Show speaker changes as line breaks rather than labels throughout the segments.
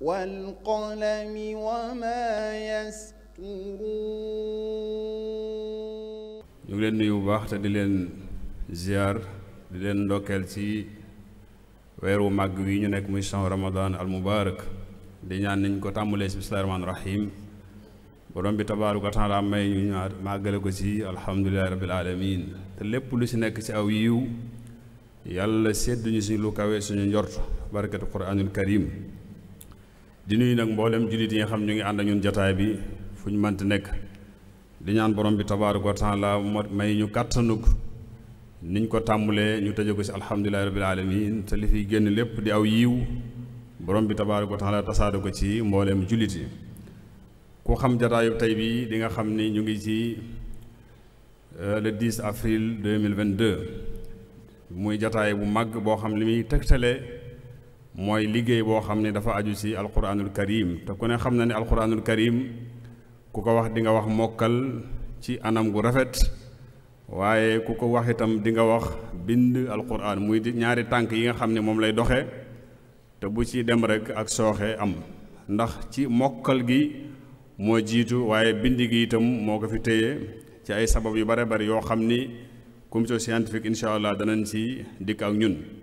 والقلم وما يسطرون
ñu leen nuyu bu baax te di leen ziar di leen ndokkeel ci weer wu màgg wi ñu nekk muy san ramadan al mubarak di ñaan nañ ko tàmbalee si bismillahi rahmaani borom bi tabaaraka wa may ñu ñaar màggale ko ci alhamdulillahi rabbil alamin te lépp lu ci nekk ci aw yiw yàlla sedduñu si lu kawee suñu njort barkatu quraanul karim di nuyu nag mboolem jullit yi nga xam ñu ngi ànd ak ñun jataay bi fu ñu mënti nekk di ñaan borom bi tabaaraka wa taala may ñu kàttanug niñ ko tàmbulee ñu taje ko ci alhamdulillahi rabbil alamin te li fiy génn lépp di aw yiiw borom bi tabaaraka wa taala tasaada ko ci mbooleem jullit yi ku xam jataayu tey bii di nga xam ni ñu ngi ci euh, le 10 avril 2022 muy jataay bu mag boo xam li muy teg tegtale mooy liggéey boo xam ne dafa aju ci alquranul karim te ku ne xam na ne alquranul karim ku ko wax di nga wax mokkal ci anam gu rafet waaye ku ko wax itam di nga wax bind alquran muy ñaari tànk yi nga xam ne moom lay doxe te bu ci dem rek ak sooxe am ndax ci mokkal gi moo jiitu waaye bind gi itam moo ko fi téye ci ay sabab yu bare bari yoo xam ni commission scientifique incha allah danañ ci dikk ak ñun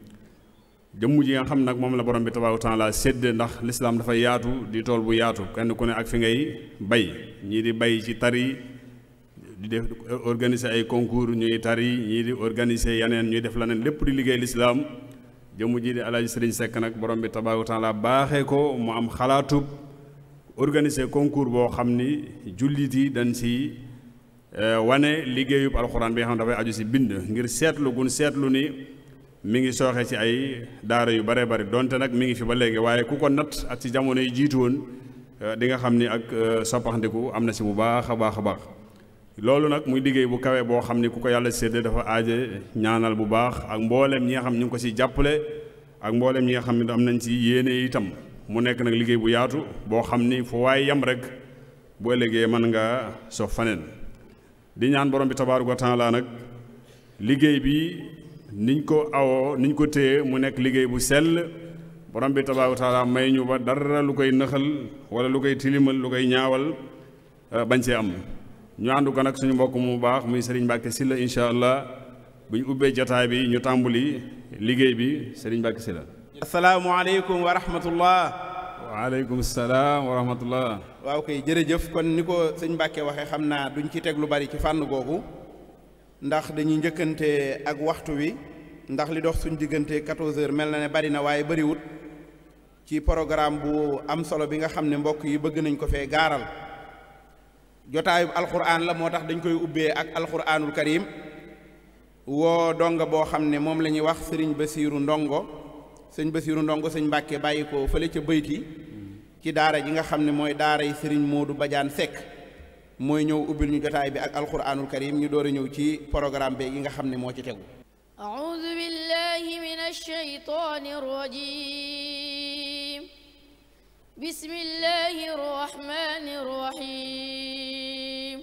jëmm ji nga xam nag moom la borom bi tabaaraka taala sédd ndax lislaam dafay yaatu di tool bu yaatu kenn ku ne ak fi ngay bay ñii di bay ci tari di def organiser ay concours ñuy tari ñii di organiser yeneen ñuy def leneen lépp di liggéey lislaam jëmm ji di alaaji sëriñ sekk nag borom bi tabaaraka taala baaxee ko mu am xalaatub organise concours boo xam ni jullit yi dañ si eh, wane liggéeyub alxuraan bi nga xam dafay aju si bind ngir seetlu gun seetlu ni mi ngi sooxe ci ay daara yu bare bari donte nag mi ngi fi ba léegi waaye ku ko natt ak si jamono yi jiitu woon euh, di nga xam ni ak euh, soppaxndiku am na si bu baax a baax a baax loolu nag muy liggéey bu kawee boo xam ni ku ko yàlla séddee dafa aaje ñaanal bu baax ak mbooleem ñi nga xam ñu ngi ko si jàppale ak mbooleem ñi nga xam ne am nañ ci yéene itam mu nekk nag liggéey bu yaatu boo xam ni fu waaye yam rek boo liggéeyee mën nga sof faneen di ñaan borom bi niñ ko awoo niñ ko téye mu nekk liggéey bu sel borom bi tabaaraka taala may ñu ba dara lu koy nëxal wala lu koy tilimal lu koy ñaawal euh, bañ see am ñu ànd ko nag suñu mbokk mu baax muy Serigne Mbacke Sylla incha allah bu ñu ubbee jataay bi ñu tàmbuli liggéey bi Serigne Mbacke Sylla.
asalaamualeykum wa rahmatullah. waaleykum salaam wa rahmatullah. waaw kay jërëjëf kon ni ko sëñ Mbacke waxee xam naa duñ ci teg lu bari ci fànn googu. ndax dañuy njëkkante ak waxtu wi ndax li dox suñ diggante 14 heures mel na ne bari na waaye bariwut ci programme bu am solo bi nga xam ne mbokk yi bëgg nañ ko fee gaaral jotaayu alxuraan la moo tax dañ koy ubbee ak alxuraanul karim woo donga boo xam ne moom lañuy wax sëriñ Basiiru Ndongo sëñ Basiiru Ndongo sëñ Mbàkke bàyyi ko fële ca bayti ci daara ji nga xam ne mooy daaray sëriñ Moodu Badiane Seck mooy ñëw ubbil ñu jotaay bi ak alquranul karim ñu door a ñëw ci programme bi yi nga xam ne moo ci tegu
auzu billahi minash shaytanir rajim bismillahir rahmanir rahim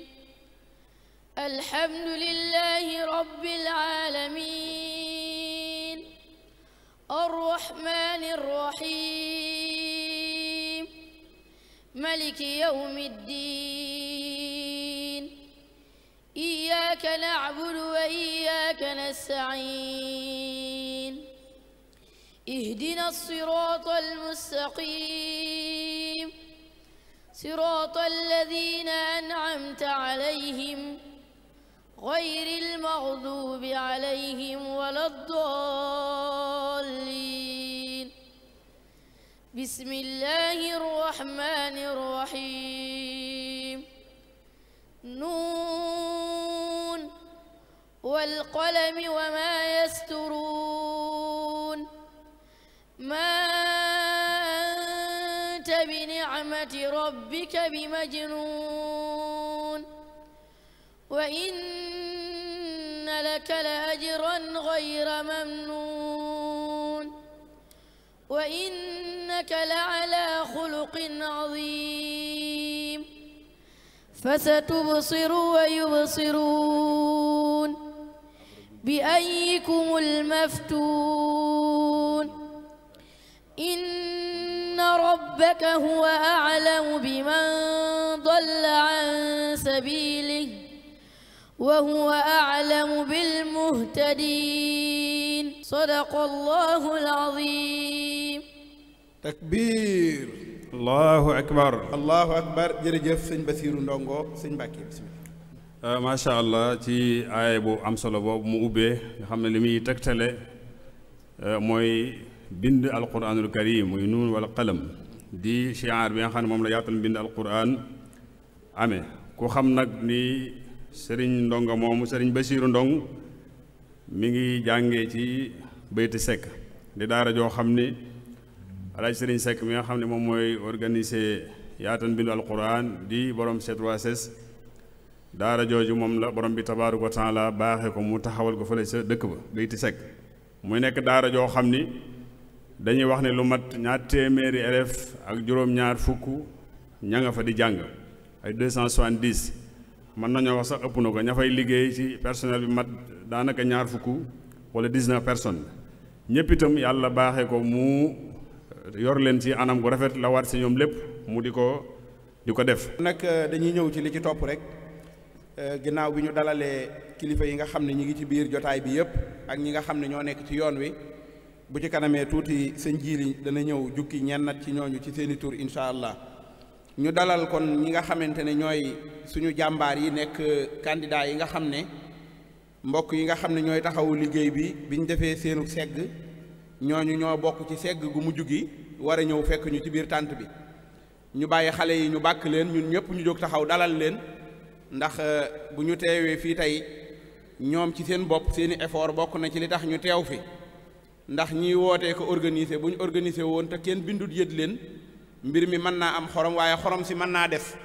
alhamdulillahi rabbil alamin arrahmanir rahim maliki yawmi ddiin iyyaaka na'budu wa iyyaaka nasta'iin ihdina siraata al-mustaqiim siraata allaziina an'amta alayhim غير المغضوب عليهم ولا الضالين بسم الله الرحمن الرحيم نون والقلم وما يسترون ما أنت بنعمة ربك بمجنون وإن لك لأجرا غير ممنون وإن innaka la'alaa xuluqin aziim fasatubsiru wa yubsiruun bi ayyikumul maftuun inna rabbaka huwa a'lamu biman dalla an sabiilihi wa huwa a'lamu bil muhtadiin sadaqallaahu al-aziim
takbir allahu
akbar jërëjëf sëñ Basiiru Ndongo sëñ Mbàkke bismillah
euh, macha allah ci aaya bu am solo boobu mu ubbee nga xam ne li muy tegtale euh, mooy bind alquranul karim muy nuun wala qalam di shiar bi nga xam ne moom la yaatal bind alquran amee ku xam nag ni sëriñ ndongo moomu sëriñ Basiiru Ndong mi ngi jàngee ci bayti sekk di daara joo xam ni alaaj sëriñ Seck mi xam ne moom mooy organiser yaatal mbindu alquran di borom C3S daara jooju moom la borom bi tabaaraka wa taala baaxee ko mu taxawal ko fële sa dëkk ba Beyti Seck muy nekk daara joo xam ni dañuy wax ne lu mat ñaar téeméeri élèves ak juróom-ñaar fukk ña nga fa di jàng ay deux cent soixante-dix mën nañoo wax sax ëpp na ko ña fay liggéey ci personnel bi mat daanaka ñaar fukk wala dix personne personnes itam yàlla baaxee ko mu. yor leen ci anam gu rafet la waat si ñoom lépp mu di ko di ko def.
nag euh, dañuy ñëw ci li ci topp rek euh, ginnaaw bi ñu dalalee kilifa yi nga xam ne ñi ngi ci biir jotaay bi yëpp ak ñi nga xam ne ñoo nekk ci yoon wi bu ci kanamee tuuti seen jiili dana ñëw jukki ñennat ci ñooñu ci seeni tur incha allah ñu dalal kon ñi nga xamante ne ñooy suñu jàmbaar yi nekk candidat yi nga xam ne mbokk yi nga xam ne ñooy taxawu liggéey bi biñ defee seenu segg. ñooñu ñoo bokk ci segg gu mu gi war a ñëw fekk ñu ci biir tànt bi ñu bàyyi xale yi ñu bàkk leen ñun ñëpp ñu jóg taxaw dalal leen ndax euh, bu ñu teewee fii tey ñoom ci seen bopp seeni effort bokk na ci li tax ñu teew fi ndax ñiy wootee ko organiser bu ñu organiser woon te kenn bindut yët leen mbir mi mën naa am xorom waaye xorom si mën naa def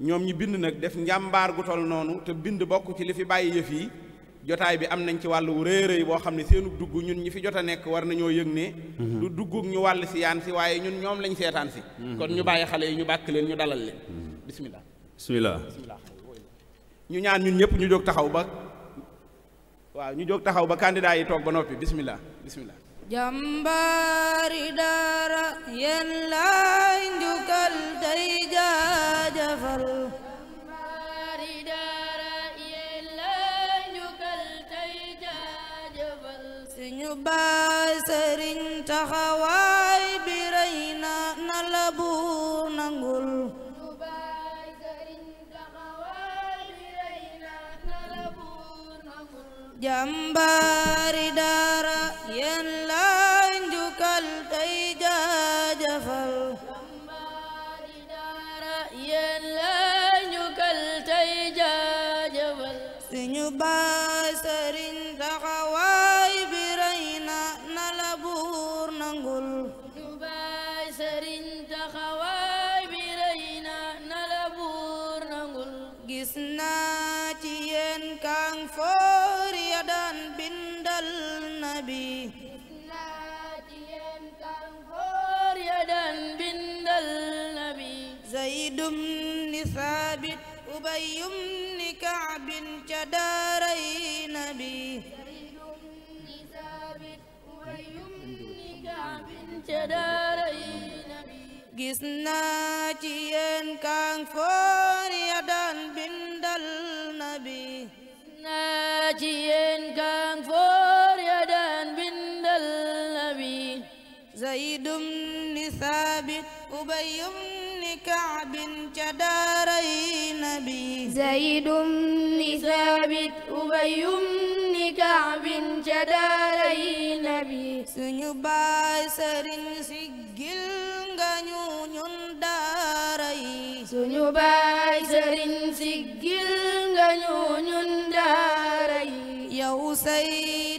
ñoom ñi bind nag def njàmbaar gu tol noonu te bind bokk ci li fi bàyyi yëf yi jotaay bi am nañ ci wàllu rëy rëy boo xam ne seenu dugg ñun ñi fi jot a nekk war nañoo yëg ne mhm. du duggug ñu wàll si yaan si waaye ñun ñoom lañ seetaan si mhm. kon ñu bàyyi xale yi ñu bàkk leen ñu dalal leen mhm. bismillah
bismillah ñu ñaan ñun ñëpp
ñu jóg taxaw ba waaw ñu jóg taxaw ba candidat yi toog ba noppi bismillah bismillah
jàmbaari daara yéen laay njukkal tey ñu baay sëriñ taxawaay bi na na la buur daaray nabi gis naa ci yéen kang foor ya daan bindal nabi naa ci yéen kang foor ya daan bindal nabi zaydum ni saabit ubayum زيد بن ثابت أبي بن كعب jadaalay nabi suñu baay sëriñ siggil yi suñu baay sëriñ siggil nga ñu ñun daara yi yow say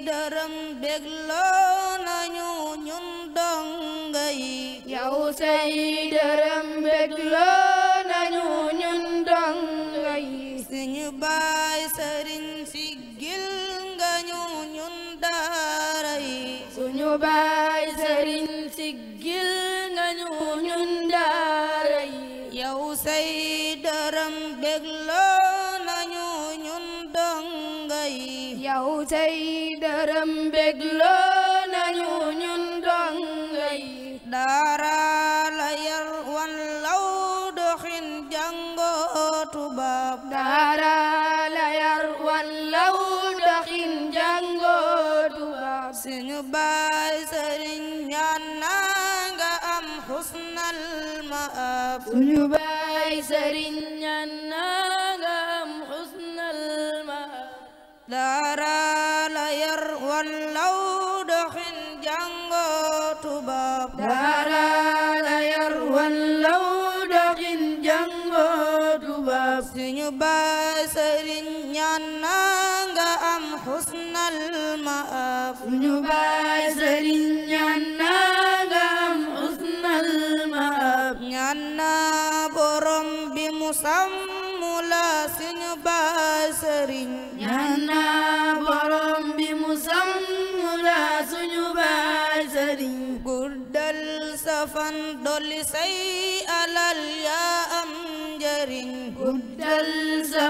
dërëm bégloo nañu ñun donga yi yow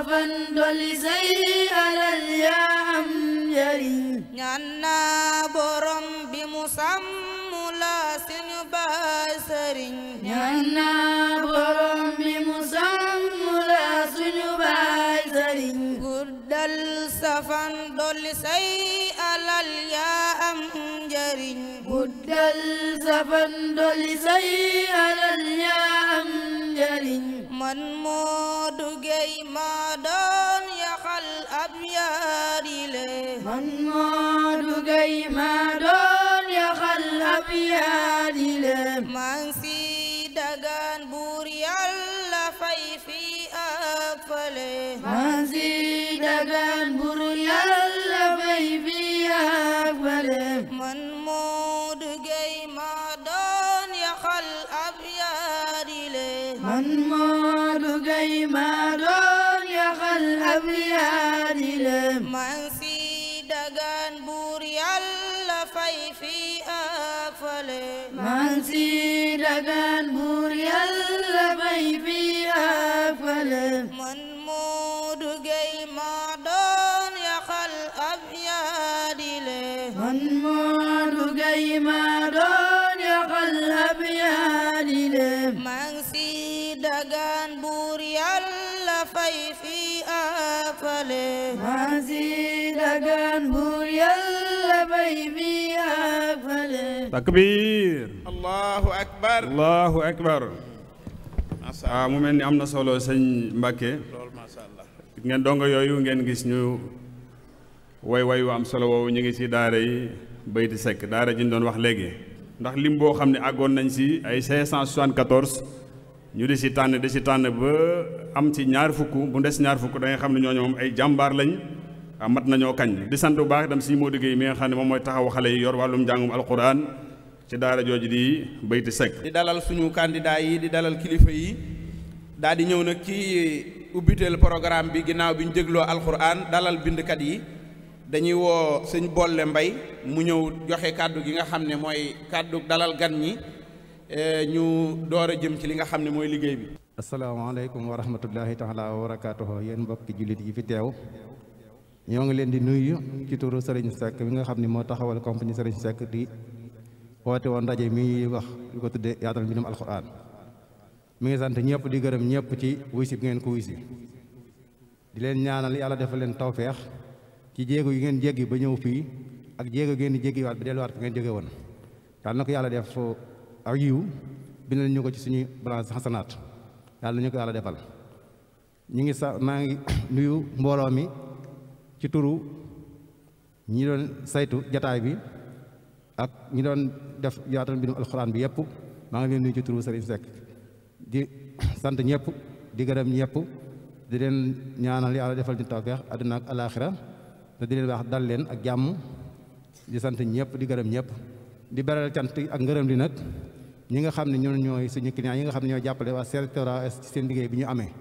fandol la suñu baay guddal sa fan dolli say alal yaa am njariñ njariñ man Moodu Gey maa doon yaxal ab yaarile man Moodu Gey maa doon yaxal ab yaarile
takbir
allahu
akbar allahu akbar waaw ah, mu mel ni am na solo sëñ Mbàkke ngeen dongo yooyu ngeen gis ñu way way wu am solo woowu ñu ngi ci daara yi Bayti Seck daara ji ñu doon wax léegi ndax lim boo xam ne àggoon nañ ci ay 574 ñu di ci tànn di ci tànn ba am ci ñaar fukk bu ndes ñaar fukk da xam ne ñooñu moom ay jàmbaar lañ Ah, mat nañoo kañ di sant bu baax itam si moo liggéey mi nga xam ne moom mooy taxaw xale yi yor wàllum njàngum alquran ci daara jooju di bayti sekk
di dalal suñu candidat yi di dalal kilifa yi daal di ñëw nag ci ubbiteel programme bi ginnaaw bi ñu dégloo alquran dalal bindkat yi dañuy woo sëñ bolle mbay mu ñëw joxe kàddu gi nga xam ne mooy kàddu dalal gan ñi eh, ñu door a jëm ci li nga xam ne mooy liggéey bi
asalaamaaleykum wa rahmatullahi taala wa barakaatuhu yéen mbokki jullit yi fi teew ñoo ngi leen di nuyu ci turu Serigne Seck bi nga xam ni moo taxawal compagnie Serigne Seck di woote woon ndaje mi wax di ko tuddee yaatal mbindum alxuraan mi ngi sant ñëpp di gërëm ñëpp ci wuy si bi ngeen ko wuy si di leen ñaanal yàlla defal leen tawfeex ci jéego yi ngeen jéggi ba ñëw fii ak jéego ngeen di jéggiwaat bi waat fi ngeen jóge woon yàlla na ko yàlla def ak yiw bindal ñu ko ci suñu balance xasanaat yàlla na ñu ko yàlla defal ñu ngi sa maa mbooloo mi ci turu ñi doon saytu jataay bi ak ñi doon def yaatal mbindum alxuraan bi yëpp maa ngi leen nuyu ci turu Serigne di sant ñëpp di gërëm ñëpp di leen ñaanal yàlla defal ñu tawfeex àdduna ak di leen wax dal leen ak jàmm di sant ñëpp di gërëm ñëpp di beral cant ak ngërëm li nag ñi nga xam ne ñoom ñooy suñu client yi nga xam ne ñoo jàppale waa Sectorias ci seen liggéey bi ñu amee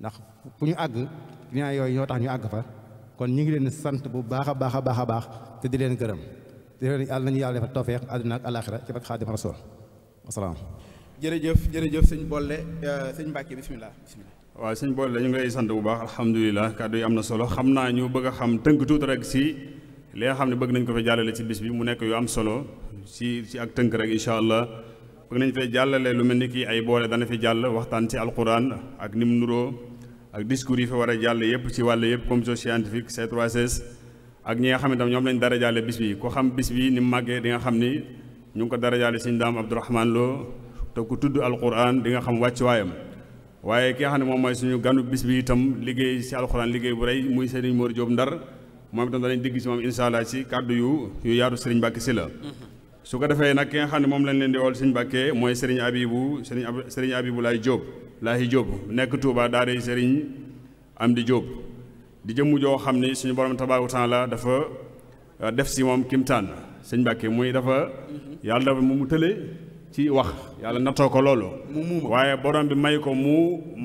ndax fu ñu àgg client yooyu ñoo tax ñu àgg fa kon ñu ngi leen sant bu baax a baax a baax a baax te di leen gërëm te yàlla nañu yàlla defal tawfeex àdduna ak alaxira ci bak xaadim rasul wasalaam
jërëjëf jërëjëf sëñ bolle euh, sëñ Mbàkke bisimilah bisimilah
waaw sëñ bolle ñu ngi lay sant bu baax alhamdulilah kàddu yi am na solo xam naa ñu bëgg xam tënk tuuti rek si li nga xam ne bëgg nañ ko fa jàllale ci bis bi mu nekk yu am solo si si ak tënk rek incha allah bëgg nañ fay jàllale lu mel ni kii ay boole dana fi jàll waxtaan ci alquran ak nim nuroo ak discours yi fi war a jàll yëpp ci wàll yëpp commission scientifique c 3 ak ñi nga xam ne tam ñoom lañ dara jàlle bis bi ko xam bis bi ni mu màggee di nga xam ni ñu ngi ko dara jàlle Sëñ Daam Abdourahmane Lo te ku tudd alquran di nga xam wàcc waayam waaye ki nga xam ne moom mooy suñu ganu bis bi itam liggéey si alquran liggéey bu rey muy Serigne Mor Diop Ndar moom itam danañ digg si moom incha allah si kàddu yu yu yaatu Serigne Mbacke si la mm-hmm. su ko defee nag ki nga xam ne moom lañ leen di wol sëñ Mbàkke mooy sëriñ Abibu sëriñ ab sëriñ Abibu Laay Jóob Laahi Jóob nekk Touba daara seriñ am di Jóob di jëmm joo xam ni suñu borom tabaaraka taala dafa euh, def si moom kimtaan sëñ Mbàkke muy dafa yàlla dafa mu mu tële ci wax yàlla nattoo ko loolu waaye borom bi may ko mu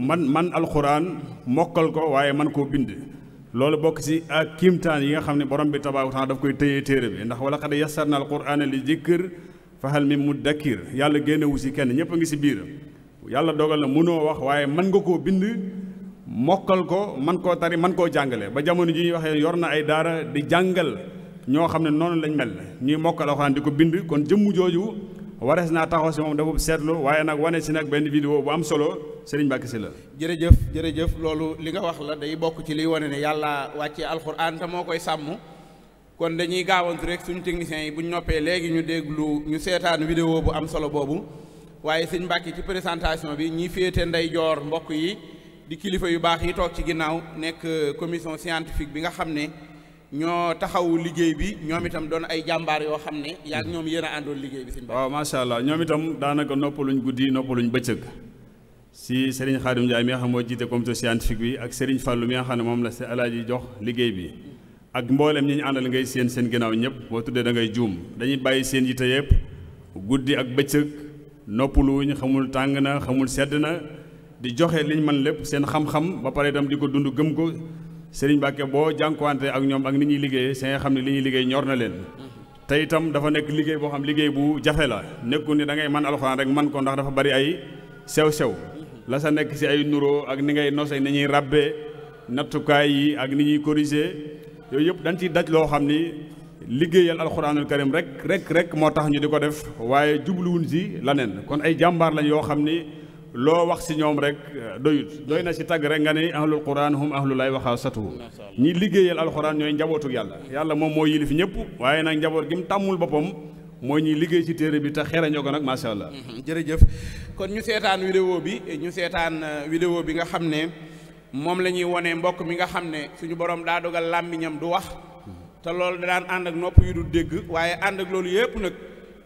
man man alxuraan mokkal ko waaye man koo bind loolu bokk ci ak kiimtaan yi nga xam ne borom bi tabaaraka wa taala daf koy tëyee téere bi ndax wala xad yassarna al qur'ana li zikr fahal min mudakkir yàlla génnewu ci kenn ñëpp a ngi ci biir yàlla dogal na mënoo wax waaye mën nga koo bind mokkal ko man koo tari man koo jàngale ba jamono ji ñuy waxee yor na ay daara di jàngal ñoo xam ne noonu lañ mel ñuy mokkal alxuraan di ko bind kon jëmm jooju warees naa taxaw si moom dafa seetlu waaye nag wane si nag benn vidéo bu am solo Serigne Mbacké Sylla
jërëjëf jërëjëf loolu li nga wax la day bokk ci liy wane ne yàlla wàccee alxuraan te moo koy sàmm kon dañuy gaawantu rek suñu techniciens yi bu ñu noppee léegi ñu déglu ñu seetaan vidéo bu am solo boobu waaye Serigne Mbacké ci présentation bi ñi féete ndeyjoor mbokk yi di kilifa yu baax yi toog ci ginnaaw nekk commission scientifique bi nga xam ne ñoo taxawu liggéey bi ñoom itam doon ay jàmbaar yoo xam ne yaa ñoom yéen a àndoon liggéey bi sëñ
Ba waaw macha allah ñoom itam daanaka noppaluñ guddi noppaluñ bëccëg si Serigne Khadim Ndiaye mi nga jiite comité scientifique bi ak Serigne Fallou mi xam ne moom la si alaaji jox liggéey bi ak mboolem ñi ñu àndal ngay seen seen ginnaaw ñëpp boo tuddee da ngay juum dañuy bàyyi seen yite yëpp guddi ak bëccëg noppaluwuñ xamul tàng na xamul sedd na di joxe liñ mën lépp seen xam ba pare itam di ko dund gëm ko Serigne Mbacke boo jànkuwante ak ñoom ak ni ñuy liggéey si nga xam ne li ñuy liggéey ñor na leen te itam dafa nekk liggéey boo xam liggéey bu jafe la nekku ni da ngay man alxuraan rek man ko ndax dafa bari ay sew-sew la sa nekk si ay nuroo ak ni ngay nose ni ñuy ràbbe nattukaay yi ak ni ñuy corriger yooyu yëpp dañ ciy daj loo xam ni liggéeyal alxuraanul karim rek rek rek moo tax ñu di ko def waaye jubluwuñ si laneen kon ay jàmbaar lañ yoo xam ni loo wax si ñoom rek euh, doyut doy na si tagg rek nga ne ahlul quran hum ahlulaay waxaa satuhu ñi liggéeyal alquran ñooy njabootu yàlla yàlla moom moo yilif ñëpp waaye nag njaboot gi mu tàmmul boppam mooy ñuy
liggéey ci téere bi te xereñoo ko nag macha allah. Mm-hmm. jërëjëf kon ñu seetaan vidéo bi ñu seetaan euh, vidéo bi nga xam ne moom lañuy ñuy mbokk mi nga xam ne suñu borom daa dogal làmmiñam du wax te loolu daan ànd ak nopp yu du dégg waaye ànd ak loolu yëpp nag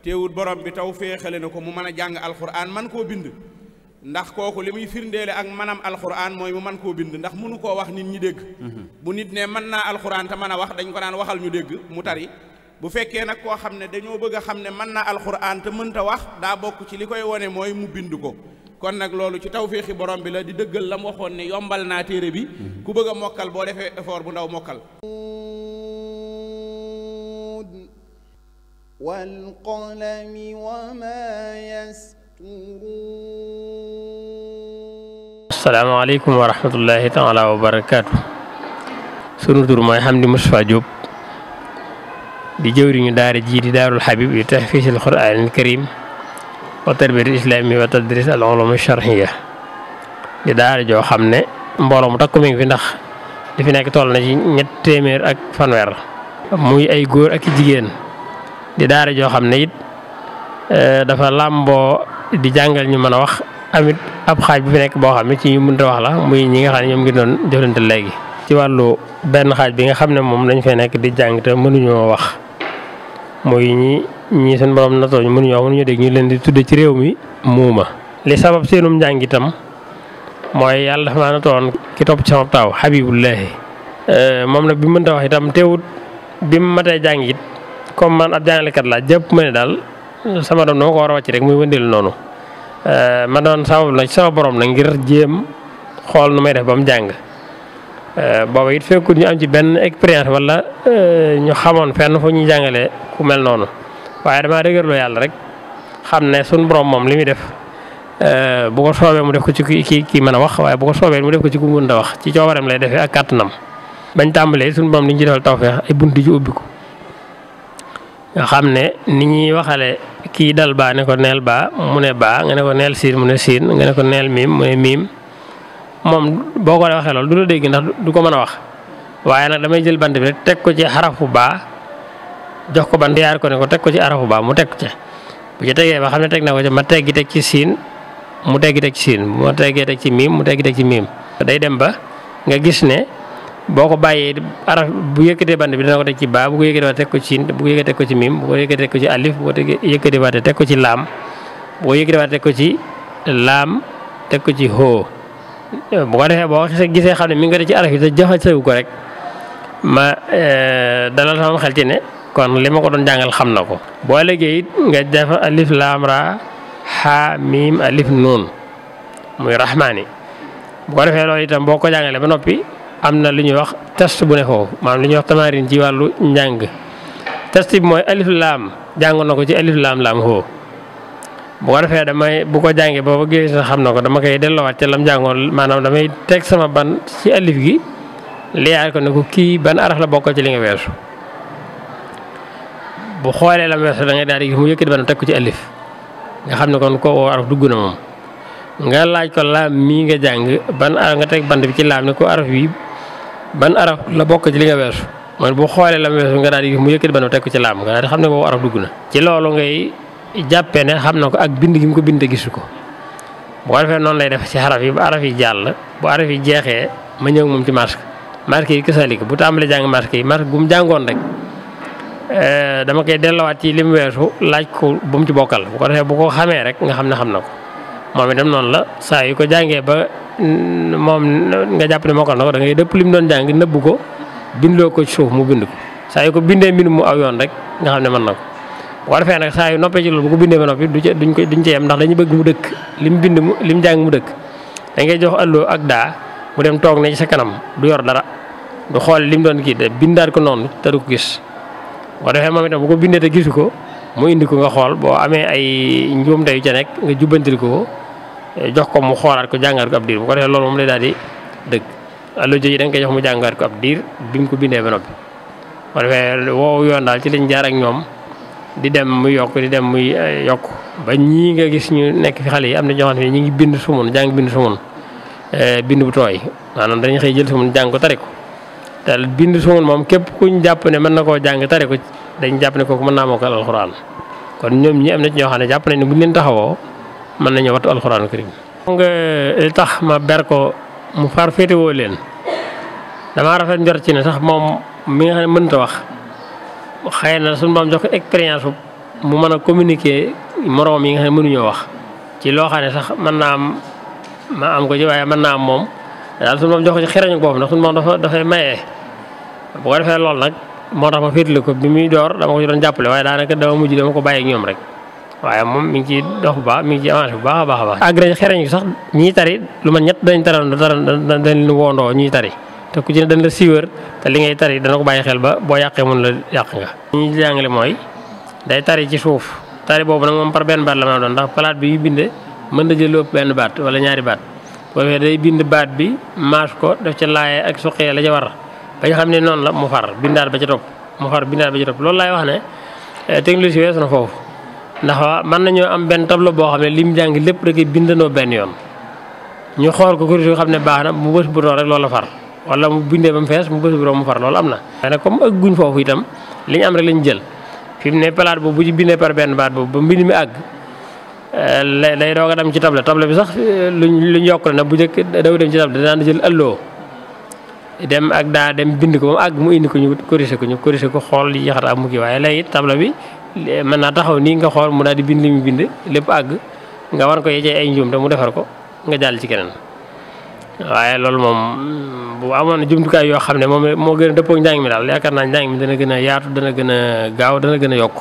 teewut borom bi taw féexale na ko mu mën a jàng alquran man koo bind ndax kooku li muy firndeele ak manam alxuraan mooy mu man koo bind ndax mënu koo wax nit ñi dégg mhm. bu nit nee mën naa alxuraan te mën a wax dañ ko daan waxal ñu dégg mu tari bu fekkee nag koo xam ne dañoo bëgg a xam ne mën naa alxuraan te mënta wax daa bokk ci li koy wone mooy mu bind ko kon nag loolu ci tawféexi borom bi la di dëggal la mu waxoon ne yombal naa téere bi mhm. ku bëgg a mokkal boo defee effort bu ndaw mokkal
wal qalami
asalaamaaleykum wa rahmatullahi taala wa barakaatu. sunu tur mooy Hamdi Moustapha Diop di jëwriñu daara ji di daarul Habib yu tahfiisil Qur'aanil Kariim wa tarbiyatil islaami wa tadriis al ulumi shar'iyya di daara joo xam ne mbooloo mu takku mi ngi fi ndax li fi nekk toll na ci ñett téeméer ak fanweer. muy ay góor ak jigéen di daara joo xam eh, dafa làmboo di jàngal ñu man a wax amit ab xaaj bu fi nekk boo xam ne ci ñu mënta wax la muy ñi nga xam ne ñoom ngi doon jëflante léegi. ci wàllu benn xaaj bi nga xam ne moom dañ fay nekk di jàng te mënuñoo wax muy ñi ñi seen borom natoo ñu mënuñoo wax mënuñoo dégg ñu leen di tudde ci réew mi muuma. li sabab seenum njàng itam mooy yàlla dafa maa natoon ki topp ci sama taaw Habibullahi eh, moom nag bi mënta wax itam teewut bi mu ma jàng it comme man ab jàngalekat laa jàpp ma ne daal. sama doom dama ko war a wàcc rek muy wëndeelu noonu eh, ma doon sabab la ci sama na ngir jéem xool nu may def ba mu jàng eh, booba it fekkut ñu am ci benn expérience wala eh, ñu xamoon fenn fu ñu jàngalee ku mel noonu waaye damaa dëgërloo yàlla rek xam ne sunu borom moom li muy def bu ko soobee mu def ko ci ki ki mën a wax waaye bu ko soobee mu def ko ci ku mën a wax ci coobareem lay defee ak kàttanam bañ tàmbalee sunu borom li ñu ci defal tawfeex ay bunt ju ubbiku xam ne ni ñuy waxale kii dal baa ne ko neel baa mu ne baa nga ne ko neel siin mu ne siin nga ne ko neel miim mu ne miim moom boo ko waxee loolu du la dégg ndax du ko mën a wax waaye nag damay jël bant bi rek teg ko ci xarafu baa jox ko bant yaar ko ne ko teg ko ci xarafu baa mu teg ca bu ci tegee ba xam ne teg na ma teggi teg ci siin mu teggi teg ci siin bu ma teggee ci miim mu teggi teg ci miim day dem ba nga gis ne boo ko bàyyee araf bu yëkkatee bant bi dana ko teg ci baa bu ko yëkkatee teg ko ci siin ko yëkkatee teg ko ci miim bu ko yëkkatee ko ci laam bu ko yëkkatee waatee ko ci laam teg ko ci hoo bu ko defee boo gisee xam ne mi ngi ko ci araf yi te jafe sewu ko rek ma eh, dalal sama xel ci ne kon li ma ko doon jàngal xam na ko. boo léegi it nga def alif laam ra xaa miim alif nuun muy rahmaani bu ko defee loolu itam boo ko jàngalee ba noppi. am na lu ñuy wax test bu ne foofu maanaam lu ñuy wax tamarin ci wàllu njàng test bi mooy alif laam jàng na ko ci alif laam laam foofu bu bu ko jàngee booba gis xam na ko dama koy delloowaat ca lam maanaam damay teg sama ban ci alif gi liyaar ko ne ko kii ban araf la bokk ci li nga weesu bu xoolee lam weesu da ngay daal di gis mu teg ko ci alif nga xam ne kon ko woo araf dugg na moom nga laaj ko laam mii nga jàng ban nga teg bant bi ci laam ne ko araf bi ban araf la bokk ci li nga weesu man bu xoolee la mu weesu nga daal di mu yëkkati ban ba teg ko ci laam nga daal di xam ne boobu araf dugg na. ci loolu ngay jàppee ne xam na ko ak bind gi mu ko bind gisu ko bu ko defee noonu lay def ci araf yi bu araf yi jàll bu araf yi jeexee ma ñëw moom ci marque marque yi kasaalika bu tàmbalee jàng marque yi marque bu mu jàngoon rek eh, dama koy delloowaat ci li mu weesu laaj ko bu mu ci bokkal bu ko defee bu xamee rek nga xam ne xam na ko. moom itam noonu la saa yu ko jàngee ba mm, moom nga jàpp ne mokkal ko da ngay dëpp lim doon jàng nëbb ko bindloo ko ci suuf mu bind ko ko bindee mbind mu aw yoon rek nga xam ne mën na ko. bu ko defee nag saa yu noppee ci loolu bu ko bindee ba noppi du ca duñ ko duñ ca yem ndax dañu bëgg mu dëkk lim bind mu lim jàng mu dëkk da ngay jox alloo ak daa mu dem toog ne ci sa kanam du yor dara du xool lim doon kii de bindaat ko noonu te du ko gis. bu ko defee moom itam bu ko bindee te gisu ko mu indi ko nga xool boo amee ay njuumte yu ca nekk nga jubbantil ko jox ko mu xoolaat ko jàngaat ko ab diir bu ko defee loolu moom lay daal di dëgg allo ji da nga koy jox mu jàngaat ko ab diir bi nga ko bindee ba noppi. bu ko defee ci lañ jaar ak ñoom di dem muy yokk di dem muy eh, yokk ba ñii nga gis ñu nekk fi xale yi am na ñoo xam ñu ngi bind sumun jàng bind sumun eh, bind bu tooy maanaam dañuy xëy jël sumun jàng ko tari ko te bind sumun moom képp kuñ jàpp ne mën na koo jàng tari ko dañ jàpp ne kooku mën naa mokkal alxuraan kon ñoom ñi am na ci ñoo xam ne jàpp nañ ne buñ leen taxawoo. mën nañoo wattu alxuraanu karim nga li tax ma ber ko mu far féetewoo leen damaa rafet njort ci ne sax moom mu nga xam ne mënta wax xëy na suñu boom jox ko expérience mu mën a communiquer moroom yi nga xam mënuñoo wax ci loo xam ne sax mën naa am ma am ko ci waaye naa am moom daal suñu boom jox ko ci xerañu boppam ndax suñu boom dafa dafay maye. bu ko defee nag moo tax ma féetlu ko bi muy door dama ko ci doon jàppale waaye daanaka dama mujj dama ko bàyyi ak rek. waaye moom mi ngi ciy dox bu baax mi ngi ciy avancé bu baax a baax a baax. agréé sax ñiy tari lu ma ñett dañ taral taral dañ leen wondoo ñuy tari te ku ci ne dañ la siiwër te li ngay tari dana ko bàyyi xel ba boo yàqee mun la yàq nga. li ñuy mooy day tari ci suuf tari boobu nag moom par benn baat la ma a doon ndax palaat bi yu bindee mën na jël benn baat wala ñaari baat boo fee day bind baat bi maas ko def ca laayee ak suqee la ca war ba ñu xam ne noonu la mu far bindaat ba ca topp mu far bindaat ba ca topp loolu laay wax ne eh, technologie weesu na foofu ndax mën nañoo am benn tableau boo xam ne lim jàng lépp rek bindanoo benn yoon ñu xool ko kuréel xam ne baax na mu bës bu doon rek loola far wala mu bindee ba mu fees mu bës bu doon mu far loolu am na. nag comme ëgguñ foofu itam li ñu am rek lañ jël fi mu ne palaat boobu bu par benn baat ba mbind mi àgg euh, lay doog a dem ci table table bi sax euh, luñ luñ yokk na bu njëkk daw dem ci table daan jël ëlloo dem ak daa dem bind ko ba mu àgg mu indi ko ñu corrigé ko ñu corrigé ko xool yi xataa mu kii waaye léegi table bi. Eh, mën naa taxaw nii nga xool mu daal di bind li mu bind lépp àgg nga war ko yejee ay njuum te mu defar ko nga jàll ci keneen waaye loolu moom bu amoon jumtukaay yoo xam ne moom moo gën a dëppoog njàng mi daal yaakaar naa njàng mi dana gën a yaatu dana gën a gaaw dana gën a yokk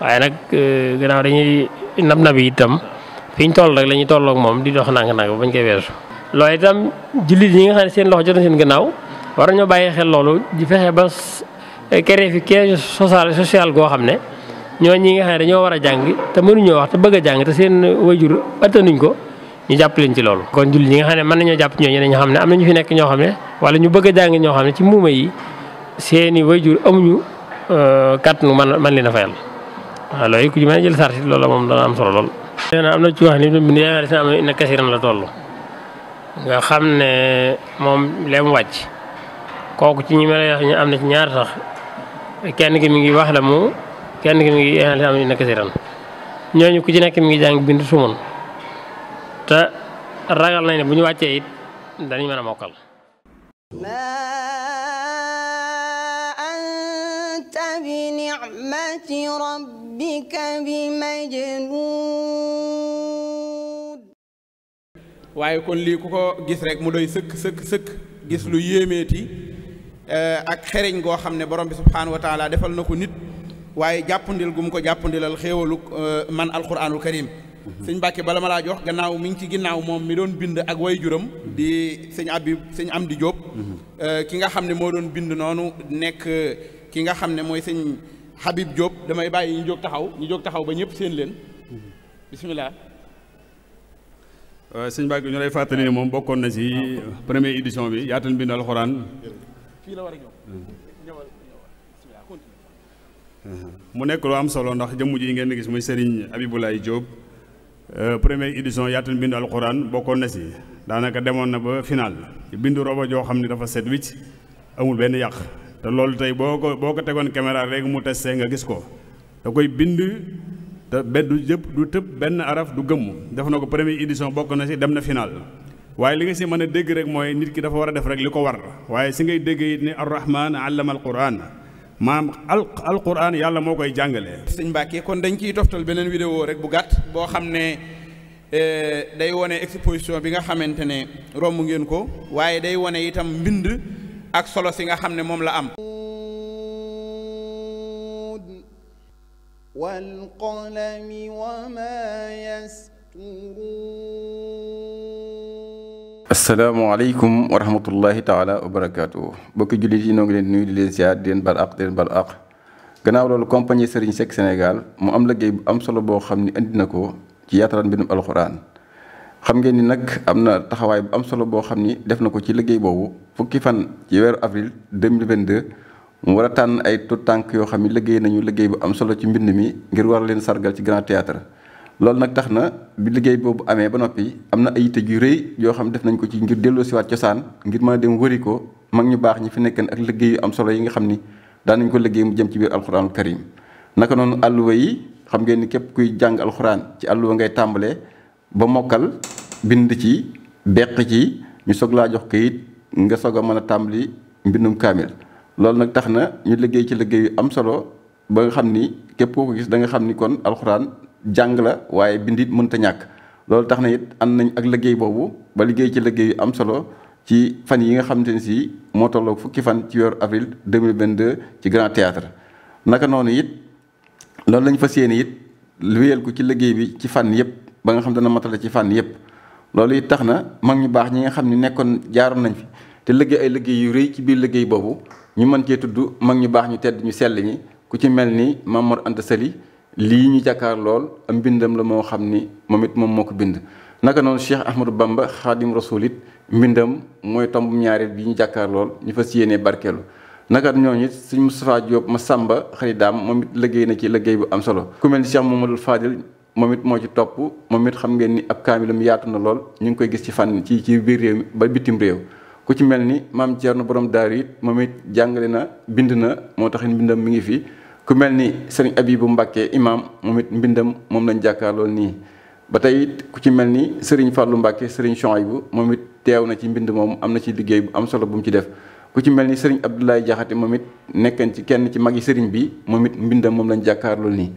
waaye nag eh, gannaaw dañuy nab nab yi itam fi ñu toll rek la ñuy tolloog moom di dox nànk-nànk ba bañ koy weesu. loolu itam jullit yi nga xam ne seen loxo jot na seen gannaaw war nañoo bàyyi xel loolu ba eh, créer fi siège social goo xam ne. ñoo ñi nga xam ne dañoo war a jàng te mënuñoo wax te bëgg a jàng te seen wayjur attanuñ ko ñu jàpp leen ci loolu kon jullit ñi nga xam ne mën nañoo jàpp ñooñu dañoo xam ne am nañu fi nekk ñoo xam ne wala ñu bëgg a ñoo xam ne ci muuma yi seeni wayjur amuñu euh, kàttanu man man leen a fayal waaw loolu ku ci mën a jël sarti loolu moom dana am solo lool na am na ci wax ni bind yaakaar na inna kasiran la toll nga xam ne moom lee mu wàcc kooku ci ñi ma lay wax am na ci ñaar sax kenn ki mi ngi wax la mu kenn ki mi ngi yéen a am ñooñu ku ci nekk mi ngi jàng bind sumun te ragal nañ ne bu ñu wàccee it danañ mën a mokkal.
waaye kon lii ku ko gis rek mu doy sëkk sëkk sëkk gis lu yéemeeti eh, ak xereñ goo xam ne borom bi subxanahu wa taala defal na ko nit. waaye jàppandil gu mu ko jàppandilal xéewalu euh, man alquranul karim sëñ Mbàkke bala ma laa jox gannaaw mi ngi ci ginnaaw moom mi doon bind ak way juram di sañ Abib sëñ di Jóob euh, ki nga xam ne moo doon bind noonu nekk ki nga xam ne mooy sëñ Habib Jóob damay bàyyi ñu jóg taxaw ñu jóg taxaw ba ñëpp seen leen bisimilah.
Euh, sëñ Mbàkke ñu lay fàttali ne moom bokkoon na ci ah, première édition bi yaatal bind alxuraan
fii la war a ñëw
mu nekk lu am solo ndax jëmm ji ngeen gis muy Serigne Abibulaay Diop euh, première édition yaatal bindu alxuraan bokkoon na si daanaka demoon na ba final bind roba joo xam ne dafa set wicc amul benn yàq te loolu tey boo ko boo ko tegoon caméra rek mu testé nga gis ko da koy bind te benn jëpp du tëb benn araf du gëmm def na ko première édition bokk na si dem na final waaye li nga si mën a dégg rek mooy nit ki dafa war a def rek li ko war waaye si ngay dégg it ni arrahman allama
alquran maam al
alquran yàlla moo koy jàngale sëñ
Mbacke kon dañ ciy toftal beneen vidéo rek bu gàtt boo xam ne eh, day wone exposition bi nga xamante ne romb ngeen ko waaye day wone itam mbind ak solo si nga xam ne moom la am.
wal qalami wa
asalaamaaleykum wa rahmatullahi taala wa barakaatu bokki jullit yi noo ngi leen nuyu di leen ziar di leen bal aq di leen bal aq gannaaw loolu compagnie Serigne Seck Sénégal mu am liggéey bu am solo boo xam ni indi na ko ci yaatalaan mbindum alxuraan xam ngeen ni nag am na taxawaay bu am solo boo xam ni def na ko ci liggéey boobu fukki fan ci weeru avril 2022 mu war a tànn ay tout tànk yoo xam ni liggéey nañu liggéey bu am solo ci mbind mi ngir war leen sargal ci grand loolu nag tax na bi liggéey boobu amee ba noppi am na ay yitte yu yoo xam def nañ ko ci ngir delloo siwaat cosaan ngir mën a dem wëri ko mag ñu baax ñi fi nekk ak liggéey yu am solo yi nga xam ni daan ko liggéey mu jëm ci biir alxuraanul karim naka noonu àlluwa yi xam ngeen ni képp kuy jàng alxuraan ci àlluwa ngay tàmbalee ba mokkal bind ci beq ci ñu soog laa jox kayit nga soog a mën a tàmbali mbindum kaamil loolu nag tax na ñu liggéey ci liggéey am solo ba xam ni képp koo ko gis da nga xam ni kon alxuraan jàng la waaye bind it mënta ñàkk loolu tax na it ànd nañ ak liggéey boobu ba liggéey ci liggéey yu am solo ci fan yi nga xamante ne si moo tolloog fukki fan ci weeru avril de ci Grand Théâtre naka noonu it loolu lañ fas yéene it wéyal ko ci liggéey bi ci fànn yëpp ba nga xam dana matale ci fànn yëpp loolu it tax na mag ñu baax ñi nga xam ni nekkoon jaaroon nañ fi te liggéey ay liggéey yu rëy ci biir liggéey boobu ñu mën cee tudd mag ñu baax ñu tedd ñu sell ñi ku ci mel ni Maam Mor Anta Sali lii ñu jàkkaar lool am mbindam la moo xam ni moom it moom moo ko bind naka noonu Cheikh Ahmadou Bamba xaadim rasul it mbindam mooy tomb ñaareel bi ñu jàkkaar ñu fas yéenee barkeelu naka ñooñu it suñ Moustapha Diop Massamba xaridaam moom liggéey na ci liggéey bu am solo ku mel ni Cheikh Mamadou moo ci topp moom xam ngeen ni ab kaamilam yaatu na lool ñu ngi koy gis ci fànn ci ci biir ba bitim réew ku ci mel ni maam Thierno borom daaru it moom it jàngale na bind na moo taxin mbindam mi ngi fi ku mel ni sëriñ Abibu Mbàkke imam moom it mbindam moom lañ jàkkaarloo nii ba tey ku ci mel ni sëriñ Fàllu Mbàkke sëriñ Chouaïbou moom it na ci mbind moom am na ci liggéey bu am solo bu mu ci def ku ci mel ni sëriñ Abdoulaye Jaxate moom it nekkan ci kenn ci magi sëriñ bi moom it mbindam moom lañ jàkkaarloo nii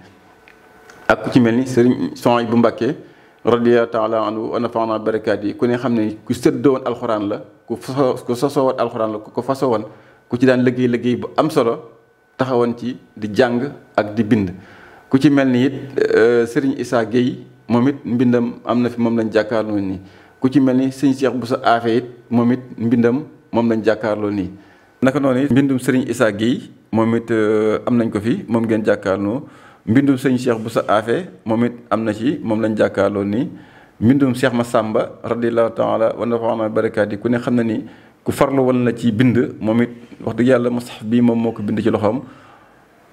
ak ku ci mel ni sëriñ Chouaïbou bu radiyallahu taala anhu wa nafaana barakaat yi ku ne xam ne ku sëddoo alxuraan la ku fasoo ku sosoo alxuraan la ku ko fasoo woon ku ci daan liggéey liggéey bu am solo taxawan ci di jàng ak di bind ku ci mel ni it euh, sëriñ Issa Gueye moom it mbindam am na fi moom lañ jàkkaarloo nii ku ci mel ni sëñ Cheikh Boussa Afé it moom it mbindam moom lañ jàkkaarloo nii. naka noonu it mbindum sëriñ Issa Gueye moom it euh, am nañ ko fi moom ngeen jàkkaarloo mbindum sëñ bu sa Afé moom it am na ci moom lañu jàkkaarloo nii mbindum Cheikh Massamba radiyallahu taala wa nafaana barakaati ku ne xam na nii ku farlu na ci bind moom it wax dëgg yàlla mushaf bi moom moo ko bind ci loxoom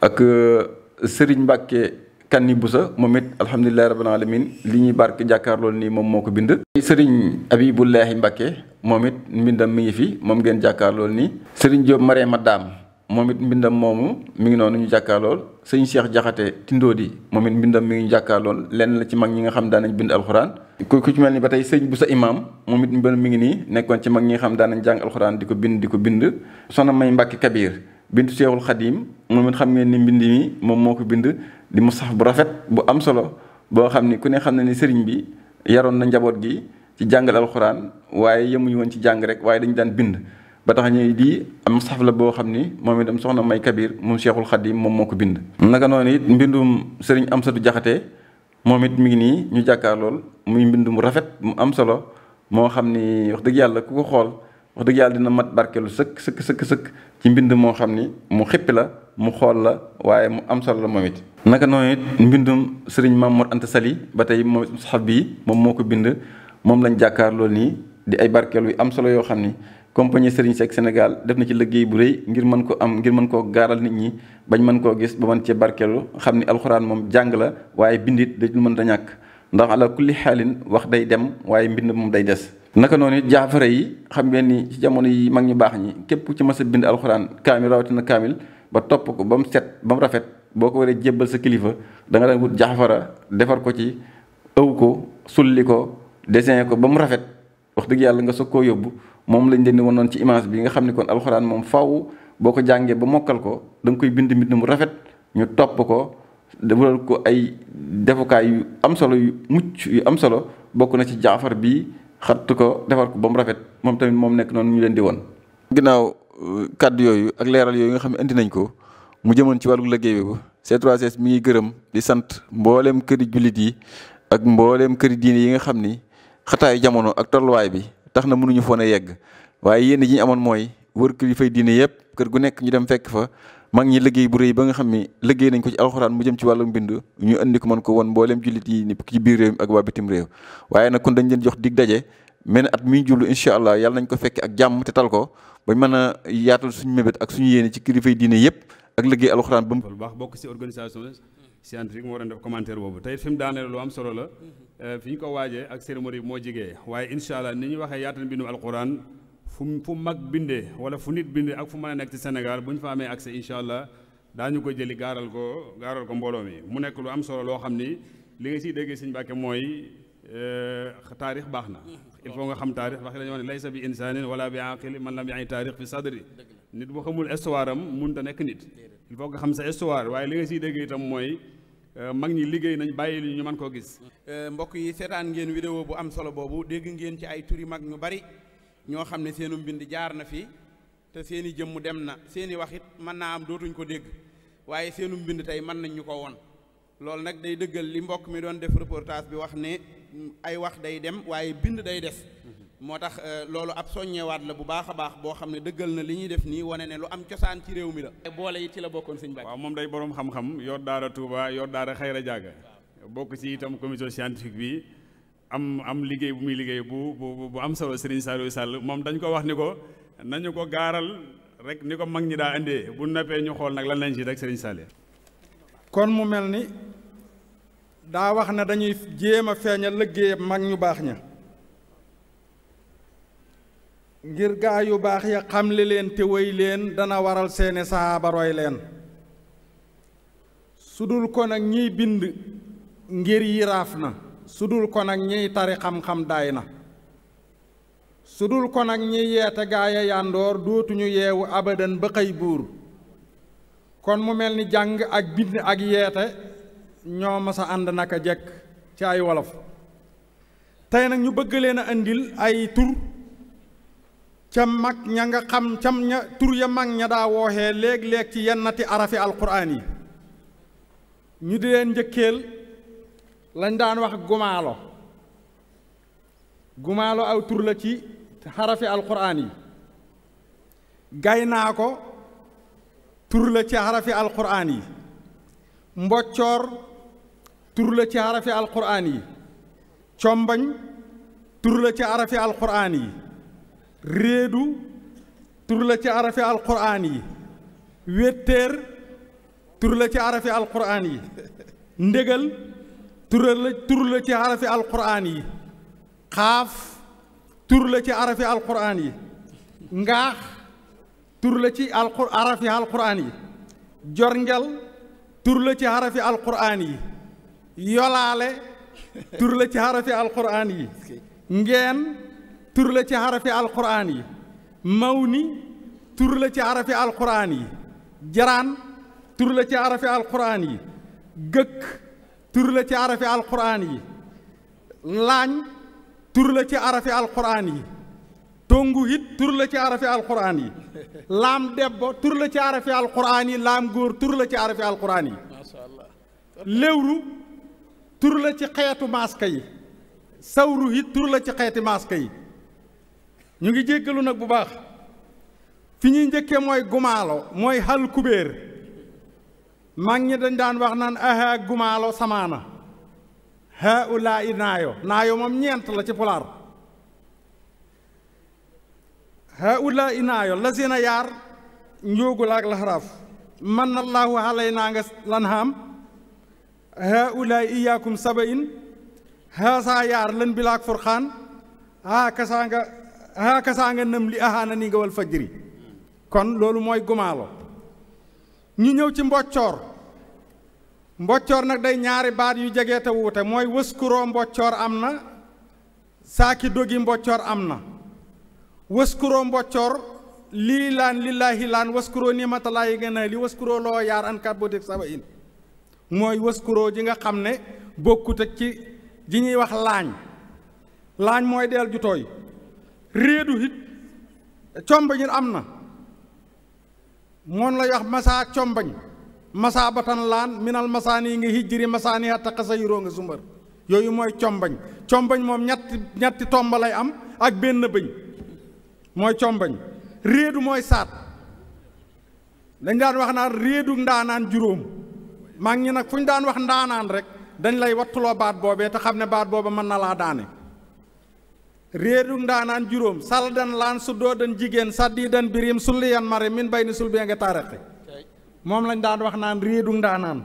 ak euh, sëriñ Mbàkke Kanni Busa moom it alhamdulilahi rabbil alamin li ñuy barke jàkkaarlool nii moom moo ko bind sëriñ Abibullahi Mbàkke moom it mbindam mi ngi fi moom ngeen jàkkaarlool nii sëriñ Jóob Maree Maddaam moom it mbindam moomu mi ngi noonu ñu jàkkaarlool sëñ Cheikh Jaxate Tindóodi moom it mbindam mi ngi jàkkaarlool lenn la ci mag ñi nga xam daan nañ bind alxuraan ku ku ci mel ni ba tey sëñ bu sa imaam moom it mbindam mi ngi nii nekkoon ci mag ñi nga xam daan nañ jàng alxuraan di ko bind di ko bind soxna may Mbàkke Kabir bintu Seexul Xadiim moom it xam ngeen ni mbind mi moom moo ko bind di mu saf bu rafet bu am solo boo xam ni ku ne xam na ni sëriñ bi yaroon na njaboot gi ci jàngal alxuraan waaye yemuñu woon ci jàng rek waaye dañu daan bind ba tax ñuy di am saxaf la boo xam ni moom itam soxna May Kabir moom Cheikhul Khadim moom moo ko bind. naka noonu it mbindum sëriñ Amsatu Jaxate moom it mi ngi nii ñu jàkkaar lool mbind mu rafet mu am solo moo xam ni wax dëgg yàlla ku ko xool wax dëgg yàlla dina mat barkeelu sëkk sëkk sëkk sëkk ci mbind moo xam ni mu xippi la mu xool la waaye mu am solo la moom it. naka noonu it sëriñ Mamour Anta Sali ba tey moom saxaf bii moom moo ko bind moom lañ jàkkaar lool nii di ay barkeelu yu am solo yoo xam ni. compagnie Serigne Seck Sénégal def na ci liggéey bu rëy ngir mën ko am ngir mën koo gaaral nit ñi bañ mën koo gis ba mën cee barkeelu xam ni alxuraan moom jàng la waaye bindit dañu mën a ñàkk ndax ala kulli xaalin wax day dem waaye mbind moom day des. naka noonu it jaafara yi xam ngeen ni ci jamono yi mag ñu baax ñi képp ku ci mës a bind alxuraan kaamil rawatina kaamil ba topp ko ba mu set ba mu rafet boo ko waree jébbal sa kilifa danga nga daan wut jaafara defar ko ci ëw ko sulli ko dessin ko ba mu rafet wax dëgg yàlla nga soog koo yóbbu moom lañ leen di wanoon ci image bi nga xam ne kon alxuraan moom faw boo ko jàngee ba mokkal ko danga koy bind mbind mu rafet ñu topp ko defal ko ay defukaay yu am solo yu mucc yu am solo bokk na ci jaafar bi xatt ko defar ko ba mu rafet moom tamit moom nekk noonu ñu leen di woon ginnaaw euh, kàddu yooyu ak leeral yooyu nga xam ne indi nañ ko mu jëmoon ci wàllu liggéey bi c 3 ngi gërëm di sant mbooleem këri jullit yi ak mbooleem këri diine yi nga xam ni xataayu jamono ak tolluwaay bi tax na mënuñu foon yegg waaye yéen ji ñu amoon mooy wër kilifay diine yëpp kër gu nekk ñu dem fekk fa mag ñi liggéey bu rëy ba nga xam ni liggéey nañ ko ci alxuraan mu jëm ci wàllu mbind ñu indi ko mën ko woon mboolem jullit yi ci biir réew mi ak waa bitim réew waaye nag kon dañ leen jox dig daje men at mi jublu incha allah yàlla nañ ko fekke ak jàmm te tal ko bañ mën a yaatal suñu mébét ak suñu yéene ci kilifay diine yëpp ak liggéey alxuraan ba mu
baax bokk ci organisation scientifique moo doon def Euh, fi ñu ko waajee ak cérémonie bi moo jigee waaye incha allah ni ñu waxee yaatal mbindum alquran fu fu mag bindee wala fu nit bindee ak fu mën a nekk ci Sénégal bu ñu fa amee accès incha daa ñu ko jëli gaaral ko gaaral ko mbooloo mi mu nekk lu am solo loo xam ni li nga siy déggee Sëñ Mbàkke mooy euh, taarix baax na il faut nga xam taarix wax dañoo ne laysa bi insaanin wala bi aqili man lam yaani taarix fi sadri nit bu xamul histoire am mënut
nekk nit il faut xam sa
histoire waaye li nga siy déggee itam mooy Euh, mag ñi liggéey nañ bàyyi lu ñu mën koo gis.
Euh, mbokk yi seetaan ngeen vidéo bu am solo boobu dégg ngeen ci ay turi mag ñu bari ñoo xam ne seenu mbind jaar na fi te seen i jëmm dem na seen i wax it mën naa am dootuñ ko dégg waaye seenu mbind tey mën nañ ñu ko woon loolu nag day dëggal li mbokk mi doon def reportage bi wax ne ay wax day dem waaye bind day des. moo tax euh, loolu ab soññewaat la bu baax a baax boo xam ne dëggal na li ñuy def nii wane ne lu am cosaan ci réew mi la boole yi ci la bokkoon sëñ Mbàkke waaw moom
day boroom xam-xam yor daara Touba yor daara Xayra Jaaga bokk ci itam commission scientifique bi am am liggéey bu muy liggéey bu bu bu am solo Serigne Saliou Sall moom dañ ko wax ni ko nañu ko gaaral rek ni ko mag ñi daa indee bu nappee ñu xool nag lan lañ ci rek Serigne Sall
kon mu mel ni daa wax dañuy jéem a feeñal liggéey mag ñu baax ña ngir gaa yu baax ya xamle leen te wéy leen dana waral seeni saxaaba leen su dul ko nag ñiy bind ngir yiraaf na su dul ko nag ñiy tari xam-xam daay na su dul ko nag ñiy yeete gaa ya dootuñu yeewu abadan ba xëy buur kon mu mel ni jàng ak bind ak yeete ñoo mas a ànd naka jekk ci ay wolof tey nag ñu bëgg leena indil ay tur ca mag ña nga xam cam ña tur ya mag ña daa wooxee léeg-léeg ci yennati arafi alquraan yi ñu di leen njëkkeel lañ daan wax gumaalo gumaalo aw tur la ci xarafi alquraan yi naa ko tur la ci xarafi alquraan yi mboccoor tur la ci xarafi alquraan yi combañ tur la ci xarafi alquraan yi réedu tur la ci arafi alquran yi wéttéer tur la ci arafi alquran yi ndégal tur la tur ci arafi alquran yi xaaf tur la ci arafi alquran yi ngaax tur la ci alqur arafi alquran yi jorngel tur la ci arafi alquran yi yolaale tur la ci arafi alquran yi ngeen tur la ci xarafi alquran yi mawni tur la ci xarafi alquran yi jaraan tur la ci xarafi alquran yi gëkk tur la ci xarafi alquran yi laañ tur la ci xarafi alquran yi tongu it tur la ci xarafi alquran yi laam debbo tur la ci xarafi alquran yi laam góor tur la ci xarafi alquran yi léwru tur la ci xeetu maaska yi sawru it tur la ci xeeti maaska yi ñu ngi jéggalu nag bu baax fi ñuy njëkke mooy gumaalo mooy xal kubéer mag ñi dañ daan wax naan aha gumaalo samaana ha ulaa i naayo naayo moom ñeent la ci pulaar ha ulaa i naayo la seen a yaar njóogu la ak laxaraaf na laahu xalay naa nga lan xaam ha ulaa iyaakum saba in ha saa yaar lan bilaak furxaan haa kasaa nga haakasaa nga nëm li ahaana ni nga wal fajri kon loolu mooy gumaalo ñu ñëw ci mboccoor mboccoor nag day ñaari baat yu jege te wuute mooy wëskuroo mboccoor am na saaki dogi mboccoor am na wëskuroo mboccoor lii laan lillaahi laan wëskuroo niimatalaa yi gën a li wëskuroo loo yaar an kat botik saba in mooy wëskuroo ji nga xam ne bokkut ak ci ji ñuy wax laañ laañ mooy deel ju tooy réedu hit combañin am na moon lay wax masaa combañ masaa batan laan minal masaani yi nga hijjiri masaani hatta xasayiroo nga sumbar yooyu mooy combañ combañ moom ñetti ñetti tomba lay am ak benn bëñ mooy combañ réedu mooy saat dañ daan wax naa réedu ndaanaan juróom maa ngi nag fu ñu daan wax ndaanaan rek dañ lay wattuloo baat boobee te xam ne baat booba mën na laa daane reeɗum ndanan juróom saldan lan suddoɗen jiguen saddiɗen birim sulliyan mare min bayni sulbiyenge tarete moom lañ daan wax naan reeɗum ndanan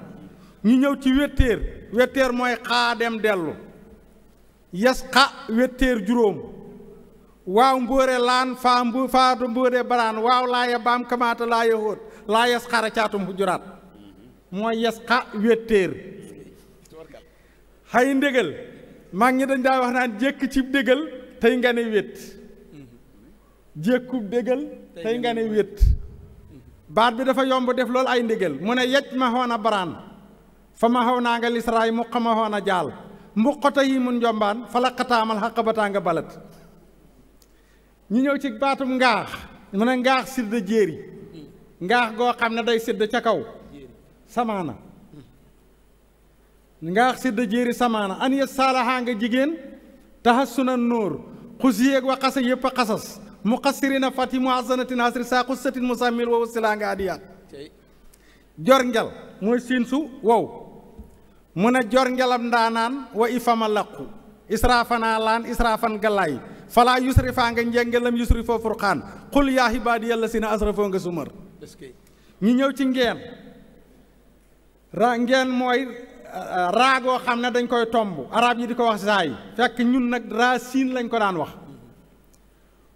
ñu ñëw ci wetteer wetteer mooy xaadem dellu yes xa wetteer juróom waaw mbóore laan faa mbóore baraan waaw laaya baam kamaata laaya hóot laa yes xara caatum hujuraat mooy yes xa wetteer xay ndégal mag ñi dañ daa wax naan jékk ci dégal tey nga ne wét jékkub dégal tey nga ne wét baat bi dafa yomb def lool ay ndégal mu ne yej ma a baraan fa ma xaw naa nga lisraay muq ma a jaal mbuqata yi mun njombaan fa la xataamal nga balat ñu ñëw ci baatum ngaax mu ne ngaax sidd jéeri ngaax goo xam ne day sidd ca kaw samaana ngaax sidd jéeri samaana an yet saalaxaa nga jigéen tahassuna nuur xusiyeeg wa xasa yépp xasas mu xasirina fati mu hasanatin hasri saa xussatin musammil wow silaa nga adiyaat jor ngel mooy siin su wow mu ne jor ngelam ndaanaan wa ifama laqu israafanaa laan israafan galaay falaa yusrifaa nga njengelam yusrifoo furqaan xul yaa hibaadiya lasina asrafoo nga sumar ñu ñëw ci ngeen ra ngeen mooy raa goo xam ne dañ koy tomb arab yi di ko wax zaay fekk ñun nag raa siin lañ ko daan wax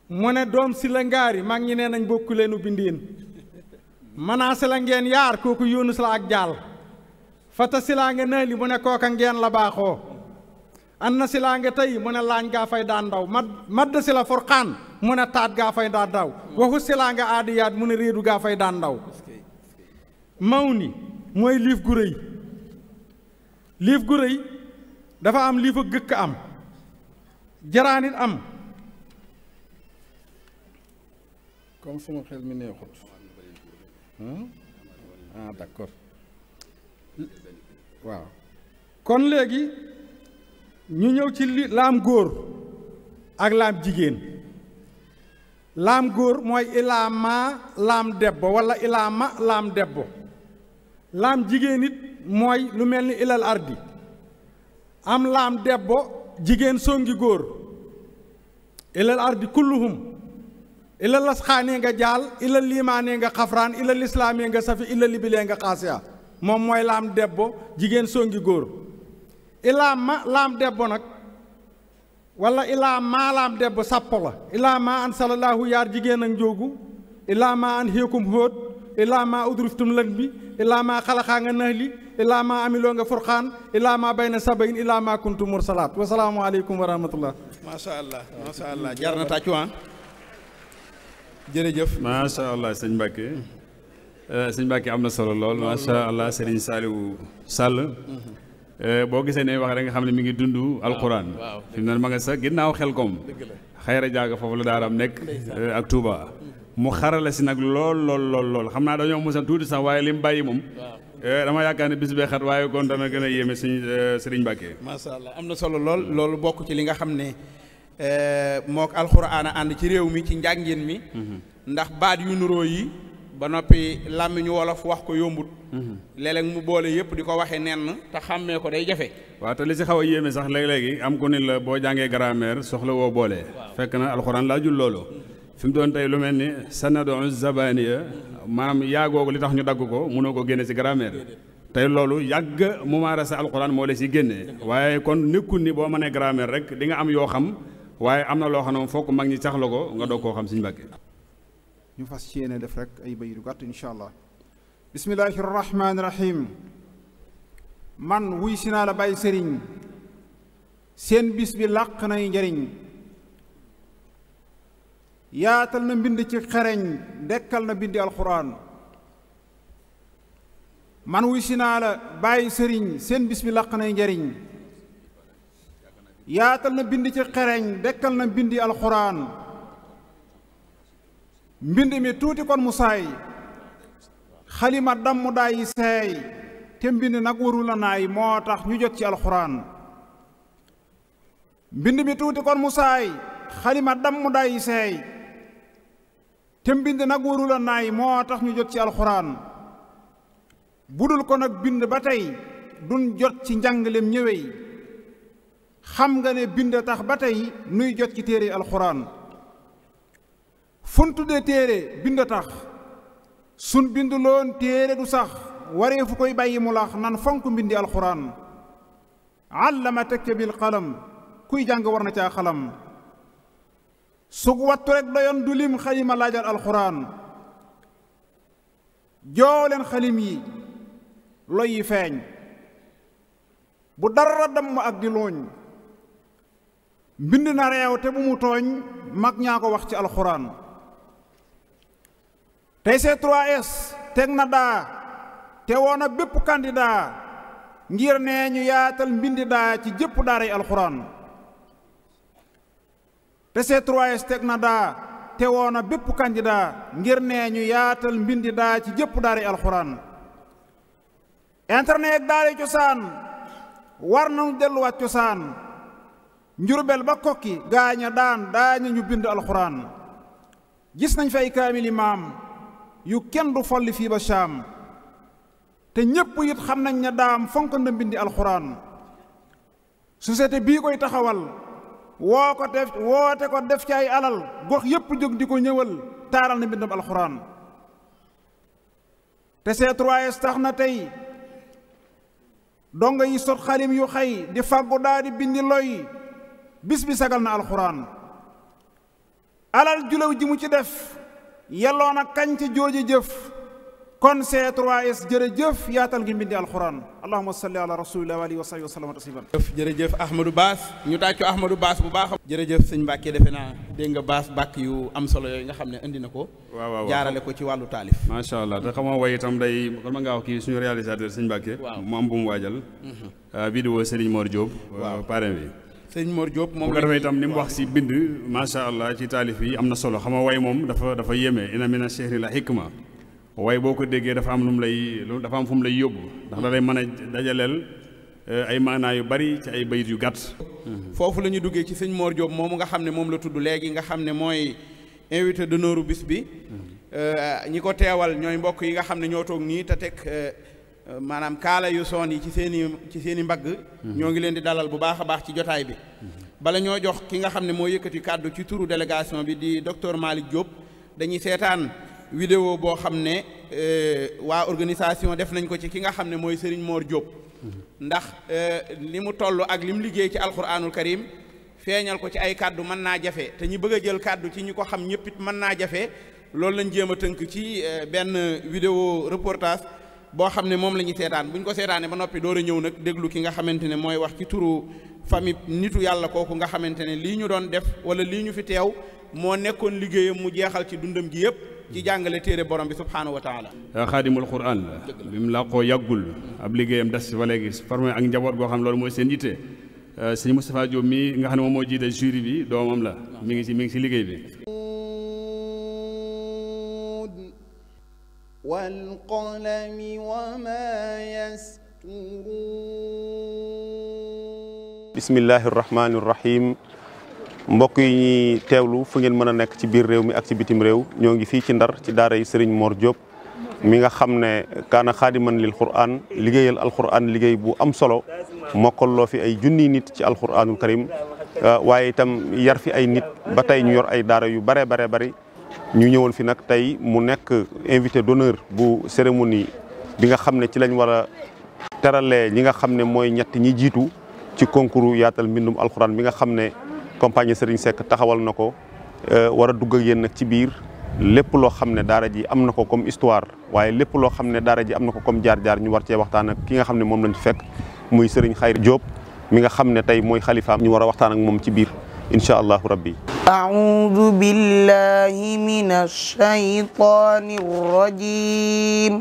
mu ne doom si la ngaari mag ñi nee nañ bokku leenu bindiin manaa si la ngeen yaar kooku yónus la ak jaal fata si laa nga naali mu ne kooka ngeen la baaxoo an na si laa nga tey mu ne laañ gaa fay daan daw mad madd si la furqaan mu ne taat gaa fay daan daw waxu si laa nga aadiyaat mu ne réedu gaa fay daan daw maw ni mooy liif gu rëy liif gu rëy dafa am liifa gëkk am jaraanit am
comme sama xel mi hmm?
ah, waaw kon léegi ñu ñëw ci li laam góor ak laam jigéen laam góor mooy ilaa ma laam debbo wala ilaa laam debbo laam jigéen it mooy lu mel ni ilal ardi am laam debbo jigéen songi góor ilal ardi kulluhum ilal asxaanee nga jaal ilal liimaanee nga xafraan ilal islaamee nga safi ilal libilee nga xaasiya moom mooy laam debbo jigéen songi góor ilaa ma laam debbo nag wala ilaa maa laam debbo sàppo la ilaa maa an salallahu yaar jigéen ak njóogu ilaa maa an xéekum xóot illaa maa udriftum lën bi illaa maa xalaxaa nga nahli illaa maa amiloo nga furxaan illaa maa bayna sabayin illaa maa kuntu mursalaat wasalaamu aleykum wa rahmatullah
macha allah macha allah jaar na tàccu ah
jërëjëf allah sëñ Mbàkke eh, sëñ Mbàkke am na solo lool macha allah sëriñ Saaliwu Sàll mhm. eh, boo gisee ne wax rek nga xam ne mu ngi dund alquran fi mu ne ma nga sax ginnaaw xel koom xayra jaaga foofu la daaraam nekk eh, ak Touba mu xarale si nag lool lool lool lool xam naa dañoo mos a tuuti sax waaye li mu bàyyi moom. Eh, dama yaakaar ne bis bee xat waaye kon dana gën a yéeme suñ eh, Serigne Mbacke.
macha allah am na solo lool loolu bokk ci li nga xam ne eh, mook alxuraan a ànd ci réew mi ci njàngin mi. Mhm. ndax baat yu nuroo yi. ba noppi làmmiñu wolof wax ko yombut. Mhm. léeg-léeg mu boole yëpp di ko waxee nenn te xàmmee ko day jafe. waaw li si
xaw a yéeme sax léeg-léegi am ko ni la boo jàngee grammaire soxla woo boole. fekk na alxuraan laajul loolu. Mhm. fi mu doon tey lu mel ni sanadu zabaniya maam yaagoogu li tax ñu dagg ko mënoo ko génne ci grammaire tey loolu yàgg mumaarasa alquran moo la ci génne waaye kon nekkul ni boo mënee grammaire rek di nga am yoo xam waaye am na loo xam ne fokk mag ñi sax la ko nga doog koo xam ñu mbàkke
ñu fas ci yéene def rekk ay bayit yu gàtt insha allah bismillahi rahmaani man wuy si naa la bàyyi sëriñ seen bis bi làq nay njariñ yaatal na mbind ci xereñ dekkal na bindi alxuraan man wuy si la bàyyi sëriñ seen bis bi làq nay njariñ yaatal na bind ci xereñ dekkal na bindi alxuraan mbind mi tuuti kon mu xalima damm daay seey te mbind nag warulanaay moo tax ñu jot ci alxuraan mbind mi tuuti kon mu saay xalima damm daay seey te mbind nag warul a naay moo tax ñu jot ci alxuraan bu dul ko nag bind ba tey duñ jot ci njàngaleem ñëwey xam nga ne bind tax ba tey nuy jot ci téere alxuraan fun tuddee téere bind tax sun bind loon téere du sax waree fu koy bàyyi mu lax nan fonk mbindi alxuraan àllama tekk bil xalam kuy jàng war na caa xalam sug wattu rek doyoon du lim xalima laajal alxuraan joo leen xalim yi loy yi feeñ bu dara damm ak di looñ mbind na reew te bu mu tooñ mag ñaa ko wax ci alxuraan tey see teg na daa te woona bépp candidat ngir nee ñu yaatal mbindi daa ci jëpp daaray alxuraan te 3 s teg daa te woo na bépp candidat ngir nee ñu yaatal mbindi daa ci jëpp daari alxuraan daa daari cosaan war nañu delluwaat cosaan njurbel ba kokki gaaña daan daaña ñu bind alxuraan gis nañ fi ay kaamili maam yu kenn du folli fii ba saam te ñépp it xam nañ ne daam fonk na mbindi alxuraan société bii koy taxawal woo ko def woote ko def ci ay alal gox yépp jóg di ko ñëwal taaral na mbindum alxuraan te c 3 tax na tey donga yi sot xalim yu xëy di fàggu daa di bindi loy bis bi sagal na alxuraan alal julew ji mu ci def yelloon na kañ ci jooje jëf kon C3S jërëjëf yaatal ngi mbindi alxuraan allahuma salli ala rasulillah wa alihi wa sahbihi wa sallam tasliman
jërëjëf ahmadou baas ñu tàccu ahmadou baas bu baax jërëjëf sëñ Mbàkke defe naa dégg nga baas bàkk yu am solo yooyu nga xam ne indi na ko waaw waaw jaarale ko ci wàllu taalif
macha allah te xamoo way itam day kon ma ngaa wax kii suñu réalisateur sëñ Mbàkke mu am bu mu waajal vidéo mhm. ah, Serigne Mor Diop parrain bi sëñ moor Diop moom nga defee itam ni mu wax si bind macha allah ci taalif yi am na solo xama way moom dafa dafa yéeme ina mina chehri la hikma waaye boo ko déggee dafa am lu mu
lay lu dafa am fu mu lay yóbbu ndax da lay mën a dajaleel eh, ay maanaa yu bari ci ay bayit yu gàtt. foofu la ñu duggee ci sëñ Mor Diop moomu nga xam ne moom la tudd léegi nga xam ne mooy invité d'honneur bis bi. Eh, ñi ko ñooy mbokk yi nga xam ne ñoo toog nii te teg eh, maanaam kaala yu soon yi ci seen i ci seen i mbagg. ñoo ngi leen di dalal bu baax a baax ci jotaay bi. bala ñoo jox ki nga xam ne mooy yëkkati kàddu ci turu délégation bi di docteur Malick Diop dañuy seetaan. vidéo boo xam ne euh, waa organisation def nañ ko ci ki nga xam ne mooy Serigne moor Diop. ndax euh, li mu toll ak li mu liggéey ci alxuraanul karim feeñal ko ci ay kàddu mën naa jafe te ñi bëgg a jël kàddu ci ñi ko xam ñëpp it mën naa jafe loolu lañ jéem a tënk ci euh, benn vidéo reportage boo xam ne moom la ñuy seetaan buñ ko seetaanee ba noppi door a ñëw nag déglu ki nga xamante ne mooy wax ci turu famille nitu yàlla kooku nga xamante ne lii ñu doon def wala lii ñu fi teew moo nekkoon liggéeyam mu jeexal ci dundam gi yëpp. ci jàngale téere borom bi subhaanahu wa taala
xaadimul quran bi mu làqoo yàggul ab liggéeyam des ba léegi formé ak njaboot goo xam loolu mooy seen yitte euh, sëñ Moustapha Diop nga xam ne moom moo jiite jury bi doomam la mi ngi ci mu ngi si liggéey bi
wal
bismillahi rahmaani rahim mbokk yi ñuy teewlu fu ngeen mën a nekk ci biir réew mi ak ci bitim réew ñoo ngi fii ci ndar ci daara yi Serigne Mor Diop mi nga xam ne kaana xaadiman lil quran liggéeyal alquran liggéey bu am solo mokkaloo fi ay junniy nit ci alquranul karim euh, waaye itam yar fi ay nit ba tey ñu yor ay daara yu bare bare bari ñu ñëwoon fi nag tey mu nekk invité d'honneur bu cérémonie bi nga xam ne ci lañ war a teralee ñi nga xam ne mooy ñett ñi jiitu ci concours yaatal mbindum alquran bi nga xam ne compagnie Serigne Seck taxawal na ko euh, war a dugg ak yéen nag ci biir lépp loo xam ne daara ji am na ko comme histoire waaye lépp loo xam ne daara ji am na ko comme jaar-jaar ñu war cee waxtaan ak ki nga xam ne moom lañ ci fekk muy Serigne Khayri Diop mi nga xam ne tey mooy xalifaam ñu war a waxtaan ak moom ci biir incha allahu rabbi
أعوذ بالله من الشيطان الرجيم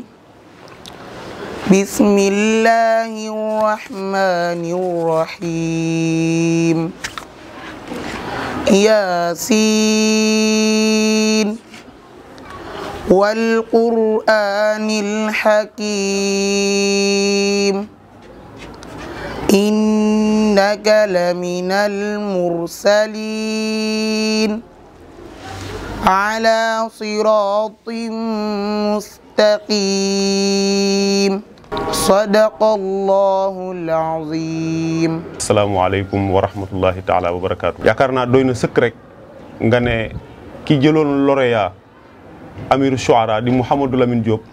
بسم الله الرحمن الرحيم ياسين والقرآن الحكيم إنك لمن المرسلين على صراط مستقيم sadaqallahu alazim
asalaamualeykum wa rahmatullahi taala wa barakaatu yaakaar naa doy na sëkk rek nga ne ki jëloon lauréat amiru shuara di Mouhamadou Lamine Diop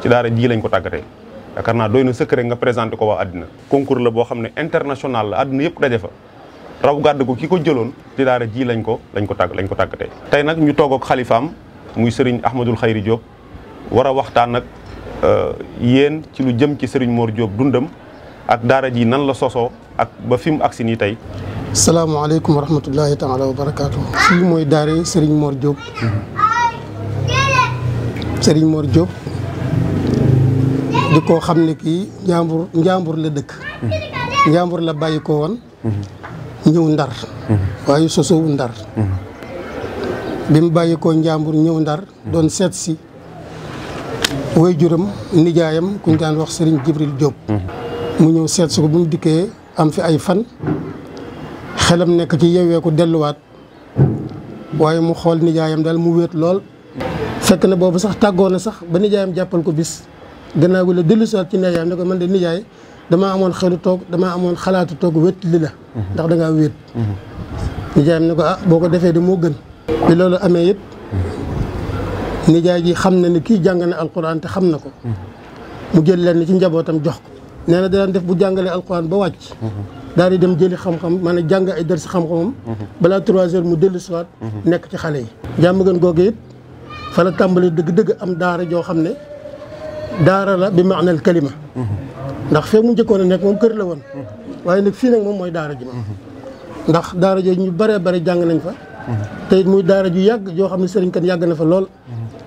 ci daara ji lañ ko tàggatee yaakaar naa doy na sëkk rek nga présenté ko waa àddina concours la boo xam ne international la àddina yëpp daje fa raw gàdd ko ki ko jëloon ci daara ji lañ ko lañ ko tàgg lañ ko tàggatee tey nag ñu toog ak xalifaam muy sëriñ ahmadul xayri Diop war waxtaan nag Euh, yéen ci lu jëm ci sëriñ Mor Diop dundam ak daara ji nan la sosoo ak ba fi mu agsi nii tey.
salaamaaleykum wa rahmatullahi taala wa barakaatu. fii mooy daare Serigne Mor Diop. Serigne Mor Diop di ko xam ne kii njàmbur njàmbur la dëkk. njàmbur la bàyyi ko woon. ñëw ndar. waaye sosowu ndar. bi mu bàyyi ko njàmbur ñëw ndar doon seet si. way juram nijaayam ku ñu daan wax Serigne Jibril Diop. mu ñëw seet si ko bu mu dikkee am fi ay fan xelam nekk ci yeweeku delluwaat waaye mu xool nijaayam daal mu wéet lool. fekk na boobu sax tàggoo na sax ba nijaayam jàppal ko bis gannaaw gi la dellusiwaat ci nijaayam ne ko man de nijaay damaa amoon xelu toog damaa amoon xalaatu toog wét li la. ndax dangaa wéet. Mhm. nijaayam ne ko ah boo ko defee de moo gën. bi loolu amee it. nijaay ji xam na ne kii jàngane na te xam na ko. mu jël leen ci njabootam jox ko. nee na daan def bu jàngalee alquran ba wàcc. daal di dem jëli xam-xam maanaam jàng ay dër si xam-xamam. balaa trois heures mu dellu siwaat nekk ci xale yi. jàmm gën googu it fa la tàmbali dëgg-dëgg am daara joo xam ne daara la bi maanal kalima. ndax fee mu njëkkoon a nekk moom kër la woon. waaye nag fii nag moom mooy daara ji ma ndax daara jooju ñu bëree bëri jàng nañ fa. te it ju yàgg joo xam ne sëriñ kan yàgg na fa lool.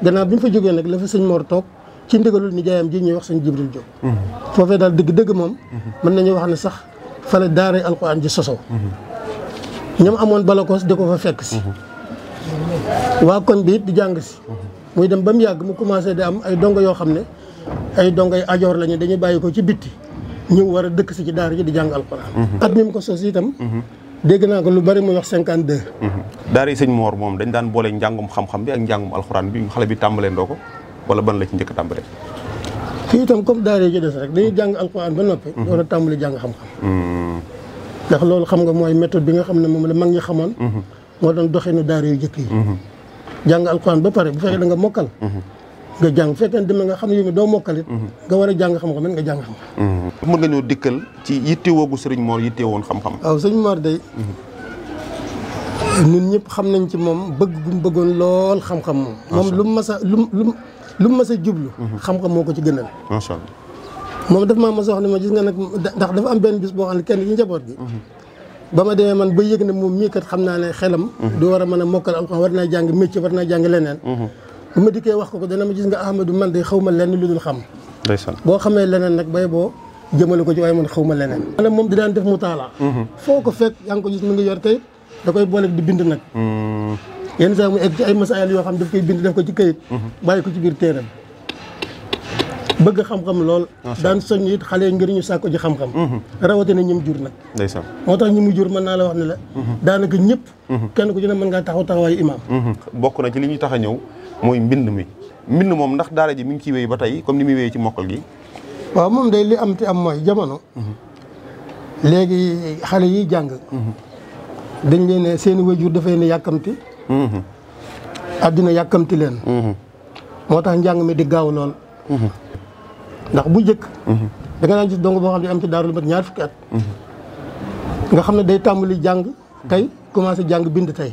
gannaaw bi ñu fa jógee nag la fa sëñ Mor toog ci ndigalul nijaayam ji ñuy wax sañ Jibril Diop. Mhm. foofee daal dëgg-dëgg moom. Mhm. mën nañu wax ne sax fale daaray alxuraan ji sosoo. Mhm. ñoom amoon balakoos di ko fa fekk si. waa koñ bi it di jàng si. muy dem ba mu yàgg mu commencé di am ay dongo yoo xam ne ay dongo yu ajoor lañu dañuy bàyyi ko ci bitti ñu war a dëkk si ci daar ji di jàng alxuraan. at mi mu ko sos itam. dégg naa ko lu bari muy wax cinquante deux.
Mhm. daara yi sëñ Mor moom dañ daan boole njàngum xam-xam bi ak njàngum alxuraan bi xale bi tàmbalee ndoo ko wala ban la ci njëkk a tàmbalee.
fii itam comme daara yi ci des rek dañuy jàng alxuraan ba noppi. Mhm. a tàmbali jàng xam-xam. Mhm. ndax loolu xam nga mooy méthode bi nga xam ne la mag ñi xamoon. moo doon doxinu daara yu njëkk yi. jàng alxuraan ba pare bu fekkee da nga mokkal. nga jàng fekkee dem nga xam ne yow mi doo mokkalit nga war a jàng xam-xam nga jàng
xam-xam mën nga ñëw dikkal ci yitte woogu sëriñ Mor yitte woon xam-xam
waaw sëñ Mor day ñëpp xam nañ ci moom bëgg gu bëggoon lool xam-xam moom moom lu mu mas a lu mu lu mu mas a jublu mhm. xam-xam moo ko ci gënal macha allah moom dafa maa mas a wax ne ma gis nga nag ndax dafa am benn bis boo xam ne kenn ci njaboot gi mhm. ba ma demee man ba yëg ne moom mii kat xam naa ne xelam mhm. du war a mën a mokkal alxuraan war naa jàng métier war naa jàng leneen bu ma dikkee wax ko ko dana ma gis nga Ahmadou man de xaw ma lenn lu dul xam. boo xamee leneen nag bay boo jëmale ko ci waaye man xaw ma leneen. maanaam moom di daan def mu taala mhm. foo ko fekk yaa ngi da koy boole di bind nag.
Mhm.
yenn saa ci ay masaayal yoo xam daf koy bind def ko ci kayit. Mhm. bàyyi ko ci biir téeram. bëgg xam-xam lool. daan soññ it xale yi ngir ñu sàkku ci xam-xam. rawatina ñi mu jur nag. ndeysaan moo tax ñi mu jur mën naa la wax ne la. daanaka ñëpp. kenn ku ci ne mën ngaa taxaw taxawaayu imaam.
bokk na ci li ñu tax a ñëw. mooy mbind mi mbind moom ndax daara ji mi ngi ciy wéy ba tey comme ni muy wéy ci mokkal
gi. waaw moom day li am te am mooy jamono. léegi xale yi jàng. dañ leen ne seen wajur dafay ne yàkkamti. àddina yàkkamti leen. moo tax njàng mi di gaaw lool. ndax bu njëkk. da nga naan gis dong boo xam ne am ci daaru lu ñaar fukki nga xam ne day tàmbali jàng tey commencé jàng bind tey.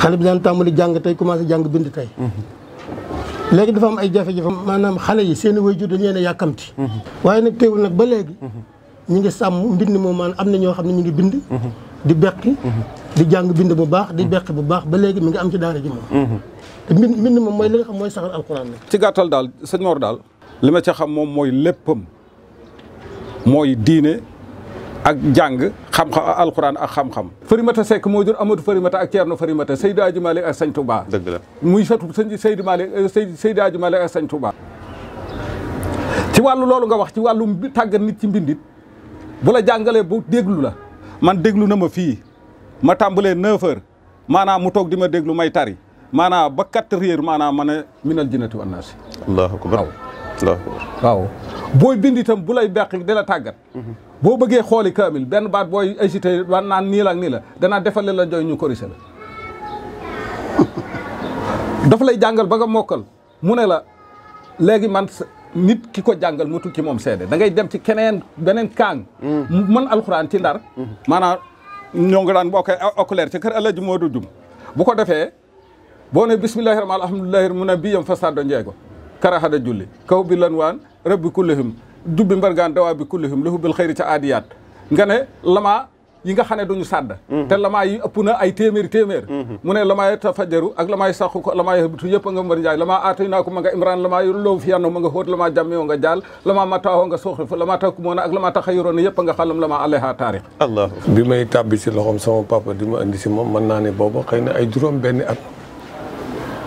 xale bi daan tàmbali jàng tey commencé jàng bind tey. léegi dafa am ay jafe-jafe maanaam xale yi seen i waajur dañu leen a yàkkamti. waaye nag teewul nag ba léegi. ñu ngi sàmm mbind moom maanaam am na ñoo xam ne ñu ngi bind. di beqi di jàng bind bu baax di beqi bu baax ba léegi mi ngi am ci daara ji moom. te mbind mbind moom mooy li nga xam mooy saxal alxuraan la.
ci gàttal daal sëñ Mor daal. li ma ca xam moom mooy léppam mooy diine. ak jàng xam-xam alxuraan ak xam-xam Farimata Seck moo jur Amadou Farimata ak Thierno Farimata Seydi Hadji Malick ak Sëñ Touba dëgg la muy sëtu Seydi Malick euh, Seydi Hadji Malick ak Sëñ Touba ci wàllu loolu nga wax ci wàllu tàggat nit ci mbindit bu la jàngalee bu déglu la man déglu na ma fii ma tàmbalee 9h maanaam mu toog di ma déglu may tari maanaam ba 4 heures maanaam ma ne minal jinnati wan naasi allahu akbar waaw booy bind itam bu lay beq di tàggat mhm. boo bëggee xooli kaamil benn baat booy agité war naan nii la ak nii la danaa defale jooy ñu corrigé la dafa lay jàngal ba nga mokkal mu ne la léegi man nit ki ko jàngal mu tukki moom seede da ngay dem ci keneen beneen kaang mm. mën alxuraan ci ndar mm-hmm. maanaam ñoo ngi daan bokkee oculaire ci kër Alaaji Moodu Jum bu ko defee boo ne bismillahi rahmaan alhamdulillahi mu ne biyam fasado njeego karaxada julli kaw bi lan waan rabbi kullihim dubbi mbargaan dawaa bi kullihum lahu bil xëyri ca aadiyaat nga ne lamaa yi nga xam ne duñu sàdd mhm. te lamaa yi ëpp na ay téeméeri téeméer mhm. mu ne lamaa yi tafajaru ak lamaa yi sàqu ko lamaa yi habitu yëpp a nga mbar njaay lamaa aatay naa ko ma nga imran lamaa yu loowu fi yanno ma nga xóot lamaa jàmmewo nga jaal lamaa mataawoo nga soxrifa lamaa takkumoona ak lamaa taxayuroona yëpp nga xalam lamaa aleha taarix allah bi may tàbbi si loxoom sama papa di ma indi si moom mën naa ne booba xëy
ay juróom benn at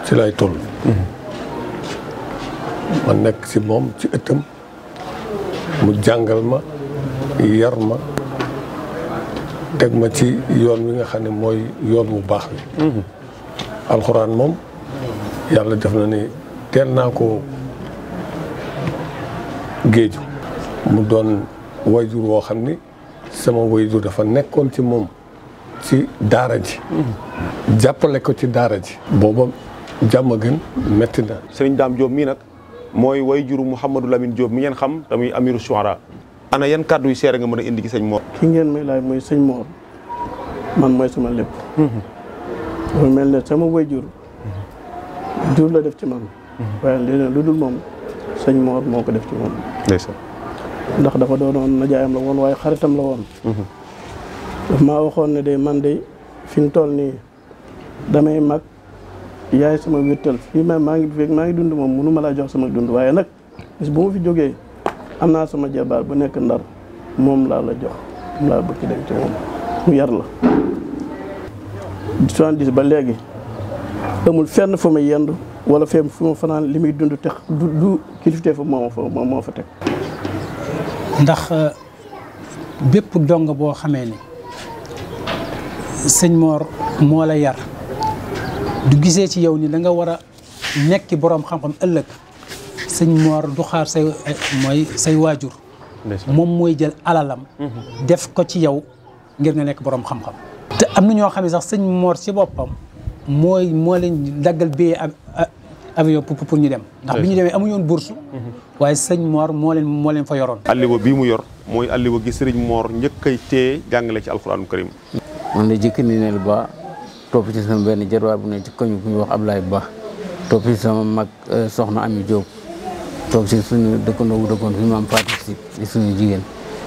si lay toll mhm. nekk si moom ci ëttam mu jàngal ma yar ma teg ma ci yoon wi nga xam ne mooy yoon wu baax wi mhm. alxuraan moom yàlla def na ni teel naa ko géeju mu doon jur woo xam ni sama jur dafa nekkoon ci moom ci daara ji mhm. jàppale ko ci daara ji booba jàmm gën metti na
sëriñ daam Diop mii nag mooy way juru Mouhamadou Lamine Diop mi ngeen xam tamuy amiru shuara ana yan kàddu yu seere nga mën a indi ci
sëñ Mor ki ngeen may laaj mooy sëñ Mor man mooy sama lépp dafa mm-hmm. mel ne sama way jur jur la def ci man mm-hmm. waaye lu dul moom
sëñ Mor moo ko def ci moom ndax dafa doonoon na jaayam la woon waaye xaritam la woon mm-hmm. daf maa waxoon ne de man de fi mu toll nii damay mag yaay sama wértal fii maa ngi fekk maa ngi dund moom mënu ma laa jox sama dund waaye nag bis bu fi jógee am naa sama jabaar bu nekk ndar moom laa la jox moom laa bëgg dem ci moom mu yar la. 70 ba léegi amul fenn fu ma yend wala fenn fu ma fanaan li muy dund te du du kilifte fa moo fa moo fa teg. ndax euh, bépp dong boo xamee ni sëñ Mor moo la yar. du gisee ci yow ni da nga war a nekki boroom xam-xam ëllëg sëñ Mor du xaar say mooy say waajur moom mooy jël alalam mhm. def ko ci yow ngir nga nekk boroom xam-xam te am na ñoo xam ne sax sëñ Mor ci boppam mooy moo leen daggal biyee avion pour ñu dem ndax bi ñu demee amuñu woon bourse mhm.
waaye sëñ Mor moo leen moo leen fa yoroon alliwa bii mu yor mooy alliwa gi sëriñ Mor njëkkay tee jàngale ci alxuraanu karim
man la jëkk ba topp ci sama benn jarwaay bu ne ci koñ bu ñu wax Ablaye Ba topp ci sama mag euh, soxna Ami Diop
topp ci suñu dëkkandoo bu dëkkoon fi maam Fatou si suñu jigéen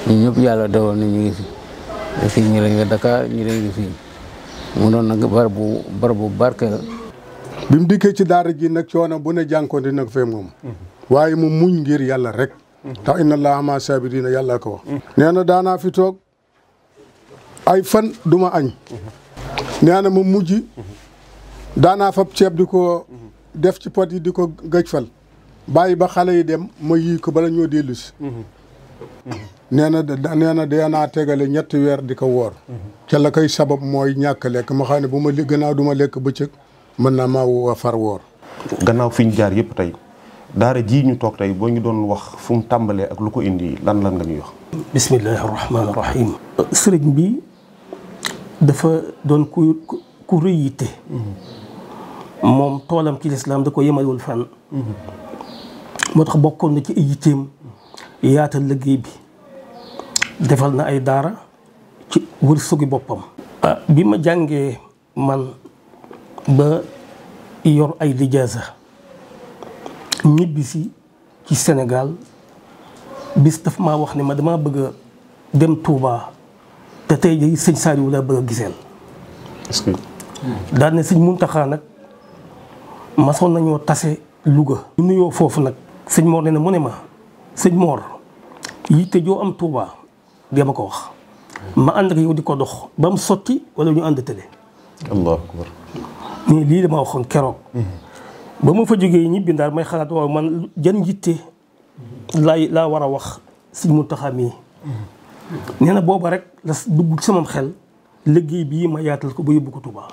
ñu ñëpp yàlla dogal na ñu ngi fi ñu la nga Dakar ñu la ngi fii mu na nag barab bu
bu barke la bi mu dikkee ci daara ji nag coono bu ne jànkoon di nag fee moom mhm. waaye mu muñ ngir yàlla rek tax mhm. inna allaha ma sabirina yàlla ko wax mhm. nee na daanaa fi toog ay fan duma añ nee na mu mujj daanaa fab ceeb di ko def ci pot yi di ko gëj fal bàyyi ba xale yi dem ma yii ko bala ñoo dellu si nee na nee na tegale ñetti weer di ko woor ca la koy sabab mooy ñàkk lekk ma xam ne bu ma li gannaaw duma ma lekk bëccëg mën naa ma wa far woor
gannaaw fi ñu jaar yëpp tey daara ji ñu toog tey boo ñu doon wax fu mu tàmbalee ak lu ko indi lan lan nga ñuy wax
bismillahi rahmaani bi dafa doon ku ku yitte mm-hmm. moom toolam ci lislaam da ko yemalewul fànn mm-hmm. moo tax bokkoon na ci ay yitteem yaatal liggéey bi defal na ay daara ci wërsëgu boppam ah. bi ma jàngee man ba yor ay lijaasa ñibbisi ci senegal bis daf ma wax ne ma dama bëgg a dem Touba te tey sëñ Saliou laa bëgg a giseel. est-ce que. daan ne sëñ Muntaxa nag masoon nañoo tase Louga. ñu nuyoo foofu nag sëñ Mor ne na mu ne ma sëñ Mor yitte joo am Touba dee ma ko wax. ma ànd ak yow di ko dox ba mu sotti wala ñu ànd tële. allahu lii dama waxoon keroog. ba ma fa jógee ñibbi ndaar may xalaat waaw man jan yitte laay laa war a wax sëñ Muntaxa mii nee booba rek la dugg ci sama xel liggéey bii ma yaatal ko ba yóbbu ko Touba.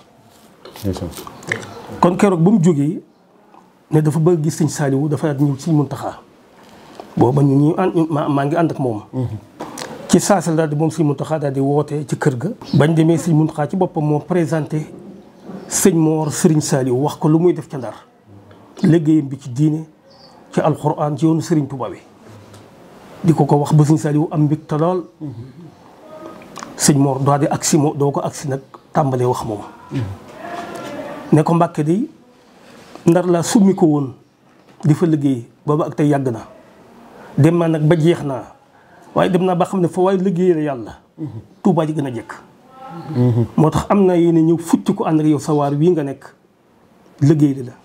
kon keroog ba mu jógee ne dafa bëgg gis sëñ Saliou dafa ñëw mun taxaa booba ñu ñu maa ngi ànd ak moom. Mm-hmm. ci saasal daal di moom sëñ Muntaxa daal di wootee ci kër ga. bañ demee sëñ Muntaxa ci boppam moom présenté sëñ moo Mor sëriñ Saliou wax ko lu muy def ca ndar léggéeyam bi ci diine ci alxuraan ci yoonu sëriñ Touba bi. di ko ko wax ba sëñ Saliou am mbégte lool sëñ moor doo di agsi moo doo ko agsi nag tàmbalee wax moom ne ko Mbàkke di ndar laa summi ko woon di fa liggéey booba ak te yàgg na dem naa nag ba jeex naa waaye dem naa ba xam ne fa waaye liggéey la yàlla Tuubaa yi gën a jekk moo tax am naa yéene ñëw futti ko ànd ak yow sa wii nga nekk liggéey li la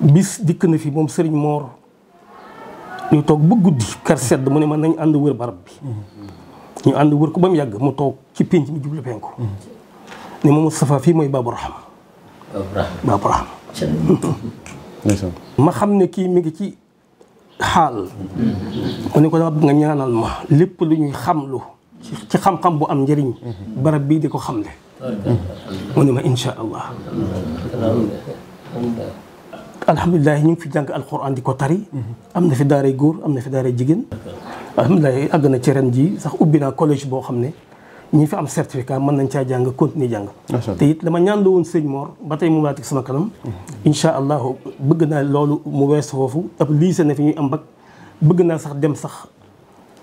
bis dikk na fi moom sëriñ moor ñu toog ba guddi kar sedd mu ne man nañu ànd wër barab bi ñu ànd wër ko ba mu yàgg mu toog ci pénc mi jublu penku ne ma Moustapha fii mooy Babou
Rahma
ma xam ne kii mi ngi ci xaal mu ne ko dama nga ñaanal ma lépp lu ñuy xamlu ci xam-xam bu am njëriñ barab bii di ko xamle
mu ne ma insha allah
alhamdulilah ñu ngi fi jàng alxuraan di ko tari. am na fi daaray góor am na fi daaray jigéen. alhamdulilah àgg na ci ren jii sax ubbi naa collège boo xam ne ñi fi am certificat mën nañ caa jàng continuer jàng. te it dama ñaan la woon sëñ Mor ba tey mu laa teg sama kanam. incha allah bëgg naa loolu mu wees foofu ab lycée na fi ñuy am bac bëgg naa sax dem sax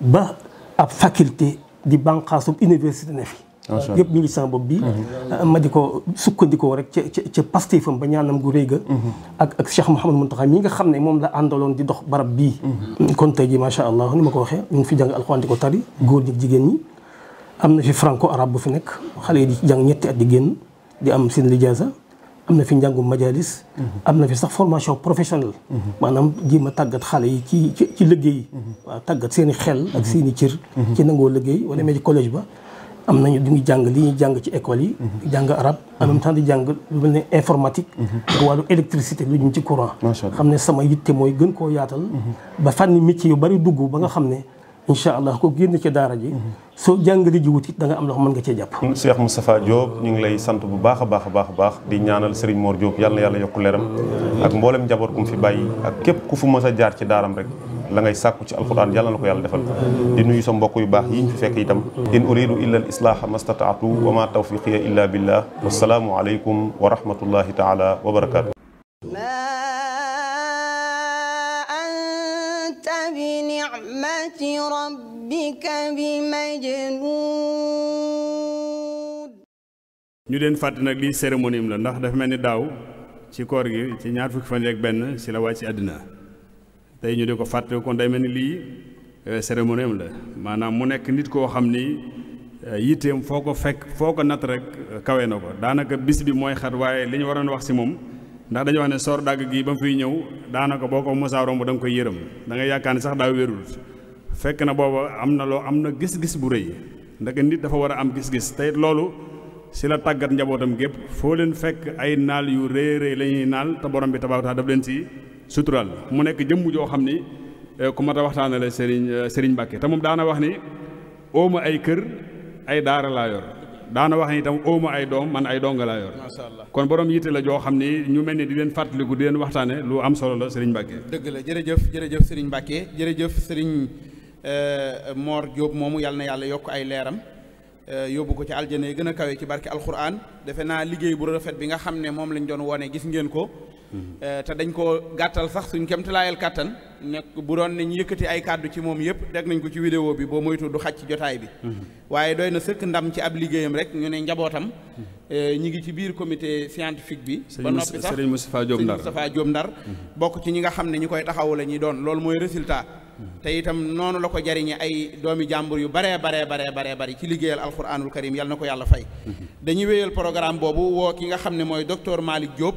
ba ab faculté di bànqaasu université na fi. yëpp ñu ngi sama bopp bi mhm. ah, ma di ko sukkandikoo rek ca ca ca pastéefam ba ñaanam gu réy ga mhm. ak ak Cheikh Mouhamadou Mountakha mi nga xam ne moom la àndaloon di dox barab bii mhm. kon tey ji macha allah ni ma ko waxee ñu ngi fi jàng alxuraan di ko tari góor am na fi franco arabe bu fi nekk xale yi di jàng ñetti at di génn di am seen lijaasa am na fi njàngum majalis am na fi sax formation professionnelle maanaam jéem ma taggat xale yi ci ci ci liggéey waaw seen i xel ak seen i cër ci nangoo liggéey wala mee ci collège ba am nañu du ñu jàng li ñuy jàng ci école yi. jàng arabe en même temps di jàng lu mel ne informatique. Mhm. wàllu électricité lu ñu ci courant. xam ne sama yitte mooy gën koo yaatal. Mhm. ba fànni métier yu bari dugg ba nga xam ne. incha allah ko génn ci daara ji. Mhm. soo jàngalee ji wutit danga am loo xam mën nga cee jàpp.
Mm, Cheikh Moustapha Diop ñu ngi lay sant bu baax a baax a baax baax di ñaanal Serigne Mor Diop yàlla yàlla yokk leeram ak mboolem njaboot ku mu fi bàyyi ak képp ku fu mës a jaar ci daaram rek. langay ngay ci alquran yàlla na ko yàlla defal di nuyu sa mbokk yu baax yi ñu fi fekk itam in uridu illa al islaaha mastataatu wa ma tawfiqiya illa billah wassalaamu aleykum wa rahmatullahi taala wa barakatuh
بنعمة ربك بمجنون
ñu leen fàtte nag lii cérémonie la ndax dafa mel ni daaw ci koor gi ci ñaar fukki fan yeeg benn ci la wàcc àddina tey ñu di ko fàttali kon day mel ni lii eh, cérémonie am la maanaam mu nekk nit koo xam ni eh, yitteem foo ko fekk foo ko natt rek eh, kawe na ko daanaka bis bi mooy xat waaye li ñu waroon wax si moom ndax dañu wax ne soor dàgg gi ba mu fiy ñëw daanaka boo ko mosaa romb da nga koy yërëm da nga yaakaar ne sax daa wérul fekk na booba am na loo am na gis-gis bu rëy ndaka nit dafa war a am gis-gis tey loolu si la tàggat njabootam gépp foo leen fekk ay naal yu rëy la ñuy naal te borom bi tabaaraka leen si suturaal mu nekk jëmm joo xam ni eh, ku mat a waxtaanale Serigne eh, Serigne Mbacke te moom daana wax ni ooma ay kër ay daara laa yor daana wax ni itam ooma ay doom man ay donga laa yor. macha kon borom yitte la joo xam ni ñu mel ni di leen fàttaliku di leen waxtaane lu am solo la Serigne Mbacke.
dëgg la jërëjëf jërëjëf Serigne Mbacke jërëjëf Serigne eh, Mor Diop moomu yàlla na yàlla yokk ay leeram. yóbbu ko ci aljana yi gën a kawe ci barke alquran defe naa liggéey bu rafet bi nga xam ne moom lañ doon wone gis ngeen ko Eh, te dañ ko gàttal sax suñ kemtalaayal kàttan nekk bu doon ne ñu yëkkati ay kàddu ci moom yëpp teg nañ ko ci vidéo bi boo moytu du xaj ci jotaay bi mm-hmm. waaye doy na sëkk ndam ci ab liggéeyam rek ñu ne njabootam mm-hmm. eh, ñi ngi ci biir comité scientifique bi ba noppi sax Serigne Moustapha Diop Ndar Moustapha mm-hmm. Diop Ndar bokk ci ñi nga xam ne ñi koy taxawu la ñuy doon loolu mooy résultat te itam noonu la ko jariñe ay doomi jàmbur yu baree baree baree baree bari ci liggéeyal alquranul karim yal na ko yàlla fay dañuy wéyal programme boobu woo ki nga xam ne mooy docteur Malick Diop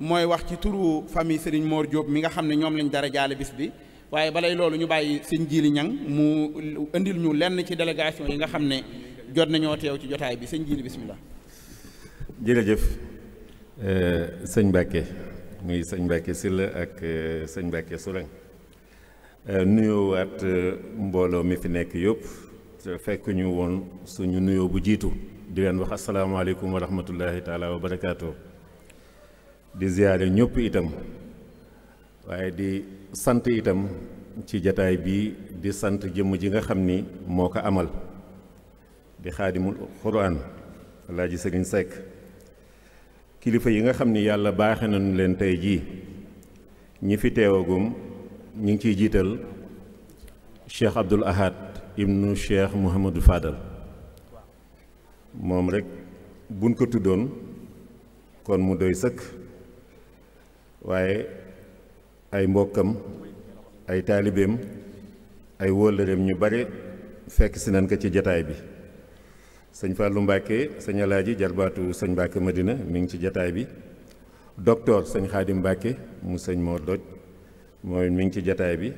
mooy wax ci turu famille Serigne Mor Diop mi nga xam ne ñoom lañ dara jaale bis bi waaye balay loolu ñu bàyyi sëñ Jili Ñang mu indil ñu lenn ci délégation yi nga xam ne jot nañoo teew ci jotaay bi sëñ Jili bismillah
jërëjëf euh, sëñ Mbacke muy sëñ Mbacke Sylla ak euh, sëñ Mbacke Sourang euh, nuyoowaat mbooloo mi fi nekk yëpp te fekk ñu woon suñu nuyoo bu jiitu di leen wax asalaamaaleykum wa rahmatullahi taala wa barakaatu. di ziyaare ñëpp itam waaye di sant itam ci jataay bii di sant jëmm ji nga xam ni moo ko amal di xaadimul quraan alaaji sëriñ Seck kilifa yi nga xam ni yàlla baaxe nañu leen tey jii ñi fi teewagum ñu ngi ciy jiital cheikh abdul ahad ibnu cheikh mouhamadou fadal moom rekk buñ ko tuddoon kon mu doy sëkk waaye ay mbokkam ay taalibeem ay wóllëreem ñu bare fekk si nañ ko ci jataay bi sëñ Fallou Mbacke sëñ Alaaji jarbaatu sëñ Mbacke Madina mi ngi ci jataay bi docteur sëñ Xaadim Mbacke mu sëñ Mor Doj mooy mi ngi ci jataay bi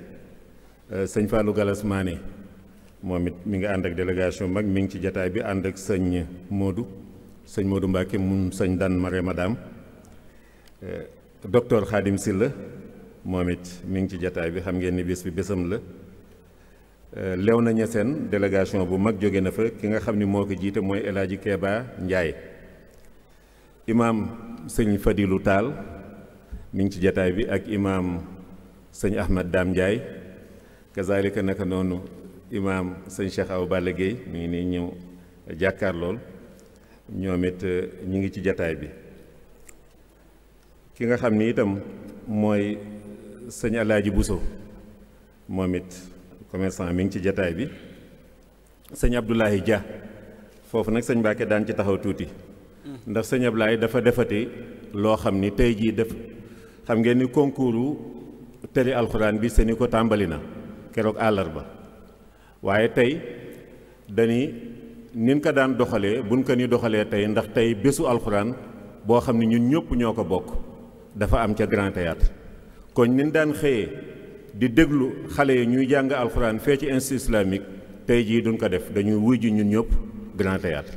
euh, sëñ Fallou Galas Mané moom it mu ngi ànd ak délégation mag mi ngi ci jataay bi ànd ak sëñ Modou sëñ Modou Mbacke mu sëñ Dan Maré Madame euh, docteur si la moom it mi ngi ci jataay bi xam ngeen ni bés bi bésam la lew na ñaseen délégation bu mag jóge na fa ki nga xam ni moo ko jiite mooy El Hadji Keba Ndiaye imaam sëñ Fadilu Taal mi ngi ci jataay bi ak imaam sëñ Ahmad Dame Ndiaye kazalika naka noonu imaam sëñ Cheikh Aw Balla mi ngi nii ñëw jàkkaar lool ñoom it euh, ñi ngi ci jataay bi ki nga xam ni itam mooy sëñ Alaaji Buso moom it commerçant mi ngi ci jataay bi sëñ Abdoulaye Dia foofu nag sëñ Mbàkke daan ci taxaw tuuti mm-hmm. ndax sëñ Abdoulaye dafa defati loo xam ni tey jii def xam ngeen ni concours tëri alxuraan bi seeni ko tàmbali na keroog àllarba waaye tey dañuy nin ko daan doxalee buñ ko ni doxalee tey ndax tey bésu alxuraan boo xam ne ñun ñëpp ñoo ko bokk dafa am ca Grand Théâtre kon nin daan xëyee di déglu xale yi ñuy jàng alxuraan fee ci institut islamique tey jii duñ ko def dañuy wuy ji ñun ñëpp Grand Théâtre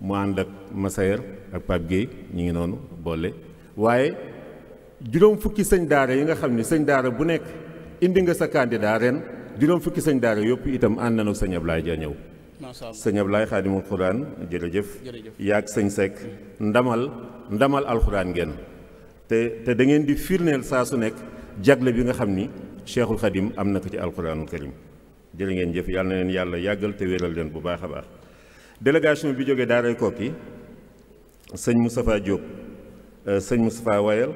mu ànd ak Massayer ak Pape Gueye ñu ngi noonu boole waaye juróom fukki sëñ daara yi nga xam ne sëñ daara bu nekk indi nga sa candidat ren juróom fukki sëñ daara yëpp itam ànd nañu sëñ Ablaye ja ñëw sëñ Ablaye xaadimul xuraan jërëjëf yaag sëñ Seck ndamal ndamal alxuraan ngeen te te da ngeen di firneel saa su nekk jagle bi nga xam ni cheikhul xadim am na ko ci alquranul karim jërë ngeen jëf yàlla na leen yàlla yàggal te wéral leen bu baax baax délégation bi jógee daaray Koki sëñ Moustapha Diop euh, sëñ Moustapha Wayal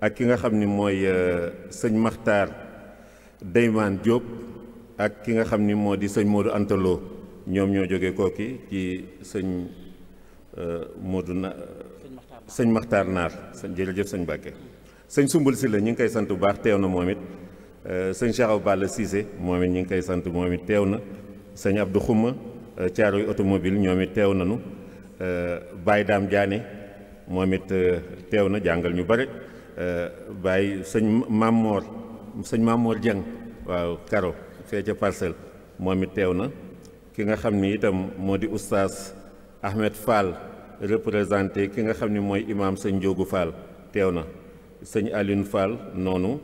ak ki nga xam ni mooy euh, sëñ Makhtar Deyman Diop ak ki nga xam ni moo di sëñ Modou Antalo ñoom ñoo jógee Koki ci sëñ Euh, Modou na sëñ Maxtaar Naar sëñ jërëjëf sëñ Mbàkke sëñ Sumbul si la ñu ngi koy sant bu baax teew na moom it euh, sëñ Cheikh Balla Cissé moom it ñu ngi koy sant moom it teew na sëñ Abdou Xuma Caaroy euh, automobile ñoom it teew nañu Baye Daam Diané moom it teew na jàngal ñu bare Baye sëñ Mamor sëñ Mamor Dieng waaw Karo fee ca parcelle moom it teew na ki nga xam ni itam moo di oustaz Ahmed Fall représenté ki nga xam ni mooy imaam sëñ Njóogu Fall teew na sëñ alin Fall noonu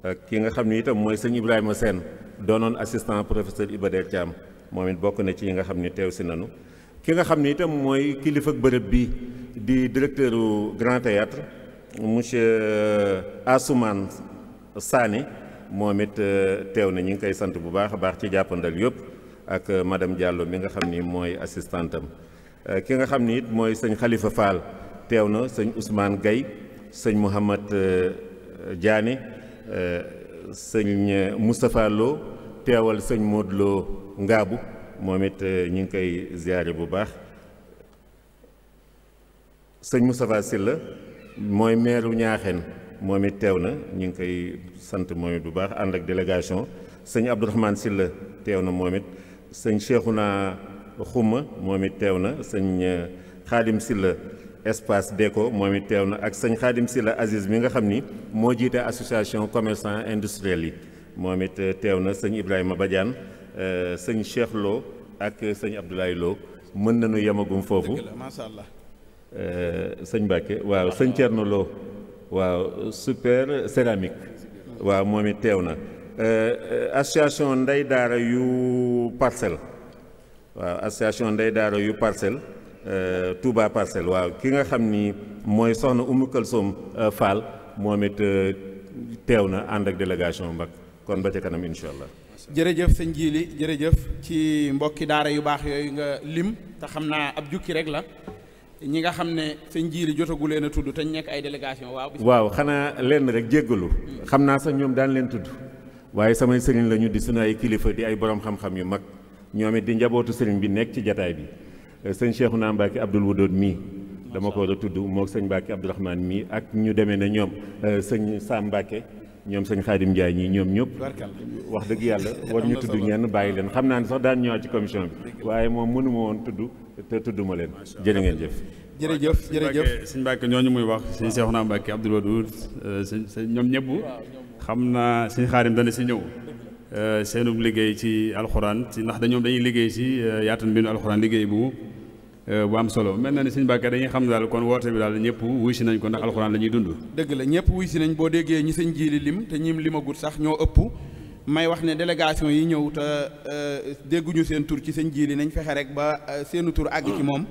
ak ki nga xam ne itam mooy sëñ Ibrahima Sène doonoon assistant professeur Iba Der Thiam moom it bokk na ci ñi nga xam ne teew si nanu ki nga xam ne itam mooy kilifa ak bërëb bi di directeur Grand Théâtre monsieur euh, Assoumane Sané moom it euh, teew na ñu ngi koy sant bu baax a baax ci jàppandal yëpp ak euh, madam jàlloo mi nga xam ni mooy assistantam Euh, ki nga xam ni it mooy sëñ xalifa Fall teew na sëñ Ousmane Gaye sëñ Mouhamad euh, Diané euh, sëñ Moustapha Lo teewal sëñ Modou Lo Ngaabu moom it ñu ngi koy ziare bu baax sëñ Moustapha Sylla mooy meeru Ñaaxeen moom it teew na ñu ngi koy sant moom it bu baax ànd ak délégation sëñ Abdourahmane Sylla teew na moom it sëñ Cheikhouna xuma moom it teew na sëñ euh, xaadim la espace déco moom it teew na ak sëñ xaadim la Aziz bi nga xam ni moo jiite association commerçant industriel yi moom it euh, teew na sëñ Ibrahima Badiane euh, sëñ Cheikh Lo ak sëñ Abdoulaye Lo mën nañu yemagum foofu macha allah sëñ Mbacke waaw sëñ Thierno Lo waaw super céramique waaw moom it teew na association ndey daara yu parcelle waaw association Ndey Daara yu parcelle euh, Touba parcelle waaw ki nga xam ni mooy soxna Umu Kalsoom euh, Fall moom it euh, teew na ànd ak délégation mbag kon ba ca kanam incha allah.
jërëjëf sëñ Jili jërëjëf ci mbokki daara yu baax yooyu nga lim te xam naa ab jukki rek la ñi nga xam ne sëñ Jili jotagu leen a tudd te ñu nekk ay délégation waaw. waaw
xanaa lenn rek jéggalu. Hmm. xam naa sax ñoom daan leen tudd waaye samay sëriñ la ñu di suñu ay kilifa di ay borom xam-xam yu mag. ñoom it di njabootu sëriñ bi nekk ci jataay bi euh, sëñ Cheikhouna Mbacké Abdoul Wadoud mii dama ko war a tudd moo sëñ Mbacké Abdourahmane mii ak ñu demee ne ñoom euh, sëñ Sam ñoom sëñ Xaadim Ndiaye ñii ñoom ñëpp
wax dëgg yàlla war
ñu tudd ñenn bàyyi leen xam naa ne sax daan ñëwaat ci commission bi waaye moom mënuma woon tudd te tudd ma leen jërë ngeen jëf jërëjëf jërëjëf
sëñ Mbàkke ñooñu muy wax sëñ Seexuna Mbàkke Abdul Waduud euh, sëñ ñoom ñëpp xam naa sëñ Xaadim dana si ñëw Euh, seenu liggéey ci alxuraan ci ndax dañoom dañuy liggéey ci euh, yaatal mbindum alxuraan liggéey bu euh, bu am solo mel na ni suñu bàkkee dañuy xam daal kon woote bi daal ñëpp wuy si nañ ko ndax alxuraan la ñuy
dund
la ñëpp wuy si nañ boo déggee ñi sëñ jiili lim te ñim limagut sax ñoo ëpp may wax ne délégation yi ñëw te dégguñu seen tur ci sëñ jiili nañ fexe rek ba seenu tur àgg ci moom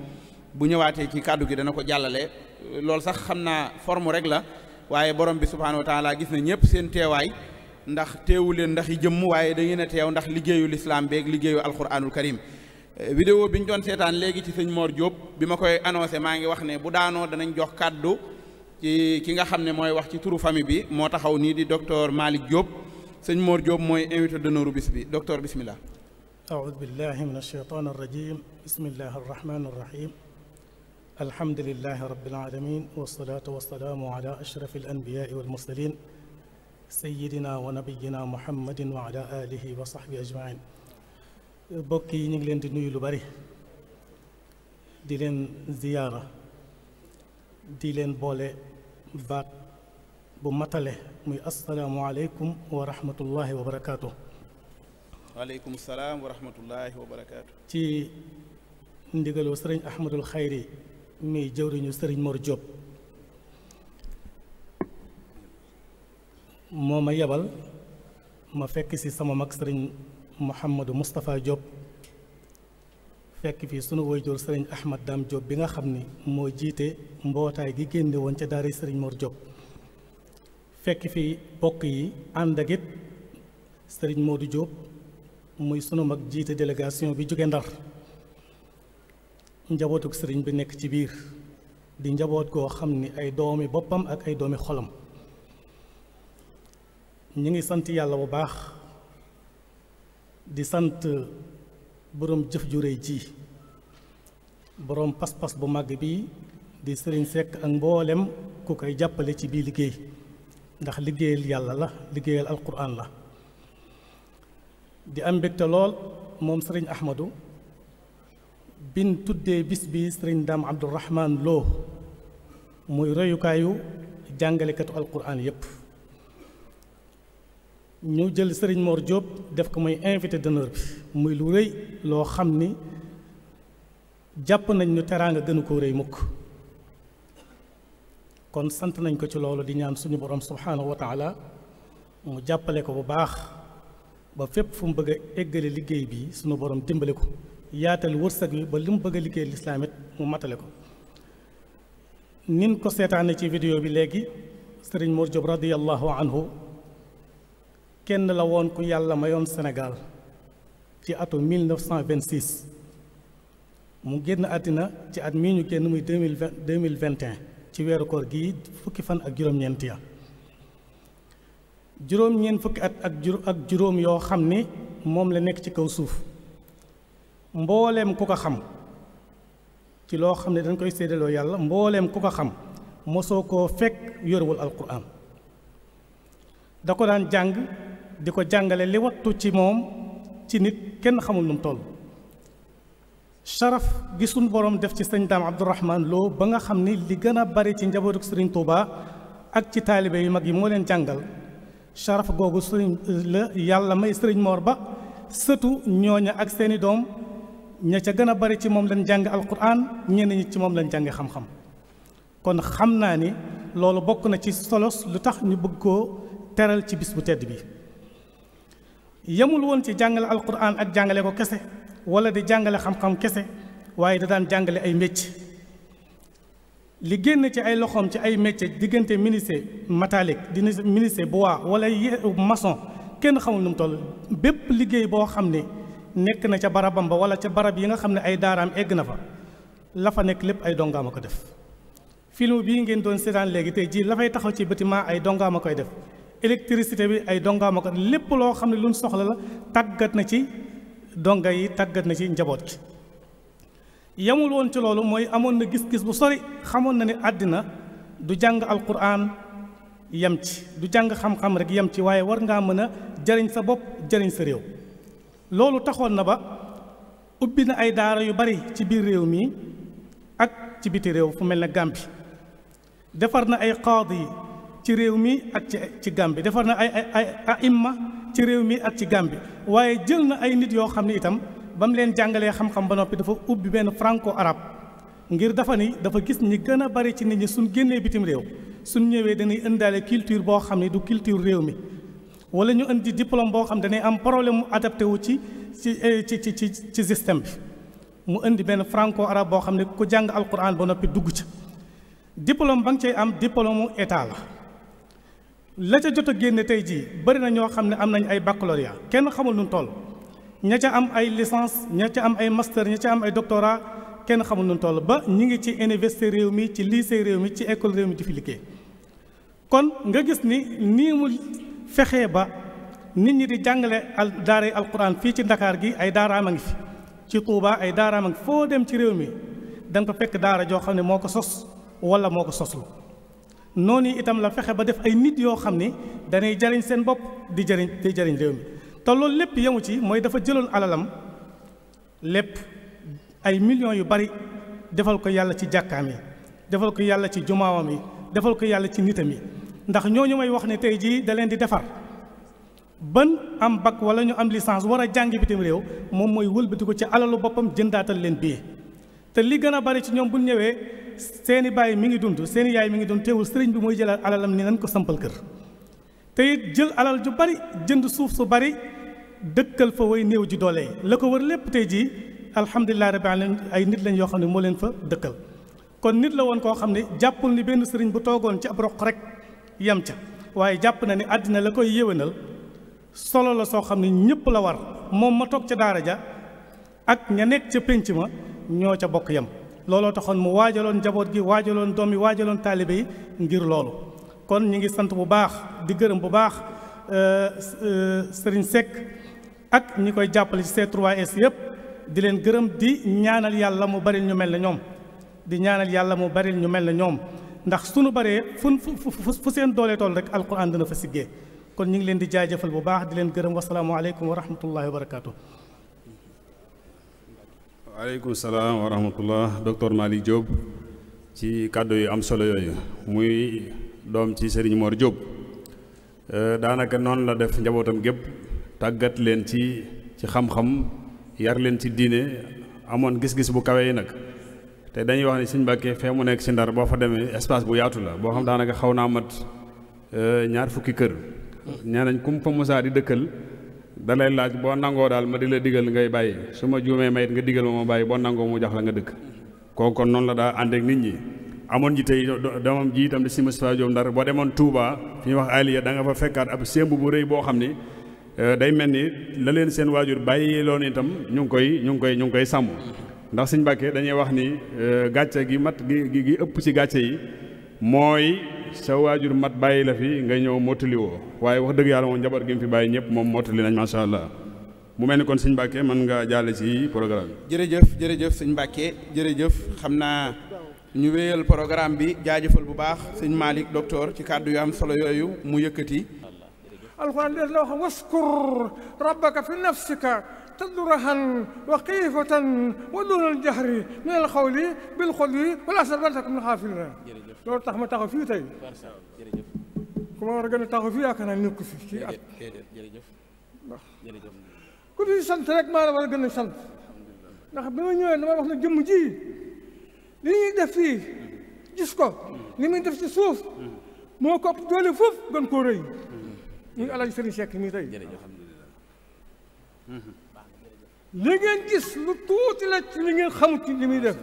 bu ñëwaatee ci kàddu gi dana ko jàllale loolu sax xam naa forme rek la waaye borom bi subhaanahu wa laa gis na ñëpp seen teewaay ndax teewu leen ndax yi jëmm waaye da ngeen a teew ndax liggéeyu lislaam beeg liggéeyu alquranul karim eh, vidéo bi ñu doon seetaan léegi ci sëñ moor jóob bi ma koy annoncé maa ngi wax ne bu daanoo danañ jox kàddu ci ki nga xam ne mooy wax ci turu famille bi moo taxaw nii di docteur Malick Diop sëñ moor Diop mooy invité d'honneur bis bi docteur bismillah
aoudu billahi min alsheytan arrajim bismillahi arrahmani arrahim alhamdulilahi rabbil alamin wassalatu wassalaamu ala ashraf al anbiyai walmursalin sayidina wa nabiyina muhammadin wa ala alihi wa sahbi ajmain bokk yi ñu ngi leen di nuyu lu bari di leen ziyaara di leen boole baat bu matale muy asalaamu aleykum wa rahmatullahi wa barakaatu.
salaam wa rahmatullahi wa barakaatu.
ci ndigaloo sëriñ Ahmadul Xayri muy jëwriñu sëriñ Mor Diop. moo ma yebal ma fekk si sama mag sëriñ Mouhamadou Moustapha Diop fekk fii sunu waajur sëriñ Ahmad Dame Diop bi nga xam ni moo jiite mbootaay gi génne woon ca daara sëriñ Mor Diop fekk fi bokk yi ànd ak sëriñ Modou Diop muy sunu mag jiite délégation bi jóge Ndar njabootuk sëriñ bi nekk ci biir di njaboot koo xam ni ay doomi boppam ak ay doomi xolam ñu ngi sant yàlla bu baax di sant boroom jëf ju réy ji boroom pas-pas bu màgg bi di sëriñ Seck ak mboolem ku koy jàppale ci bii liggéey ndax liggéeyal yàlla la liggéeyal alquran la di am mbégte lool moom sëriñ Ahmadou bin tuddee bis bi sëriñ Dame Abdourahman Lo muy reyukaayu jàngalekatu alquran yépp ñu jël sëriñ Mor Diop def ko muy invité d'honneur bi muy lu rëy loo xam ni jàpp nañ ñu teraanga gënu ko rëy mukk kon sant nañ ko ci loolu di ñaan suñu borom subhaanahu wa mu jàppale ko bu baax ba fépp fu mu bëgg a éggale liggéey bi suñu borom dimbale ko yaatal wërsëg bi ba li mu bëgg a liggéey lislaam mu matale ko nin ko seetaane ci vidéo bi léegi sëriñ Mor Diop radiyallahu anhu kenn la woon ku yàlla mayoon Sénégal ci atum 1926 mu génn àddina ci at mii ñu génn muy deux mille vingt mille vingt et ci weeru koor gi fukki fan ak juróom-ñeent ya juróom-ñeent fukki at ak juróom yoo xam ni moom la nekk ci kaw suuf mbooleem ku ko xam ci loo xam ne dañ koy séddaloo yàlla mbooleem ku ko xam mosoo koo fekk yorewul alquran da ko daan jàng. di ko jàngale li wattu ci moom ci nit kenn xamul nu mu toll sharaf gi suñu def ci sëñ daam abdourahman loo ba nga xam ni li gën a bari ci njabootu sëriñ Touba ak ci taalibe yu mag yi moo leen jàngal sharaf googu sëriñ la yàlla may sëriñ moor Ba sëtu ñooña ak seeni doom ña ca gën a bari ci moom lañ jàng alquran ñenn ñi ci moom lañ jànge xam-xam kon xam naa ni loolu bokk na ci solos lu tax ñu bëgg koo teral ci bis bu tedd bi yemul woon ci jàngale alquran ak jàngale ko kese wala di jàngale xam-xam kese waaye da daan jàngale ay métier li génn ci ay loxoom ci ay métier diggante menuisier métallique di menuisier bois wala mason kenn xamul nu mu toll bépp liggéey boo xam ne nekk na ca barabam ba wala ca barab yi nga xam ne ay daaraam egg na fa la fa nekk lépp ay a ko def film bii ngeen doon seetaan léegi tey jii la fay taxaw ci bâtiment ay a koy def électricité bi ay dongaama lépp loo xam ne lu soxla la tàggat na ci donga yi tàggat na ci njaboot gi yamul woon ci loolu mooy amoon na gis-gis bu sori xamoon na ne àddina du jàng alquran yam ci du jàng xam-xam rek yam ci waaye war ngaa mën a jëriñ sa bopp jariñ sa réew loolu taxoon na ba ubbi na ay daara yu bari ci biir réew mi ak ci biti réew fu mel ne Gàmbi defar na ay qaadi ci réew mi ak ci ci Gàmbi defar na ay ay ay aimma ci réew mi ak ci Gàmbi waaye jël na ay nit yoo xam ne itam ba mu leen jàngalee xam-xam ba noppi dafa ubbi benn franco arab ngir dafa ni dafa gis ñi gën a bari ci nit ñi suñ génnee bitim réew suñ ñëwee dañuy indaale culture boo xam ne du culture réew mi wala ñu indi diplôme boo xam ne dañuy am problème mu adapté wu ci ci ci ci ci système bi mu indi benn franco arab boo xam ne ku jàng al alquran ba noppi dugg ca diplôme ba nga am diplôme état la. la ca jot a génne tey jii bëri na ñoo xam ne am nañ ay baccalauréat kenn xamul nu toll ña ca am ay licence ña ca am ay master ña ca am ay doctorat kenn xamul nu toll ba ñu ngi ci université réew mi ci lycée réew mi ci école réew mi di fi liggéey kon nga gis ni nii mu fexee ba nit ñi di jàngale al daara yi alquran fii ci Ndakaar gi ay daaraam a ngi fi ci Touba ay daaraam a ngi foo dem ci réew mi danga ko fekk daara joo xam ne moo ko sos wala moo ko soslu noonu itam la fexe ba def ay nit yoo xam ni danay jariñ seen bopp di jariñ di jariñ réew mi te lépp yemu ci mooy dafa jëloon alalam lépp ay million yu bari defal ko yàlla ci jàkkaam yi defal ko yàlla ci jumaawam yi defal ko yàlla ci nitam yi ndax ñooñu may wax ne tey jii da leen di defar ban am bac wala ñu am licence war a jàngi bitim réew moom mooy wëlbati ko ci alalu boppam jëndaatal leen bii te li gën a bari ci ñoom bu ñëwee. seeni baay mi ngi dund seeni yaay mi ngi dund teewul sëriñ bi mooy jël alalam ni nan ko sampal kër te jël alal ju bari jënd suuf su bari dëkkal fa way néew ji doole la ko wër lépp tey jii alhamdulilah rabbi alamin ay nit lañ yoo xam ne moo leen fa dëkkal kon nit la woon koo xam ne jàppul ni benn sëriñ bu toogoon ci ab roq rek yem ca waaye jàpp na ni àddina la koy yéwénal solo la soo xam ne ñëpp la war moom ma toog ca daara ja ak ña nekk ca pénc ma ñoo ca bokk yem looloo taxoon mu waajaloon njaboot gi waajaloon doom yi waajaloon taalibe yi ngir loolu kon ñu ngi sant bu baax di gërëm bu baax euh, euh, Serigne Seck ak ñi koy jàppale ci C3S yëpp di leen gërëm di ñaanal yàlla mu bari ñu mel ne ñoom di ñaanal yàlla mu bari ñu mel ne ñoom ndax sunu baree fu fu seen doolee tool rek alquran dina fa siggee kon ñu ngi leen di jaajëfal bu baax di leen gërëm wasalaamualeykum wa rahmatullahi wa barakaatu.
aleykum salaam wa rahmatullah docteur Malick ci kàddu yu am solo yooyu muy doom ci Serigne Mor Diop eh, daanaka noonu la def njabootam gépp tàggat leen ci ci xam-xam yar leen ci diine amoon gis-gis bu kawee yi nag te dañuy wax ne Serigne Mbacké fee mu nekk ci Ndar boo fa demee espace bu yaatu la boo xam daanaka xaw naa mat eh, ñaar fukki kër mm. nee nañ kum fa musaa di dëkkal dalay laaj boo nangoo daal ma di la digal ngay bàyyi su ma juumee mayit nga digal ma ma bàyyi boo nangoo mu jox la nga dëkk kooku noonu la daa ànd ak nit ñi amoon ji tey doomam ji itam di si ma si Moustapha Diop Ndar boo demoon Touba fi ñuy wax Aliya da nga fa fekkaat ab sémb bu rëy boo xam ni euh, day mel ni la leen seen waajur bàyyi loon itam ñu ngi koy ñu ngi koy ñu ngi koy sàmm ndax Sëñ Mbàkke dañuy wax ni euh, gàcce gi mat gi gi ëpp ci gàcce yi mooy sa waajur mat bàyyi la fi nga ñëw mottali woo waaye wax dëgg yàlla moom njaboot gi mu fi bàyyi ñëpp moom mottali nañ macha allah mu mel ni kon sëñ Mbàkke mën nga jàll ci programme
bi. jërëjëf xam naa ñu wéyal programme bi jaajëfal bu baax sëñ maalik docteur ci kàddu yu am solo yooyu mu yëkkati.
alxuraan des la wax waskur rabbaka fi nafsika تبدو رها وقيفة ودون الجهر من القول بالخلو ولا سبب تكون حافلنا loolu tax ma taxaw fii tey ku ma war a gën a taxaw fii yaakaar naa nekk fi ci at ku fi sant rek maa la war a gën a sant ndax bi ma ñëwee dama wax na jëm ji li ñuy def fii gis ko li muy def ci suuf moo ko ëpp doole foofu gën koo rëy ñu ngi alaaji Sëriñ Seck mii tey li ngeen gis lu tuuti la ci li ngeen xamut ci li muy def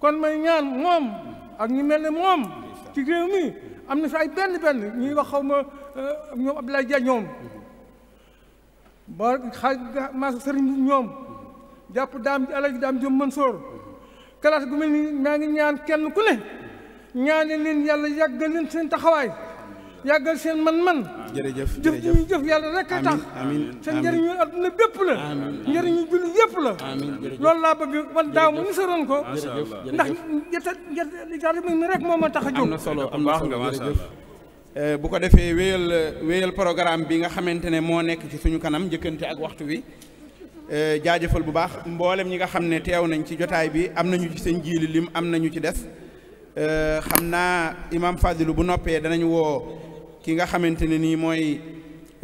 kon may ñaan moom ak ñu mel ni moom ci réew mi am na fi ay benn benn ñuy wax xaw ma euh, ñoom Abdoulaye Dia ñoom ba xaaj maasa sëriñ bi ñoom jàpp daam ji alaji daam jom Mansoor classe gu mel ni maa ngi ñaan kenn ku ne ñaane leen yàlla yàgg leen seen taxawaay yàggal seen man-man. jërëjëf jëf ji jëf yàlla rek a tax. amiin seen njëriñu adduna bépp la. njëriñu julli yëpp la. loolu laa bëgg man daaw mu nisaroon ko. ndax jota jota mi rek moo tax a jóg. am na solo am
na solo eh, bu ko defee wéyal wéyal programme bi nga xamante ne moo nekk ci suñu kanam njëkkante ak waxtu wi. Eh, jaajëfal bu baax mboolem ñi nga xam ne teew nañ ci jotaay bi am nañu ci seen jiili lim am ñu ci des eh, xam naa imaam Fadilu bu noppee danañu woo ki nga xamante ne nii mooy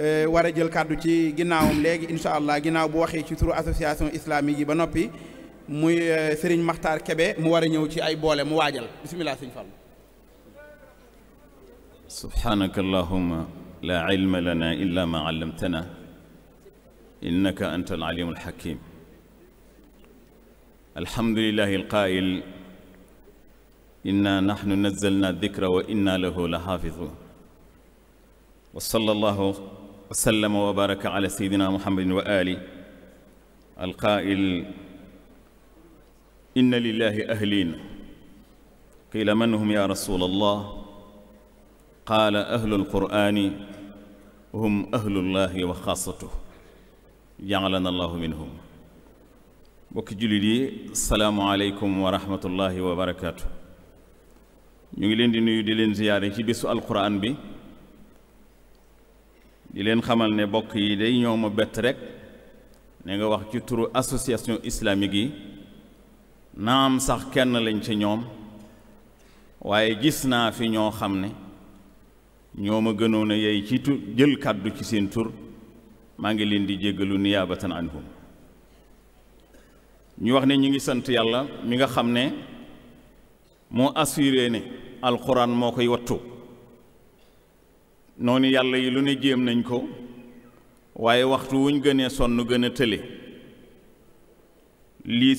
eh, war a jël kàddu ci ginnaaw léegi incha allah ginnaaw bu waxee ci turu association islamique yi ba noppi muy eh, Serigne Makhtar Kebe mu war a ñëw ci ay boole mu waajal bisimilah sëñ Fall.
subhaanaka allahumma laa ilma lana illa ma allamtana innaka anta alalim alxakim alhamdulilahi alqail inna nahnu nazzalna dikra wa inna lahu la xaafidun wa sallallahu wa sallama wa baraka ala sayyidina muhammadin wa ali alqaa'il inna lillahi ahlin qiila man hum ya rasul allah qaala ahlu alqur'ani hum ahlullahi wa xaasatuh jaalana allahu minhum mbokki jullit yi salaamualeykum wa rahmatullahi wa barakaatu ñu ngi leen di nuyu di leen ziyaare ci bésu alqur'an bi di leen xamal ne bokk yi day ñoo ma bett rek ne nga wax ci turu association islamique yi naam sax kenn lañ ci ñoom waaye gis naa fi ñoo xam ne ñoo ma gënoon a yey ci tu jël kàddu ci seen tur maa ngi leen di jéggalu niyaabatan anhum ñu wax ne ñu ngi sant yàlla mi nga xam ne moo assuré ne alxuraan moo koy wattu noonu yàlla yi lu ne jéem nañ ko waaye waxtu wuñ gënee sonn gën a tële lii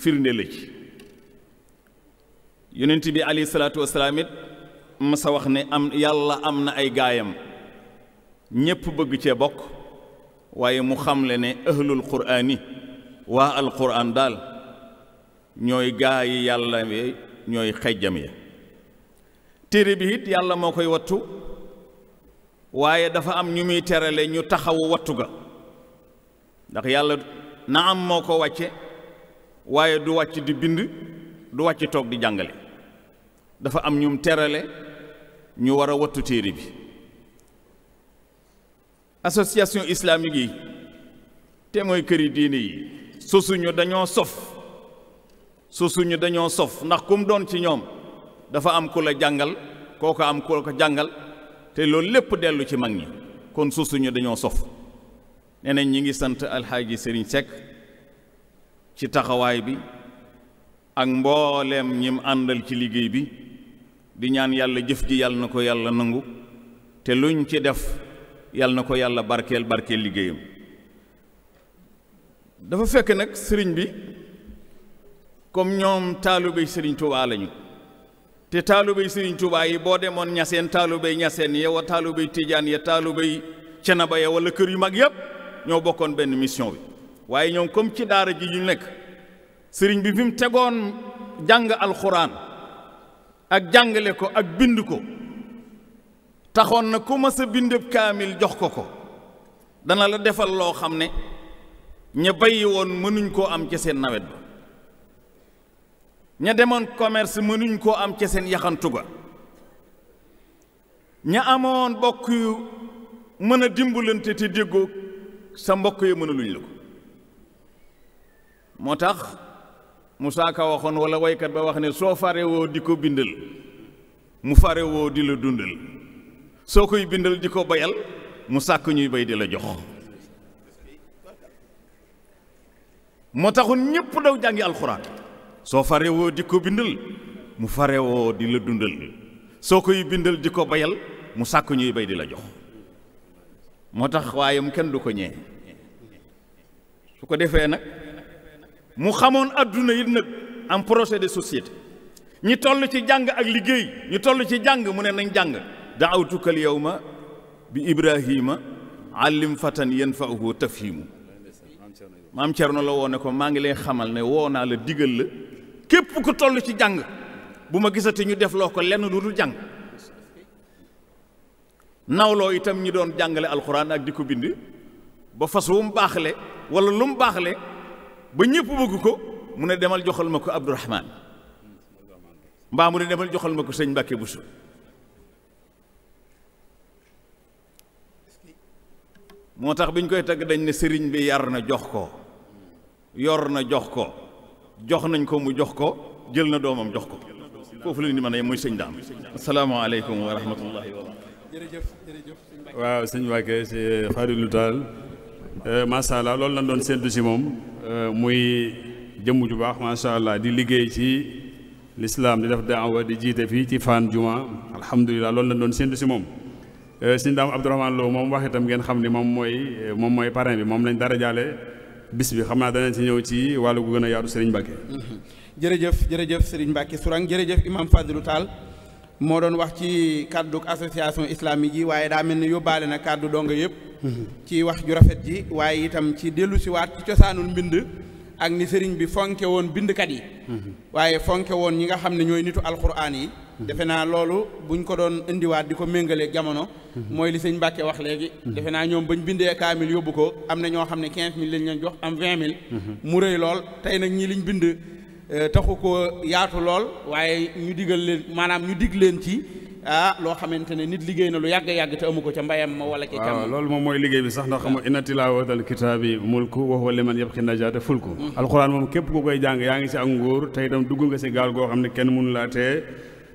firnde la ci yonent bi alayhi salaatu wasalaam it masa wax ne am yàlla am na ay gaayam ñépp bëgg cee bokk waaye mu xamle ne ahlul quraani waa alquran daal ñooy gaa yi yàlla ñooy xejjam ya téere bi yàlla moo koy wattu waaye dafa am ñu muy terale ñu taxawu wattu ga ndax yàlla na am moo ko wàcce waaye du wàcc di bind du wàcc toog di jàngale dafa am ñum terale ñu war a wattu téere bi association islamique yi te mooy këri diine yi sosuñu dañoo sof sosuñu dañoo sof ndax kum doon ci ñoom dafa am ku la jàngal koo ko am ku la ko jàngal te loolu lépp dellu ci mag ñi kon suusuñu dañoo sof nee nañ ñi ngi sant alxaaji sëriñ Seck ci taxawaay bi ak mbooleem ñim àndal ci liggéey bi di ñaan yàlla jëf ji yàlla na ko yàlla nangu te luñ ci def yàlla na ko yàlla barkeel barkeel liggéeyam dafa fekk nag sëriñ bi comme ñoom taalibey sëriñ Tuubaa te taalubéy sëriñ Tuubaa yi boo demoon ñaseen taalubéy ñaseen ya wa taalubéy tijaan ya taalubéy canaba ya wala kër yu mag yëpp ñoo bokkoon benn mission bi waaye ñoom comme ci daara ji ñu nekk sëriñ bi fi mu tegoon jàng alxuraan ak jàngale ko ak bind ko taxoon na ku mas a bindab kaamil jox ko ko dana la defal loo xam ne ña bàyyi woon mënuñ koo am ca seen nawet ba ña demoon commerce mënuñ koo am ca seen yaxantu ga ña amoon bokk yu mën a dimbalante te déggoo sa mbokk yi mënuluñ la ko moo tax Musaa Ka waxoon walla waykat ba wax ne soo farewoo di ko bindal mu farewoo di la dundal soo koy bindal di ko bayal mu sàkk ñuy bay di la jox moo taxoon ñépp daw jàngi alxuraan soo farewoo di ko bindal mu farewoo di la dundal soo koy bindal di ko bayal mu sàkk ñuy bay di la jox moo tax waaye mu kenn du ko ñee su ko defee nag mu xamoon àdduna yi nag am projet de société ñi toll ci jàng ak liggéey ñi toll ci jàng mu ne nañ jàng daawtukal yow ma bi ibrahima allim fatan yanfa'uhu tafhimu maam na la woo ne ko maa ngi lay xamal ne woo naa la digal la képp ku toll ci jàng bu ma gisati ñu def loo ko lenn lu dul jàng nawloo itam ñi doon jàngale alxuraan ak di ko bind ba fas wu mu baaxle wala lu mu baaxle ba ñëpp bëgg ko mu ne demal joxal ma ko Abdourahman mbaa mu ne demal joxal ma ko sëñ Mbàkke Buso moo tax bi ñu koy tagg dañ ne sëriñ bi yar na jox ko yor na jox ko jox nañ ko mu jox ko jël na doomam jox ko foofu la ni mën a muy sëñ daam asalaamaaleykum wa rahmatullahi wa jërëjëf waaw sëñ Mbacke si Fadilou Tall
eh, macha allah loolu lañ doon séntu si moom eh, muy jëmm ju baax macha di liggéey ci lislaam di def daawa di jiite fii ci Fann Juma alhamdulilah loolu lañ doon séntu si moom eh, sëñ daam Abdourahmane Lo moom wax ngeen xam ni moom mooy moom mooy parrain bi moom lañ dara jaale bis bi xam naa danañ ci ñëw ci wàllu gu gën a yaatu Serigne Mbacke.
Mhm.
jërëjëf jërëjëf Serigne Mbacke Sourang jërëjëf Imam Fadilou Tall moo doon wax ci kàddu association islami yi waaye daa mel ne yóbbaale na kàddu donga yëpp. Mhm. ci wax ju rafet ji waaye itam ci dellu si waat ci cosaanul mbind. ak ni sëriñ bi fonke woon bindkat yi. Mhm. waaye fonke woon ñi nga xam ne ñooy nitu alquran yi. defe naa loolu bu buñ ko doon indiwaat di ko méngalee jamono mooy li sëñ Mbàkke wax léegi defe naa ñoom bañ bindee kaamil yóbbu ko am na ñoo xam ne quinze mille lañ leen jox am vingt mille mu rëy lool tey nag ñii ñu bind euh, taxu ko yaatu lool waaye ñu digal leen maanaam ñu dig leen ci ah loo xamante ne nit liggéey na lu yàgg yàgg te amu ko ca mbayam ma wala ca càmm loolu
moom mooy liggéey bi sax ndax xam nga inna tilaawatal kitaabi mulku wa huwa liman yabxi najaata fulku mm-hmm. alxuraan moom képp ku koy jàng yaa ngi si ak nguur te itam dugg nga si gaal goo xam ne kenn mënu laa tee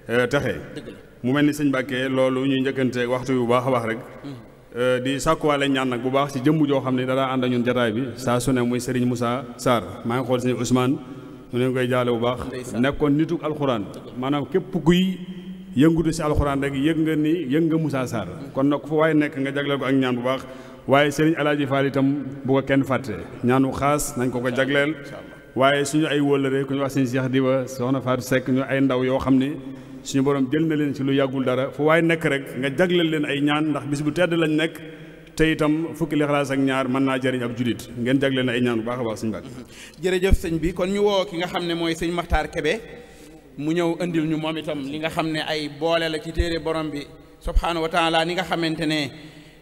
Eh, texee mu mel ni sëñ Mbàkke loolu ñu njëkkante waxtu yu baax a baax rek mm-hmm. eh, di sàkkuwaale ñaan nag bu baax ci jëmm joo xam ne danaa ànd ak ñun jataay bi saa su ne muy Serigne Moussa Sarr maa ngi xool sëñ Ousmane ñu koy jaale bu baax nekkoon nitu alxuraan maanaam képp kuy yëngutu si alxuraan rek nga ni yëg nga Moussa Sarr mm-hmm. kon nag fu waaye nekk nga jagleel ko ak ñaan bu baax waaye Serigne Alaaji Fall itam bu ko kenn fàtte ñaanu xaas nañ ko ko jagleel waaye suñu ay wóllëre ku ñu wax sëñ Cheikh Diba soxna Fatou sekk ñu ay ndaw yoo xam ne suñu borom jël na leen ci lu yàggul dara fu waaye nekk rek nga jagleel leen ay ñaan ndax bis bu tedd lañ nekk te itam fukki lixlaas ak ñaar mën naa jëriñ ab julit ngeen jagleel na ay ñaan bu baax a baax suñu bàkk
jërëjëf sëñ bi kon ñu woo ki nga xam ne mooy sëñ Maxtaar Kebe mu ñëw indil ñu moom itam li nga xam ne ay boole la ci téere borom bi subhaanahu wa ni nga xamante ne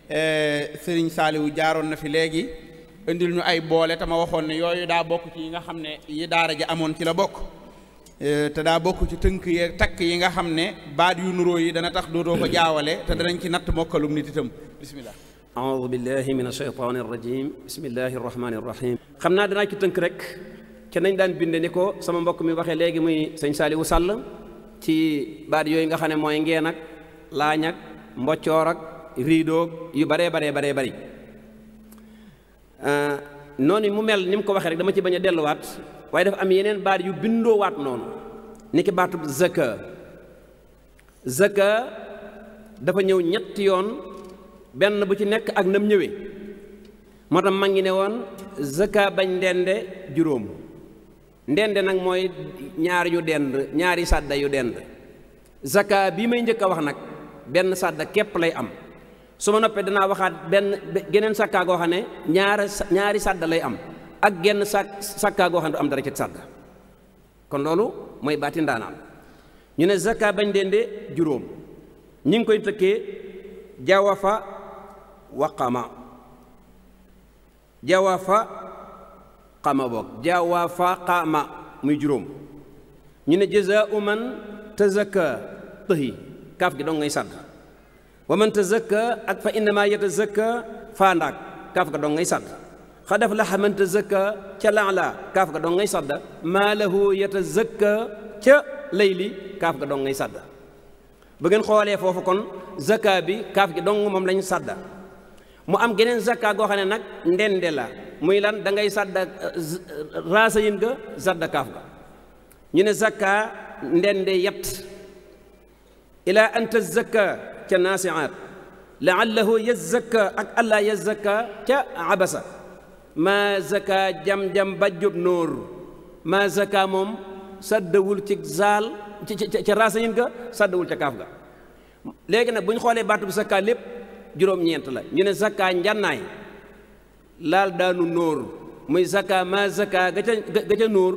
eh, sëriñ Saaliwu jaaroon na fi léegi indil ñu ay boole te waxoon ne yooyu daa bokk ci yi nga xam ne yi daara ji amoon ci la bokk Euh, te daa bokk ci tënk ye takk yi nga xam ne baat yu nuroo yi dana tax dootoo
ko jaawale te danañ ci natt mokkalum nit itam bismillah aoudu billahi min ashaytaani arrajim bismillahi arrahmani arrahim xam naa danaa ci tënk rek ca nañ daan binde ni ko sama mbokk mi waxee léegi muy sëñ Saliou Sall ci baat yooyu nga xam ne mooy ngeen ak laañ ak mboccoor ak riidoog yu baree baree baree bari euh, noonu mu mel ni mu ko waxee rek dama ci bañ a delluwaat waaye dafa am yeneen baat yu bindoo waat noonu niki baatub zaka zaka dafa ñëw ñetti yoon benn bu ci nekk ak nam ñëwee moo tax ma ngi ne woon zaka bañ ndende juróom ndende nag mooy ñaar yu dend ñaari sàdda yu dend zaka bi may njëkk a wax nag benn sàdda képp lay am su ma noppee dana waxaat benn geneen sàkkaa goo xam ne ñaari ñaari sàdda lay am ak genn sàkk sàkkaa goo xam ne du am dara ci sàdda kon loolu mooy baati ndaanaan ñu ne zakka bañ dende juróom ñu ngi koy tëkkee jawafa waqama jawafa xama boog jawafa xama muy juróom ñu ne jazaa'u man tazakka tëhi kaaf gi dong ngay sàdda wa man tazakka ak fa innama yatazakka faandaak kaaf ga dong ngay sàdd xadaf laxa man tazakka ca laala kaaf ga dong ngay sadda maa lahu yatazakka lay layli kaaf ga dong ngay sadda bu ngeen xoolee foofu kon zakka bi kaaf gi dong moom lañu sàdd mu am geneen zakka goo xam ne nag ndende la muy lan dangay ngay sadda euh, raasa ga sadda kaaf ga ñu ne zakka ndende yett ila anta zakka ca naasiaat laallahu yazakka ak allah yazakka ca abasa maa zaka jam-jam bajjub nóor maa zaka moom saddawul ci zaal ca raasayin ga saddawul ca kaaf ga léegi nag bu ñu xoolee baatu bu zakka lépp juróom-ñeent la ñu ne zakka njannaay laal daanu nóor muy zakka maa zakka ga ca ga ca nóor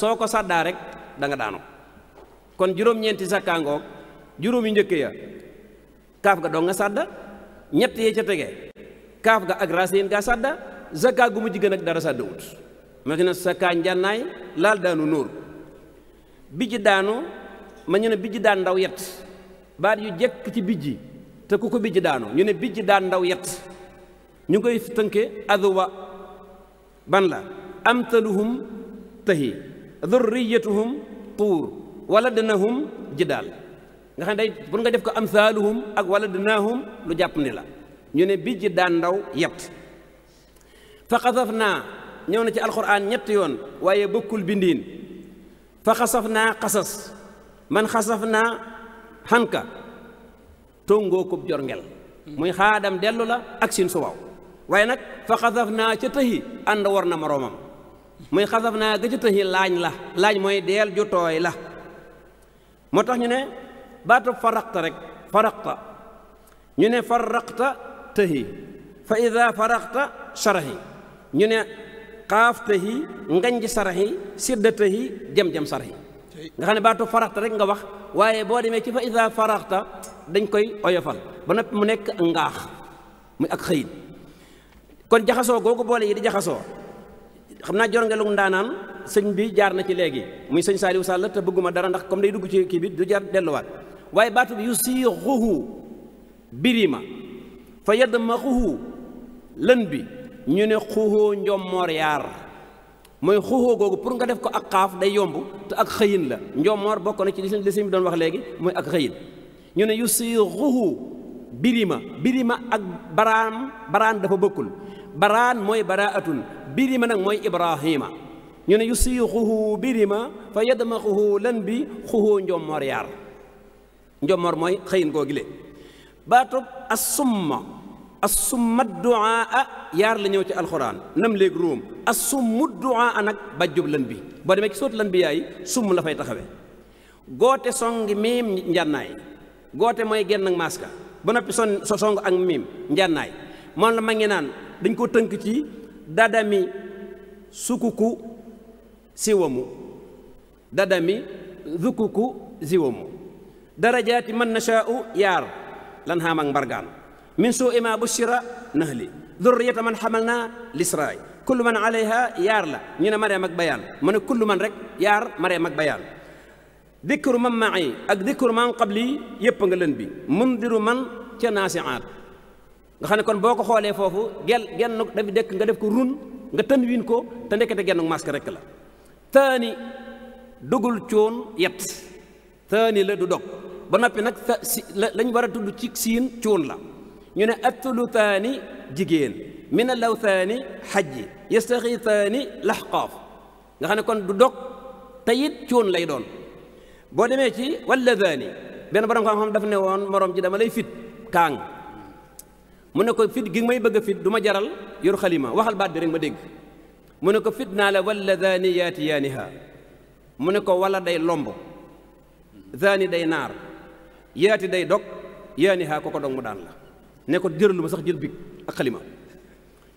soo ko sàddaa rek danga daanu kon juróom-ñeenti zakka ngoog juróom yu njëkk ya kaaf ga dong nga sàdda ñett yee ca tege kaaf ga ak racine ga sàdda zakka gu mujj gën ak dara sàdda ma ne sakka njànnaay laal daanu nóor bijj daanu ma ñu ne bijj daan ndaw yet baat yu jekk ci bijj te ku ko bijj daanu ñu ne bijj daan ndaw yet ñu koy tënke adwa ban la amtaluhum tahi dhurriyatuhum tuur waladnahum jidaal nga xam ne day pour nga def ko am amsaaluhum ak wala dinaahum lu jàpp ni la ñu ne bijj daan ndaw yet fa xasaf naa ñëw na ci alquran ñetti yoon waaye bokkul bindiin fa xasaf naa xasas man xasaf naa xanka tongoo kub jorngel muy xaadam dellu la ak sin subaw waaye nag fa xasaf naa ca tëhi ànd war na moromam muy xasaf naa ga ca tëhi laañ la laañ mooy deel ju tooy la moo tax ñu ne baato faraqta rek faraqta ñu ne faraqta tëhi fa ida faraqta sarahi ñu ne xaaf tëhi nganj sarahi sidda tëhi jam-jam sarahi nga xam ne baatu faraxta rek nga wax waaye boo demee ci fa ida faraxta dañ koy oyofal ba noppi mu nekk ngaax muy ak xëyin kon jaxasoo googu boole yi di jaxasoo xam naa jorngelug ndaanaan sëñ bi jaar na ci léegi muy sëñ Saliou Sall te bëgguma dara ndax comme day dugg ci kii bi du jar delluwaat waaye baatu bi yusiixuhu birima fa yadmaxuhu lën bi ñu ne xuuxoo njommoor yaar mooy xuuxoo googu pour nga def ko ak xaaf day yomb te ak xëyin la njommoor bokk na ci li sëñ bi doon wax léegi mooy ak xëyin ñu ne yusiixuhu birima birima ak baraan baraan dafa bokkul baraan mooy baraatun birima nag mooy ibrahima ñu ne yusiixuhu birima fa yadmaxuhu lën bi xuuxoo njommoor yaar njommoor mooy xëyin koo gile baatub assumma assumma duaa yaar la ñëw ci alxuraan nam léeg ruum assummu duaa nag bajjub lan bi boo demee ci sóotu lan bi yaay summ la fay taxawe goote song miim njànnaay goote mooy genn ak ba noppi son song ak miim njànnaay moom la ma ngi naan dañ ko tënk ci dadami sukuku siwamu dadami zukuku siwamu darajaati man na nashaau yaar lan haam ak mbargaan min suu ima li nahli durriyata man xamal naa lisraay kullu man alayha yaar la ñu ne mareem mag bayaan ma ne kullu man rek yaar mareem mag bayaan dikru man maay ak dikru man qabli yëpp nga leen bi mundiru man ca naasiaat nga xam ne kon boo ko xoolee foofu gel genn dafi dëkk nga def ko run nga tën wiin ko te ndekkete genn masque rek la taani dugul coon yet taani la du dog ba noppi nag lañ war a tudd ci siin cuun la ñu ne atulutaani jigéen min alawthaani xajji yastaxiitaani laxqaaf nga xam ne kon du dog te it cuun lay doon boo demee ci walladaani benn borom xam-xam dafa ne woon morom ji dama lay fit kaang mu ne ko fit gi may bëgg fit du ma jaral yor waxal baat bi rek ma dégg mu ne ko fit naa la walladaani yaatiyaaniha mu ne ko wala day lomb zaani day naar yaati day dog yaani haa ko ko dog mu daan la ne ko ma sax jël big ak xalima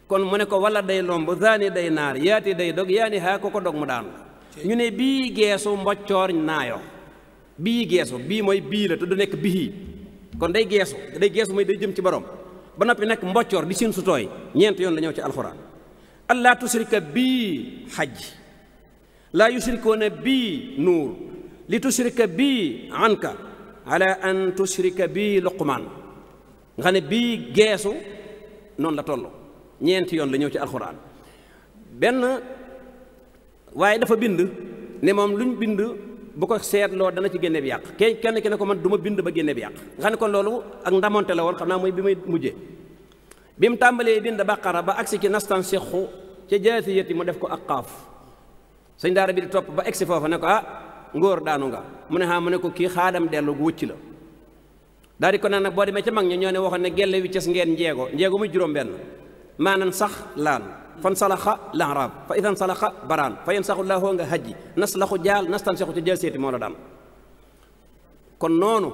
kon mu ne ko wala day lomb zaani day naar yaati day dog yaani haa ko ko dog mu daan la ñu ne bii geesu mboccoor naayo bii geesu bii mooy bii la te du nekk bihii kon day geesu day geesu mooy day jëm ci borom ba noppi nekk mboccoor di siin su tooy ñeent yoon la ñëw ci alxuraan allah tusrika bii xaj laa yusrikoona bii nuur li tushrika bii anka ala an tushrika bii luqmaan nga xam ne bii geesu noonu la toll ñeenti yoon la ñëw ci alxuraan benn waaye dafa bind ne moom luñ bind bu ko seetloo dana ci génne bi yàq kenn kenn ki ne ko man du ma bind ba génne bi yàq nga xam ne kon loolu ak ndamonte la woon xam naa mooy bi may mujjee bi mu tàmbalee bind baqara ba agsi ci nastan sixu ca jaasiyati mu def ko ak xaaf sëñ daara bi di topp ba egsi foofa ne ko ah ngóor daanu nga mu ne xaa mu ne ko kii xaadam dellu gu wucc la daal ko naan nag boo demee ca mag ña ñoo ne waxoon ne gelle wi ces ngeen njeego njeego muy juróom benn maanan sax laan fan salaxa lahraab fa idan salaxa baraan fa yen saxu laahoo nga hajji nas laxu jaal nas tan saxu ca jël seeti moo la daan kon noonu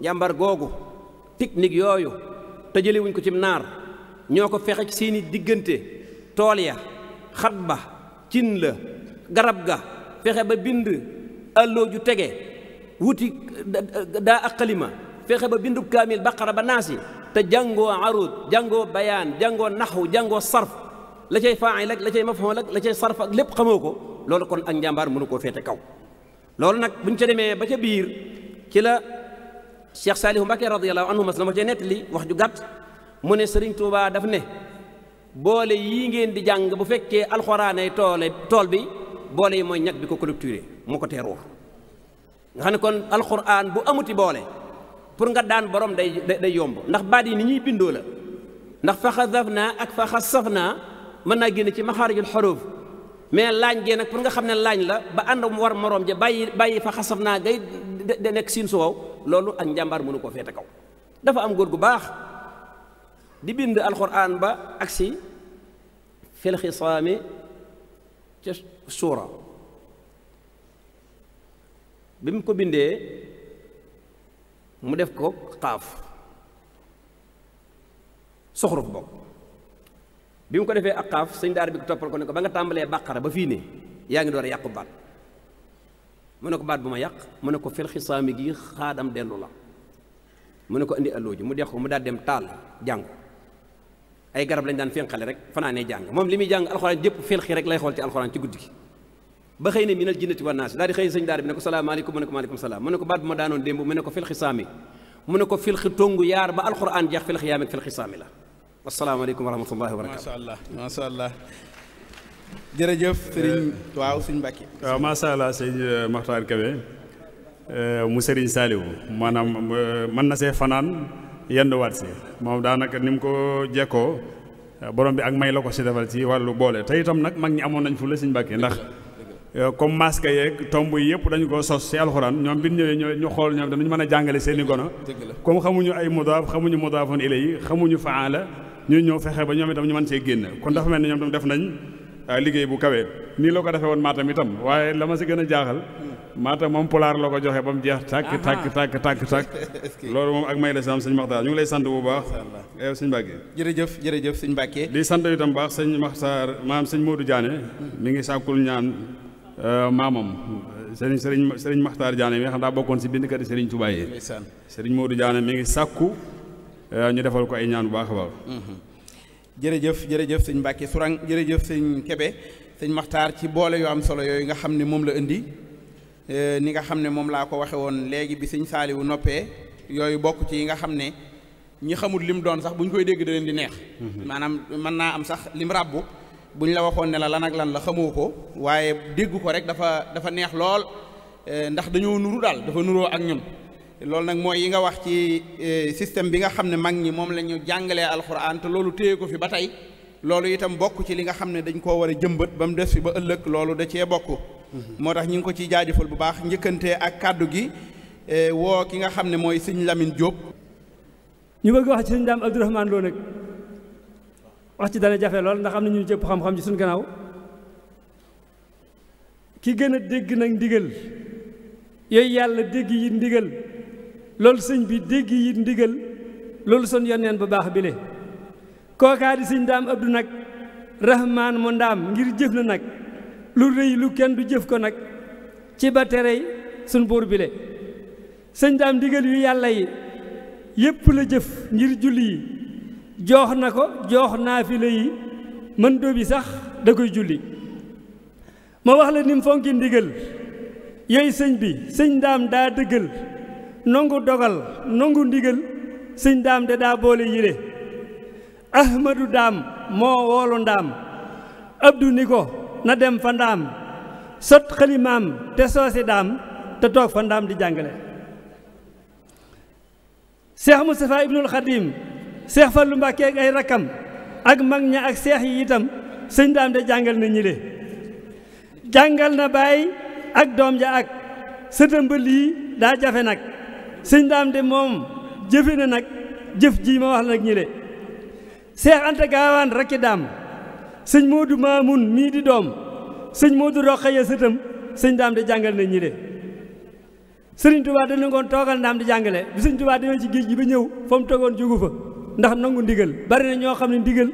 jàmbar googu pique-nique yooyu te jëlewuñ ko ci naar ñoo ko fexe ci seeni diggante tool ya xat ba cin la garab ga fexe ba bind àlloo ju tege wuti daa ak xalima fexe ba bindu kaamil baqara ba naasi te jàngoo arud jàngoo bayaan jàngoo naxu jàngoo sarf la cay faa'il ak la cay maf'ul ak la cay sarf ak lépp xamoo ko loolu kon ak njàmbaar mënu koo féete kaw loolu nag buñ ca demee ba ca biir ci la Cheikh Saalihu Mbacke radiyallahu anhu mas na ma cee nettali wax ju gàtt mu ne Sëriñ Tuubaa daf ne boole yii ngeen di jàng bu fekkee alxuraanay toole tool bi boole yi mooy ñag bi ko collecturé mu ko teeru nga xam ne kon alxuraan bu amuti boole pour nga daan borom day day yomb ndax baat yi ni ñuy bindoo la ndax fa xasaf naa ak fa xasaf naa mën naa génn ci maxaarijul xaruf mais laañ génn nag pour nga xam ne laañ la ba ànd war moroom ja bàyyi bàyyi fa xasaf naa gay de nekk siin suwaw loolu ak njàmbaar mënu koo feete kaw dafa am góor gu baax di bind alxuraan ba agsi fil xisaami ca suura bi mu ko bindee mu def ko xaaf soxruf bokk bi mu ko defee ak xaaf sëñ daara bi toppal ko ne ko ba nga tàmbalee bàqara ba fii ne yaa ngi door a yàqu baat mu ne ko baat bu ma yàq mu ne ko fil xisaami gi xaadam dellu la mu ne ko indi alloo mu dex ko mu daal dem taal jàng ay garab lañ daan fénqale rek fanaanee jàng moom li muy jàng alxuraan jëpp fénqi rek lay xool ci alxuraan ci guddi gi ba xëy na minal jinnati wa naas daal di xëy sëñ daara bi ne ko salaamaaleykum mu ne ko maaleykum salaam mu ne ko baat bu ma daanoon démb mu ne ko fil saami mu ne ko filxi tongu yaar ba alquran jeex filxi yaam ak filxi saami la wasalaamaaleykum wa rahmatullahi wa barakatu
macha jërëjëf eh. waaw sëñ Mbàkke waaw
allah sëñ eh, Maxtaar Kebe eh, mu sëriñ Saaliwu maanaam man na see fanaan yenduwaat si moom daanaka ni mu ko jekkoo borom bi ak may la ko si defal ci wàllu boole tey itam nag mag ñi amoon nañ fu la sëñ Mbàkke ndax Euh, comme masque yee tomb yi yëpp dañu ko sos si alxuraan ñoom bi ñu ñëwee ñu xool ñoom danañu mën a jàngale seen i gono comme xamuñu ay mudaaf xamuñu mudaafoon ilayhi xamuñu faala ñu ñëw fexe ba ñoom itam ñu mën see génn kon dafa mel ne ñoom itam def nañ euh, liggéey bu kawee nii la ko defee woon maatam itam waaye la ma si gën a jaaxal maatam moom pulaar la ko joxee ba mu jeex tàkk tàkk tàkk tàkk tàkk loolu moom ak may la si am sëñ Maxtaar ñu ngi lay sant bu baax yow sëñ Mbàkke jërëjëf jërëjëf sëñ Mbàkke di sant itam baax sëñ Maxtaar maam sëñ Modou Diané hmm. mi ngi sàkkul ñaan Euh, maamam sëriñ sëriñ sëriñ Maxtaar Jaane mi nga xam daa bokkoon si bindkat yi sëriñ Tuubaa yi sëriñ Moodu Jaane mi ngi sàkku euh, ñu defal ko ay ñaan bu baax a baax
mm-hmm.
jërëjëf jërëjëf sëñ Mbàkke Sourang jërëjëf sëñ Kebe sëñ Maxtaar ci boole yu am solo yooyu nga xam ne moom la indi euh, ni nga xam ne moom laa ko waxe woon léegi bi sëñ Saaliwu noppee yooyu bokk ci yi nga xam ne ñi xamul lim doon sax bu ñu koy dégg daleen di neex mm-hmm. maanaam mën naa am sax lim ràbbu bu ñu la waxoon ne la lan ak lan la xamoo ko waaye dégg ko rek dafa dafa neex lool eh, ndax dañoo nuru daal dafa nuroo ak ñun loolu nag mooy yi nga wax ci eh, système bi nga xam ne mag ñi moom la ñu jàngalee alxuraan te loolu téye ko fi ba tey loolu itam bokk ci li nga xam ne dañ koo war a jëmbat ba mu des fi ba ëllëg loolu da cee bokk. Mm-hmm. moo tax ñu ngi ko ciy jaajëfal bu baax njëkkante ak kàddu gi eh, woo ki nga xam ne mooy sëñ Lamine Diop.
ñu bëgg wax ci sëñ Dame Abdourahmane Lo nag. wax ci dana jafe lool ndax am na ñu jëpp xam-xam ci suñ gannaaw ki gën a dégg nag ndigal yooyu yàlla dégg yi ndigal loolu sëñ bi dégg yi ndigal loolu son yonneen bu baax bile kookaa di sëñ daam abdu nag rahmaan mu ndaam ngir jëf na nag lu rëy lu kenn du jëf ko nag ci ba terey suñ buur bile sëñ daam ndigal yu yàlla yi yépp la jëf ngir julli yi joox na ko joox naafila yi mën dóobi sax da koy julli ma wax la ni fonki ndigal yooyu sëñ bi sëñ daam daa dëggal nongu dogal nongu ndigal sëñ daam de daa boole yile ahmadu daam moo woolu ndaam abdu ni ko na dem fa ndaam sot xalimaam te soosi daam te toog fa ndaam di jàngale Cheikh seex Fallu lu ak ay rakkam ak mag ña ak seex yi itam sëñ daam de jàngal na ñile jàngal na baay ak doom ja ak sëtam ba lii daal jafe nag sëñ daam de moom jëfe na nag jëf jii ma wax nag ñile seex Anta Gaawaan rakki daam sëñ Moodu Maamun mii di doom sëñ Moodu Roxaya sëtam sëñ daam de jàngal na ñile sëriñ Tuubaa dañu ngoon toogal ndaam di jàngale bi sëñ Tuubaa demee ci géej gi ba ñëw fa mu toogoon jógu fa ndax nangu ndigal bari na ñoo xam ne ndigal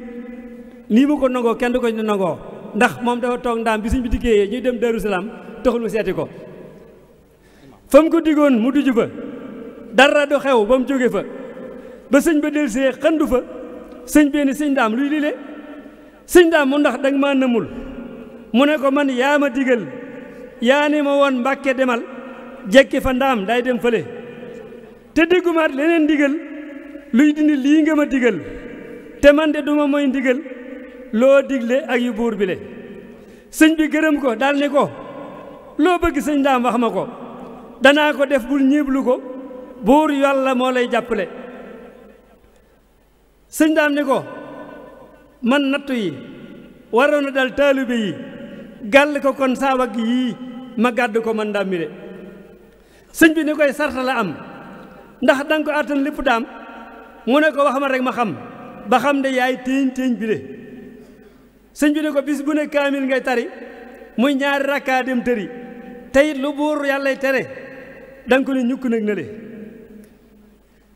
nii ma ko nangoo kenn du ko ñu nangoo ndax moom dafa toog ndaam bi siñ bi dikkee ñuy dem Darou Salaam taxul mu seeti ko fa mu ko diggoon mu duju fa dara du xew ba mu jóge fa ba sëñ ba delsee xandu fa sëñ bee ni sëñ daam luy lile sëñ daam mu ndax danga maa nëmul mu ne ko man yaa ma digal yaa ne ma woon mbàkke demal jekki fa ndaam day dem fële te déggumaat leneen digal luy dindi lii nga ma digal te man de duma moy ndigal loo digle ak yu buur bi le sëñ bi gërëm ko daal ne ko loo bëgg sëñ daam wax ma ko danaa ko def bul ñiiblu ko buur yàlla moo lay jàppale sëñ daam ne ko man nattu yi waroon na dal taalibe yi gàll ko kon saa wagg yii ma gàdd ko man daam mi de sëñ bi ne koy sarta am ndax danga ko àttan lépp daam mu ne ko wax ma rek ma xam ba xam ne yaay téeñ téeñ bi de sëñ bi ne ko bis bu ne kaamil ngay tari muy ñaari rakkaa dem tëri tey lu buur yàllay tere danga ko ne ñukk nag ne le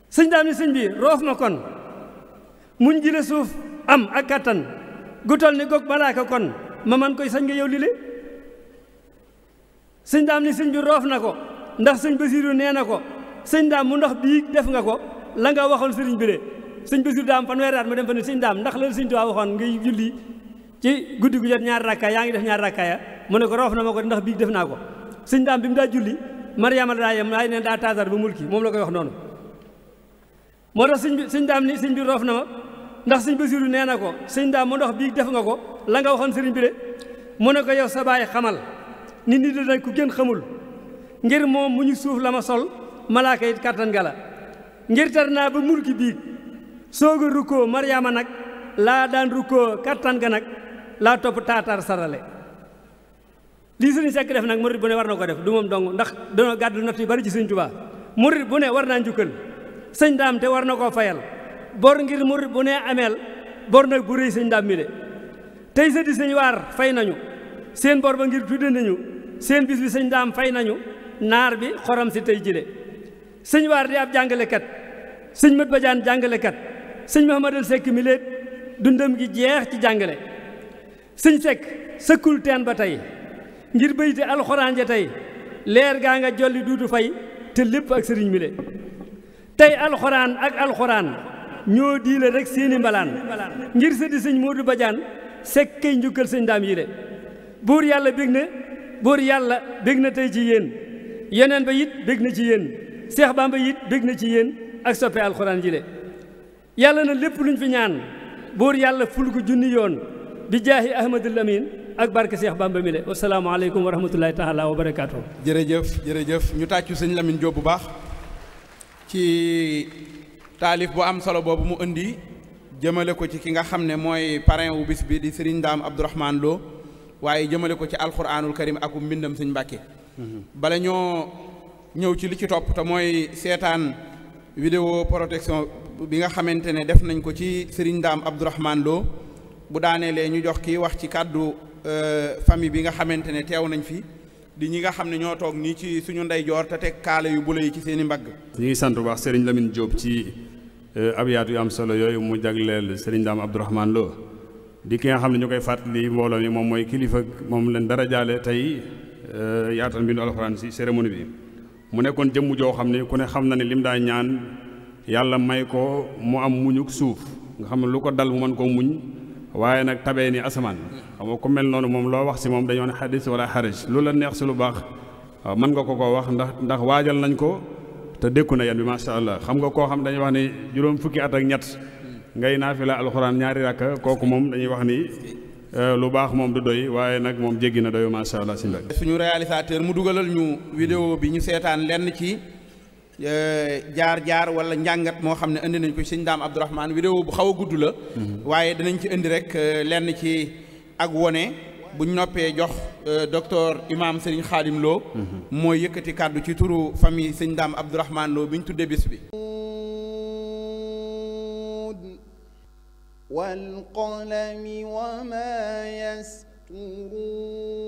sëñ daam ni sëñ bi roof ma kon muñ ji suuf am ak kattan gu tol ni goog malaaka kon ma man koy sañ nga yow li le sëñ daam ni sëñ bi roof na ko ndax sëñ basiiru nee na ko sëñ daam mu ndax bii def nga ko la nga waxoon sëriñ bi de sëñ Basiru daam fanweeri at ma dem fa ne sëñ daam ndax la sëñ Tuubaa waxoon ngay julli ci guddi gu jot ñaari rakka yaa ngi def ñaari rakka ya mu ne ko roof na ma ko ndax bii def naa ko sëñ daam bi mu daa julli Mariama daa yem ay neen daa taasar ba mulki moom la koy wax noonu moo tax sëñ bi sëñ daam ni sëñ bi roof na ma ndax sëñ Basiru nee na ko sëñ daam mu ndox bii def nga ko la nga waxoon sëriñ bi de mu ne ko yow sa baay xamal nit ñi dinañ ku gën xamul ngir moom mu ñu suuf la ma sol malaaka it kàttan gala ngir njërtar naa ba mulki biig soog a rukkoo maryaama nag laa daan rukkoo kattan ga nag laa topp taatar sarale lii sëriñ Seck def nag murit bu ne war na ko def du moom dong ndax danoo gàddu natt yu bari ci sëriñ Tuubaa murit bu ne war naa njukkal sëñ daam te war na koo fayal bor ngir murit bu ne ameel bor nag bu rëy sëñ daam mi sa di sëñ waar fay nañu seen bor ba ngir tudde nañu seen bis bi sëñ daam fay nañu naar bi xoram si tey jile sëñ waar di ab jàngalekat sëñ Mat Badiane jàngalekat sëñ Mahamadan Seck mi lépp dundam gi jeex ci jàngale sëñ sekk sëkkul teen ba tey ngir béyti alxuraan ja tey leer gaa nga jolli duutu fay te lépp ak sëriñ mi le tey alxuraan ak alxuraan ñoo diile rek seeni mbalaan ngir sëddi sëñ Modou Badiane Seck kay njukkal sëñ daam yi le buur yàlla bég na buur yàlla bég na tey ci yéen yeneen ba it bég na ci yéen Seex Bàmba it bég na ci yéen ak soppe alxuraan ji le yàlla na lépp luñ fi ñaan buur yàlla ful ko junni yoon bi jaahi Ahmadul Amin ak barke Seex Bàmba mi le wasalaamaaleykum wa rahmatullahi taala wa barakaatu. jërëjëf jërëjëf ñu tàccu sëñ Lamine jóo bu baax ci
taalif bu am solo boobu mu indi jëmale ko ci ki nga xam ne mooy parrain wu bis bi di Serigne Dame Abdourahmane Lo waaye jëmale ko ci alxuraanul karim ak mbindam sëñ Mbàkke mm-hmm. bala ñoo ñëw ci li ci topp te mooy seetaan vidéo protection bi nga xamante ne def nañ ko ci Serigne ndam Abdourahmane Lo bu daaneelee ñu jox kii wax ci kàddu euh, famille bi nga xamante ne teew nañ fi di ñi nga xam ne ñoo toog nii ci suñu ndeyjoor te teg kaala yu bula yi ci seen i mbagg.
ñu ngi sant bu baax Serigne Lamine Diop ci euh, abyaat yu am solo yooyu mu jagleel Serigne Dame Abdourahmane Lo di ki nga xam ne ñu koy fàttali mbooloo mi moom mooy kilifa moom leen dara jaale tey euh, yaatal mbindu alxuraan si cérémonie bi. mu nekkoon jëmm joo xam ne ku ne xam na ne lim daa ñaan yàlla may ko mu am muñuk suuf nga xam ne lu ko dal mu mën koo muñ waaye nag tabee ni asamaan xam nga ku mel noonu moom loo wax si moom dañoo ne xadis wala xaraj lu la neex si lu baax mën nga ko ko wax ndax ndax waajal nañ ko te dékku na yan bi macha allah xam nga koo xam dañuy wax ni juróom fukki at ak ñett ngay naafila alxuraan ñaari rakka kooku moom dañuy wax ni Euh, lu baax moom du doy waaye nag moom jéggi na doy macha allah si mbag
suñu réalisateur mu dugalal ñu vidéo bi ñu seetaan lenn ci jaar-jaar euh, wala njàngat moo xam ne indi nañ ko sëñ Daam Abdourahman vidéo bu xaw a gudd la mhm. waaye dinañ ci indi rek euh, lenn ci ak wone buñ noppee jox docteur imam Serigne Khadim Lo mhm. mooy yëkkati kàddu ci turu famille sëñ Daam Abdourahman Lo bi ñu tuddee bis bi
والقلم وما يسطرون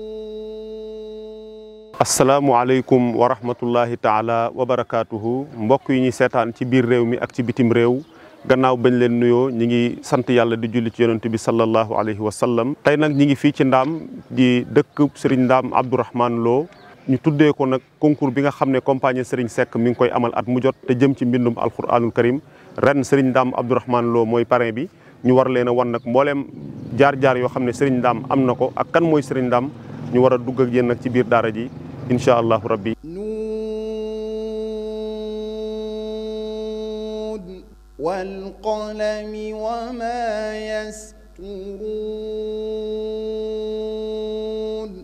asalaamualeykum wa rahmatullahi taala wa barakaatuhu mbokk yi ñuy seetaan ci biir réew mi ak ci bitim réew gannaaw bañ leen nuyoo ñi ngi sant yàlla di julli ci yonent bi sallallahu alayhi wa sallam tey nag ñi ngi fii ci ndaam di dëkk sëriñ ndaam Abdourahmane Lo ñu tuddee ko nag concours bi nga xam ne compagnie Serigne sekk mi ngi koy amal at mu jot te jëm ci mbindum al alquranul karim ren Serigne Ndam Abdourahmane Lo mooy parrain bi ñu war leen a wan nag mbooleem jaar-jaar yoo xam ne sëriñ Ndaam am na ko ak kan mooy sëriñ Ndaam ñu war a dugg ak yéen nag ci biir daara ji incha allahu rabbi nuun
wal qalami wa ma yasturuun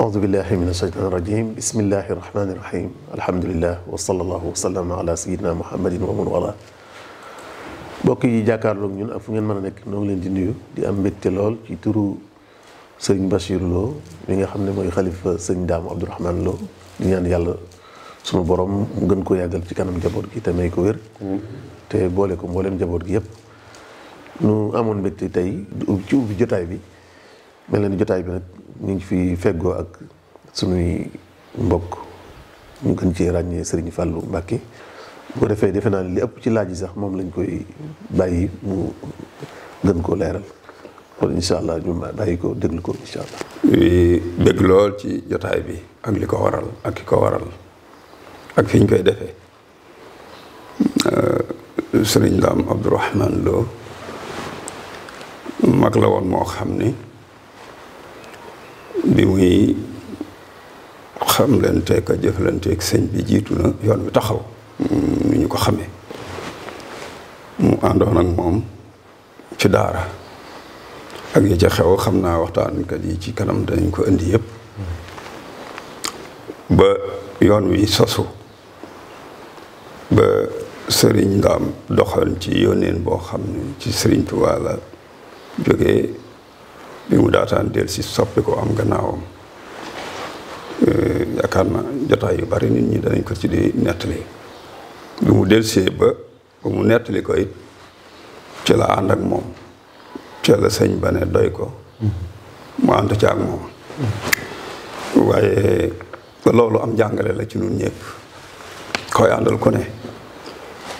audu billahi min ashaytan irajim bismillahi bokk yi jàkkaarloog ñun ak fu ngeen mën a nekk noo leen di nuyu di am mbégte lool ci turu sëriñ Bachir Lo nga xam ne mooy xalifa sëriñ daamu Abdourahmane Lo di ñaan yàlla sunu borom mu gën ko yàggal ci kanam jaboot gi te may ko wér. te boole ko mbooleem jaboot gi yëpp. nu amoon mbégte tey ci ubbi jotaay bi mel na ni jotaay bi nag ñu ngi fi feggoo ak sunuy mbokk ñu gën ci ràññee sëriñ Fallou Mbacké. bu ko defee defe naa ne li ëpp ci laaj yi sax moom lañ koy bàyyi mu gën koo leeral kon incha allah bàyyi ko déglu ko incha allah. dégg lool ci jotaay bi ak li
ko waral ak ki ko waral ak fi ñu koy defee euh, sëriñ Dame Abdourahman Lo mag la woon moo xam ni bi muy xam leen tek a jëflanteeg sëñ bi jiitu na yoon wi taxaw. ni ñu ko xame mu àndoon ak moom ci daara ak yi ca xew xam naa waxtaan waxtaankat yi ci kanam dañ ko indi yëpp ba yoon wi sosu ba sëriñ am doxal ci yónneen boo xam ne ci sëriñ Tuubaa la jógee bi mu daataan del si soppi ko am gannaawam yaakaar na jotaay yu bari nit ñi danañ ko ci di nettali bi mu delsee ba ba mu nettali ko it ci la ànd ak moom ci la sëñ ba ne doy ko mm-hmm. mu ànd ci ak moom mm-hmm. waaye loolu am jàngale la ci ñun ñëpp koy àndal ku ne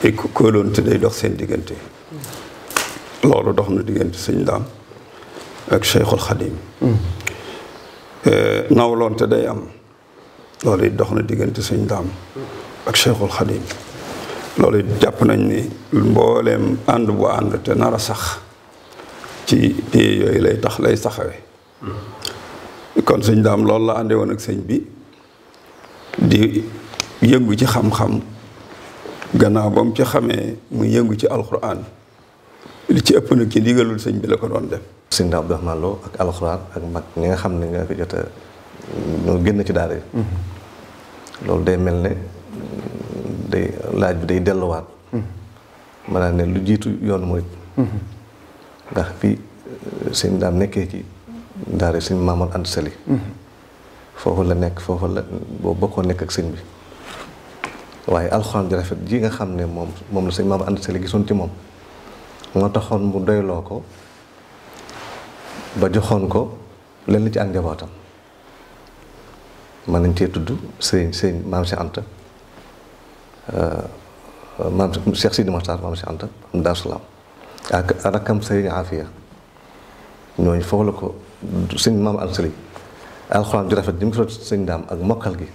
i kóolóonte day dox seen diggante mm-hmm. loolu dox na diggante sëñ daam ak Cheikhul Khadim eh, nawloonte day am loolu it dox na diggante sëñ daam ak Cheikhul Khadim loolu jàpp nañ ni mbooleem ànd bu ànd te nar sax ci yooyu lay tax lay saxawe kon sëñ daam loolu la àndee woon ak sëñ bi di yëngu ci xam-xam gannaaw ba mu ci xamee
mu yëngu ci alxuraan li ci ëpp nag ci ndigalul sëñ bi la ko doon def sëñ Abdou Rahmane Lo ak alxuraan ak mag ñi nga xam ne nga fi jot a génn ci daara yi
mm-hmm.
loolu day mel ne day laaj bi day delluwaat. Hmm. maanaam ne lu jiitu yoon mooy. Hmm. ndax bi eh, sëñ daan nekkee ci daara sëñ Maamoon Anta Sali hmm. foofu la nekk foofu la boo bokkoo nekk ak sëñ bi waaye alxuraan ji rafet jii nga xam ne moom moom la sëñ Maamoon Anta Sali gisoon ci moom moo taxoon mu doyloo ko ba joxoon ko lenn ci ak njabootam mën nañ cee tudd sëñ sëñ maam si Anta Euh, maam Cheikh Sidi Maxtaar maam Cheikh Anta am Daaru Salaam ak rakkam Sëriñ Afiya ñooñu foofu la ko sëñ maam al sëriñ alxuraan ju rafet di mu ko sëñ daam ak mokkal gi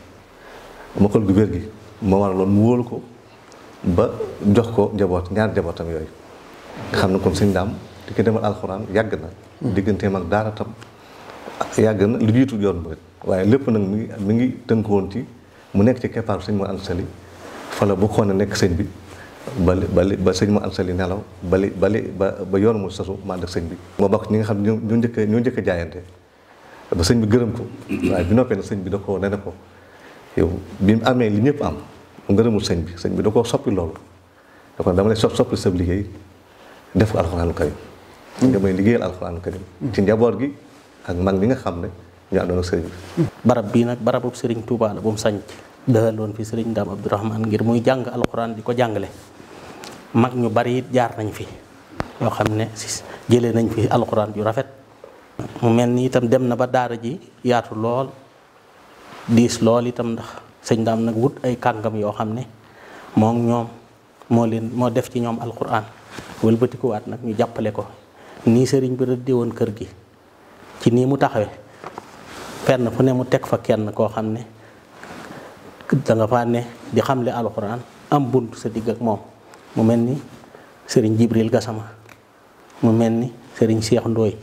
mokkal gu wér gi moo waral loolu mu wóolu ko ba jox ko njaboot ñaar njabootam yooyu nga xam ne kon sëñ daam di ko demal alxuraan yàgg na digganteem ak daara tam yàgg na lu jiitu yoon bi waaye lépp nag mu ngi mu ngi tënk woon ci mu nekk ci keppaaru sëñ maam al sëriñ fa la bokkoon a nekk sëñ bi ba li ba li ba sëñ ma am sali nelaw ba li ba yoon mu sasu ma sëñ bi moo bokk ñi nga xam ne ñoo njëkk ñoo njëkk a ba sëñ bi gërëm ko bi noppee na sëñ bi da koo ne ko bi mu amee li ñëpp am mu gërëmul sëñ bi sëñ bi da koo soppi loolu da dama lay sop soppi liggéey def ko alxuraanu karim nga hmm. may liggéeyal hmm. ci njaboot gi ak mag ñi nga xam ne ñu àndoon ak sëriñ bi hmm. barab bii nag barabu sëriñ
Touba la bu mu sànc dëhaloon fi sëriñ Daam Abdourahman ngir muy jàng alxuraan di ko jàngale mag ñu bari it jaar nañ fi yoo xam ne jëlee nañ fi alxuraan ju rafet mu mel ni itam dem na ba daara ji yaatu lool diis lool itam ndax sëñ daam nag wut ay kàngam yoo xam ne moom ñoom moo leen moo def ci ñoom alxuraan walbatikuwaat nag ñu jàppale ko nii sëriñ bi rëddee kër gi ci nii mu taxawe fenn fu ne mu teg fa kenn koo xam ne da nga faa ne di xamle alxuraan am bunt sa digg ak moom mu mel ni sëriñ Jibril Gassama mu mel ni sëriñ Cheikh Ndooy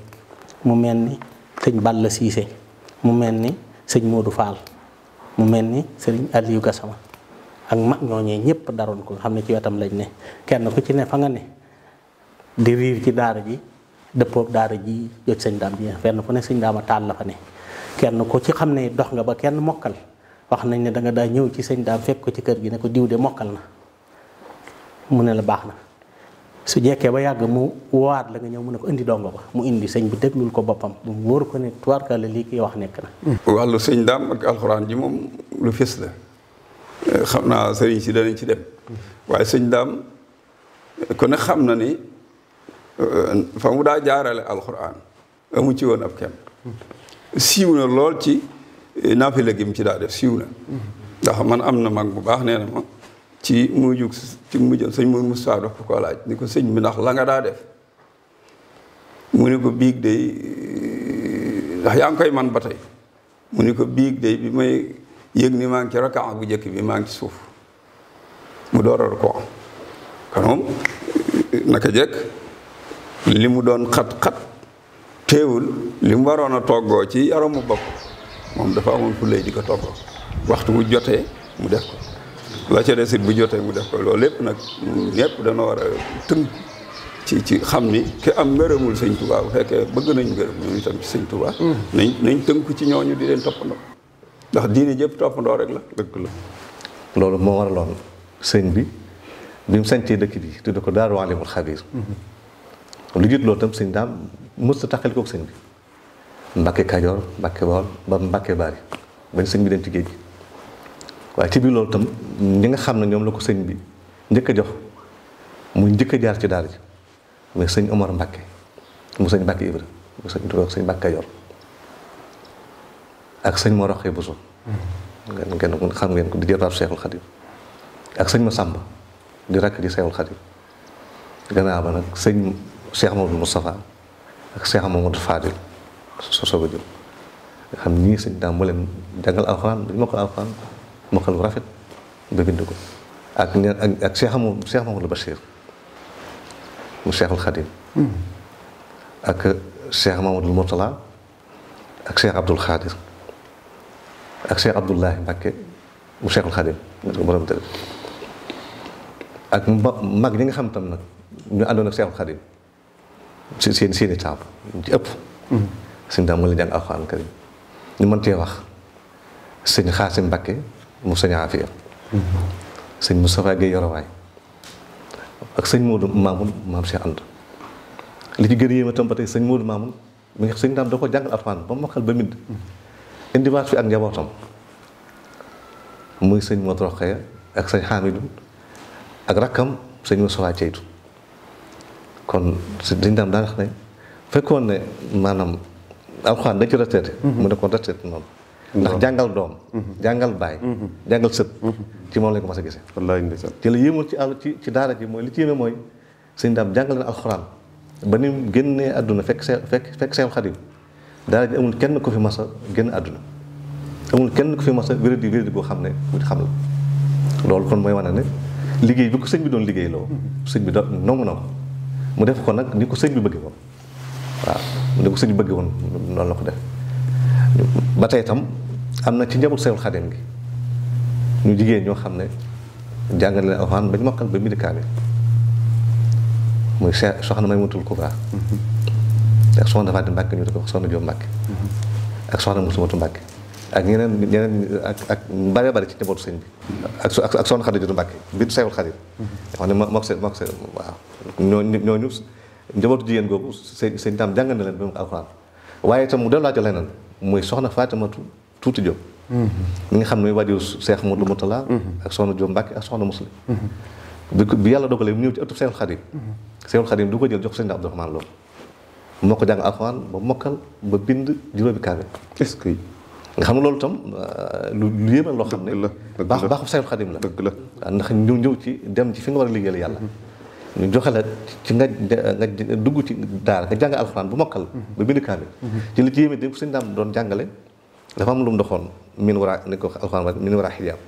mu mel ni sëñ Balla Siise mu mel ni sëñ Modou Fall mu mel ni sëriñ Aliou Gassama ak mag ñooñee ñépp daroon ko nga xam ne ci wetam lañ ne kenn ku ci ne fa nga ne di riir ci daara ji dëppoog daara ji jot sëñ daam ji fenn fu ne sëñ daama taal la fa ne kenn ku ci xam ne dox nga ba kenn mokkal wax nañ ne da nga daa ñëw ci sëñ daam fekk ko ci kër gi ne ko diw de mokkal na mu ne la baax na su jekkee ba yàgg mu waat la nga ñëw mu ne ko indi dongo ba mu indi sëñ bi déglul ko boppam mu wóor ko ne tubaarkalla lii kii wax nekk na.
wàllu sëñ daam ak alxuraan ji moom lu fés la. xam naa sëriñ si danañ ci dem waaye sëñ daam ku ne xam na ni fa mu daa jaarale alxuraan amu ci woon ab kenn siiw na lool ci naafila gi mu ci daa def siw na ndax man am na mag bu baax nee na ma ci mu jug ci mujj sëñ Mourou Moustapha ko laaj ni ko sëñ bi ndax la nga daa def mu ni ko biig day ndax yaa ngi man ba mu ni ko biig day bi may yëg ni maa ngi ci rakaa bu njëkk bi maa ngi ci suuf mu dooral ko am naka jekk li mu doon xat-xat teewul li mu waroon a toogoo ci yaramu bokk moom dafa amoon fullay di ko togg waxtu bu jotee mu def ko la ca des bu jotee mu def ko loolu lépp nag ñëpp dana war a tënk ci ci xam ni ki am ngërëmul sëñ Tuubaa bu fekkee bëgg nañ ngërëm ñoom itam ci sëñ Tuubaa mm. nañ nañ tënk ci ñooñu di leen toppandoo ndax diine jëpp toppandoo rek la
dëgg la loolu moo waraloon sëñ bi bi mu sañcee dëkk bi tudd ko Daaru Alimul Xabiir mm-hmm. lu jiit loolu tam sëñ daam mësta a taxal kook sëñ bi Mbacke Kajoor Mbacke Bawol ba Mbacke Bari bañ sëñ bi dem ci géej gi waaye ci biir loolu itam ñi nga xam ne ñoom la ko sëñ bi njëkk a jox mu njëkk a jaar ci daara ji mais sëñ Omar Mbacke mu sëñ Mbacke Ibra mu sëñ Tuubaa sëñ Mbacke Kajoor ak sëñ Mor Roxee Bousso
hmm.
ngeen ngeen xam ngeen ko di jëtaab Seexul Xadim ak sëñ Massamba di rakk di Seexul Xadim gannaaw ba nag sëñ Cheikh Mamadou Moustapha ak Cheikh Mamadou Fadil sosoog a jóg nga xam nii sëñ daam moo leen jàngal alxuraan dañu mokkal alxuraan mokkal bu rafet ba bind ko ak ne ak seex Cheikh Amadou ba Mamadou mu Cheikhul Khadim hmm. ak Cheikh Mamadou Moutala ak Cheikh Abdoul Khadir ak Cheikh Abdoulahi Mbacké mu nga xam tam nag ñu àndoon seen seen i taab ci ëpp hmm. sëñ daam mu la jàng alxuraan karim ñu mën cee wax sëñ Xaasim Mbakke mu sëñ Afiya sëñ Moustapha Guèye Yorowaay ak sëñ Modou Mamoun maam Cheikh Anta li ci gën a yéeme itam ba tey sëñ Modou Mamoun mi nga sëñ daam da ko jàngal alxuraan ba mokkal ba mid indiwaat fi ak njabootam muy sëñ Modou Rokhaya ak sëñ Hamidou ak rakkam sëñ Moustapha Ceytu kon sëñ daam daa wax ne fekkoon ne maanaam alxuraan da ci retraité mhm. mu ne kon retraité noonu ndax jàngal doom mhm. jàngal baay mhm. jàngal sët ci moom lañ ko mas a gisee wallaahi ndeysaan ci la yéemul ci àll ci ci daara ji mooy li ci yéeme mooy sëñ daam jàngal leen ba ni génnee àdduna fekk see fekk fekk seen xadim daara ji amul kenn ko fi mas a génn àdduna amul kenn ko fi mas a wéradi wéradi boo xam ne xam la loolu kon mooy wane ne liggéey bi ko sëñ bi doon liggéey loo sëñ bi doon nangu na mu def ko nag ni ko sëñ bi bëgg ko mu ne ko suñu bëgg woon noonu la ko def ba tey tam am na ci njaboot Seexul Xadim gi ñu jigéen ñoo xam ne jàngale leen alxuraan ba ñu mokkal ba médical bi muy soxna may mutul Kubra ak soxna Fatou Mbacke ñu di ko wax soxna Diop Mbacke ak soxna Musumatu ñeneen ñeneen ak ak bare bare ci njabootu sëñ bi ak ak soxna Xadi Jotu Mbacke biir Seexul Xadim nga xam ne njabootu jigéen googu sëñ sëñ Daam jàngal na leen ba mu alxuraan waaye itam mu delluwaat leneen muy soxna Faatimatu Tuuti Jóob mm-hmm. mi nga xam ne waajur Seex Moodu Mutala mm-hmm. ak soxna Jóob Mbàkke ak soxna Muslim
mm-hmm.
bi bi yàlla dogalee mu ñëw ci ëttu Seexul Xadim Seexul Xadim du ko jël jox ko sëñ Daam Abdourahmane Lo moo ko jàng alxuraan ba mokkal ba bind juróomi kaamil est nga xam ne loolu tam euh, lu lu yéemal loo xam ne baax baaxu Seexul Xadim la ndax ñëw ñëw ci dem ci fi nga war a yàlla ñu joxe la ci nga euh, nga dugg ci daara nga jàng alxuraan bu mokkal mhm. ba bind kaamil mhm. ci li ci yéeme dégg sëñ daam doon jàngale dafa am lu mu doxoon min war a ni ko alxuraan wa min war a xijaab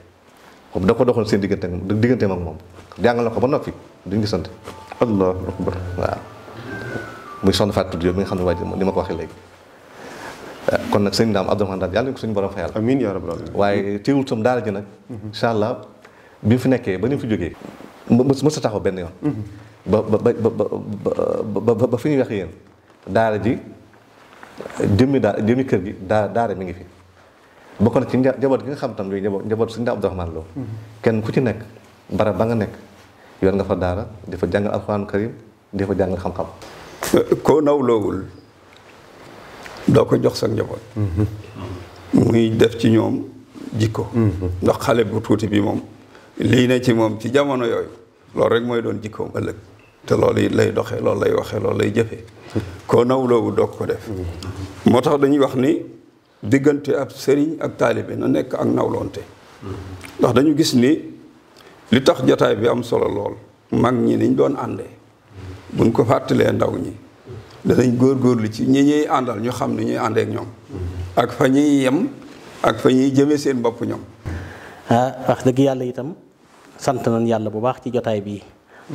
da ko doxoon seen diggante digganteem moom jàngal na ko ba noppi duñ gisante allahu akbar waaw muy soxna Fatou Diop mi nga xam ne waaj li ma ko waxee léegi euh, kon nag sëñ daam Abdourahmane daal yàlla ñu ko suñu borom fayal waaye teewul sam daara ji nag mhm. incha allah bi mu fi nekkee ba ni mu fi jógee mës mës a taxaw benn yoon. ba ba ba ba ba ba fi ñuy wax yéen daara ji jëmmi daa jëmmi kër gi daa daara mi ngi fi. bokk na ci njaboot gi nga xam tam yooyu njaboot njaboot suñu daa Abdourahmane Lo kenn ku ci nekk barab ba nga nekk yor nga fa daara di fa jàngal alxuraanu karim di fa jàngal xam-xam.
koo naw loowul doo ko jox sa njaboot. Mm-hmm. muy def ci ñoom jikko. Mm-hmm. ndax xale bu tuuti bi moom. lii ne ci moom ci jamono yooyu loolu rek mooy doon jikkoom ëllëg te loolu it lay doxee loolu lay waxee loolu lay jëfee koo nawloowu doog ko def moo tax dañuy wax ni diggante ab sëriñ ak taalibe nekk ak nawloonte ndax dañu gis ni li tax jataay bi am solo lool mag ñi niñ doon àndee buñ ko fàttalee ndaw ñi danañ góor góorgóorlu ci ñi ñuy àndal ñu xam ni ñuy àndeek ñoom ak fa ñuy yem ak fa ñuy jëme seen bopp ñoom
ah wax dëgg yàlla itam sant nañ yàlla bu baax ci jotaay bii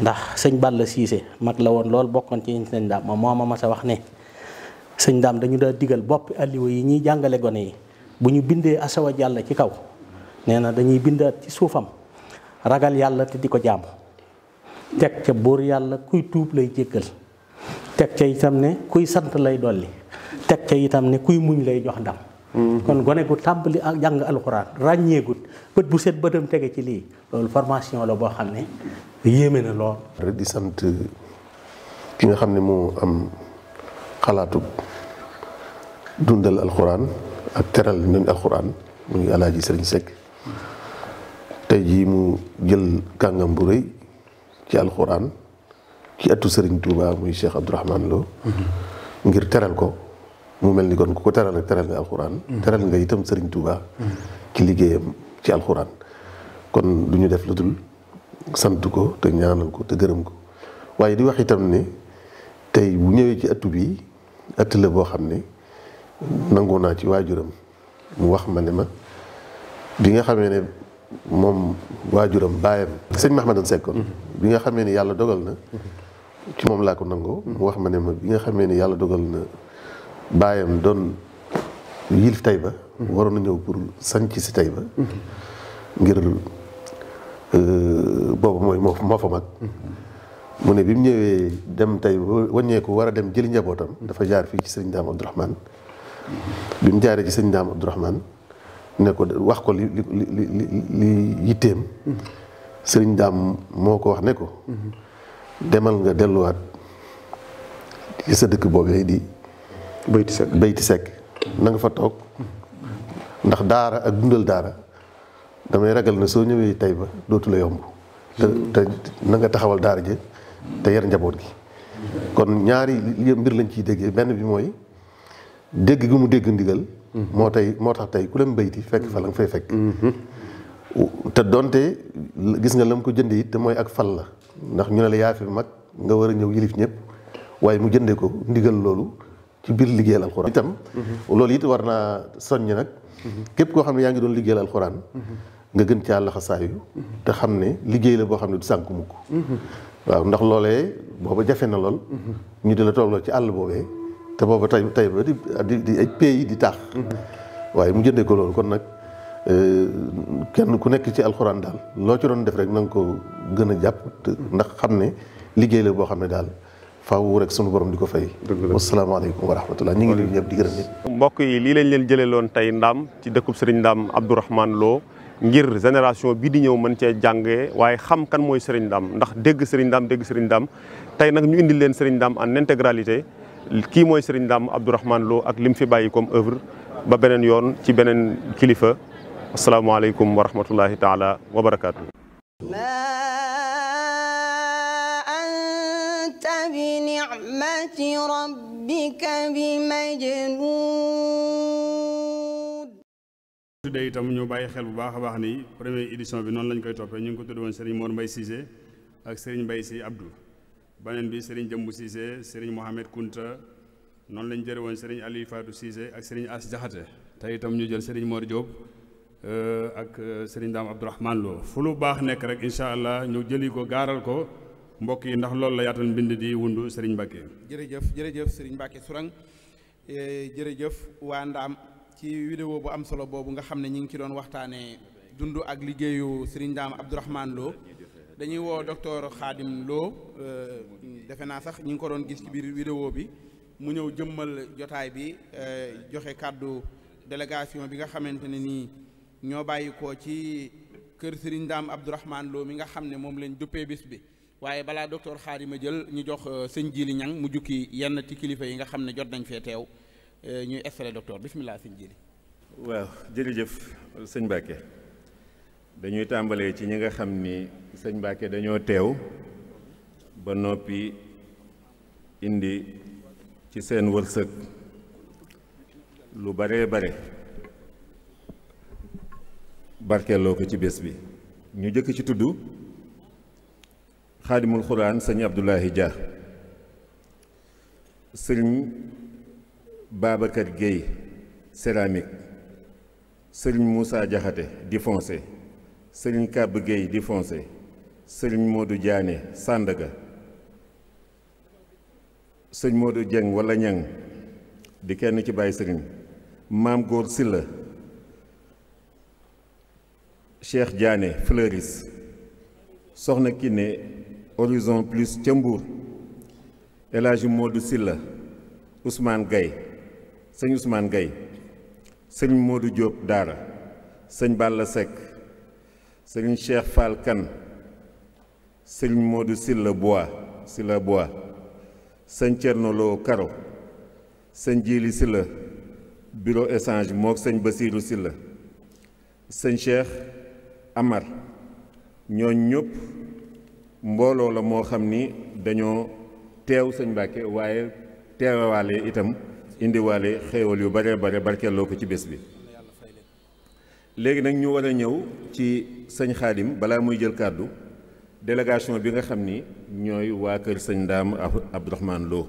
ndax sëñ Balla Cissé mag la woon lool bokkoon ci sëñ daam moom moo ma mas a wax ne sëñ daam dañu daa digal bopp alliwa yi ñuy jàngale gone yi bu ñu bindee asawa jàll ci kaw nee na dañuy bindaat ci suufam ragal yàlla te di ko jaamu teg ca buur yàlla kuy tuub lay jéggal teg ca itam ne kuy sant lay dolli teg ca itam ne kuy muñ lay jox ndam mm-hmm. kon gone gu tàmbali ak jàng alxuraan ràññeegut bët bu set bëtam tege ci lii loolu formation la boo xam ne
yéeme na lool. di sant ki nga xam ne moo am xalaatu dundal alxuraan ak teral ñooñu alxuraan muy alaaji sëriñ Seck tey jii mu jël kàngam bu rëy ci alxuraan ci atu sëriñ Touba muy Cheikh Abdourahman Lo ngir teral ko mu mel ni kon ku ko teral ak teral nga alxuraan mm-hmm. teral nga itam sëriñ Touba ci liggéeyam ci alxuraan kon du ñu def lu dul sant ko te ñaanal ko te gërëm ko waaye di wax itam ne tey bu ñëwee ci ëtt bi ëtt la boo xam ne nangoo naa ci waajuram mu wax ma ne ma bi nga xamee ne moom waajuram baayam sëñ Mahamadan Sekkoon bi nga xamee ne yàlla dogal na ci moom laa ko nangoo mu wax ma ne ma bi nga xamee ne yàlla dogal na baayam doon yilif ba waroon na ñëw pour sanc si Taïba ngir Euh, boobu mooy moo moo fa mag mm-hmm. mu ne bi mu ñëwee dem tey waññeeku war a dem jëli njabootam mm-hmm. dafa jaar fii ci sëriñ Daam Abdourahmane mm-hmm. bi mu jaaree ci sëriñ Daam Abdourahmane ne ko wax ko li li li li yitteem sëriñ moo ko wax ne ko demal nga delluwaat ci sa dëkk boobee di bayti sekk bayti sekk na fa toog ndax daara ak dundal daara damay ragal na soo ñëwee tey ba dootu la yomb te te na nga taxawal daara ji te yar njaboot gi kon ñaari mbir lañ ciy déggee benn bi mooy dégg gi mu dégg ndigal moo tey moo tax tey ku la mbayti fekk fa la nga fay fekk te donte gis nga la mu ko jëndee te mooy ak fal la ndax ñu ne la yaa fi mag nga war a ñëw yilif ñëpp waaye mu jënde ko ndigal loolu ci biir liggéeyal alxuraan itam loolu it war naa soññ nag mm-hmm. képp koo xam ne yaa ngi doon liggéeyal alxuraan mm-hmm. nga gën caa laxasaayu te xam ne liggéey la boo xam ne du sànk mukk waaw ndax loolee booba jafe na lool ñu di la lool ci àll boobee te booba tay tay ba di di ay pays di taax waaye mu jëndee ko loolu kon nag euh, kenn ku nekk ci alxuraan daal loo ci doon def rek na nga ko gën a jàpp ndax xam ne liggéey la boo xam ne daal faaw rek sunu borom di ko fay wasalaamaaleykum wa rahmatullah ñu ngi nuyu ñëpp di gërëm ñëpp
mbokk yi lii lañ leen jëlee loon tey ndaam ci dëkkub Sëriñ Ndam Abdourahmane Lo ngir génération bi di ñëw mën cee jàngee waaye xam kan mooy Serigne Dame ndax dégg Serigne Dame dégg Serigne Dame tey nag ñu indi leen Serigne Dame an intégralité kii mooy Serigne Dame Abdourahmane Lo ak lim fi bàyyi comme œuvre ba beneen yoon ci beneen kilifa asalaamaaleykum wa rahmatullahi taala wa
tuddee itam ñu bàyyi xel bu baax a baax ni première édition bi noonu lañ koy toppee ñu ngi ko tudd woon Serigne Mor Mbaye Cissé ak Serigne Mbaye Sy Abdou beneen bi Serigne Jëmbu Cissé Serigne Mohamed Kunta noonu lañ jëre woon Serigne Aliou Fatou Cissé ak Serigne As Jaxate te itam ñu jël Serigne Mor Diop euh, ak euh, seriñ Dame Abdourahmane Lo fu lu baax nekk rek incha allah ñu jëli ko gaaral ko mbokk yi ndax loolu la yaatal mbind di wundu Serigne Mbacke.
jërëjëf jërëjëf Serigne ci vidéo bu am solo boobu nga xam ne ñi ngi ci doon waxtaanee dund ak liggéeyu Serigne Dame Abdourahmane Lo dañuy woo docteur Khadim Lo euh, defe naa sax ñi ngi ko doon gis ci biir vidéo bi mu ñëw jëmmal jotaay bi euh, joxe kàddu délégation bi nga xamante ne nii ñoo bàyyi ko ci kër Serigne Dame Abdourahmane Lo mi nga xam ne moom lañ duppee bis bi waaye balaa docteur Khadim a jël ñu jox euh, sëñ Jili Ñang mu jukki yenn ci kilifa yi nga xam ne jot nañ fee teew Euh, ñuy extrait bisimilah sëñ Jili
waaw jërëjëf sëñ Mbacke dañuy tàmbalee ci ñi nga xam ni sëñ dañoo teew ba noppi indi ci seen wërsëg lu baree bare barkeeloo ko ci bés bi ñu jëkk ci tudd xaadimul xuraan sëñ Abdoulahi ja sëñ Babacar Gueye céramique Serigne Moussa Diakhaté di foncé Serigne Kab Gueye di foncé Serigne Modou Diané Sandaga sëñ Modou Dieng walla Ñang di kenn ci bàyyi sëriñ maam góor Silla Cheikh Diané Fleuris soxna Kiné Horizon Plus ca Mbour El Hadji Modou Silla Ousmane Gaye sëñ Ousmane Gueye sëñ Modou Diop Daara sëñ Balla Seck sëñ Cheikh Fall Kane sëñ Modou Silla Bois Silla Bois sëñ Thierno Karo sëñ Djili Silla bureau échange mook sëñ Basirou Silla sëñ Cheikh Amar ñooñ ñëpp mbooloo la moo xam ni dañoo teew sëñ Mbàkke waaye teewaale itam indiwaale xéewal yu bare bare barkeeloo ko ci bés bi léegi nag ñu war a ñëw ci sëñ xaadim balaa muy jël kàddu délégation bi nga xam ni ñooy waa kër sëñ ndaam abdourahman loo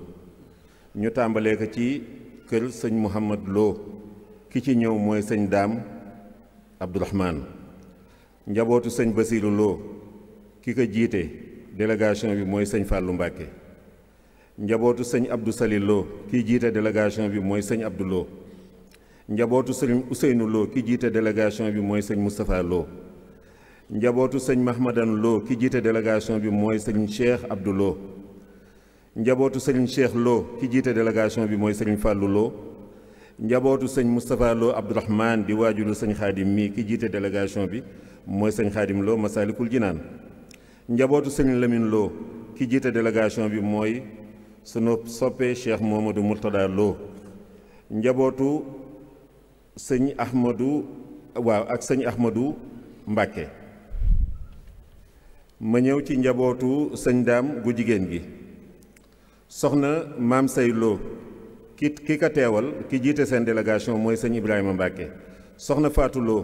ñu tàmbalee ko ci kër sëñ mouhamad loo ki ci ñëw mooy sëñ daam abdourahman njabootu sëñ basiiru loo ki ko jiite délégation bi mooy sëñ fàllu mbàkke njabootu sëñ abdu Salil Lo kii jiite délégation bi mooy sëñ Abdou Lo njabootu sëñ Ousseynou Lo ki jiite délégation bi mooy sëñ Moustapha Lo njabootu sëñ Mahmadan loo ki jiite délégation bi mooy sëñ Cheikh Abdou Lo njabootu sëñ Cheikh Lo ki jiite délégation bi mooy sëñ Fallou njabootu sëñ Moustapha Lo Abdourahman di waajuru sëñ Xaadim mii ki jiite délégation bi mooy sëñ Xaadim loo Masalikul Jinaan njabootu sëñ Lamine Lo ki jiite délégation bi mooy sunu soppee cheikh moomadu Mourtada Lo njabootu sëñ Ahmadou waaw ak sëñ Ahmadou Mbàkke ma ñëw ci njabootu sëñ daam gu jigéen gi soxna maam say Lo ki ki ka teewal ki jiite seen délégation mooy sëñ Ibrahima Mbàkke soxna Fatou Lo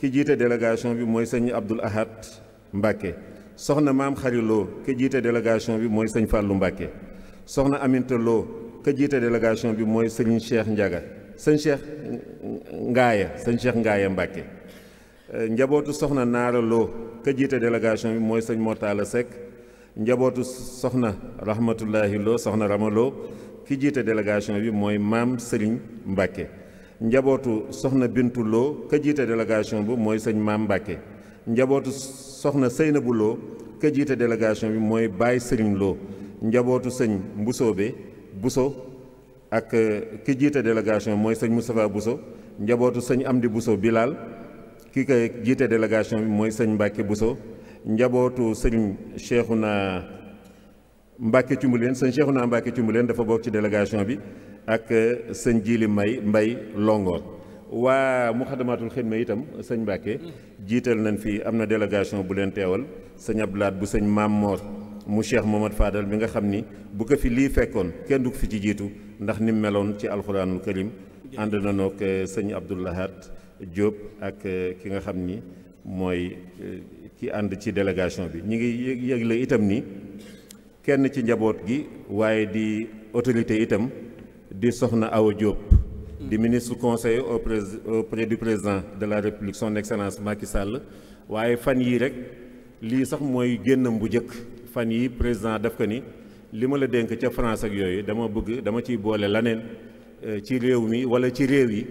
ki jiite délégation bi mooy sëñ Abdoul Ahad Mbàkke soxna maam Xari Lo ki jiite délégation bi mooy sëñ Fàllu Mbàkke soxna Aminta Lo ka jiite bi mooy sëñ Cheikh Ndiaga sëñ Cheikh Ngaaya sëñ Cheikh Ngaaya Mbàkke njabootu soxna naaraloo Lo ka jiite délégation bi mooy sëñ euh, Mortala Seck njabootu soxna Rahmatullahi Lo soxna Rama Lo ki jiite délégation mooy maam Sëriñ Mbàkke njabootu soxna Bintu Lo ka jiite délégation bi mooy sëñ maam Mbàkke njabootu soxna Seynabu Lo ka jiite délégation bi mooy Baay Sëriñ loo njabootu sëñ Mbusoobe Buso ak euh, ki jiite délégation mooy sëñ Moustapha Buso njabootu sëñ Amdi Buso Bilal ki ko jiite délégation bi mooy sëñ Mbàkke Buso njabootu sëñ Cheikhouna Mbàkke Cumbuleen sëñ Cheikhouna Mbàkke Cumbuleen dafa bokk ci délégation bi ak euh, sëñ Jili May Mbay Longoor waa muxadamatul xidma itam sëñ Mbàkke jiital nañ fii am na délégation bu leen teewal sëñ Abdoulaat bu sëñ Maam Moor mu cheikh Mohamad Fadal bi nga xam ni bu ko fi lii fekkoon kenn du ko fi ci jiitu ndax ni mu meloon ci alxuraanul karim ànd na noog eh, sëñ Abdou jóob ak eh, ki nga xam ni mooy eh, ki ànd ci délégation bi ñu ngi yëgle itam ni kenn ci njaboot gi waaye di autorité itam di soxna Awa Diop. di ministre conseil auprès du président de la république son excellence Macky sàll waaye fan yii rek lii sax mooy génnam bu njëkk. fan yi président daf ko ni li ma la dénk ca France ak yooyu dama bëgg dama ciy boole laneen euh, ci réew mi wala ci réew yi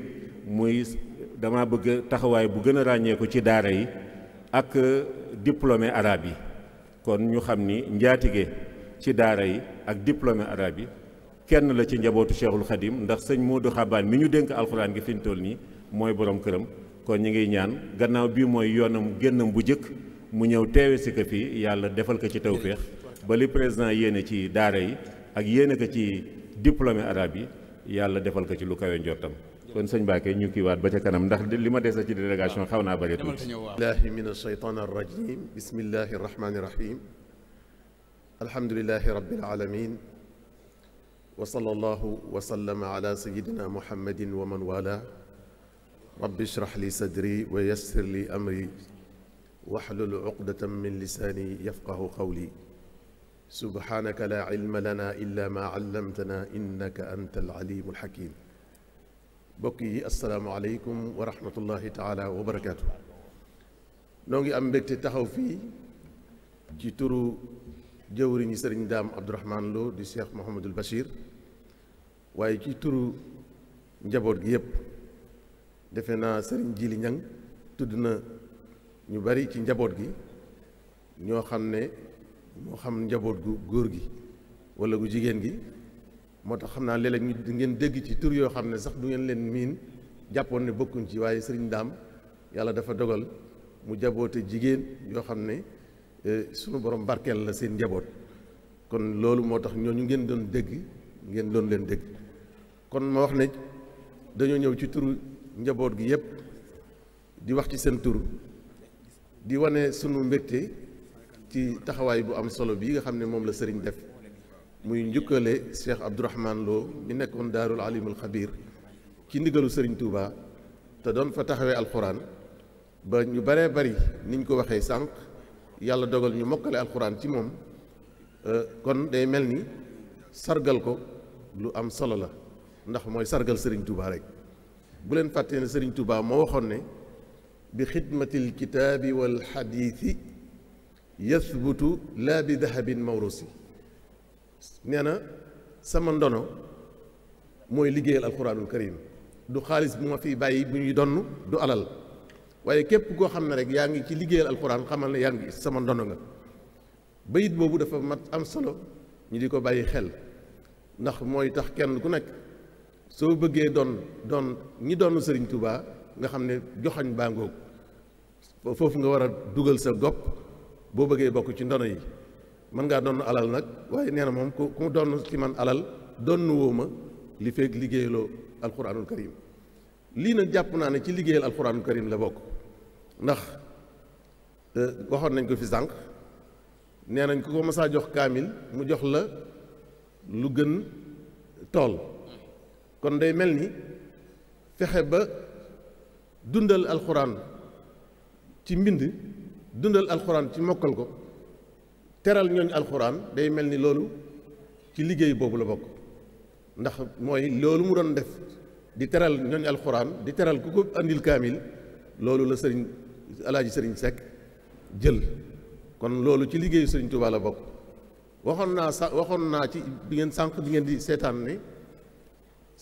muy dama bëgg taxawaay bu gën a ràññeeku ci daara yi ak euh, diplômé arabe yi kon ñu xam ni njaatige ci daara yi ak diplômé arabe yi kenn la ci njabootu Cheikhul Khadim ndax sëñ moo Modou Xabaan mi ñu dénk alxuraan gi fi ñu nii mooy borom këram kon ñu ngi ñaan gannaaw bii mooy yoonam génnam bu jëkk mu ñëw teewe si yàlla defal ko ci tawféex ba li président yéene ci daara yi ak yéene ko ci diplômé arabe yi yàlla defal ko ci lu kawe njottam kon sëñ Mbacke ñu kiiwaat ba ca kanam ndax li ma desa ci délégation xaw naa bëri tuuti billahi
min alsheytan arrajim bismillahi arrahmani irrahim alhamdulilahi rabbil alamin wa sallallahu wa sallama ala sayidina muhammadin wa man wala rabbi ishrah li sadri wa yassir li amri waxlul uqdatan min lisaani yafqahu qawli subhaanaka laa ilma lana illa maa allamtana innaka anta alalimu alxakim mbokk yi asalaamualeykum wa rahmatullahi taala wa barakaatu noo ngi am mbégte taxaw fii ci turu jëwriñu sëriñ daam abdourahman Lo di cheikh mohamadul bachir waaye ci turu njaboot gi yépp defe naa jili ñang ñu bari ci njaboot gi ñoo xam ne moo xam njaboot gu góor gi wala gu jigéen gi moo tax xam naa léeg-léeg ñu ngeen dégg ci tur yoo xam ne sax du ngeen leen miin jàppoon ne bokkuñ ci waaye sëriñ daam yàlla dafa dogal mu jaboote jigéen yoo xam ne eh, sunu borom barkeel la seen njaboot kon loolu moo tax ñooñu ngeen doon dégg ngeen doon leen dégg kon ma wax ne dañoo ñëw ci turu njaboot gi yépp di wax ci seen tur di wane sunu mbégte ci taxawaay bu am solo bii nga xam ne moom la sëriñ def muy njukkale Cheikh Abdourahman Lo mi nekkoon daarul alimul xabir ci ndigalu sëriñ Touba te doon fa taxawee alxuraan ba ñu baree bari niñ ko waxee sànq yàlla dogal ñu mokkale alxuraan ci moom euh, kon day mel ni sargal ko lu am solo la ndax mooy sargal sëriñ Touba rek bu leen fàttee ne sëriñ Touba moo waxoon ne bi xidmati alkitaabi walxadiisi yathbutu laa bi dahabin mawrusi nee na sama ndono mooy liggéeyal alquranul karim du xaalis bu ma fi bàyyi bu ñuy donn du alal waaye képp koo xam ne rek yaa ngi ci liggéeyal alquran xamal ne yaa ngi sama ndono nga bayit boobu dafa mat am solo ñu di ko bàyyi xel ndax mooy tax kenn ku nekk soo bëggee doon doon ñi doon Sëriñ Tuubaa nga xam ne joxañ baa ngoog foofu nga war a dugal sa gopp boo bëggee bokk ci ndono yi mën ngaa donn alal nag waaye nee na moom ku ku donn ci man alal donn woo ma li feeg liggéeyaloo alxuraanul karim lii nag jàpp naa ne ci liggéeyal alxuraanul karim la bokk ndax euh, waxoon nañ ko fi sànq nee nañ ku ko masaa jox kaamil mu jox la lu gën tool kon day mel ni fexe ba dundal alxuraan ci mbind dundal alxuraan ci mokkal ko teral ñooñ alxuraan day mel ni loolu ci liggéey boobu la bokk ndax mooy loolu mu doon def di teral ñooñ alxuraan di teral ku ko andil kaamil loolu la sëriñ alaaji sëriñ Seck jël kon loolu ci liggéeyu sëriñ Tuubaa la bokk waxoon naa sa waxoon naa ci bi ngeen sànq bi ngeen di seetaan ni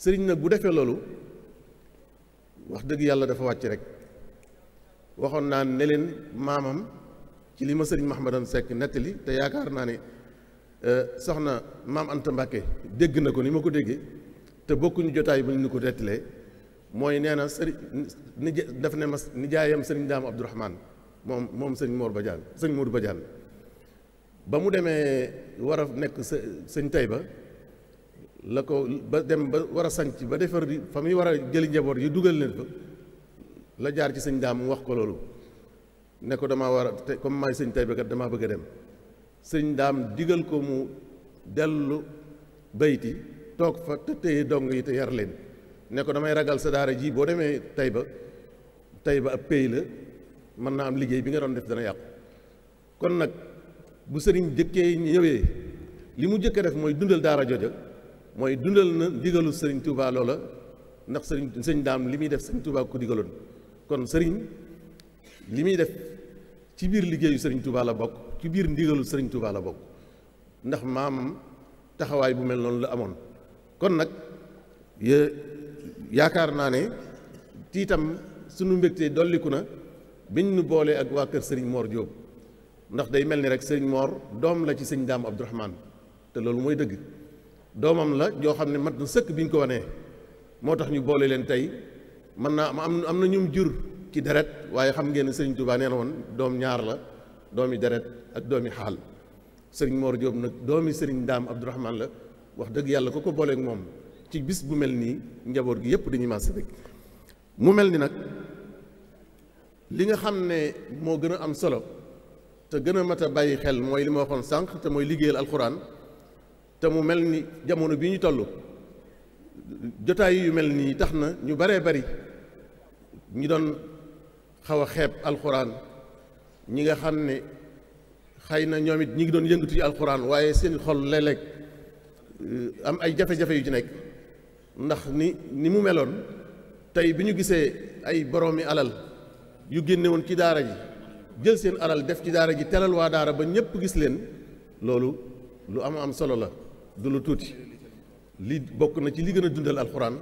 sëriñ nag bu defee loolu wax dëgg yàlla dafa wàcc rek waxoon naa ne leen maamam ci li ma sëriñ Mahamadan Seck nettali te yaakaar naa ne euh, soxna maam ant Mbàkke dégg na ko li ma ko déggee te bokkuñu jotaay bu ñu ni ko nettalee mooy nee na sëriñ nija daf ne ma nijaayam sëriñ Daam Abdourahman moom moom sëriñ moor Badiane sëriñ Modou Badiane ba mu demee war a nekk sëñ Tayba la ko ba dem ba war a sanc ba defar di fa muy war a jëli njaboot yi dugal leen fa la jaar ci sëñ daam mu wax ko loolu ne ko damaa war a te comme maay sëñ ba kat damaa bëgg a dem sëñ daam digal ko mu dellu bayti toog fa te téye dong yi te yar leen ne ko damay ragal sa daara jii boo demee tey ba ab pays la mën naa am liggéey bi nga doon def dana yàqu kon nag bu sëriñ jëkkee ñëwee li mu jëkk a def mooy dundal daara jooja mooy dundal na ndigalu sëriñ Touba la ndax sëriñ sëñ daam li muy def sëriñ Touba ko kon sëriñ li muy def ci biir liggéeyu sëriñ Touba la bokk ci biir ndigalu sëriñ Touba bokk ndax maamam taxawaay bu mel noonu la amoon kon nag yaakaar naa ne tiitam sunu mbégte dolliku na biñ nu boolee ak waa kër sëriñ Mor Diop ndax day mel ni rek sëriñ moor doom la ci sëñ daam Abdourahmane te loolu mooy dëgg doomam la joo xam ne mat na sëkk bi ñu ko wanee moo tax ñu boole leen tey mën naa am am na ñum jur ci deret waaye xam ngeen ne sëriñ Tuubaa nee na woon doom ñaar la doomi deret ak doomi xaal sëriñ Mor Diop nag doomi sëriñ Daam Abdourahman la wax dëgg yàlla ku ko booleek moom ci bis bu mel nii njaboot gi yëpp dañuy màs rek mu mel ni nag li nga xam ne moo gën a am solo te gën a mat a bàyyi xel mooy li ma waxoon sànq te mooy liggéeyal alxuraan te mu mel ni jamono bi ñu toll jotaay yu mel nii tax na ñu baree bari ñi doon xaw a xeeb alxuraan ñi nga xam ne xëy na ñoom it ñi ngi doon yëngatu ci alxuraan waaye seen xol léeg euh, am ay jafe-jafe yu ci nekk ndax ni ni mu meloon tey bi ñu gisee ay boroomi alal yu génne woon ci daara ji jël seen alal def ci daara ji telal waa daara ba ñëpp gis leen loolu lu am am solo la du lu tuuti li bokk na ci li gën a dundal alxuraan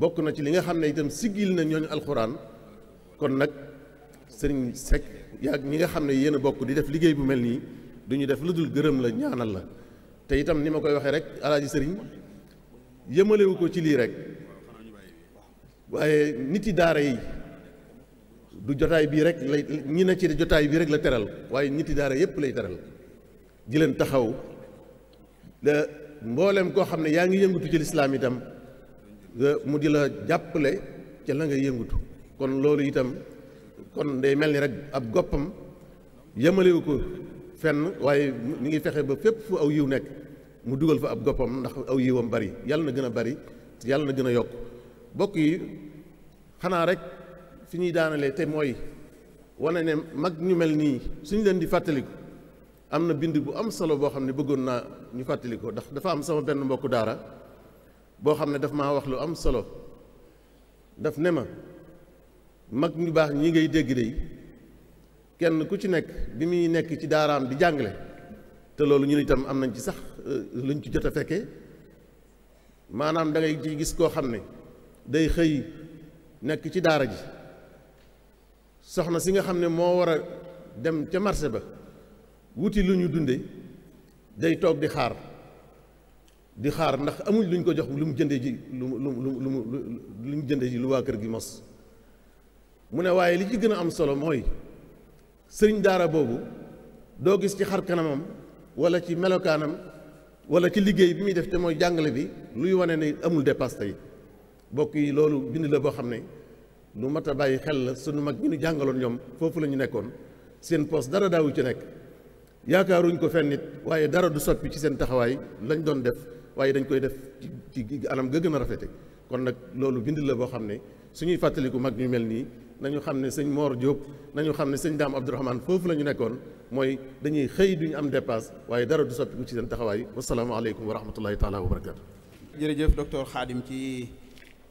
bokk na ci li nga xam ne itam siggil na ñooñu alxuraan kon nag sëriñ Seck yaa ñi nga xam ne yéen a bokk di def liggéey bu mel nii du ñu def lu dul gërëm la ñaanal la te itam ni ma koy waxee rek alaaji sëriñ yëmalewu ko ci lii rek waaye nit yi daara yi du jotaay bii rek lay ñi na ci jotaay bii rek la teral waaye nit yi daara yépp lay teral di leen taxaw mboolem koo xam ne yaa ngi yëngutu ci lislaam itam mu di la jàppale ca la nga yëngutu kon loolu itam kon day mel ni rek ab goppam yëmalewu ko fenn waaye mu ngi fexe ba fépp fu aw yiw nekk mu dugal fa ab goppam ndax aw yiwam bari yàlla na gën a bari yàlla na gën a yokk bokk yi xanaa rek fi ñuy daanalee te mooy wane ne mag ñu mel nii suñu leen di fàttaliku am na bind bu am solo boo xam ne bëggoon naa ñu fàttali ko ndax dafa am sama benn mbokku daara boo xam ne daf maa wax lu am solo daf ne ma mag ñu baax ñi ngay dégg de kenn ku ci nekk bi muy nekk ci daaraam di jàngale te loolu ñu ñun itam am nañ ci sax euh, luñ ci jot a fekkee maanaam dangay ci gis koo xam ne day xëy nekk ci daara ji soxna si nga xam ne moo war a dem ca marché ba wuti lu ñu dunde day toog di xaar di xaar ndax amuñ luñ ko jox lu mu jënde ji lu mu lu mu lu mu lu mu jënde ji lu waa kër gi mos mu ne waaye li ci gën a am solo mooy sëriñ daara boobu doo gis ci xar kanamam wala ci melokaanam wala ci liggéey bi muy def te mooy jàngale bi luy wane ne amul dépasse tey bokk yi loolu bind la boo xam ne lu mat a bàyyi xel la sunu mag ñu nu jàngaloon ñoom foofu la ñu nekkoon seen poste dara daawu ci nekk yaakaaruñu ko fen nit waaye dara du soppi ci seen taxawaay lañ doon def waaye dañ koy def ci ci anam ga a rafete kon nag loolu bind la boo xam ne suñuy fàttaliku mag ñu mel nii nañu xam ne sëñ Mor Diop nañu xam ne sëñ Daam Abdourahmane foofu la ñu nekkoon mooy dañuy xëy duñu am dépasse waaye dara du soppiku ci seen taxawaay wasalaamaaleykum wa rahmatullahi taala wa barakaatu.
jërëjëf docteur Khadim ci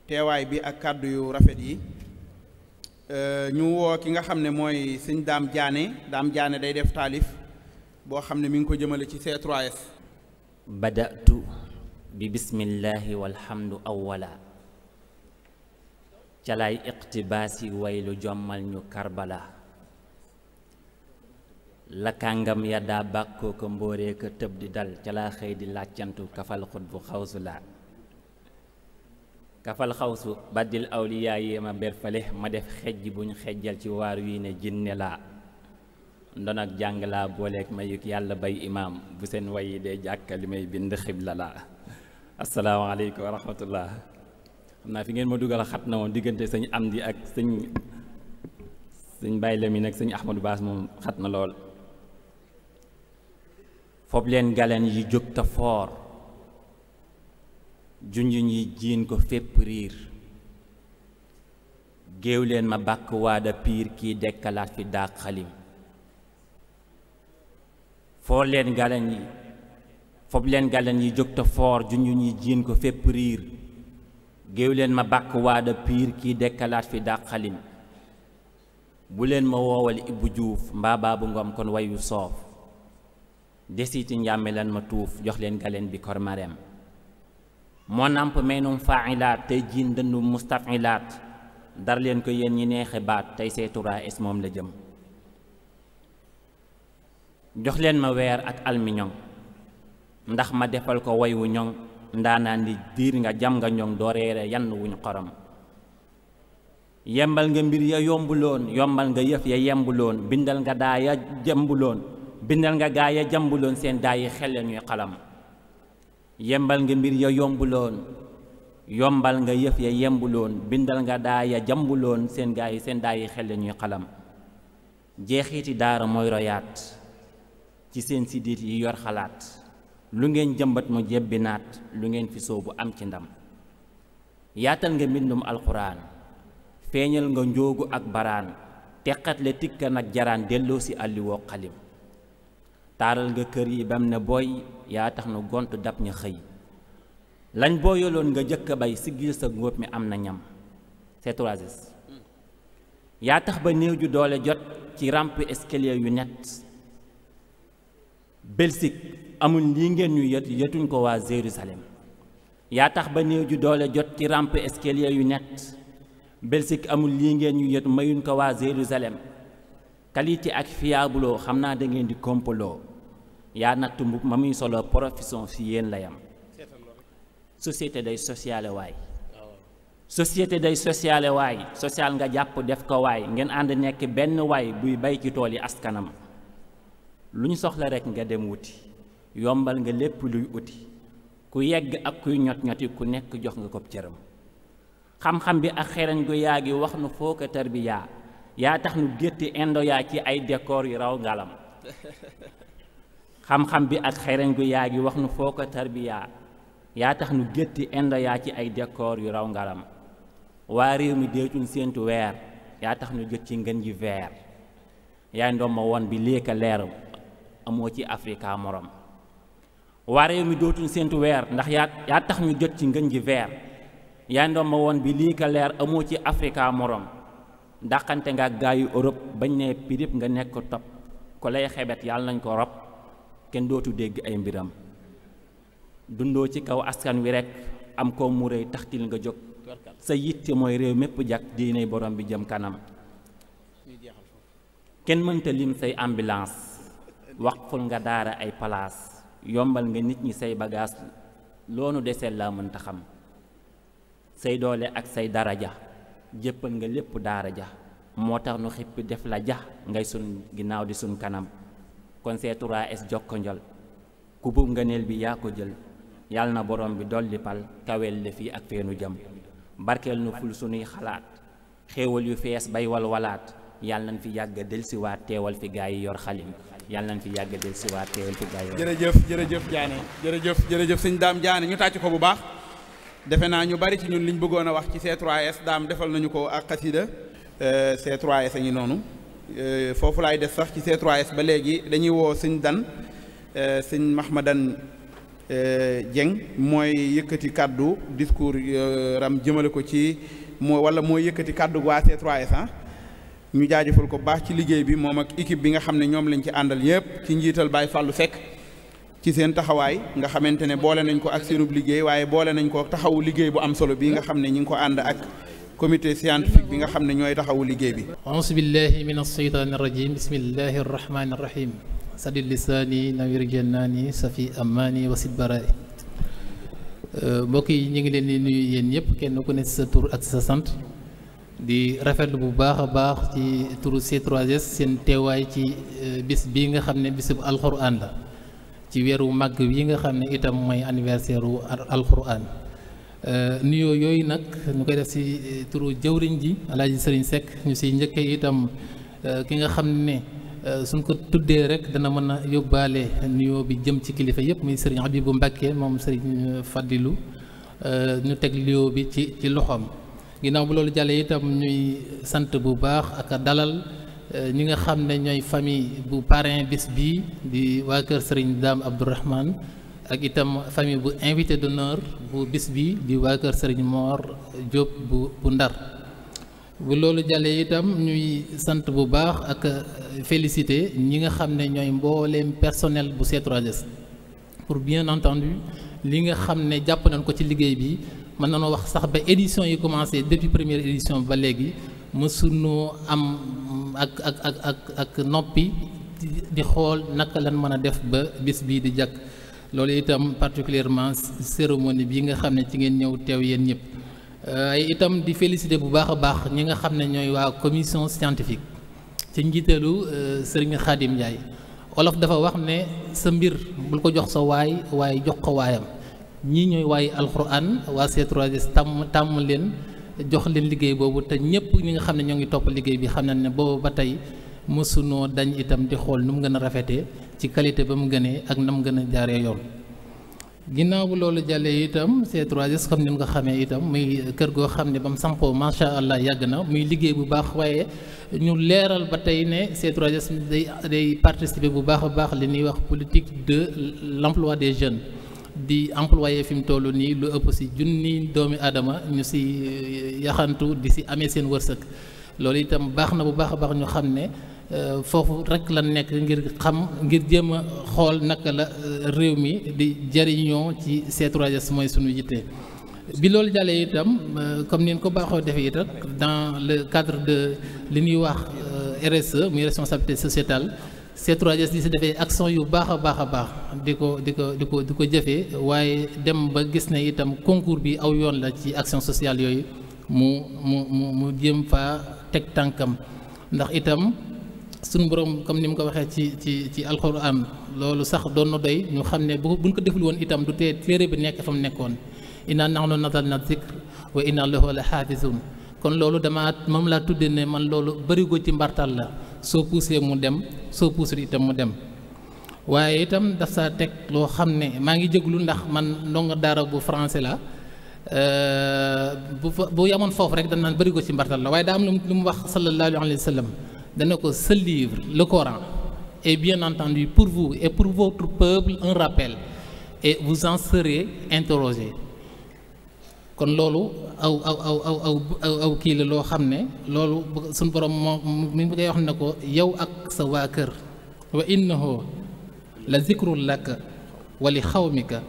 teewaay bi ak kàddu yu rafet yi euh, ñu ki nga xam ne mooy sëñ Daam Diané Daam jaane day def taalif. boo xam ne mi ngi ko jëmale ci C3S
badatu bi bismillahi walhamdu awwala calaay iqtibaasi waylu jommal ñu karbala la kàngam ya daa bàkkoo ko mbóoree ko tëb di dal calaa xëy di làccantu kafal xut bu xawsu laa kafal xawsu baddil awliyaa yéema berfale ma def xejj buñ xejjal ci waar wii ne jinne laa ndonak jàng laa booleeg mayuk yàlla bay imaam bu seen wayi dee jàkka li may bind xibla laa asalaamaaleykum wa rahmatullah xam naa fi ngeen ma dugal xat na woon diggante sëñ Amdi ak sëñ sëñ Baye Lamine ak sëñ Ahmadou Baas moom xat na lool fob leen galeen yi jóg te foor junjuñ yi jiin ko fépp riir géew leen ma bàkk waada piir kii dekkalaat fi daaq xalim fool leen galen yi fob leen galen yi jóg te ju junju ñi jiin ko fépp riir géew leen ma bàkk waada piir kii dekkalaat fi dàqalin bu leen ma woowal ibbu juuf mbaa baabu ngom kon wayu soof desiti njàmme lan ma tuuf jox leen galeen bi kor mareem moo nàmp meenum faaxilaat tey jiin dëndu mustafilaat dar leen ko yéen ñi neexe baat tey seeturaa es moom la jëm jox leen ma weer ak almiñoŋ ndax ma defal ko way wu ñoŋ ndaanaan di diir nga jam nga ñoŋ doo reere yann wuñ xorom yembal nga mbir ya yombuloon yombal nga yëf ya yembuloon bindal nga daa ya jëmbuloon bindal nga gaa ya seen daa xel ya xalam yembal nga mbir ya yombuloon yombal nga yëf ya yembuloon bindal nga daa ya seen gaa yi seen daa yi xel ya ñuy xalam jeexiiti daara mooy royaat ci seen siddiit yi yor xalaat lu ngeen jëmbat mu jebbi naat lu ngeen fi soobu am ci ndam yaatal nga mbindum alxuraan feeñal nga njoogu ak baraan teqatle tikkan nag jaraan delloo si àlliwoo xalim taaral nga kër yi bam ne booy yaa tax nu gont dab ña xëy lañ boo booyaloon nga jëkk bay siggil sa ngóob mi am na ñam c'est hmm. yaa tax ba néew ju doole jot ci rampe escalier yu net Belgique amul lii ngeen ñu yet yetuñ ko waa Jérusalem yaa tax ba néew ju doole jot ci rampe escalier yu net Belgique amul lii ngeen ñu yet mayuñ ko waa Jérusalem qualité ak fiabuloo xam naa da ngeen di kompaloo yaa natt mbub ma muy solo profession fi yéen la yam société day sociale waay société day sociale waay social nga jàpp def ko waay ngeen ànd nekk benn waay buy bay ci tool yi askanam lu ñu soxla rekk nga dem wuti yombal nga lépp luy wuti ku yegg ak kuy ñot ñoti ku nekk jox nga ko cëram xam-xam bi ak xereñ gu yaa gi wax nu foo ko tarbiyaa yaa tax nu gétti indo ci ay décor yu raw ngalam bi ak xereñ gu yaa gi wax nu foo ko yaa tax nu gétti indo ci ay décor yu raw ngalam waa réew mi deetul séentu weer yaa tax nu jot ci ngën ji veer yaay ndoom ma woon bi léeka leeram moo ci Afrika moroom waa réew mi dootuñ séentu weer ndax yaa yaa tax ñu jot ci ngën ji weer yaa ma woon bi lii ko leer amoo ci Afrika moroom dàqante nga gaayu Europe bañ ne pirip nga nekk topp ko lay xebet yàlla nañ ko rob kenn dootu dégg ay mbiram dundoo ci kaw askan wi rek am ko mu rëy taxtil nga jóg sa yitte mooy réew mépp jàkk diinay borom bi jëm kanam kenn mënta lim say ambulance wax waqful nga daara ay palaas yombal nga nit ñi say bagaas loonu deseel laa mënta xam say doole ak say dara ja jëppal nga lépp daara ja moo tax nu xippi def la ja ngay sun ginnaaw di suñ kanam kon seetura es jokkonjol ku bub nga neel bi yaa ko jël yàlla na borom bi dolli pal kawel la fii ak feenu jëm barkeel nu ful sunuy xalaat xéewal yu fees bay wal walaat yàlla nañ fi yàgg delsiwaat teewal fi gaa yi yor xalim yàlla nañ fi yàgg del si jërëjëf jërëjëf
Diané jërëjëf jërëjëf sëñ Dame Diané ñu tàcc ko bu baax defe naa ñu bari ci ñun liñ bëggoon a wax ci c 3 daam defal nañu ko ak xasida euh, C3S a ngi noonu euh, foofu laay def sax ci c 3 ba léegi dañuy woo sëñ Dan euh, sëñ Mahmadan Dieng mooy yëkkati kàddu discours ram jëmale ko ci moo wala mooy yëkkati kàddu waa C3S ah ñu jaajëfal ko baax ci liggéey bi moom ak équipe bi nga xam ne ñoom lañ ci àndal yëpp ci njiital Baye Fallou fekk ci seen taxawaay nga xamante ne boole nañ ko ak seenub liggéey waaye boole nañ ko taxawu liggéey bu am solo bi nga xam ne ñi ngi ko ànd ak comité scientifique bi nga xam ne ñooy taxawu liggéey bi
aousu billahi min alsheytaani irrajim bismillahi arrahmani irrahim sadid lisaani nawir jannaani safi amaani wasid baraay mbokk yi ñu ngi leen di nuyu yéen ñëpp kenn ku ne sa tur ak sa sant di rafetlu bu baax a baax ci turu c 3 seen teewaay ci euh, bis bii nga xam ne bisub alxuraan la ci weeru màgg wi nga xam ne itam mooy anniversaire wu alxuraan euh, nuyoo yooyu nag ñu koy def si euh, turu jëwriñ ji alaaji sëriñ Seck ñu si njëkkee itam ki nga xam ne suñ ko tuddee rek dana mën a yóbbaale nuyoo bi jëm ci kilifa yëpp muy sëriñ bu Mbacke moom sëriñ Fadilou ñu teg liyoo bi ci ci loxoom ginnaaw bu loolu jàllee itam ñuy sant bu baax ak dalal eh, ñi nga xam ne ñooy famille bu parrain bis bi di waa kër Serigne Dame Abdourahmane ak itam famille bu invité d'honneur bu bis bi di waa kër Serigne Mor Diop bu bu Ndar bu loolu jàllee itam ñuy sant bu baax ak eh, félicité ñi nga xam ne ñooy mbooleem personnel bu c 3 pour bien entendu li nga xam ne jàpp nañ ko ci liggéey bi na nañoo wax sax ba édition yi commencé depuis première édition ba léegi mësuñu am ak ak ak ak ak noppi di xool naka lan mën a def ba bis bii di jàkk loolu itam particulièrement cérémonie bi nga xam ne ci ngeen ñëw teew yéen ñëpp euh, ay itam di félicité bu baax a baax ñi nga xam ne ñooy waa commission scientifique ci njiiteelu euh, Serigne Khadim Ndiaye olof dafa wax ne sa mbir bul ko jox sa waay waaye jox ko waayam ñii ñooy waaye alxuraan waa C3S tàmm tàmm leen jox leen liggéey boobu te ñëpp ñi nga xam ne ñoo ngi topp liggéey bi xam nañ ne boobu ba tey mësunoo dañ itam di xool nu mu gën a rafetee ci qualité ba mu gënee ak na mu gën a jaaree yoon. ginnaaw bu loolu jàllee itam c 3 comme ni nga xamee itam muy kër goo xam ne ba mu sampoo macha allah yàgg na muy liggéey bu baax waaye ñu leeral ba tey ne C3S day day participer bu baax a baax li ñuy wax politique de des jeunes. di employé fi mu toll nii lu ëpp si junni doomi aadama ñu si euh, yaxantu di si amee seen wërsëg loolu itam baax na bu baax a baax ñu xam ne euh, foofu rek la nekk ngir xam ngir jéem a xool naka la euh, réew mi di jëriñoo ci C3S mooy suñu yitte bi loolu jàllee itam comme ni ko baaxoo defee itam dans le cadre de li nuy wax RSE muy responsabilité sociétale C3S di si defee action yu baax a baax a baax di ko di ko di ko di ko jëfee waaye dem ba gis ne itam concours bi aw yoon la ci action sociale yooyu mu mu mu jëm fa teg tànkam ndax itam suñ borom comme ni mu ko waxee ci ci ci alxuraan loolu sax doon nu doy ñu xam ne bu buñ ko deful woon itam du tee téere bi nekk fa mu nekkoon inna nahnu nazzalna zikr wa inna lahu la xaafisuun kon loolu dama moom laa tudde ne man loolu bërigo ci mbartal la soo poussé mu dem soo poussé itam mu dem waaye itam daf saa teg loo xam ne maa ngi jéglu ndax man ndongo dara bu français la bu bu yamoon foofu rek danaan bëri ko ci mbartal la waaye daa am lu mu wax sallallahu alayhi wa sallam dana ko ce livre le Coran est bien entendu pour vous et pour votre peuple un rappel et vous en serez interrogés kon loolu aw aw aw aw aw kii la loo xam ne loolu suñ borom moo mi ngi wax na ko yow ak sa waa kër wa innahu la zikru laka wa li xawmika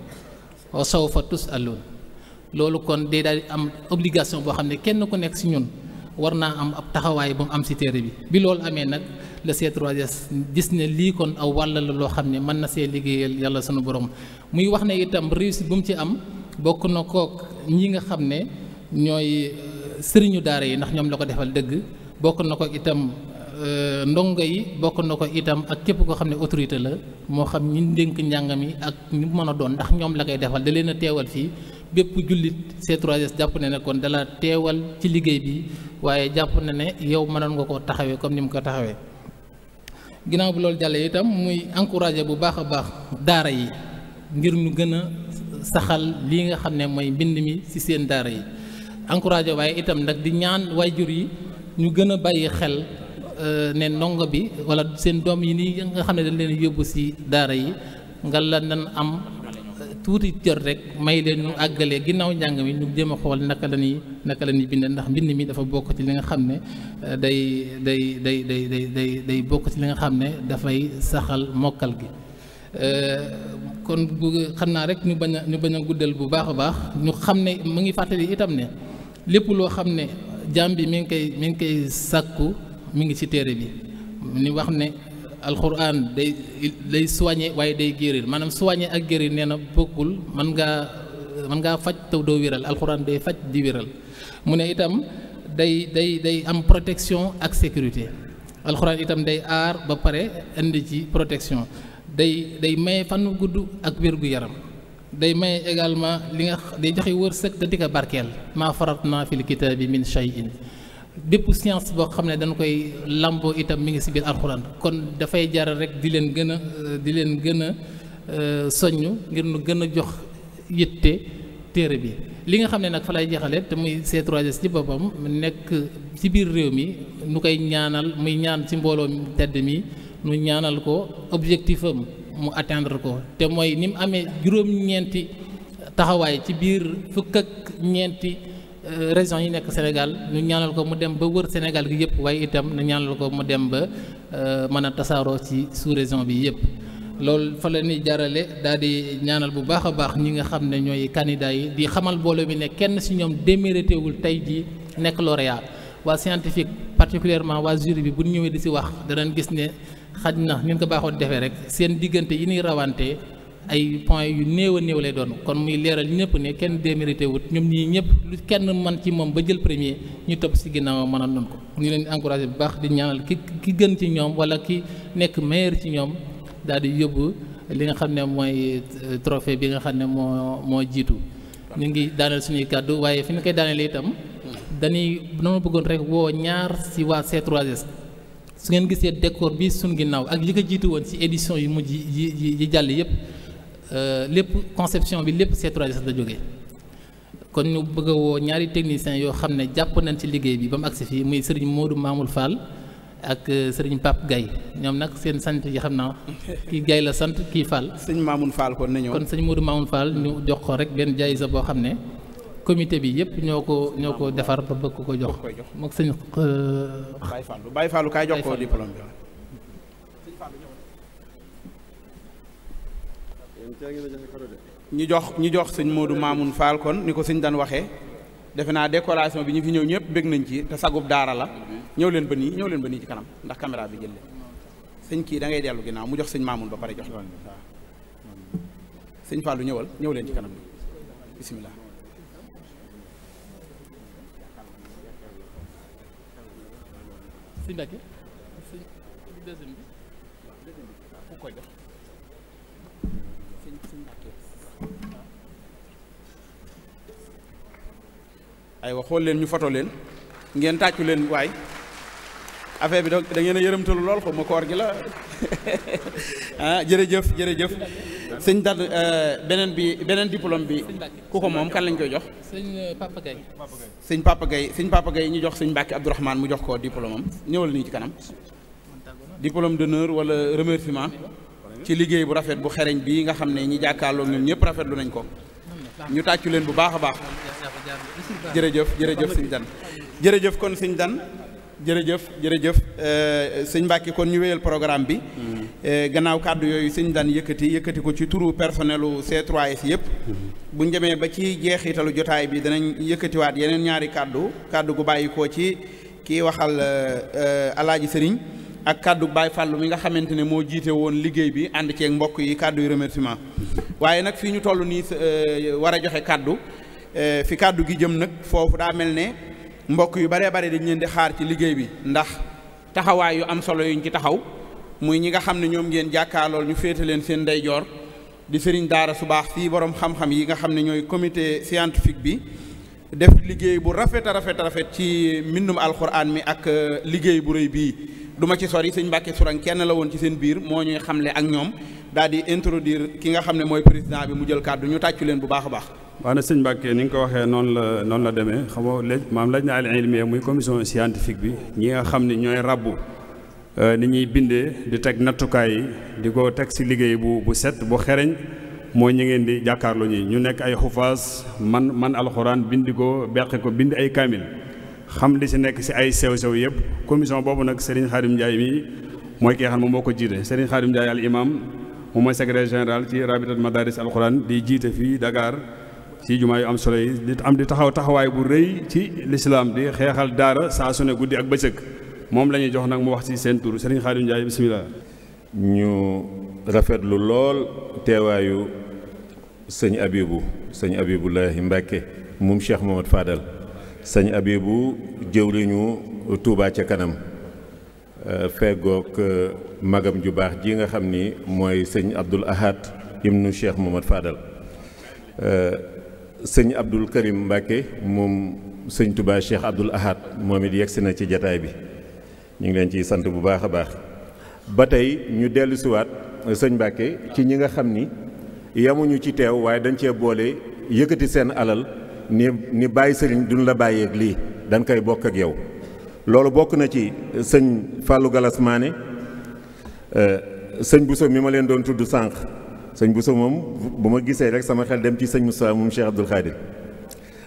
wa sawfa tusalun loolu kon de daal di am obligation boo xam ne kenn ku nekk si ñun war naa am ab taxawaay bu mu am si téere bi bi loolu amee nag la c 3 gis ne lii kon aw wàll la loo xam ne mën na see liggéeyal yàlla sunu borom muy wax ne itam réussite bu mu ci am bokk na kook ñi nga xam ne ñooy euh, sëriñu daara yi ndax ñoom la ko defal dëgg bokk na ko itam euh, ndongo yi bokk na ko itam ak képp koo xam ne autorité la moo xam ñi ndénk njàng mi ak ñu mën a doon ndax ñoom la koy defal da leen a teewal fii bépp jullit C3S jàpp na ne kon dala teewal ci liggéey bi waaye jàpp na ne yow mënoon nga koo taxawee comme ni mu ko taxawee ginnaaw bi loolu jàllee itam muy encouragé bu baax a baax daara yi ngir ñu gën saxal lii nga xam ne mooy mbind mi ci seen daara yi encouragé waaye itam nag di ñaan waajur yi ñu gën a bàyyi xel euh, ne ndongo bi wala seen doom yi nii nga xam ne dañ leen yóbbu ci daara yi nga la nan am euh, tuuti jot rek may leen àggalee ginnaaw njàng mi ñu jéem a xool naka la naka la ñuy bind ndax mbind mi dafa bokk ci li nga xam ne euh, day day day day day day bokk ci li nga xam ne dafay saxal mokkal gi kon xam naa rek ñu bañ ñu bañ a guddal bu baax a baax ñu xam ne mu ngi fàttali itam ne lépp loo xam ne jaam bi mi ngi koy mi ngi koy sàkku mu ngi ci téere bi ni wax ne alxuraan day day soigné waaye day guérir maanaam soigné ak guérir nee na bokkul man ngaa mën ngaa faj taw doo wéral alxuraan day faj di wéral mu ne itam day day day am protection ak sécurité alxuraan itam day aar ba pare indi ci protection day day maye fan gudd ak wér-gu-yaram day maye également li nga day joxe wërsëg te di ko barkeel maa farat naa fil kitaabi min shay'in bépp science boo xam ne dañ koy lamboo itam mi ngi si biir alxuraan kon dafay jaral rek di leen gën a di leen gën a euh, soññ ngir nu gën a jox yitte téere bi li nga xam ne nag fa lay jeexale te muy c 3 ci boppam nekk ci biir réew mi nu koy ñaanal muy ñaan ci mbooloo tedd mi nu ñaanal ko objectif am mu attendre ko te mooy ni mu amee juróom-ñeenti taxawaay ci biir fukk ak ñeenti euh, région yi nekk Sénégal nu ñaanal ko mu dem ba wër Sénégal gi yëpp waaye itam nu ñaanal ko mu dem ba euh, mën a tasaaroo ci sous-région bi yëpp loolu fa la ñuy jarale daal di ñaanal bu baax a baax ñi nga xam ne ñooy candidat yi di xamal mbooloo mi ne kenn si ñoom démérité wul tey jii nekk lauréat waa scientifique particulièrement waa jury bi bu ñëwee di si wax gis ne xaj na ni ko baaxoon defee rek seen diggante yi ñuy rawante ay point yu néew a néew lay doon kon muy leeral ñëpp ne kenn démérité wut ñoom ñii ñëpp lu kenn man ci moom ba jël premier ñu topp si ginnaaw mën a noonu ko ñu leen encouragé bu baax di ñaanal ki ki gën ñoom wala ki nekk meilleur ci ñoom daal di yóbbu li nga xam ne mooy euh, trophée bi nga xam ne moo moo jiitu ñu ngi daaneel suñuy kàddu waaye fi ñu koy daaneel itam dañuy dama bëggoon rek woo ñaar si waa c su ngeen gisee décor bi suñ ginnaaw ak li ko jiitu woon ci édition yu mujj yi yi yi jàll yëpp euh, lépp conception bi lépp C3S la jógee kon ñu bëgg a woo ñaari techniciens yoo xam ne jàpp nañ ci liggéey bi ba mu agsi fii muy sëriñ moodu Mamoul Fall ak euh, sëriñ Pape Gaye ñoom nag seen sant yi xam naa kii Gaye la sant kii Fall. sëñ Mamoul Fall kon nañoo. kon sëñ Modou Mamoul Fall ñu jox ko rek benn jaay sa boo xam ne. comité bi yépp ñoo ko ñoo ko defar ba bëgg ko jox mook sëñ euh, Baye Fallou Baye Fallou kaay jox ko diplôme
bi
ñu jox ñu jox sëñ Modou Mamoun Fall kon ni ko sëñ daan waxee defe naa décoration bi ñu fi ñëw ñëpp bëgg nañ ci te sagub daara la ñëw leen ba nii ñëw leen ba nii ci kanam ndax caméra bi jël leen sëñ kii dangay ngay dellu ginnaaw mu jox sëñ maamun ba pare jox sëñ Fallou ñëwal ñëw leen ci kanam bi
si Mbacke si deuxième
aywa xool leen ñu foto leen ngeen tàccu leen waay affaire bi donc da ngeen a yërëmtalu lool xaw ma koor gi la ah jërëjëf jërëjëf sëñ Dad euh, beneen bi beneen diplôme bi ku ko moom kan lañ koy jox.
sëñ euh, Papa Gueye.
sëñ Papa Gueye sëñ Papa ñu jox sëñ Mbacke Abdourahmane mu jox ko diplôme ñëwal nii ci kanam diplôme d'honneur wala remerciement ci liggéey bu rafet bu xereñ bi nga xam ne ñi jàkkaarloo ñun ñëpp rafetlu nañ ko. ñu tàccu leen bu baax a baax. jërëjëf jërëjëf sëñ Dan jërëjëf kon sëñ Dan. jërëjëf jërëjëf euh, sëñ Mbacke kon ñu wéyal programme bi. Mm-hmm. Euh, gannaaw kàddu yooyu sëñ daan yëkkati yëkkati ko ci turu personnelu c yëpp. bu ñu demee ba ci jeexitalu jotaay bi danañ yëkkatiwaat yeneen ñaari kàddu kàddu gu bàyyikoo ci kii waxal euh, alaaji sëriñ ak kàddu Baye fàll mi nga xamante ne moo jiite woon liggéey bi ànd ceeg mbokk yi kàddu yu remerciement mm-hmm. waaye nag fii ñu toll nii war a joxe kàddu fi kàddu gi jëm nag foofu daa mel ne. mbokk yu baree bare dañ leen di xaar ci liggéey bi ndax taxawaay yu am solo yuñ ci taxaw muy ñi nga xam ne ñoom ngeen jàkkaarlool ñu féete leen seen ndeyjoor di sëriñ daara su baax fii borom xam-xam yi nga xam ne ñooy comité scientifique bi def liggéey bu rafet a rafet rafet ci mbindum alxuraan mi ak euh, liggéey bu rëy bii du ma ci sori sëñ Mbàkke Sourang kenn la woon ci seen biir moo ñuy xamle ak ñoom daal di introduire ki nga xam ne mooy président bi mu jël kàddu ñu tàccu leen bu baax a baax.
waa na sëñ Mbàkke ni nga ko waxee noonu la noonu la demee xam nga léegi maam lañ na al ilmiya muy commission scientifique bi ñi nga xam ne ñooy ràbbu euh, ni ñuy bindee di teg nattukaay yi di ko teg ci liggéey bu bu set bu xereñ mooy ñu ngeen di jàkkaarloo ñi ñu nekk ay xufaas man man alxuraan bindi ko beqe ko bind ay kaamil xam li si nekk si ay sew-sew yëpp commission boobu nag Serigne Khadim Ndiaye mi mooy kii xam moom moo ko jiite Serigne Khadim Ndiaye al imam moom mooy secrétaire général ci rabitat madaris alxuraan di jiite fii Dakar ci jumaa yu am solo yi di am di taxaw taxawaay bu rëy ci lislaam di xeexal daara saa su guddi ak bëccëg moom la ñuy jox nag mu wax ci seen tur Serigne Khadim Ndiaye bisimilah.
ñu rafetlu lool teewaayu sëñ Abibu sëñ abibu Abibulahi Mbàkke moom Cheikh Mohamad Fadal sëñ Abibu ñu Tuubaa ca kanam euh, feggoog euh, magam ju baax ji nga xam ni mooy sëñ Abdul Ahad ibnu Cheikh Mohamad Fadal. Euh, sëñ Abdul Karim Mbàkke moom sëñ Touba Cheikh Abdul Ahad moom it yegsi na ci jataay bi ñu ngi leen ciy sant bu baax a baax ba tey ñu dellusiwaat sëñ Mbàkke ci ñi nga xam ni yamuñu ci teew waaye dañ cee boole yëkkati seen alal ni ni bàyyi sëriñ duñ la bàyyeeg lii dañ koy bokk ak yow loolu bokk na ci sëñ Fallou Galas Mané euh, sëñ Bousso mi ma leen doon tudd sànq sëñ bu sa moom bu ma gisee rek sama xel dem ci sëñ Moussa moom Cheikh Abdoul Khadir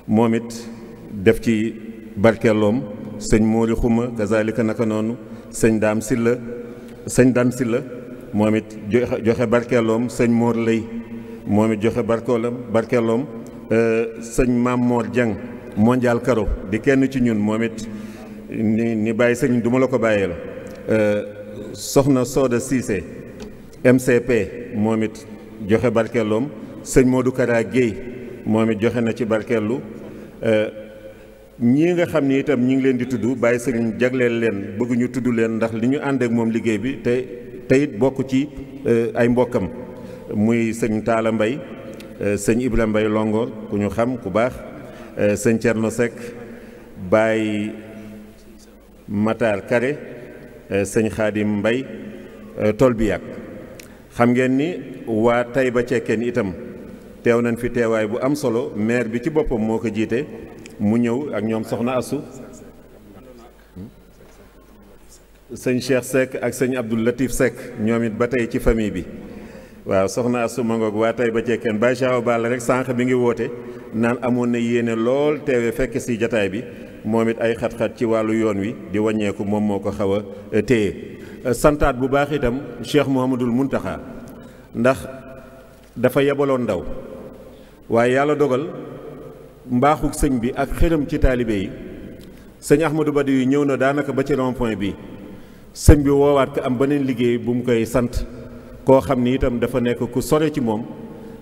moom it def ci barkelloom sëñ Mori Xuma kazalika naka noonu sëñ Daam Silla sëñ Daam Silla moom it joxe barkeeloom sëñ Mor Lay moom it joxe barkeeloom barkeeloom euh, sëñ Maam Mor Dieng mondial karo di kenn ci ñun moom it ni ni bàyyi sëñ duma la ko bàyyee la euh, soxna Soda Cissé MCP moom it joxe barkeeloom sëñ Modou karaa Guèye moom it joxe na ci barkeelu euh, ñii nga xam ni itam ñi ngi leen di tudd bàyyi sëñ jagleel leen bëgguñu tudd leen ndax li ñu àndeek moom liggéey bi te teyit bokk ci euh, ay mbokkam muy sëñ Talla Mbaye euh, sëñ Ibra Mbaye Longoor ku ñu xam ku baax sëñ Thierno Seck Baye Matar Kare sëñ Xaadim bi yàgg xam ngeen ni waa tey Taïba Cekkeen itam teew nañ fi teewaay bu am solo maire bi ci boppam moo ko jiite mu ñëw ak ñoom soxna Assu sëñ Cheikh Seck ak sëñ Abdou Latif Seck ñoom it ba tey ci famille bi waaw soxna Assu ma waa tey ba Cekkeen Baye Cheikh Balla rek sànq bi ngi woote naan amoon na yéene lool teewe fekk si jataay bi moom it ay xat-xat ci wàllu yoon wi di wàññeeku moom moo ko xaw a téye santaat bu baax itam Cheikh Mouhamadul Muntaxa ndax dafa yebaloon ndaw waaye yàlla dogal mbaaxuk sëñ bi ak xëram ci taalibe yi sëñ Ahmadou Badi yi ñëw na daanaka ba ci rond bi sëñ bi woowaat ko am beneen liggéey bu mu koy sant koo xam ni itam dafa nekk ku sore ci moom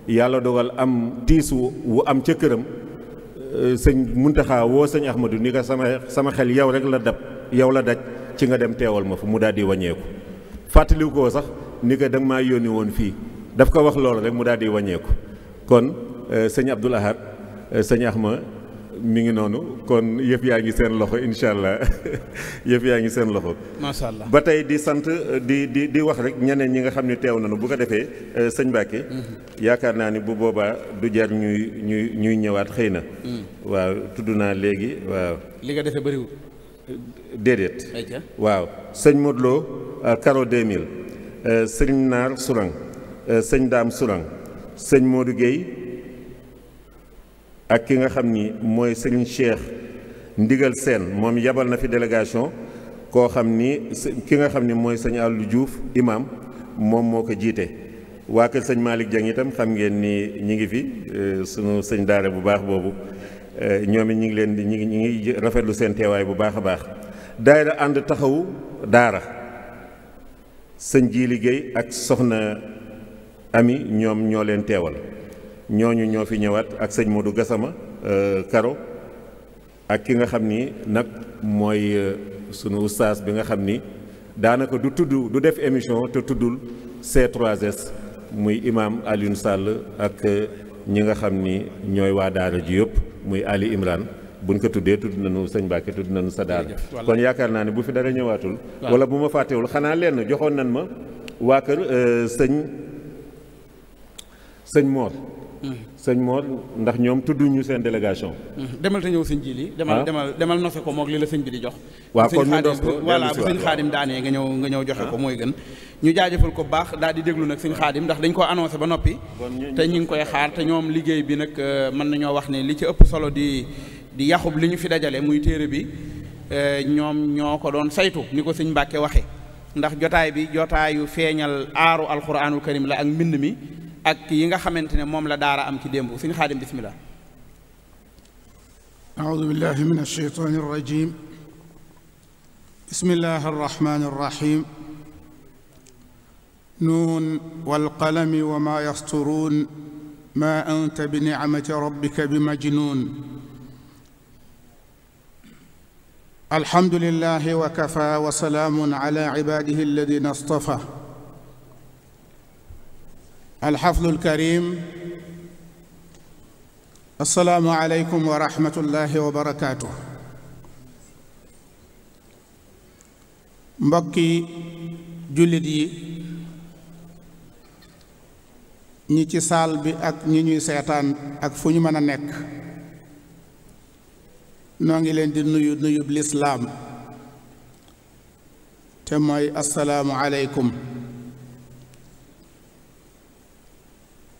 yàlla dogal am tiis wu am ca këram euh, sëñ Muntaxa woo sëñ Ahmadou ni ko sama sama xel yow rek la dab yow la daj ci nga dem teewal ma fa mu daal di wàññeeku fàttaliwu ko sax ni ko da nga maa yónni woon fii daf ko wax loolu rek mu daal di wàññeeku kon euh, sëñ Abdoul Ahad euh, sëñ Axma mi ngi noonu kon yëf yaa ngi seen loxo incha allah yëf yaa ngi seen loxo.
macha allah ba
tey di sant euh, di di di wax rek ñeneen ñi nga xam ne teew nañu bu ko defee sëñ Mbacke. Mm-hmm. yaakaar naa ni bu boobaa du jar ñuy ñuy ñuy ñëwaat xëy na. Mm. waaw tudd naa léegi waaw.
li nga defee bëriwul. déedéet.
waaw sëñ Modou euh, karo de 2000 sëñ Naar Sourang euh, sëñ Daam Sourang sëñ Modou Guèye ak ki nga xam ni mooy sëñ Cheikh Ndigal seen moom yabal na fi délégation koo xam ni ki nga xam ni mooy sëñ Aliou Diouf imam moom moo ko jiite. waa kër sëñ Malick Dieng itam xam ngeen nii ñi ngi fi euh, sunu sëñ daara bu baax boobu. Euh, ñoom it ñu ngi leen di ñu ngi ñu ngi rafetlu seen teewaay bu baax a baax daayira ànd taxawu daara sëñ ji liggéey ak soxna ami ñoom ñoo leen teewal ñooñu ñoo fi ñëwaat ak sëñ Modou Gassama euh, Karo ak ki nga xam ni nag mooy euh, sunu ustaas bi nga xam ni daanaka du tudd du def émission te tuddul c 3 muy imaam Alioune sàll ak ñi nga xam ni ñooy waa daara ji yëpp. muy Ali bu buñ ko tuddee tudd nu sëñ Mbàkke tudd nañu sa daara kon yaakaar naa ne bu fi dara ñëwaatul wala bu ma fàttewul xanaa lenn joxoon nan ma waa kër euh, sëñ sëñ Moor mm-hmm. sëñ Mor ndax ñoom ñu seen délégation. Mm-hmm.
demal te ñëw sëñ jii li ah. demal demal demal nose ko moog li la sëñ bi di jox. waa kon ñu doon ko voilà bu sëñ nga ñëw nga ñëw joxe ah. mooy gën. ñu jaajëfal ko bu baax daal di déglu nag sëñ xaadim ndax dañ ko annoncé ba noppi. te ñu ngi koy xaar te ñoom liggéey bi nag euh, mën nañoo wax ne li ci ëpp solo di di yaxub li ñu fi dajale muy téere bi euh, ñoom ñoo ko doon saytu ni ko sëñ Mbàkke waxee ndax jotaay bi jotaayu feeñal aaru alxuraanul karim la ak mbind mi ak yi nga xamante ne moom la daara am ci démb suñu xaadim bismillah
أعوذ بالله من الشيطان الرجيم بسم الله الرحمن الرحيم نون والقلم وما يسطرون ما أنت بنعمة ربك بمجنون الحمد لله وكفى وسلام على عباده الذين اصطفى alxafdul karim assalaamu aleykum wa rahmatullahi wa barakaatu mbokki jullit yi ñi ci saal bi ak ñi ñuy seetaan ak fu ñu mën a nekk noo ngi leen di nuyu nuyub lislaam te mooy assalaamu aleykum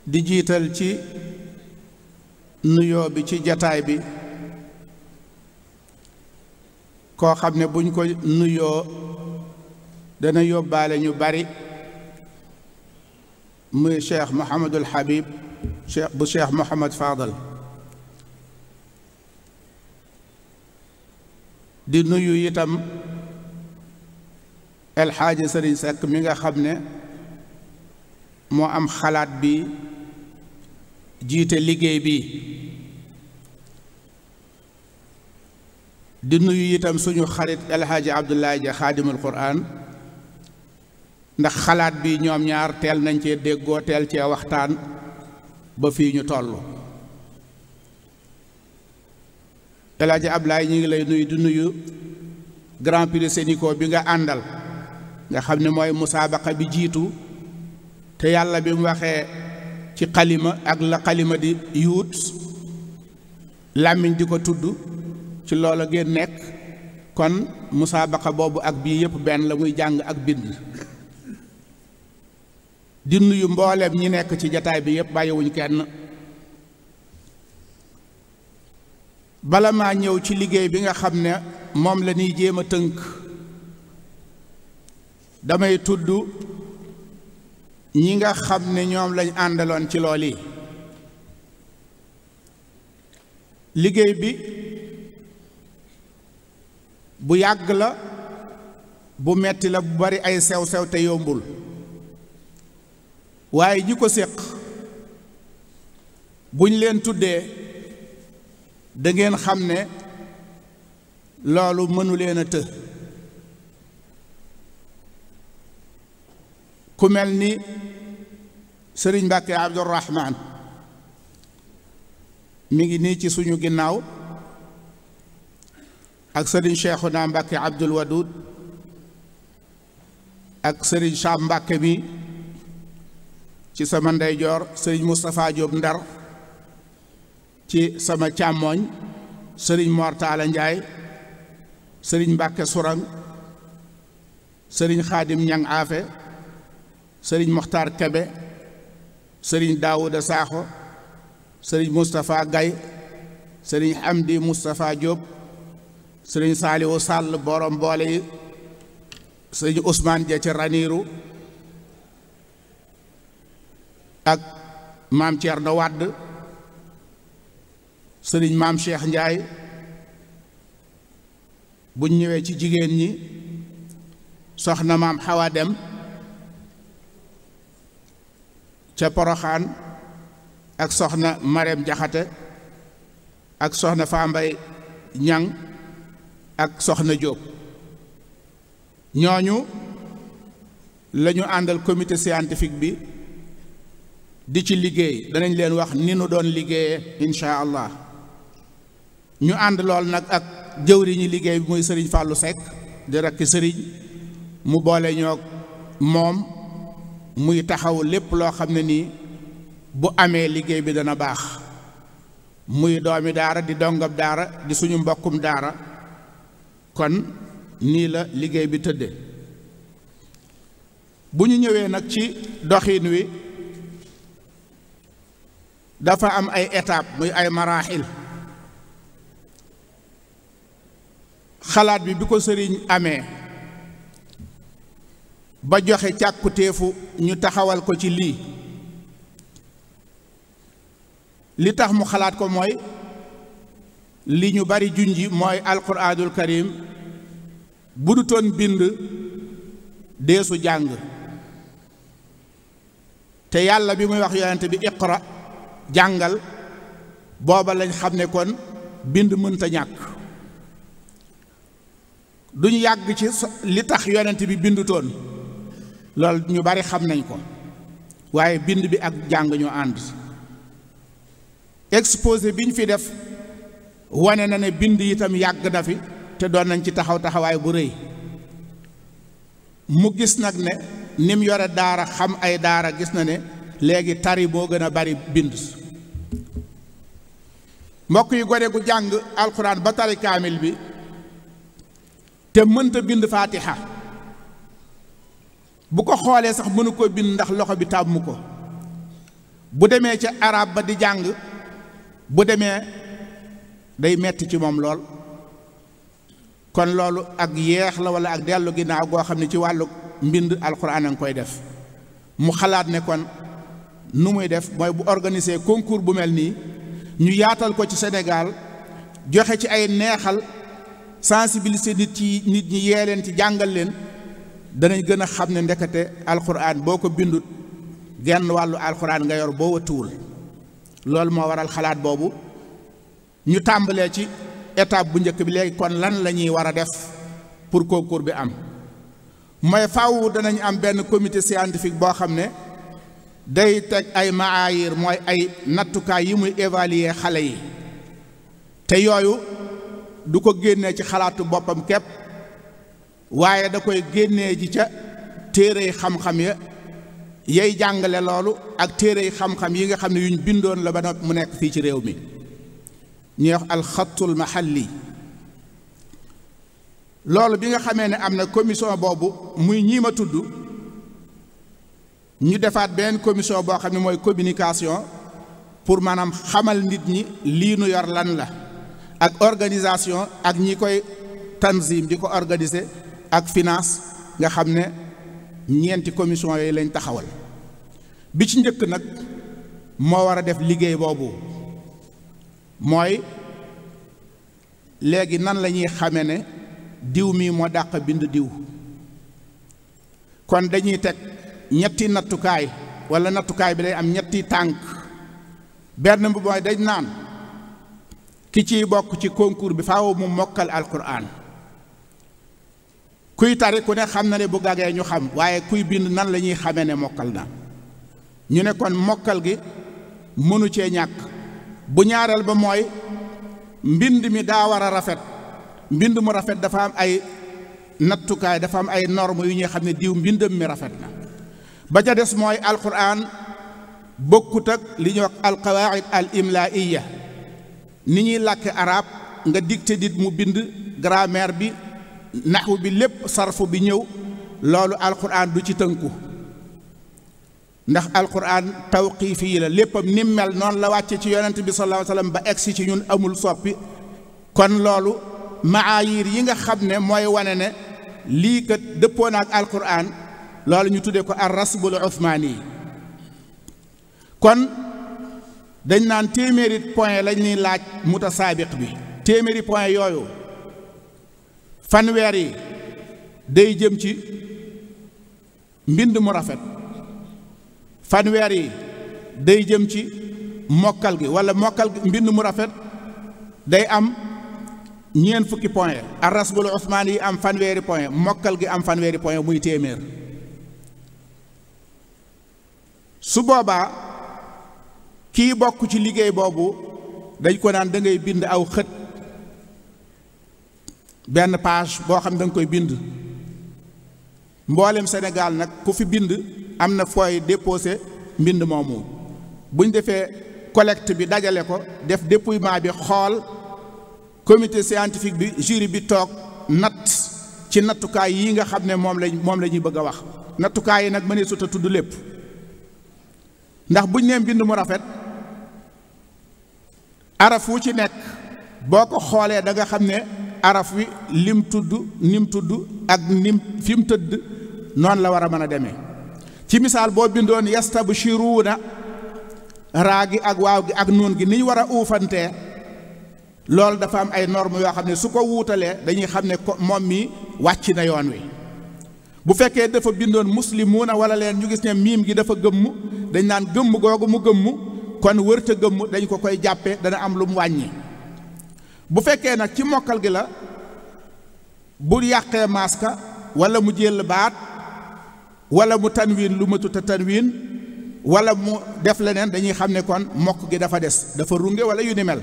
di jiital ci nuyoo bi ci jataay bi koo xam ne buñ ko nuyoo dana yóbbaale ñu bari muy cheikh Mouhamadul Habib cheikh bu cheikh Mouhamad Fadal di nuyu itam El Hadj Serigne mi nga xam ne moo am xalaat bi. jiite liggéey bi di nuyu itam suñu xarit alxaaji abdullahi ja xaadimul quraan ndax xalaat bi ñoom ñaar teel nañ cee déggoo teel cee waxtaan ba fii ñu toll alxaaji abdullahi ñu ngi lay nuyu di nuyu grand prix Sénico bi nga àndal nga xam ne mooy musaabaqa bi jiitu te yàlla bi waxee ci xalima ak la xalima di yuut làmmiñ di ko tudd ci loola ngeen nekk kon musaabaqa boobu ak bii yépp benn la muy jàng ak bind dind yu mbooleem ñi nekk ci jataay bi yépp bàyyiwuñ kenn bala maa ñëw ci liggéey bi nga xam ne moom la ñuy jéem a tënk damay tudd ñi nga xam ne ñoom lañ àndaloon ci lool yi liggéey bi bu yàgg la bu metti la bu bari ay sew-sew te yombul waaye ñi ko séq buñ leen tuddee da ngeen xam ne loolu mënu leen a të ku mel ni sëriñ Mbàkke Abdurahmaan mi ngi nii ci suñu ginnaaw ak sëriñ Cheikhuna Mbàkke Abdul Wadud ak sëriñ Sam Mbàkke mi ci sama ndeyjoor sëriñ Moustapha Diop Ndar ci sama càmmooñ sëriñ Mor Talla Ndiaye sëriñ Mbàkke Sourang sëriñ Xaadim Ñang sëriñ Mokhtar Kebe sëriñ Daouda Sakho sëriñ Moustapha Gaye sëriñ Amdi Moustapha Diop sëriñ Saliou Sall borom boole yi sëriñ Ousmane Dia ci Raniiru ak maam Thierno Wade sëriñ maam Cheikh Ndiaye buñ ñëwee ci jigéen ñi soxna maam Xawa Dem ca Poroxaan ak soxna Marème Jaxate ak soxna Faambay Ñang ak soxna Jóob ñooñu la ñu àndal comité scientifique bi di ci liggéey danañ leen wax ni nu doon liggéeye incha allah ñu ànd lool nag ak jëwriñu liggéey bi muy sëriñ Fàllu Sekk di rakki sëriñ mu boole ñoo moom muy taxaw lépp loo xam ne nii bu amee liggéey bi dana baax muy doomi daara di dongab daara di suñu mbokkum daara kon nii la liggéey bi tëdde bu ñu ñëwee nag ci doxin wi dafa am ay étape muy ay maraaxil xalaat bi bi ko sëriñ amee ba joxe càkkutéefu ñu taxawal ko ci lii li tax mu xalaat ko mooy li ñu bari junji mooy alquraanul karim bu du toon bind deesu jàng te yàlla bi muy wax yonente bi iqra jàngal booba lañ xam ne kon bind mënta ñàkk duñ yàgg ci li tax yonente bi bindutoon loolu ñu bari xam nañ ko waaye bind bi ak jàng ñu ànd exposé bi ñu fi def wane na ne bind yi itam yàgg na fi te doon nañ ci taxaw taxawaay bu rëy mu gis nag ne nim yore daara xam ay daara gis na ne léegi tari moo gën a bari bind mbokk yi gone gu jàng alxuraan ba tari kaamil bi te mënta bind faatiha bu ko xoolee sax mënu ko bind ndax loxo bi tàmmu ko bu demee ca araab ba di jàng bu demee day metti ci moom lool kon loolu ak yeex la wala ak dellu ginnaaw goo xam ne ci wàllu mbind alxuraan a koy def mu xalaat ne kon nu muy def mooy bu organiser concours bu mel nii ñu yaatal ko ci senegaal joxe ci ay neexal sensibiliser nit ci nit ñi yee leen ci jàngal leen danañ gën a xam ne ndekete alxuraan boo ko bindut genn wàllu alxuraan nga yor boo watuwul loolu moo waral xalaat boobu ñu tàmbalee ci étape bu njëkk bi léegi kon lan la ñuy war a def pour concours bi am mooy faaw danañ am benn comité scientifique boo xam ne day teg ay maayir mooy ay nattukaay yi muy évaluer xale yi te yooyu du ko génnee ci xalaatu boppam képp waaye da koy génnee ji ca téerey xam-xam ya yay jàngale loolu ak téerey xam-xam yi nga xam ne yuñ bindoon la ba noppi mu nekk fii ci réew mi ñuy wax alxatul mahalli loolu bi nga xamee ne am na commission boobu muy ñii ma tudd ñu defaat benn commission boo xam ne mooy communication pour maanaam xamal nit ñi lii nu yor lan la ak organisation ak ñi koy tanzim di ko organise ak finance nga xam ne ñeenti commission yooyu lañ taxawal bi ci njëkk nag moo war a def liggéey boobu mooy léegi nan la ñuy xame ne diw mii moo dàq bind diw kon dañuy teg ñetti nattukaay walla nattukaay bi day am ñetti tànk benn bi dañ naan ki ciy bokk ci concours bi faw mu mokkal alquran kuy tari ku ne xam na ne bu gàggee ñu xam waaye kuy bind nan la ñuy xamee ne mokkal na ñu ne kon mokkal gi mënu cee ñàkk bu ñaareel ba mooy mbind mi daa war a rafet mbind mu rafet dafa am ay nattukaay dafa am ay norme yu ñuy xam ne diw mbindam mi rafet na ba ca des mooy alquran bokkut ak li ñuy wax alqawaid al imlaiya ni ñuy làkke arab nga dicté dit mu bind grameer bi naxu bi lépp sarfu bi ñëw loolu alquran du ci tënku ndax alquran tawqiifi yi la léppam nim mel la wàcce ci yonent bi sallallahu alayhi wasallam ba egsi ci ñun amul soppi kon loolu maayir yi nga xam ne mooy wane ne lii kat dëppoo na ak alquran loolu ñu tuddee ko ar rasbul uthmaani yi kon dañ naan téeméeri point lañ ñuy laaj mutasaabiq bi téeméeri point yooyu fanweer yi day jëm ci mbind mu rafet fanweer yi day jëm ci mokkal gi wala mokkal gi mbind mu rafet day am ñeent fukki point arrasgul usmaan yi am fanweeri point mokkal gi am fanweeri point muy téeméer su boobaa kii bokk ci liggéey boobu dañ ko naan dangay bind aw xët benn page boo xam ne da koy bind mboolem Sénégal nag ku fi bind am na fooy déposé mbind moomu bu ñu defee collect bi dajale ko def dépouillement bi xool comité scientifique bi jury bi toog natt ci nattukaay yi nga xam ne moom lañ moom la ñuy bëgg a wax nattukaay yi nag mënee sut a tudd lépp ndax buñ nee bind mu rafet araf ci nekk boo ko xoolee da nga xam ne araf wi lim tudd nim tudd ak nim fi mu tëdd noonu la war a mën a demee ci misaal boo bindoon yastabshiruuna raa gi ak waaw gi ak nuun gi ni ñu war a uufantee loolu dafa am ay normes yoo xam ne su ko wuutalee dañuy xam ne ko moom mi wàcc na yoon wi bu fekkee dafa bindoon muslimuuna wala leen ñu gis ne miim gi dafa gëmm dañ naan gëmm googu mu gëmm kon wërta gëmm dañ ko koy jàppee dana am lu mu wàññi bu fekkee nag ci mokkal gi la bu yàqee maaska wala mu jël baat wala mu tanwiin lu matuta tanwiin wala mu def leneen dañuy xam ne kon mokk gi dafa des dafa runge wala yu ni mel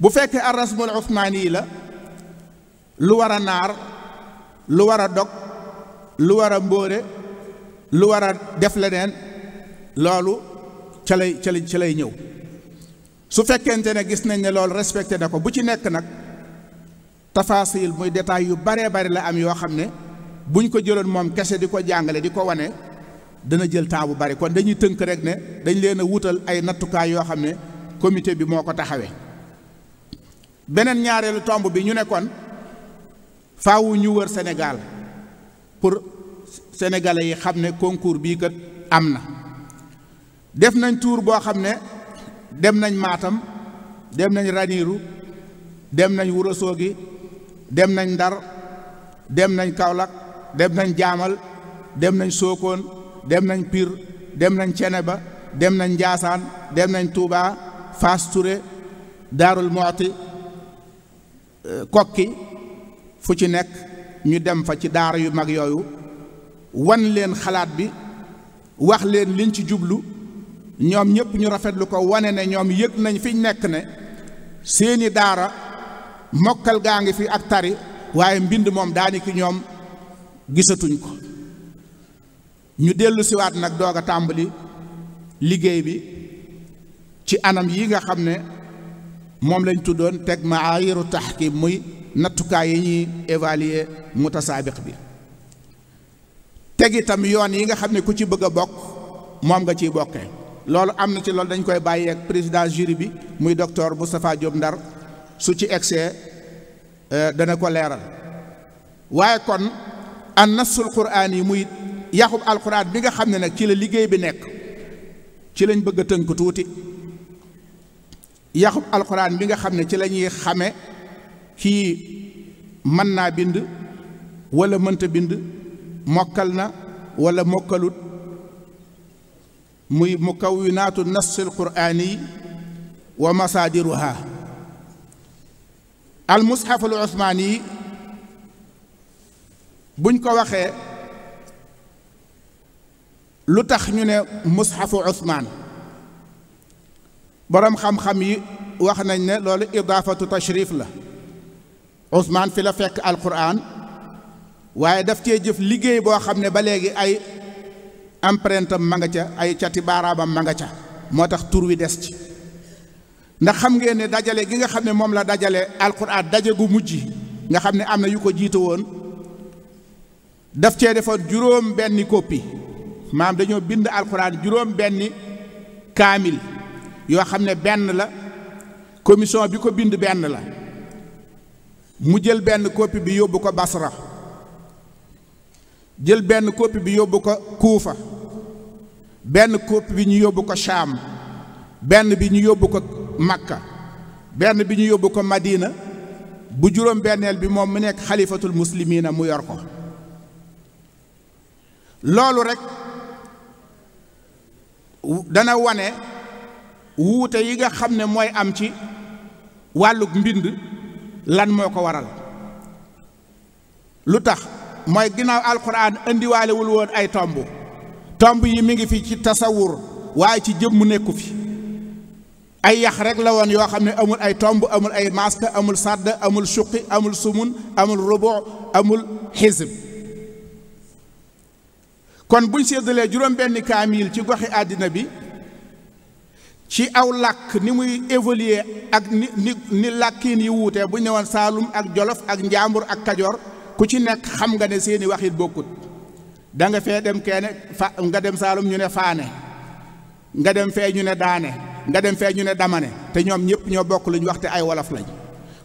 bu fekkee arrasmul usmaani yi la lu war a naar lu war a dog lu war a mbóore lu war a def leneen loolu ca lay ca lay ca lay ñëw su fekkente ne gis nañ ne loolu respecté na ko bu ci nekk nag tafasil muy détail yu baree bari la am yoo xam ne buñ ko jëloon moom kese di ko jàngale di ko wane dana jël temps bu bari kon dañuy tënk rek ne dañ leen a wutal ay nattukaay yoo xam ne comité bi moo ko taxawee beneen ñaareelu tomb bi ñu nekkoon kon ñu wër Sénégal pour sénégalais yi xam ne concours bii kat am na def nañ tour boo xam ne. dem nañ maatam dem nañ Rañiru dem nañ Wuro dem nañ Ndar dem nañ Kaolack dem nañ Jaamal dem nañ sookoon dem nañ piir dem nañ Ceneba dem nañ Njaasaan dem nañ Touba fasture Daarul Mooti kokki fu ci nekk ñu dem fa ci daara yu mag yooyu wan xalaat bi waxleen leen liñ ci jublu ñoom ñëpp ñu rafetlu ko wane ne ñoom yëg nañ fi nekk ne seeni daara mokkal gaa ngi fi ak tari waaye mbind moom daani ki ñoom gisatuñ ko ñu dellusiwaat nag doog a tàmbali liggéey bi ci anam yi nga xam ne moom lañ tuddoon teg maayiru ki muy nattukaay yi ñuy évaluer mutasaabiq bi teg itam yoon yi nga xam ne ku ci bëgg a bokk moom nga ci bokkee loolu am na ci loolu dañ koy bàyyi ak président jury bi muy docteur Moustapha Diop Ndar su ci egsee euh, dana ko leeral waaye kon an nasul quraan yi muy yaxub alquran bi nga xam ne nag ci la liggéey bi nekk ci lañ bëgg a tënk tuuti yaxub alxuraan bi nga xam ne ci lañuy xame kii mën naa bind wala mënta bind mokkal na wala mokkalut muy nas nassil quraani wa masaadiruha al musxaf al usmaan yi buñ ko waxee lu tax ñu ne musxafu usmaan boroom xam-xam yi wax nañ ne loolu idaafatu tashrif la usmaan fi la fekk al quraan waaye daf cee jëf liggéey boo xam ne ba léegi ay empreinte am ma ca ay cati baaraamam ma ca moo tax tur wi des ci ndax xam ngeen ne dajale gi nga xam ne moom la dajale alquran daje gu mujj nga xam ne am na yu ko jiite woon daf cee defoon juróom benni dañoo bind alquran juróom kaamil yoo xam ne benn la commission bi ko bind benn la mu jël benn copie bi yóbbu ko Basra jël benn copie bi yóbbu ko Kuufa benn copie bi ñu yóbbu ko Shaam benn bi ñu yóbbu ko Makka benn bi ñu yóbbu ko Madina bu juróom benneel bi moom mu nekk xalifatul muslimina mu yor ko loolu rekk dana wane wuute yi nga xam ne mooy am ci wàlluk mbind lan moo ko waral lu tax mooy ginnaaw alxuraan indiwaalewul woon ay tomb tomb yi mi ngi fi ci tasawur waaye ci jëm mu nekku fi ay yax rek la woon yoo xam ne amul ay tomb amul ay masque amul sàdd amul suqi amul sumun amul rubu amul xisb kon buñ séddalee juróom benn kaamil ci goxi àddina bi ci aw làkk ni muy évoluer ak ni ni ni làkkiin yi wuute bu ñu saalum ak jolof ak njaambur ak kajoor ku ci nekk xam nga ne seeni waxit bokkut da nga fee dem keene fa nga dem Saalum ñu ne faane nga dem fee ñu ne daane nga dem fee ñu ne damane te ñoom ñëpp ñoo bokk lu ñu waxte ay wolof lañ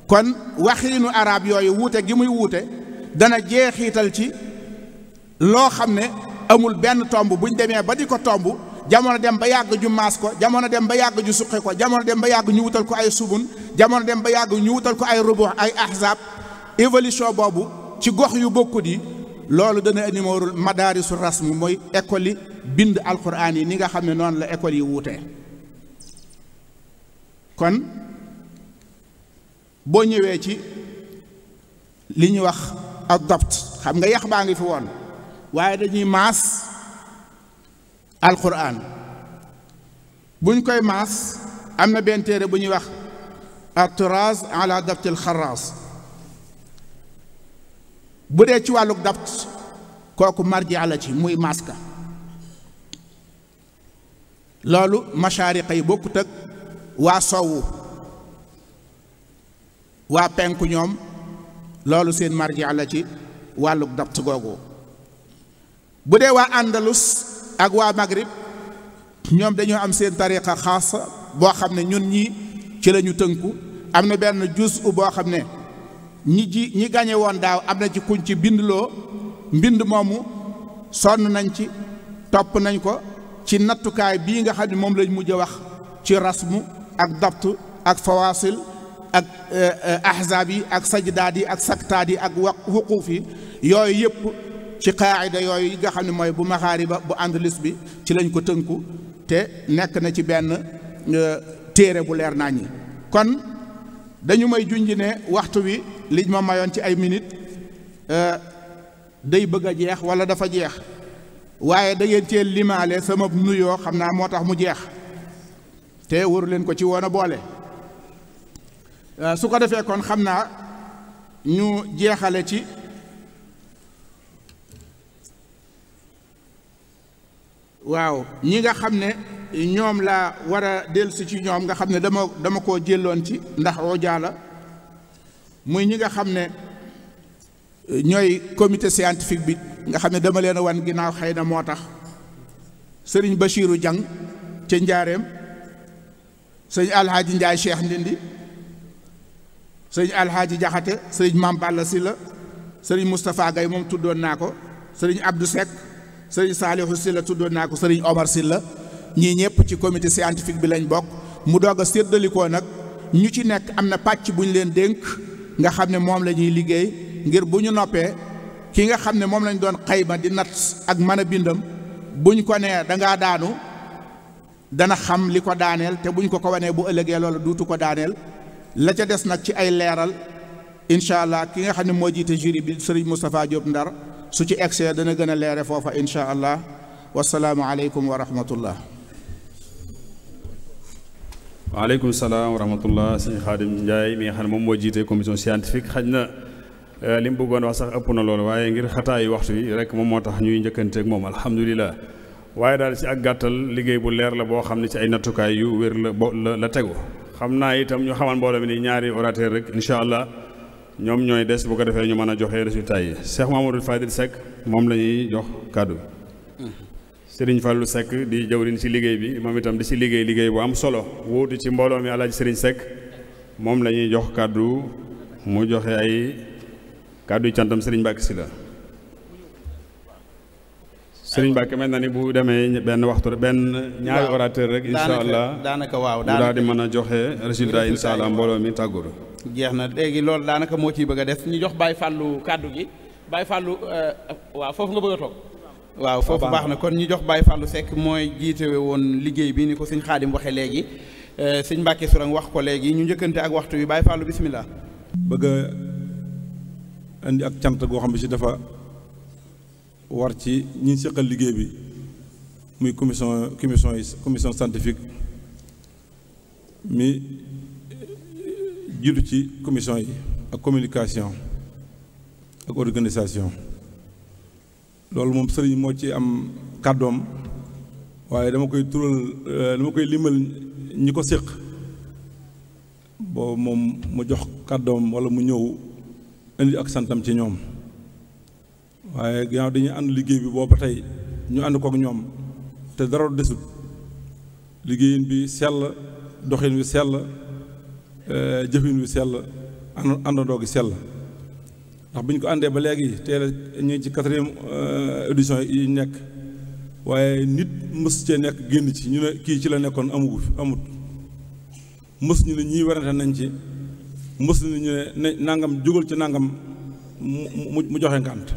kon waxiinu araab yooyu wuute gi muy wuute dana jeexiital ci loo xam ne amul benn tomb buñ demee ba di ko tomb jamono dem ba yàgg ju maas ko jamono dem ba yàgg ju suqe ko jamono dem ba yàgg ñu wutal ko ay subun jamono dem ba yàgg ñu wutal ko ay rubu ay ahzab évolution boobu ci gox yu bokkut yi loolu dana animéerul madaarisu rasmi mooy école yi bind alxuraan yi ni nga xam ne noonu la école yi wuutee kon boo ñëwee ci li ñu wax ak dapt xam nga yax baa ngi fi woon waaye dañuy maas alxuraan buñ koy maas am na benn téere bu ñuy wax at-turaas ala dabtil xaraas bu dee ci wàlluk daft kooku marji ala ci muy maska loolu machaariqa yi bokkut ak waa sowwu waa penk ñoom loolu seen marji ala ci wàlluk daft googu bu dee waa andalus ak waa magrib ñoom dañoo am seen tariqa xaasa boo xam ne ñun ñi ci lañu tënku am na benn jus u boo xam ne ñi ji ñi gañe woon daaw am na ci kuñ ci binduloo mbind moomu sonn nañ ci topp nañ ko ci nattukaay bii nga xam ne moom lañ mujj a wax ci rasmu ak dabt ak fawaasil ak eh, eh, ahzaab yi ak sajdaat ak saktaat yi ak wuquuf yi yooyu yëpp ci qaayida yooyu yi nga xam mooy bu maxaari ba bu andalus bi ci lañ ko tënku te nekk na ci benn eh, téere bu leer naa ñi kon dañu may junj ne waxtu liñ ma mayoon ci ay minute euh, day bëgg a jeex wala dafa jeex waaye da ngeen cee limaale sama nuyoo xam naa moo tax mu jeex te waru leen ko ci woon a boole euh, su ko defee xam naa ñu jeexale ci waaw ñi nga xam ne ñoom la war a si ci ñoom nga xam ne dama dama koo jëloon ci ndax oo jaala muy ñi nga xam ne euh, ñooy comité scientifique bi nga xam ne dama leen a wan ginnaaw xëy na moo tax sëriñ Bachirou Diang ca Njaareem sëñ Alhaaji Njaay Cheikh Ndindi sëñ Alhaaji Jaxate sëriñ Maam Balla Silla sëriñ Moustapha Gay moom tuddoon naa ko sëriñ Abdou Seck sëriñ Saalihu Silla tuddoon naa ko sëriñ Omar Silla ñii ñëpp ci comité scientifique bi lañ bokk mu doog a séddalikoo nag ñu ci nekk am na pàcc bu ñu leen dénk nga xam ne moom la ñuy liggéey ngir bu ñu noppee kii nga xam ne moom lañ doon xayma di nat ak mën a bindam buñ ko nee dangaa daanu dana xam li ko daaneel te buñ ko ko wanee bu ëllëgee loolu duutu ko daaneel la ca des nag ci ay leeral incha allah ki nga xam ne moo jiite jury bi sëriñ Moustapha Diop Ndar su ci egsee dana gën a leere foofa incha allah wasalaamu aleykum wa rahmatullah
waaleykum salaam wa rahmatullah sëñ Xaadim Njaay mi nga xam ne moom moo jiite commission scientifique xaj na euh, li mu bëggoon wax sax ëpp na loolu waaye ngir xataayu waxtu yi rek moom moo tax ñuy njëkkanteeg moom alhamdulilah waaye daal ci ak gàttal liggéey bu leer la boo xam ne ci ay nattukaay yu wér la bo la tegu xam naa itam ñu xamal mbooloo mi ni ñaari orateur rek incha allah ñoom ñooy des bu ko defee ñu mën a joxe résultat yi Cheikh Mamadou Fadil Seck moom la ñuy jox kàddu mm-hmm. Serigne Fallou Seck di jawriñ ci liggéey bi moom itam di ci liggéey liggéey bu am solo wuutu ci mbooloo mi Alaaji Serigne Seck moom lañuy ñuy jox kàddu mu joxe ay kàddu cantam sëriñ Mbacke si la Serigne Mbacke mel na ni bu demee benn waxtu rek benn ñaari orateur rek insha allah
daanaka waaw daal di
mën a joxe résultat insha allah mbooloo mi tàgguru
jeex na léegi loolu daanaka moo ciy bëgg a des ñu jox Baye Fallou kàddu gi Baye Fallou euh, waaw foofu nga bëgg toog waaw foofu baax na kon ñu jox Baye Fallou Seck mooy jiitewe woon liggéey bi ni ko suñ Xaadim waxe léegi euh, sëñ Mbàkke Sourang wax ko léegi
ñu njëkkante ak waxtu bi Baye Fallou bisimilah. bëgg a indi ak cant goo xam ne si dafa war ci ñi sëqal liggéey bi muy commission commission commission scientifique mi jiitu ci commission yi ak communication ak organisation loolu moom sëriñ moo ci am kàddoom waaye dama koy tural euh, dama koy limal ñi ko séq boobu moom mu jox kàddoom walla mu ñëw indi ak santam ci ñoom waaye ginnaaw dañuy ànd liggéey bi booba tey ñu ànd kook ñoom te dara desut liggéeyin bi sell doxin wi sell euh, jëfin wi sell ànd àndandoo gi sell ndax bi ñu ko àndee ba léegi teel a ñu ngi ci quatrième euh, édition yi nekk waaye nit mës cee nekk génn ci ñu ne kii ci la nekkoon amugu amut mës ñu ne ñii werante nañ ci mës ñu ne nangam jógal ci nangam mu mu joxe ngànt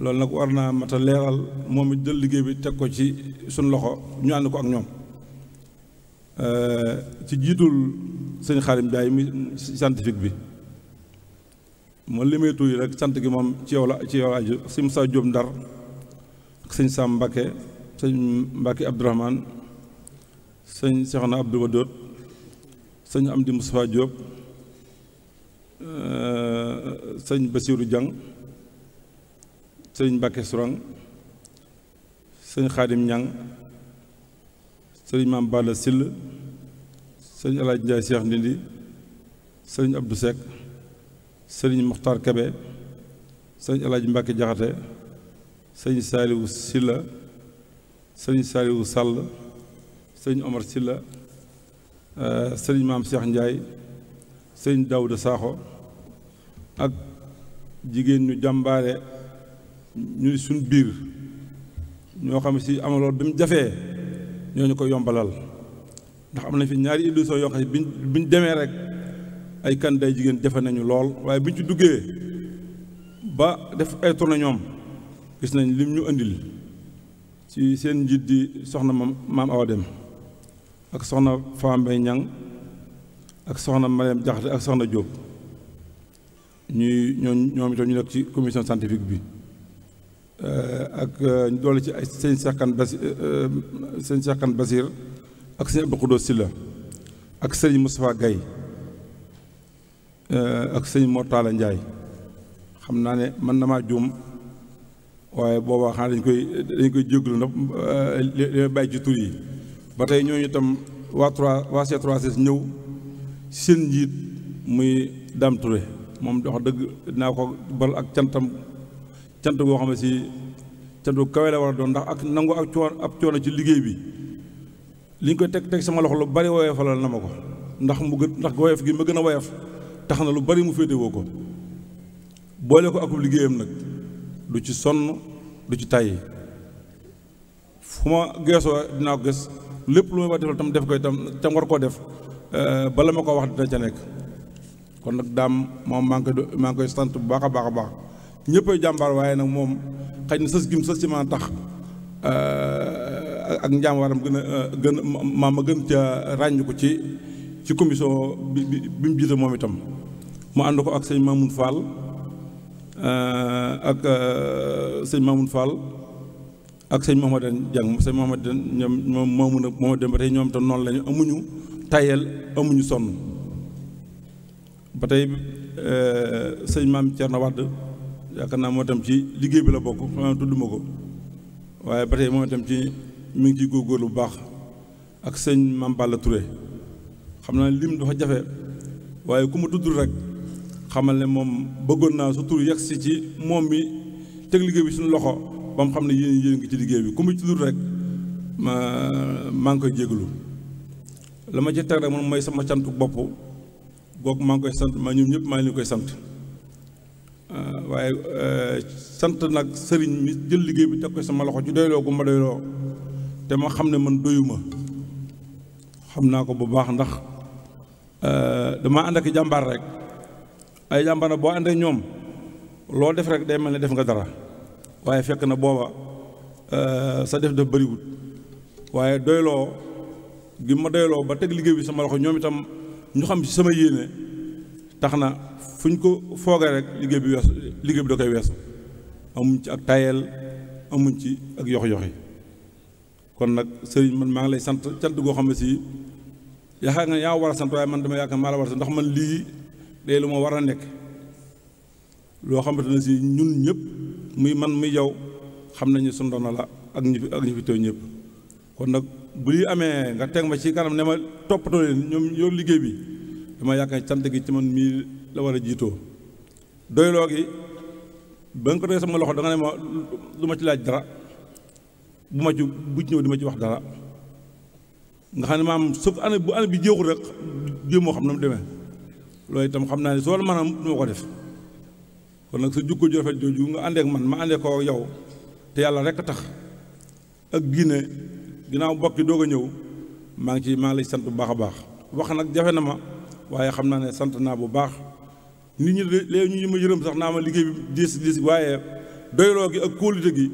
loolu nag war naa mat leeral moom it jël liggéey bi teg ko ci suñ loxo ñu ànd ko ak ñoom euh, ci jiitul sëñ Xarim Jaay scientifique bi moo limee tur yi rek sant gi moom ci yow la ci yow la aju sëñ Musaa Jóob Ndar sëñ Sam Mbàkke sëñ Mbàkke Abdourahmane sëñ Seexna Abdou Wadoot sëñ Amdi Mustafaa Jóob euh, sëñ Basiiru Jang sëñ Mbàkke Surang sëñ Xaadim Ñang sëñ Maam Balla Sill sëñ Alaaj Njaay Seex Ndindi sëñ abdu Seck sëriñ muxtaar kabe sëriñ alaaji mbàkke jaxate sëriñ saaliwu silla sëriñ saaliwu sàll sëriñ omar silla euh, sëriñ maam seex njaay sëriñ daawuda saaxo ak jigéen ñu jàmbaare ñu suñ biir ñoo xam si amaloon bi mu jafee ñoo ñu ko yombalal ndax am nañ fi ñaari illusion yoo xam ne demee rek ay candidat jigéen jafe nañu lool waaye bi ñu ci duggee ba def ay tournée ñoom gis nañ lim ñu indil ci seen njiit di soxna maam Awa Dem ak soxna Fama Mbaye Niang ak soxna Mariam Diakhaté ak soxna Diop ñuy ñoom ñoom itam ñu nekk ci commission scientifique bi euh, ak euh, ñu doole ci ay sëñ Sakkan Basi euh, sëñ Sakkan Basir ak sëñ Abdou Khoudous Sylla ak sëñ Moustapha Gaye Euh, ak sëñ Mortala Njaay xam naa ne mën na maa juum waaye boobaa xanaa dañ koy dañ koy jéglu ndax euh, li bàyyi ci tur yi ba tey ñooñu itam waa trois waa C3S ñëw seen njiit muy Dame Touré moom wax dëgg dinaa ko bal ak cantam cant goo xam ne si cantu kawe la war a doon ndax ak nangu ak coon ab coono ci liggéey bi li ñu koy teg teg sama loxo lu bari woyofalal na ma ko ndax mu gën ndax woyof gi ma gën a woyof tax na lu bari mu féetewoo ko boole ko akul liggéeyam nag du ci sonn du ci tàyyi fu ma geesoo dinaa ko gis lépp lu may wax defal tam def ko tam tam war koo def euh, bala ma ko wax dina ca nekk kon nag daam moom maa ngi koy maa ngi koy sant bu baax a baax a baax ñëppay jàmbaar waaye nag moom xëy na sës gim sës ci maa tax euh, ak njàmbaaram gën a euh, gën maam ma gën ca ràññ ko ci ci commission bi bi mu jiite moom itam mu ànd ko ak sëñ Mamoun Fall euh, ak euh, sëñ Mamoun Fall ak sëñ Mouhamadou Dieng sëñ Mouhamadou ñoom moom Mamoun ak Mouhamadou Dieng ba tey ñoom tam noonu lañu amuñu tayel amuñu sonn ba tey euh, sëñ maam Thierno Wade yaakaar naa moo tam ci liggéey bi la bokk maanaam tudduma ko waaye ba tey moo tam ci mu ngi ciy góorgóorlu bu baax ak sëñ maam Balla Touré xam naa lim dafa jafe waaye ku ma tudd rek. xamal ne moom bëggoon naa sa tur yegsi ci moom mi teg liggéey bi suñu loxo ba xam ne yéen yéen ngi ci liggéey bi ku mu ci tur rek ma maa ngi koy jégalu la ma ci teg rek moom mooy sama cantu bopp googu maa ngi koy sant ma ñoom ñëpp maa ngi leen koy sant waaye eh, sant nag sëriñ mi jël liggéey bi teg ko sama loxo ci doyloo gu ma doyloo te ma xam ne man doyuma xam naa ko bu baax ndax eh, dama ànd ak jàmbaar rek ay jàmbar na boo ànd ñoom loo def rek day mel ne def nga dara waaye fekk na booba euh, sa def daf bëriwul waaye doyloo gi ma doyloo ba teg liggéey bi sama loxo ñoom itam ñu xam ci sama yéene tax na fu ñu ko foogee rek liggéey bi weesu liggéey bi da koy weesu amuñ ci ak tayel amuñ ci ak yox-yoxi kon nag sëriñ man maa ngi lay sant cant goo xam ne si yaakaar nga yaa war a sant waaye man dama yaakaar maa la war a ndax man lii day lu ma war a nekk loo xamante ne si ñun ñëpp muy man muy yow xam nañu sunu la ak ñi fi ak ñi fi teew ñëpp kon nag bu lii amee nga teg ma ci kanam ne ma toppatoo leen ñoom yor liggéey bi dama yaakaar cant gi ci man mii la war a jiitoo doyloo gi ba nga ko teg sama loxo da nga ne ma lu ma ci laaj dara bu ma ci bu ñëw di ma ci wax dara nga xam ne maam sauf année bu année bi jeexul rek jéem moo xam na mu demee loolu itam xam naa ne soo maanaam du ma ko def kon nag sa jukko ju rafet jooju nga àndeek man ma àndee koo yow te yàlla rek tax ak Guinée ginnaaw bokki doog a ñëw maa ngi ci maa ngi lay sant bu baax a baax wax nag jafe na ma waaye xam naa ne sant naa bu baax nit ñi léegi ñu ma yërëm sax naa ma liggéey bi diis diis waaye doyloo gi ak kóolute gi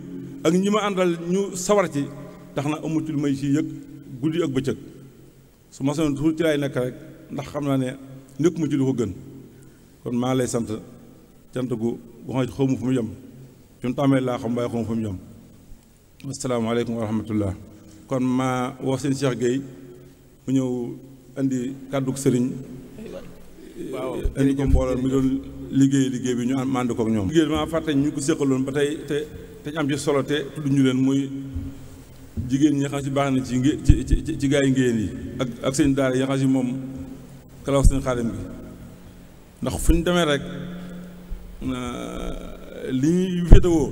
ak ñi ma àndal ñu sawar ci tax na amatul may ci yëg guddi ak bëccëg su ma sonoon toujours ci laay nekk rek ndax xam naa ne nekkuma ci lu ko gën kon maa lay sant cant bu wax xaw ma fu mu yem fi mu tàmmee laa xam waaye xaw ma mu yem asalaamaaleykum wa rahmatullah kon maa wax seen Cheikh Gueye mu ñëw indi kàddug sëriñ indi ko mbooloo doon liggéey liggéey bi ñu ànd ko ñoom liggéey dama fàtte ñu ko séqaloon ba tey te te am ci solo te tudd ñu leen muy jigéen ñi xam si baax na ci ci ci gaa yi ngéen yi ak seen daara yi xam si moom kalaw sëñ xaadim gi ndax fu ñu demee rek li ñuy féetewoo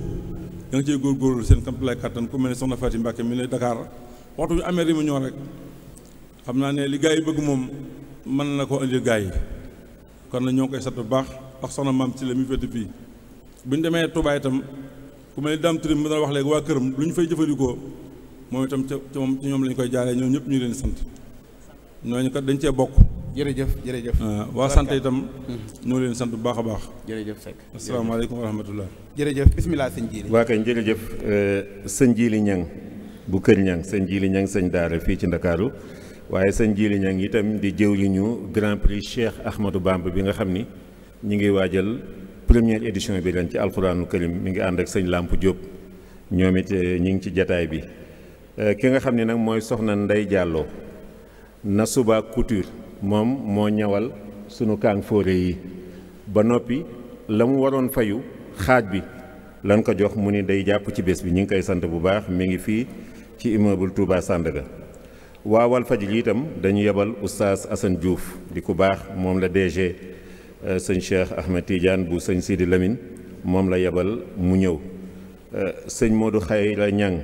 da nga cee góorgóorlu seen kamtulaay kàttan ku mel ne soxna Fatim Mbàkke mi ne Dakar waxtu ñu amee réunion rek xam naa ne li gaa yi bëgg moom mën na koo indil gaa yi kon na ñoo koy sant bu baax ak soxna maam ci la mu féete fii bu ñu demee Touba itam ku mel ne Dame mu dana wax léegi waa këram lu ñu fay jëfandikoo moom itam ca moom ci ñoom la koy jaaree ñoom ñëpp ñu leen sant ñooñu kat dañ cee bokk jërëjëf jërëjëf. Euh, waa sant itam. ñoo mhm. leen sant bu baax a baax. jërëjëf Seck. asalaamaaleykum wa rahmatulah. jërëjëf
bisimilah sëñ
waa kañ jërëjëf euh, sëñ Jili Ñang bu Kër Ñang sëñ Jili Ñang sëñ Daara fii ci Ndakaaru waaye sëñ Jili Ñang itam di yu ñu Grand Prix Cheikh Ahmadou Bamba bi nga xam ni ñu ngi waajal première édition bi ren ci alxuraanul karim mi ngi ànd ak sëñ làmp Diop ñoom it euh, ñu ngi ci jataay bi ki nga xam ne nag mooy soxna Ndey Jàlloo na subaa couture. moom moo ñëwal sunu kaang fóore yi ba noppi la mu waroon fayu xaaj bi lan ko jox mu ni day jàpp ci bés bi ñu ngi koy sant bu baax mi ngi fii ci immeuble Touba waawal waa Walfadjri itam dañu yebal oustaz Assane Diouf di ku baax moom la DG euh, sëñ Cheikh Ahmed Tidiane bu sëñ Sidi Lamine moom la yebal mu ñëw euh, sëñ Modou Khayra Niang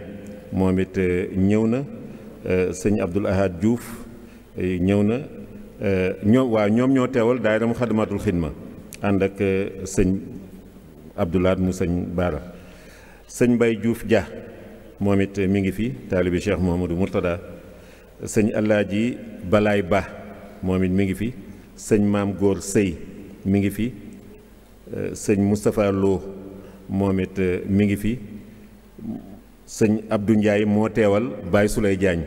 moom it euh, ñëw na sëñ Abdoul Ahad Diouf ñëw na Euh, ñoom waaw ñoom ñoo teewal daayira mu xadamatul xidma ànd ak euh, sëñ abdoulaad mu sëñ baara sëñ mbay juuf ja moomit it euh, mi ngi fi taalibi cheikh mohamadou mourtada sëñ alaaji balaay ba moom it mi ngi fi sëñ maam góor sëy mi ngi fi sëñ moustapha loo moom it ngi fi sëñ abdou ndiaye moo teewal baay sulay jaañ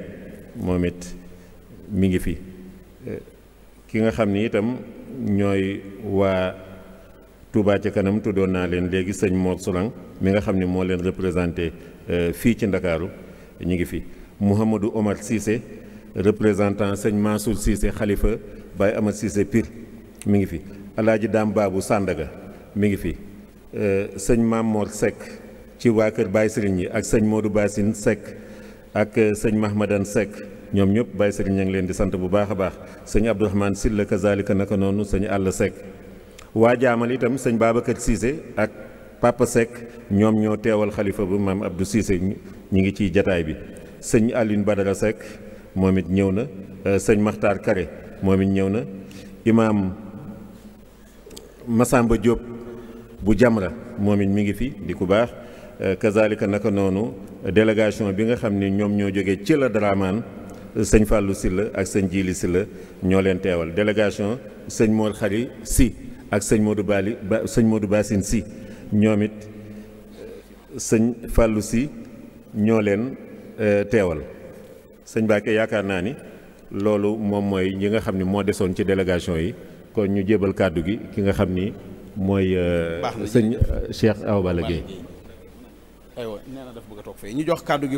moom it ngi fi ki nga xam ni itam ñooy waa Touba ca kanam tuddoon naa leen léegi sëñ Mor Solang mi nga xam ni moo leen représenté euh, fii ci Ndakaaru ñu ngi fi Mouhamadou Omar Cissé représentant sëñ Mansour Cissé xalifa Baye Amad Cissé Pire mi ngi fi alaaji Daam Baabu Sàndaga mi ngi fi euh, sëñ Maam Mor Seck ci waa kër Baye Sëriñ yi ak sëñ Modou Bassine Seck ak euh, sëñ Mahmadan Seck ñoom ñëpp Baye Serigne ña ngi leen di sant bu baax a baax sëñ Abdourahmane Sylla kazalika naka noonu sëñ Alla Seck waa jaamal itam sëñ Babacar Cissé ak Papa Seck ñoom ñoo teewal xalifa bu maam Abdou Cissé ñi ngi ci jataay bi sëñ Aline Badara Seck moom it ñëw na euh, sëñ maxtar Kare moom it ñëw na imaam Massamba Diop bu Jamra moom it mi ngi fi di ku baax euh, kazalika naka noonu délégation bi nga xam ne ñoom ñoo jóge ci la Dramane sëñ fàllu si la ak sëñ si la ñoo leen teewal délégation sëñ Mor Khary si ak sëñ Modou Bali ba sëñ Modou Bassine ñoom it sëñ fàllu si ñoo leen euh, teewal sëñ Bakke yaakaar naa ni loolu moom mooy yi nga xam ni moo desoon ci délégation yi kon ñu jébal kàddu gi ki nga xam ni mooy euh, sëñ euh, Cheikh Awa Balla Gueye
gi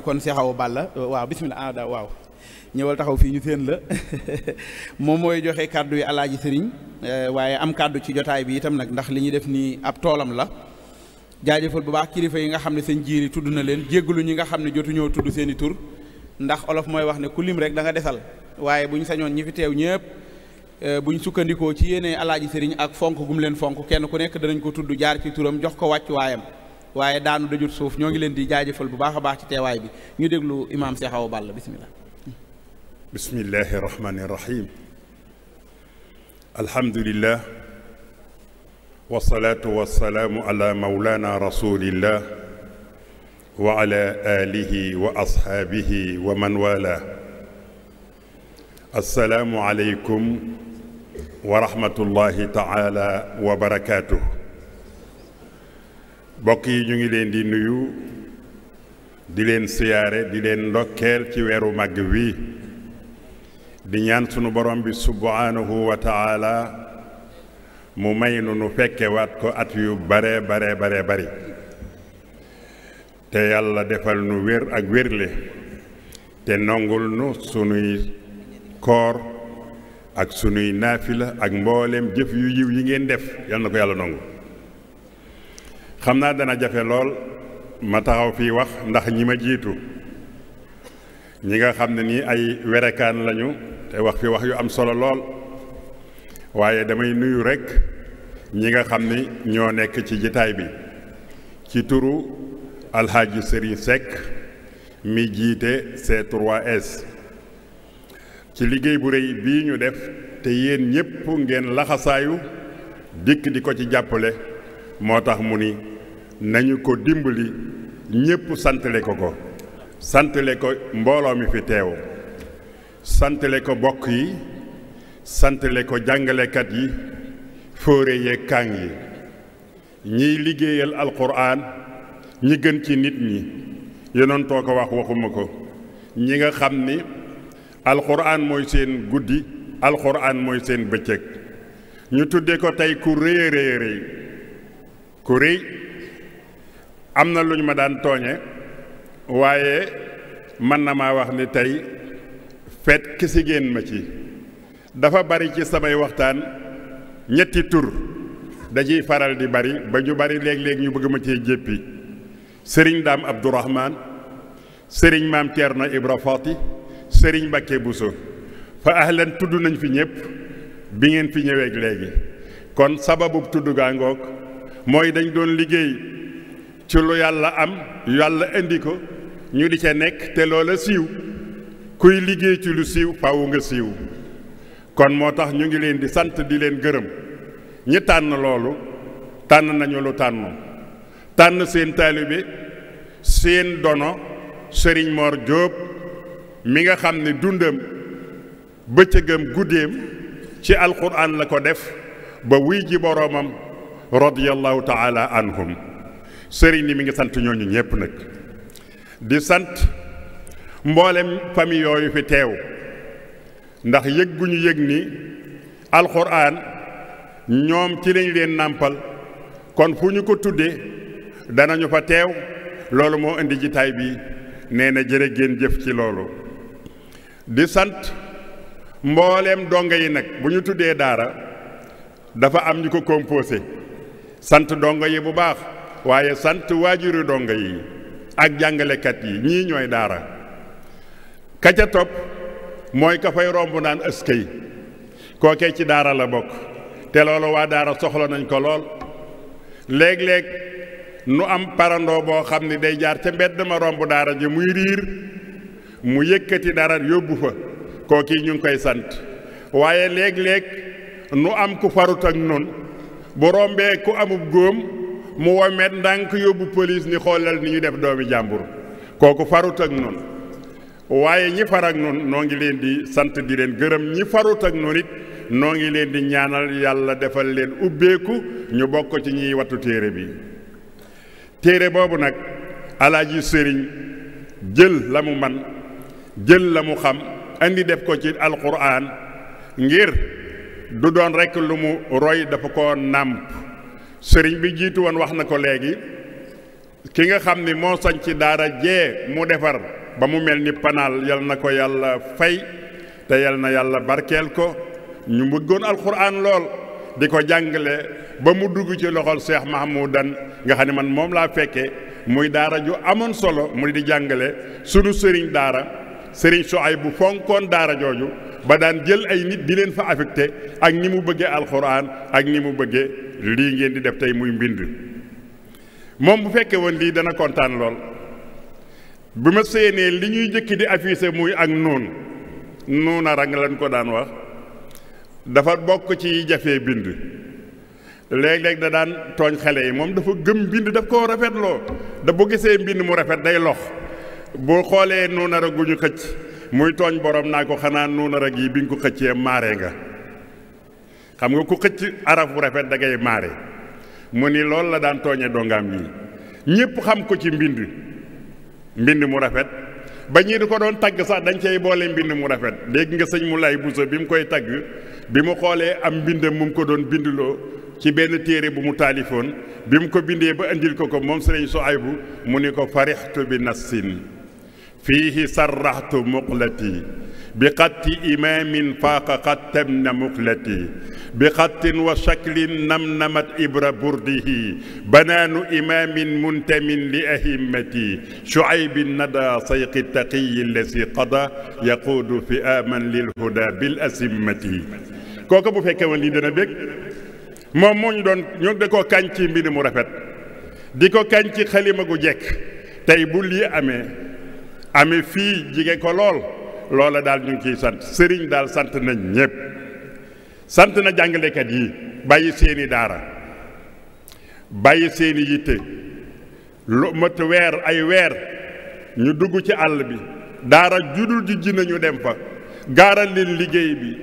kon ñëwal taxaw fii ñu séen la moom mooy joxe kàddu yi alaaji sëriñ eh, waaye am kàddu ci jotaay bi itam nag ndax li ñuy def nii ab toolam la jaajëfal bu baax kilifa yi nga xam ne seen jiiri tudd na leen jéggalu ñi nga xam ne jotu ñoo tudd seeni i tur ndax olof mooy wax ne ku lim rek da nga desal waaye bu ñu sañoon ñi fi teew ñëpp eh, bu ñu sukkandikoo ci yéene alaaji sëriñ ak fonk gum leen fonk kenn ku nekk danañ ko tudd jaar ci turam jox ko wàcc waayam waaye daanu dajut suuf ñoo ngi leen di jaajëfal bu baax a baax ci teewaay bi ñu déglu imaam Cheikh Awa Balla bisimilah.
bismillahi rahmaani rahiim alhamdulillah wasalaatu wasalaamu ala mawlaana rasulillah wa ala aalihi wa asxaabihi wa man waalaa assalaamu aleykum wa rahmatullahi taala wa barakaatu. mbokk yi ñu ngi leen di nuyu di leen siyaare di leen ndokkeel ci weeru màgg wi di ñaan sunu borom bi subhanahu wa taala mu may nu nu fekkewaat ko at yu bare bare bare bari te yàlla defal nu wér ak wérle te nongul nu sunuy koor ak sunuy naafila ak mbooleem jëf yu yiw yi ngeen def yal na ko yàlla nongu xam naa dana jafe lool ma taxaw fii wax ndax ñi ma jiitu ñi nga xam ne nii ay werekaan lañu te wax fi wax yu am solo lool waaye damay nuyu rekk ñi nga xam ni ñoo nekk ci jitaay bi ci turu alxaaji Serigne Seck mi jiite C3S ci liggéey bu rëy bii ñu def te yéen ñépp ngeen laxasaayu dikk di ko ci jàppale moo tax mu ni nañu ko dimbali ñépp santale ko ko santale ko mbooloo mi fi teew santale ko bokk yi santale ko jàngalekat yi fóore yeeg kàng yi ñiy liggéeyal alquran ñi gën ci nit ñi yonentoo ko wax waxuma ko ñi nga xam ni alquran mooy seen guddi alquran mooy seen bëccëg ñu tudde ko tey ku rëy a rëy ku rëy am na lu ñu ma daan tooñe waaye mën na ma wax ni tey feet kisi génn ma ci dafa bari ci samay waxtaan ñetti tur dañuy faral di bari ba ñu bari léeg-léeg ñu bëgg ma cee jéppi sëriñ daam abdourahman sëriñ maam Thierno Ibra Fati sëriñ Mbacke Bousso fa ahlan tudd nañ fi ñëpp bi ngeen fi ñëweeg léegi kon sababu tudd gaa mooy dañ doon liggéey ci lu yàlla am yàlla indi ko ñu di ca nekk te loola siiw kuy liggéey ci lu siiw faaw nga siiw kon moo tax ñu ngi leen di sant di leen gërëm ñi tànn loolu tànn nañu lu tànnu tànn seen taalibe seen dono sëriñ Mor Jóob mi nga xam ne dundam bëccëgam guddeem ci alxuraan la ko def ba wuy ji boroomam radiyallahu taala anhum sëriñ ni mi ngi sant ñooñu ñépp nag di sant mboolem famille yooyu fi teew ndax yëg gu ñu yëg ni alxuraan ñoom ci lañ leen nàmpal kon fu ñu ko tuddee danañu fa teew loolu moo indi jitaay bi nee na jëre ngeen jëf ci loolu di sant mbooleem donga yi nag bu ñu tuddee daara dafa am ñu ko composé sant donga yi bu baax waaye sant waajuri donga yi ak jàngalekat yi ñii ñooy daara ka topp mooy ka fay romb naan askay kookee ci daara la bokk te loolu waa daara soxla nañ ko lool léeg-léeg nu am parandoo boo xam ni day jaar ca mbedd ma romb daara ji muy riir mu yëkkati dara yóbbu fa kookii ñu ngi koy sant waaye léeg-léeg nu am ku farut ak noonu bu rombee ku amub góom mu womet ndànk yóbbu police ni xoolal ni ñu def doomi jàmbur kooku farut ak noonu waaye ñi far ak noonu noo ngi leen di sant di leen gërëm ñi farut ak noonu it noo ngi leen di ñaanal yàlla defal leen ubbeeku ñu bokk ci ñiy wattu téere bi téere boobu nag alaaji sëriñ jël la mu man jël la mu xam indi def ko ci alquran ngir du doon rekk lu mu roy dafa ko nàmp sëriñ bi jiitu woon wax na ko léegi ki nga xam ni moo sañ ci daara jee mu defar ba mu mel ni panaal yal na ko yàlla fay te yal na yàlla barkeel ko ñu bëggoon alxuraan lool di ko jàngale ba mu dugg ci loxol Cheikh Mahmoudan nga xam ne man moom laa fekkee muy daara ju amoon solo mu di jàngale sunu sëriñ daara sëriñ ay bu fonkoon daara jooju ba daan jël ay nit di leen fa affecté ak ni mu bëggee alxuraan ak ni mu bëggee lii ngeen di def tey muy mbind moom bu fekkee woon lii dana kontaan lool bu ma séenee li ñuy jëkki di affiché muy ak noonu noonu a rang lañ ko daan wax dafa bokk ci jafee mbind léeg-léeg da daan tooñ xale yi moom dafa gëm mbind daf koo rafetloo da bu gisee mbind mu rafet day lox bu xoolee noonu a guñu xëcc muy tooñ borom naa ko xanaa nuuna rek yi bi nga ko xëccee maare nga xam nga ku xëcc araf bu rafet da ngay maare mu ni loolu la daan tooñe dongaam yi ñépp xam ko ci mbind mbind mu rafet ba ñii di ko doon tagg sax dañ cay boole mbind mu rafet dégg nga sëñ mu lay buso bi mu koy tagg bi mu xoolee am mbindam mu ko doon bindloo ci benn téere bu mu taalifoon bi mu ko bindee ba indil ko ko moom ay Suhaybu mu ni ko farixtu bi nassin fiihi sarraxtu muqlati bi xatti imaamin faaqa xattam na muqlati bi xattin wa shaklin nam namat ibra burdihi banaanu imaamin muntamin li ahimmati shuaybin nada sayqi taqiyi lasi qada yaquudu fi aman lil huda bil asimmati kooku bu fekkee woon lii dana bég moom moo ñu doon ñu da ko kañ ci mbind mu rafet di ko kañ ci xalima gu jekk tey bu lii amee amee fii jigéen ko lool loola daal ñu ngi ciy sant sëriñ daal sant nañ ñëpp sant na jàngalekat yi bàyyi seeni daara bàyyi seeni yitte lu mat weer ay weer ñu dugg ci àll bi daara judul ji ji nañu dem fa gaaral leen liggéey bi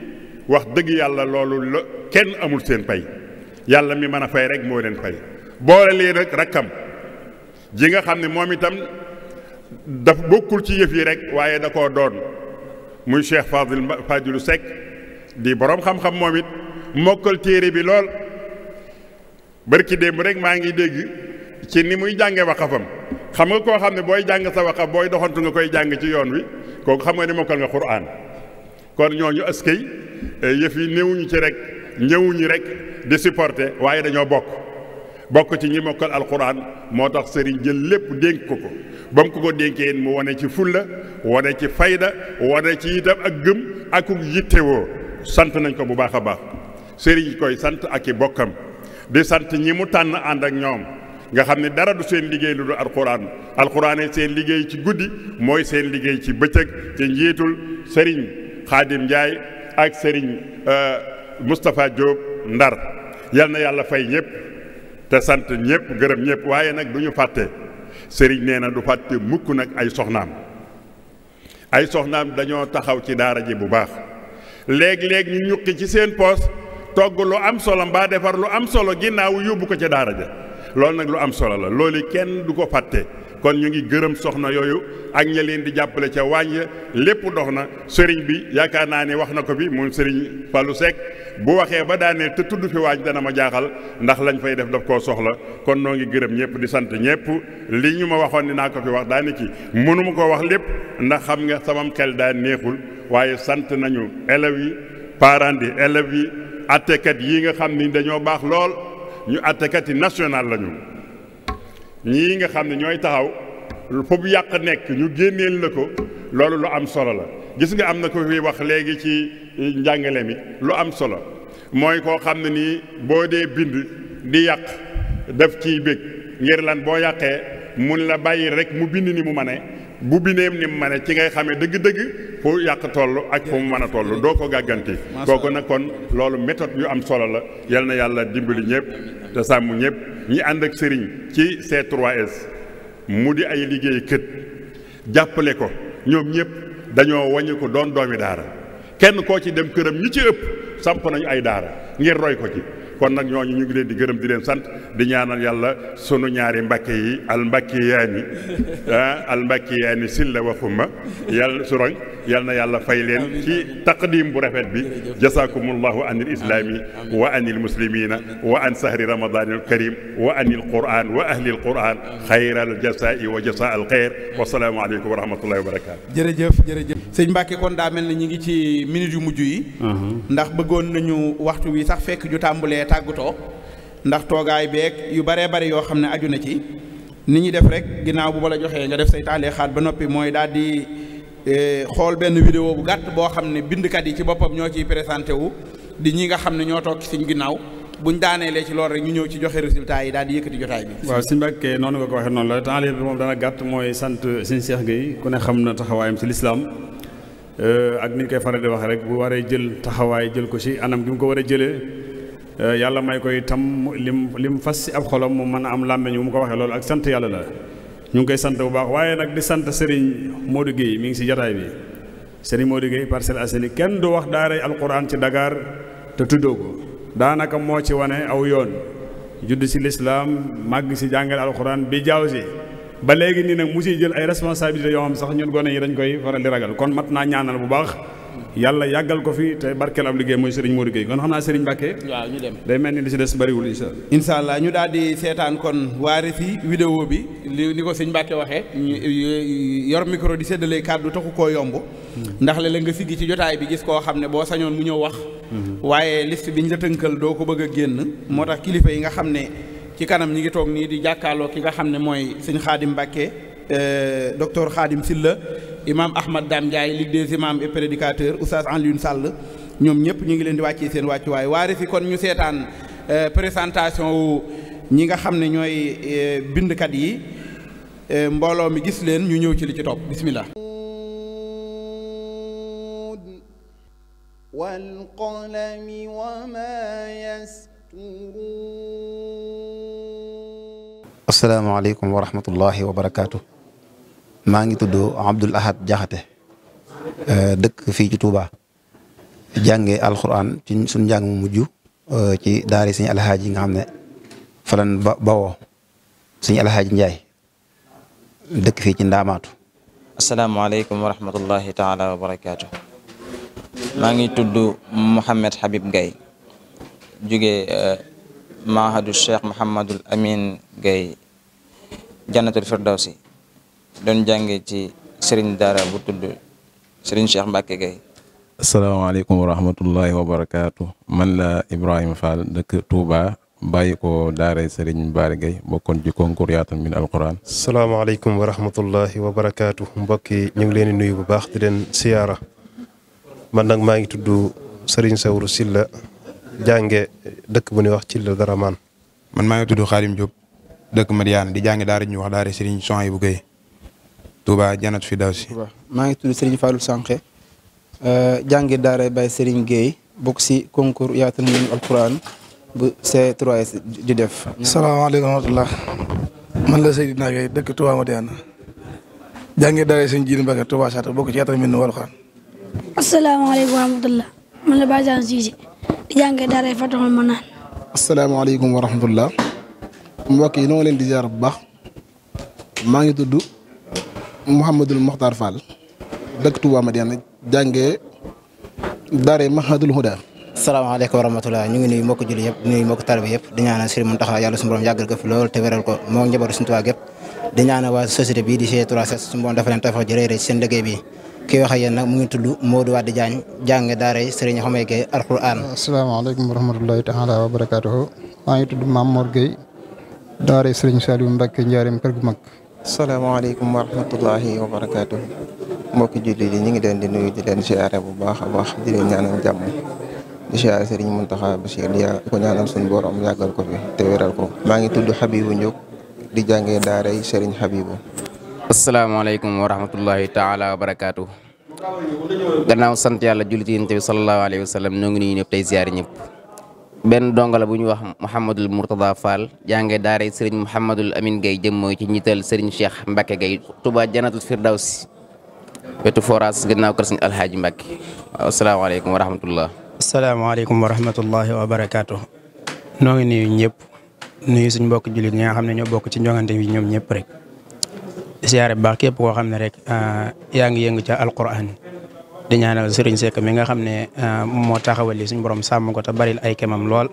wax dëgg yàlla loolu la kenn amul seen pay yàlla mi mën a fay rek moo leen pay boole leen rek rakkam ji nga xam ne moom itam daf bokkul ci yëf yi rek waaye da koo doon muy Cheikh Fadil Fadilu Seck di boroom xam-xam moom it mokkal téere bi lool barki démb rek maa ngi dégg ci ni muy jànge waxafam xam nga koo xam ne booy jàng sa waxaf booy doxantu nga koy jàng ci yoon wi kooku xam nga ne mokkal nga Qur'an kon ñooñu askay eh, yëf yi néewuñu ci rek ñëwuñu rek di supporter waaye dañoo bokk bokk ci ñi mokkal alquran moo tax sëriñ jël lépp dénk ko ko ba mu ko ko dénkee mu wane ci fulla wane ci fayda wane ci itam ak gëm ak yittewoo sant nañ ko bu baax a baax sëriñ koy sant ak i bokkam di sant ñi mu tànn ànd ak ñoom nga xam ne dara du seen liggéey lu dul alxuraan alxuraane seen liggéey ci guddi mooy seen liggéey ci bëccëg te njiitul sëriñ xaadim Ndiaye ak sëriñ euh, Moustapha Diop Ndar yal na yàlla fay ñëpp te sant ñëpp gërëm ñëpp waaye nag du ñu fàtte sëriñ nee na du fàtte mukk nag ay soxnaam ay soxnaam dañoo taxaw ci daara ji bu baax léeg-léeg ñu ñuqi ci seen poos togg lu am solo mbaa defar lu am solo ginnaaw yóbbu ko ca daara ja loolu nag lu am solo la loolu kenn du ko fàtte kon ñu ngi gërëm soxna yooyu ak ña leen di jàppale ca wàññi lépp dox na sëriñ bi yaakaar naa ne wax na ko bi moom sëriñ Fallou Seck bu waxee ba daanee te tudd fi waañ dana ma jaaxal ndax lañu fay def daf koo soxla kon noo ngi gërëm ñëpp di sant ñëpp li ñu ma waxoon ni naa ko fi wax daane ci mënuma ma koo wax lépp ndax xam nga samam xel daan neexul waaye sant nañu élèves yi parents yi élèves yi attekat yi nga xam ni dañoo baax lool ñu attekat yi national lañu ñii nga xam ne ñooy taxaw fu bu yàq nekk ñu génneel na ko loolu lu am solo la gis nga am na ko fi wax léegi ci eh, njàngale mi lu am solo mooy koo xam ne nii boo dee bind di yàq def ciy bég ngir lan boo yàqee mun la bàyyi rek mu bind ni mu mane bu bineem ni mu mane ci ngay xamee dëgg-dëgg fu yàq toll ak fu mu mën a toll doo ko gàgganti ko nag kon loolu méthode yu am solo la yal na yàlla dimbali ñëpp te sàmm ñëpp ñi ànd ak sëriñ ci c 3 mu di ay liggéey kët jàppale ko ñoom ñëpp dañoo wañu ko doon doomi daara kenn koo ci dem këram ñi ci ëpp samp nañu ay daara ngir roy ko ci kon nag ñooñu ñu ngi leen di gërëm di leen sant di ñaanal yàlla sunu ñaari mbàkke yi al mbàkke yaani ah al mbàkke yaani silla waxuma yàlla yal na yàlla fay leen ci taqdim bu rafet bi jasakumullahu an il islami wa an il muslimina wa an sahri ramadan al karim wa an il quran wa ahli al quran xayra al jasai wa jasa al xeyr wasalaamu aleykum wa rahmatullahi wa barakatu
jërëjëf
jërëjëf sëñ Mbàkke kon daa mel na ñu ngi ci minute yu mujj yi ndax bëggoon nañu waxtu tàggatoo ndax toogaay beeg yu baree bari yoo xam ne aju na ci ni ñuy def rek ginnaaw bu ba la joxee nga def say taalee xaat ba noppi mooy daal di eh, xool benn vidéo bu gàtt boo xam ne bindkat yi ci boppam ñoo ciy présenté wu di ñi nga xam ne ñoo toog ci suñ ginnaaw bu ñu daaneelee ci lool rek ñu ñëw ci joxe résultat yi daal di yëkkati jotaay bi. waaw
si Mbàkke noonu nga ko waxee noonu la taalee bi moom dana gàtt mooy sant sëñ Cheikh gi ku ne xam na taxawaayam ci lislaam eh, ak ni koy faral di waxee rek bu waree jël taxawaay jël ko ci anam gi mu ko waree jëlee. Eh, yàlla may ko itam lim lim fas ci ab xolom mu mën a am làmmiñ bu mu ko waxee loolu ak sant yàlla la ñu ngi koy sant bu baax waaye nag di sant Serigne Modou Guèye mi ngi ci jataay bi Serigne Modou Guèye Parcelles Assainies kenn du wax daaray alquran ci Dakar te tuddoo ko daanaka moo ci wane aw yoon judd ci lislaam màgg ci jàngale alquran bi jaaw ci ba léegi nii nag mu si jël ay responsabilités yoo sax ñun gone yi dañ koy faral di ragal kon mat naa ñaanal bu baax yàlla yàggal ko fi te barkeel ab liggéey mooy Serigne Modou liggéey kon xam naa Serigne Mbacké. waaw ñu dem day mel ni li si des bariwul incha
allah. incha ñu daal di seetaan kon waare fi vidéo bi li ni ko sëñ Mbacké waxee yor micro di séddale kàddu taxu ko yomb. ndax léeg-léeg nga siggi ci jotaay bi gis koo xam ne boo sañoon mu ñëw wax. waaye liste bi ñu la tënkal doo ko bëgg a génn. moo tax kilifa yi nga xam ne ci kanam ñi ngi toog nii di jàkkaarloo ki nga xam ne mooy sëñ Xaadim Mbacké euh, docteur Xaadim Silla imam Ahmad Dame Ndiaye ligue des imams et prédicateurs oustaz Alioune Sall ñoom ñëpp ñu ngi leen di wàccee seen wàccuwaay waare si kon ñu seetaan euh, présentation wu ñi nga xam ne ñooy euh, bindkat yi euh, mbooloo mi gis leen ñu ñëw ci li ci topp bismillah
asalaamaaleykum wa rahmatullahi wa barakaatu maa ngi tudd Abdul Ahad Jaxate euh, dëkk fii ci Touba jàngee alxuraan ci suñ njàng mu mujj euh, ci daari suñu alxaaji nga xam ne falan ba bawoo suñu Njaay dëkk fii ci Ndaamaatu.
asalaamaaleykum wa rahmatullahi taala wa barakaatu. maa ngi tudd Mouhamed Habib Gaye jugee euh, Mahadu Cheikh Mouhamadul Amin Gaye Jannatul Firdawsi doon jàngee ci sëriñ daara bu tudd sëriñ Cheikh Mbacke Gueye. asalaamaaleykum wa rahmatullahi wa man la Ibrahima Fall dëkk tuuba bàyyi ko daara sëriñ Mbari Gueye bokkoon ci concours yaatal min alquran.
salaamaaleykum wa rahmatullahi wa barakaatu mbokk yi ñu ngi leen di nuyu bu baax di leen siyaara man nag maa ngi tudd sëriñ Sawru Silla
jànge dëkk bu ñuy wax Cilla dara man maa ngi tudd Xaadim Diop dëkk Madiana di jànge daara ñuy wax daara sëriñ bu Gueye Touba Janat Firdawsi.
maa ngi tudd Serigne Fallou Sanke euh, jàngi daaray Baye Serigne Gueye bokk si concours yaatal mbindum alquran bu C3S di def. salaamaaleykum
wa rahmatulah man la Seydina Gueye dëkk Touba Madiana jàngi daaray Serigne Jiili Mbacke Touba Sata bokk ci yaatal mbindum alquran.
asalaamaaleykum wa rahmatulah man la Badiane Cissé di jàngi daaray
Fatou Manaan.
asalaamaaleykum wa rahmatulah mbokk yi noo leen di ziar bu baax maa ngi tudd. Mouhamadul Mokhtar Fall dëkk Touba
Madiana jàngee Daare Mahadul Huda. salaamaaleykum wa rahmatulah ñu ngi nuyu mbokki julli yëpp nuyu mbokki talibe yëpp di ñaanal Serigne Mountakha yàlla suñu borom yàggal ko fi lool te wéral ko moo njabootu suñu Touba gépp di ñaanal waa société bii di G3S suñu borom dafa leen tafa jërëjëf ci seen liggéey bi kii wax ak yéen nag mu ngi tudd Modou Wade Diagne jàngee Daare Serigne Xamay Gueye Alquran. asalaamaaleykum wa
rahmatulahi taala wa barakaatuhu maa ngi tudd Mame Mor Gueye Daare Serigne Saliou Mbacke
mag salaamaaleykum wa rahmatullahi wa barakaatu. mbokki jullit yi ñu ngi leen di nuyu di leen siyaare bu baax a baax di leen ñaanal jàmm di siyaare Sëriñ Muntaxa Basiir yaa ko ñaanal suñu borom yàggal ko fi te wéral ko. maa ngi tudd Habibou Ndiouk di jàngee daaray Sëriñ Habibou.
asalaamaaleykum wa rahmatullahi taala wa barakaatu.
gannaaw sant yàlla jullit yi Yonent bi sallallahu alayhi wa sallam ñoo ngi benn dongala bu ñu wax Mouhamadul Mourtada Fall jànge daare sëriñ Mouhamadul Amin Gueye jëm mooy ci njiital sëriñ Cheikh Mbacke Gueye tubaa Janatul Firdawsi wetu foras gannaaw kër sëñ Alhaaji alhaji waaw asalaamaaleykum wa rahmatullah
asalaamaaleykum wa rahmatullahi wa barakaatu noo ngi nuyu ñëpp nuyu suñ mbokk jullit ñi xam ne ñoo bokk ci njongante bi ñoom ñëpp rek siyaare baax képp koo xam ne rek ah, yaa ngi yëngu ca alquran di ñaanal Serigne Seck mi nga xam ne euh, moo taxawal li suñu borom sàmm ko te bari ay kemam lool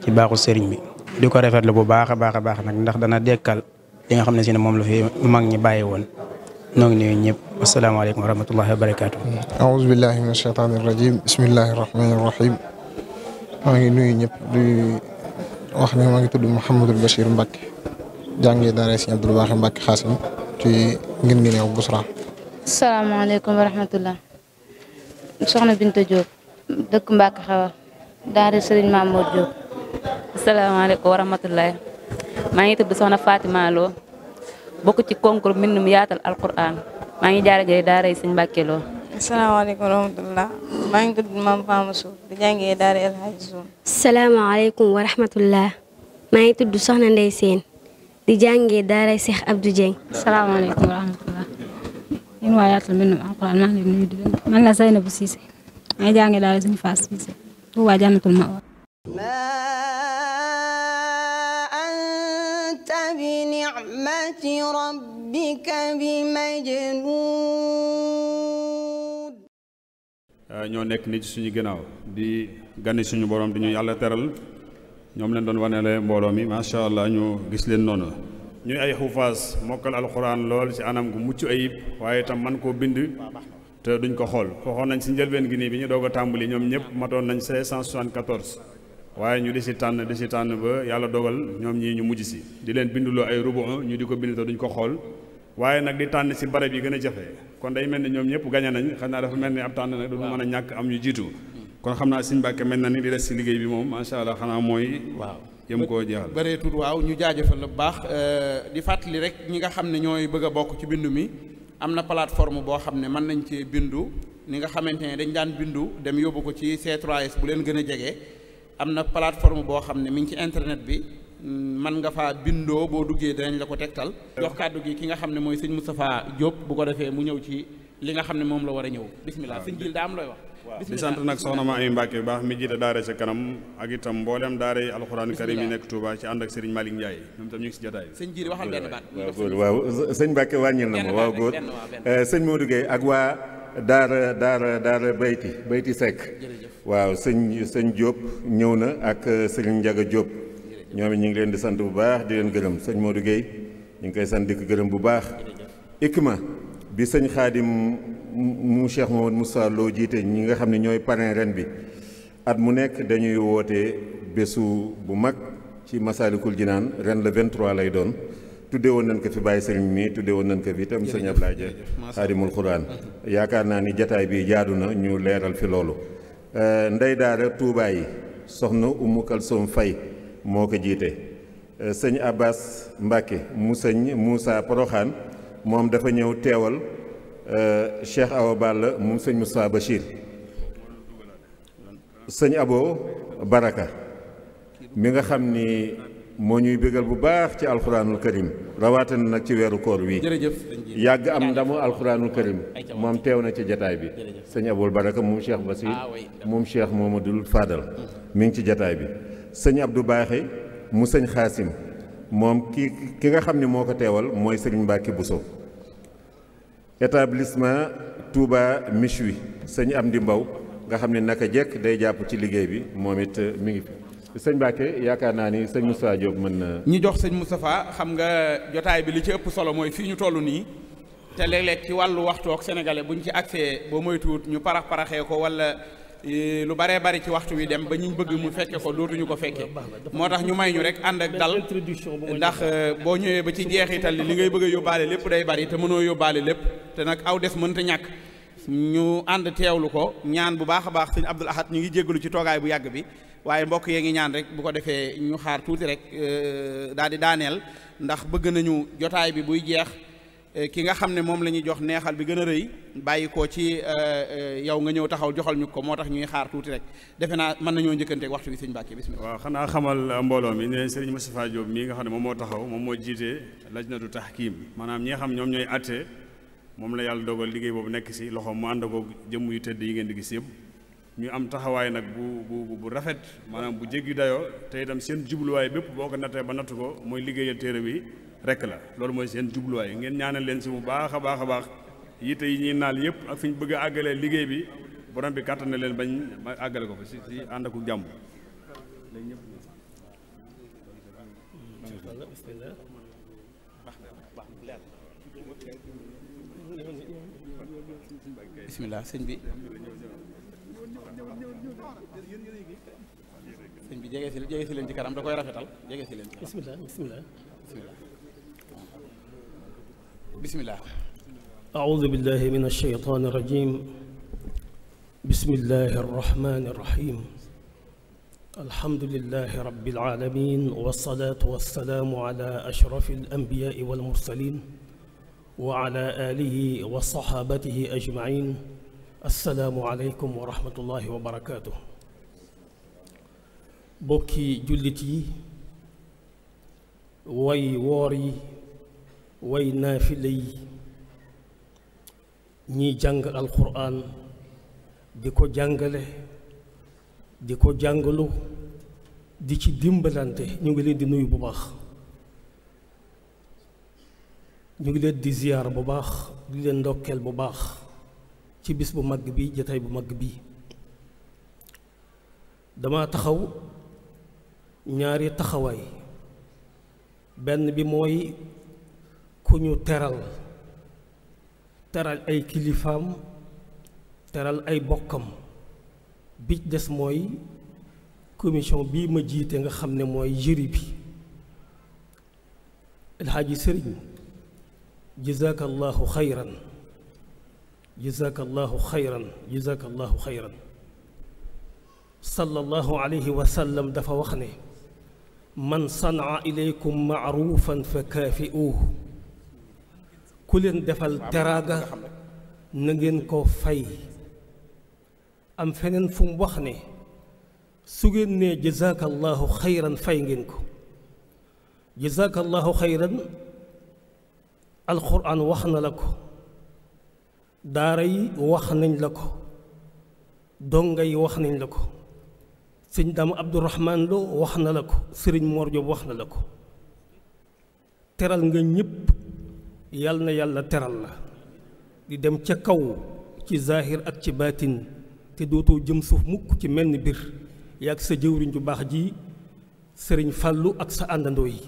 ci baaxu Serigne bi. di ko rafetlu bu baax a baax a baax nag ndax dana dekkal li nga xam ne si ne moom la fi mag ñi bàyyi woon noo ngi ñëpp asalaamaaleykum wa rahmatullahi wa
barakaatu. aouzu billahi min ashaytaani rajim bismillahi rahmaani rahim maa ngi ñëpp di wax ne maa ngi tudd Mouhamadul Bachir Mbacke jàngee daara si Abdoul Baaxi a Xaasim ci ngir ngi
soxna Binta Diop dëkk Mbacke Xawa daara Serigne Mamour Diop. asalaamaaleykum wa rahmatulah maa ngi tudd soxna Fatima Lo bokk ci concours mbindum yaatal alquran maa ngi daara yi Serigne Mbacke Lo. asalaamaaleykum maa ngi tudd maam Fama Sow di jàngee daara El Hadj Sow.
maa ngi tudd soxna Ndeye di jàngee daara Cheikh Abdou Dieng. asalaamaaleykum wa rahmatulah. yéen waa Yaatal Mbindum Alxuraan maa ngi
leen nuyu la Seynabou
ma
ah, ñoo nekk ni ci suñu ginnaaw di gane suñu borom di ñu yàlla teral ñoom leen doon waneele mbooloo mi macha allah ñu gis leen noonu ñuy ay xufaas mokkal alxuraan lool ci anam gu mucc ayib waaye tam man koo bind te duñ ko xool waxoon nañ ci njëlbeen gi nii bi ñu doo a tàmbali ñoom ñëpp matoon nañ 574 waaye ñu di si tànn di si tànn ba yàlla dogal ñoom ñii ñu mujj si di leen binduloo ay rubu ñu di ko bind te duñ ko xool waaye nag di tànn si barab yi gën a jafe kon day mel ni ñoom ñëpp gañe nañ xam naa dafa mel ni ab tànn nag du man a ñàkk am ñu jiitu kon xam naa Sëñ Mbàkke mel na ni di des si liggéey bi moom macha allah xanaa mooy waaw jëm koo jeexal
bëreetut waaw ñu jaajëfal la bu baax euh, di fàttali rek ñi nga xam ne ñooy bëgg a bokk ci bindu mi am na plateforme boo xam ne mën nañ ci bindu ni nga xamante ne dañ daan bindu dem yóbbu ko ci C3S bu leen gën a jege am na plateforme boo xam ne mi ngi ci internet bi hmm, mën nga fa bindoo boo duggee danañ la ko tegtal. jox kàddu gi ki nga xam ne mooy sëñ Moustapha Diop bu ko defee mu ñëw ci li nga xam ne moom la war a ñëw. bismillah sëñ Jil daa am looy wax.
di sant nag soxna
ma ami Mbàkke bu baax mi jiite daara ca kanam ak itam mboolem daara yi alxuraan karim yi nekk Touba ci ànd ak Serigne Malick Ndiaye ñoom tam ñu ngi si jotaay sëñ Jiiri waxal
waaw sëñ Mbàkke wàññil na ma waaw góor eh, sëñ moo Gueye ak waa daara daara daara bayti bayti Seck waaw sëñ sëñ Diop ñëw na ak sëñ Ndiaga Diop ñoom ñu ngi leen di sant bu baax di leen gërëm sëñ moo Gueye ñu ngi koy sant di gërëm bu baax ikma bi sëñ Xaadim mu Cheikh Mouhamadou Moussa loo jiite ñi nga xam ne ñooy parrain ren bi at mu nekk dañuy woote bésu bu mag ci Massalikul Jinaan ren la 23 lay doon tudde woon nañ ko fi bàyyi sëriñ mi tudde woon nañ ko fi itam sëñ Ablaye Dia xaadimul xuraan yaakaar naa ni jataay bi jaadu na ñu leeral fi loolu euh, ndey daara Touba yi soxna Umu Kalsom Fay moo ko jiite euh, sëñ Abbas Mbàkke mu sëñ Moussa Poroxaan moom dafa ñëw teewal Euh, Cheikh Awa Balla mu sëñ Moustapha Bachir sëñ Abo Baraka mi nga xam ni moo ñuy bégal bu baax ci alxuraanul karim rawatina nag ci weeru koor wi yàgg am ndamu alxuraanul karim moom teew na ci jataay bi sëñ Abul Baraka moom Cheikh ah, Basir moom Cheikh Momadul Fadal mm. mi ngi ci jataay bi sëñ Abdou Baaxe mu sëñ Xaasim moom ki ki nga xam ni moo ko teewal mooy sëñ Mbàkke Buso établissement Touba Michoui sëñ di Mbaw nga xam ne naka jekk day jàpp ci liggéey bi moom it euh, mi ngi fi sëñ Mbacke yaakaar naa ni sëñ Moustapha Diop mën na.
ñi jox sëñ Moustapha xam nga jotaay bi li ci ëpp solo mooy fii ñu toll nii te léeg-léeg ci wàllu waxtu ak sénégalais buñ ci accès ba moytuwut ñu parax paraxee ko wala. lu baree bari ci waxtu wi dem ba ñu bëgg mu fekke ko dootuñu ko fekke moo tax ñu may ñu rek ànd ak dal ndax euh, boo ñëwee ba ci jeexital li ngay bëgg a yóbbaale lépp day bari te mënoo yóbbaale lépp te nag aw des mënta ñàkk ñu ànd lu ko ñaan bu baax a baax sëñ Abdul Ahad ñu ngi jéggalu ci toogaay bu yàgg bi waaye mbokk yee ngi ñaan rek bu ko defee ñu xaar tuuti rek euh, daal di daaneel ndax bëgg nañu jotaay bi buy jeex Eh, ki nga xam ne moom la ñuy jox neexal bi gën a rëy bàyyi ko ci eh, eh, yow nga ñëw taxaw joxal ñu ko moo tax ñuy xaar tuuti rek defe naa mën nañoo njëkkante waxtu bi sëñ Mbàkke bismillah
waaw xanaa xamal mbooloo mi ne leen sëriñ Moustapha Diop mii nga xam ne moom moo taxaw moom moo jiite lajnatu tahkim maanaam ñi nga xam ñoom ñooy atte moom la yàlla dogal liggéey boobu nekk si loxo mu ànd ko jëmm yu tëdd yi ngeen di gis yëpp ñu am taxawaay nag bu bu bu rafet maanaam bu jéggi dayoo te itam seen jubluwaay bépp boo ko nattee ba natt ko mooy liggéeyal téere bi rek la loolu mooy seen jubluwaay ngeen ñaanal leen si bu baax a baax a baax yitte yi ñuy naal yëpp ak fi ñu bëgg a àggalee liggéey bi borom bi kàttan leen bañ àggale ko fa si si ànd ak jàmm.
bisimilah sëñ bi. sëñ bi jege si jege si leen ci kanam da koy rafetal jege si leen ci bismillah bismillah bismillah
أعوذ بالله من الشيطان الرجيم بسم الله الرحمن الرحيم الحمد لله رب العالمين والصلاة والسلام على أشرف الأنبياء والمرسلين وعلى آله وصحابته أجمعين السلام عليكم ورحمة الله وبركاته bokki jullit yi way woor yi way naafile yi ñiy jàng alxuraan di ko jàngale di ko jàngalu di ci dimbalante ñu ngi leen di nuyu bu baax ñu ngi leen di ziyaar bu baax di leen ndokkeel bu baax ci bis bu mag bi jataay bu mag bi dama taxaw ñaari taxawaay benn bi mooy ku ñu teral teral ay kilifaam teral ay bokkam bi des mooy commission bii ma jiite nga xam ne mooy jury bi alxaaji sëriñ jazaakallahu xayran jazaakallahu xayran jazaakallahu xayran sallallahu alayhi wa dafa wax ne man sanaa ilaykum maarufan fa kaafiuuhu ku leen defal teraanga na ngeen ko fay am feneen fu wax ne su ngeen ne jazaakallahu xayran fay ngeen ko jazaakallahu xayran alxuraan wax na la ko daaray wax nañ la ko donga yi wax nañ la ko sëñ Dame Abdourahman Lo wax na la ko sëriñ Mor wax na la ko teral nga ñëpp yal na yàlla teral la di dem ca kaw ci zahir ak ci baatin te dootoo jëm suuf mukk ci mel menn bir yàgg sa jëwriñ ju baax ji sëriñ fàllu ak sa àndandoo yi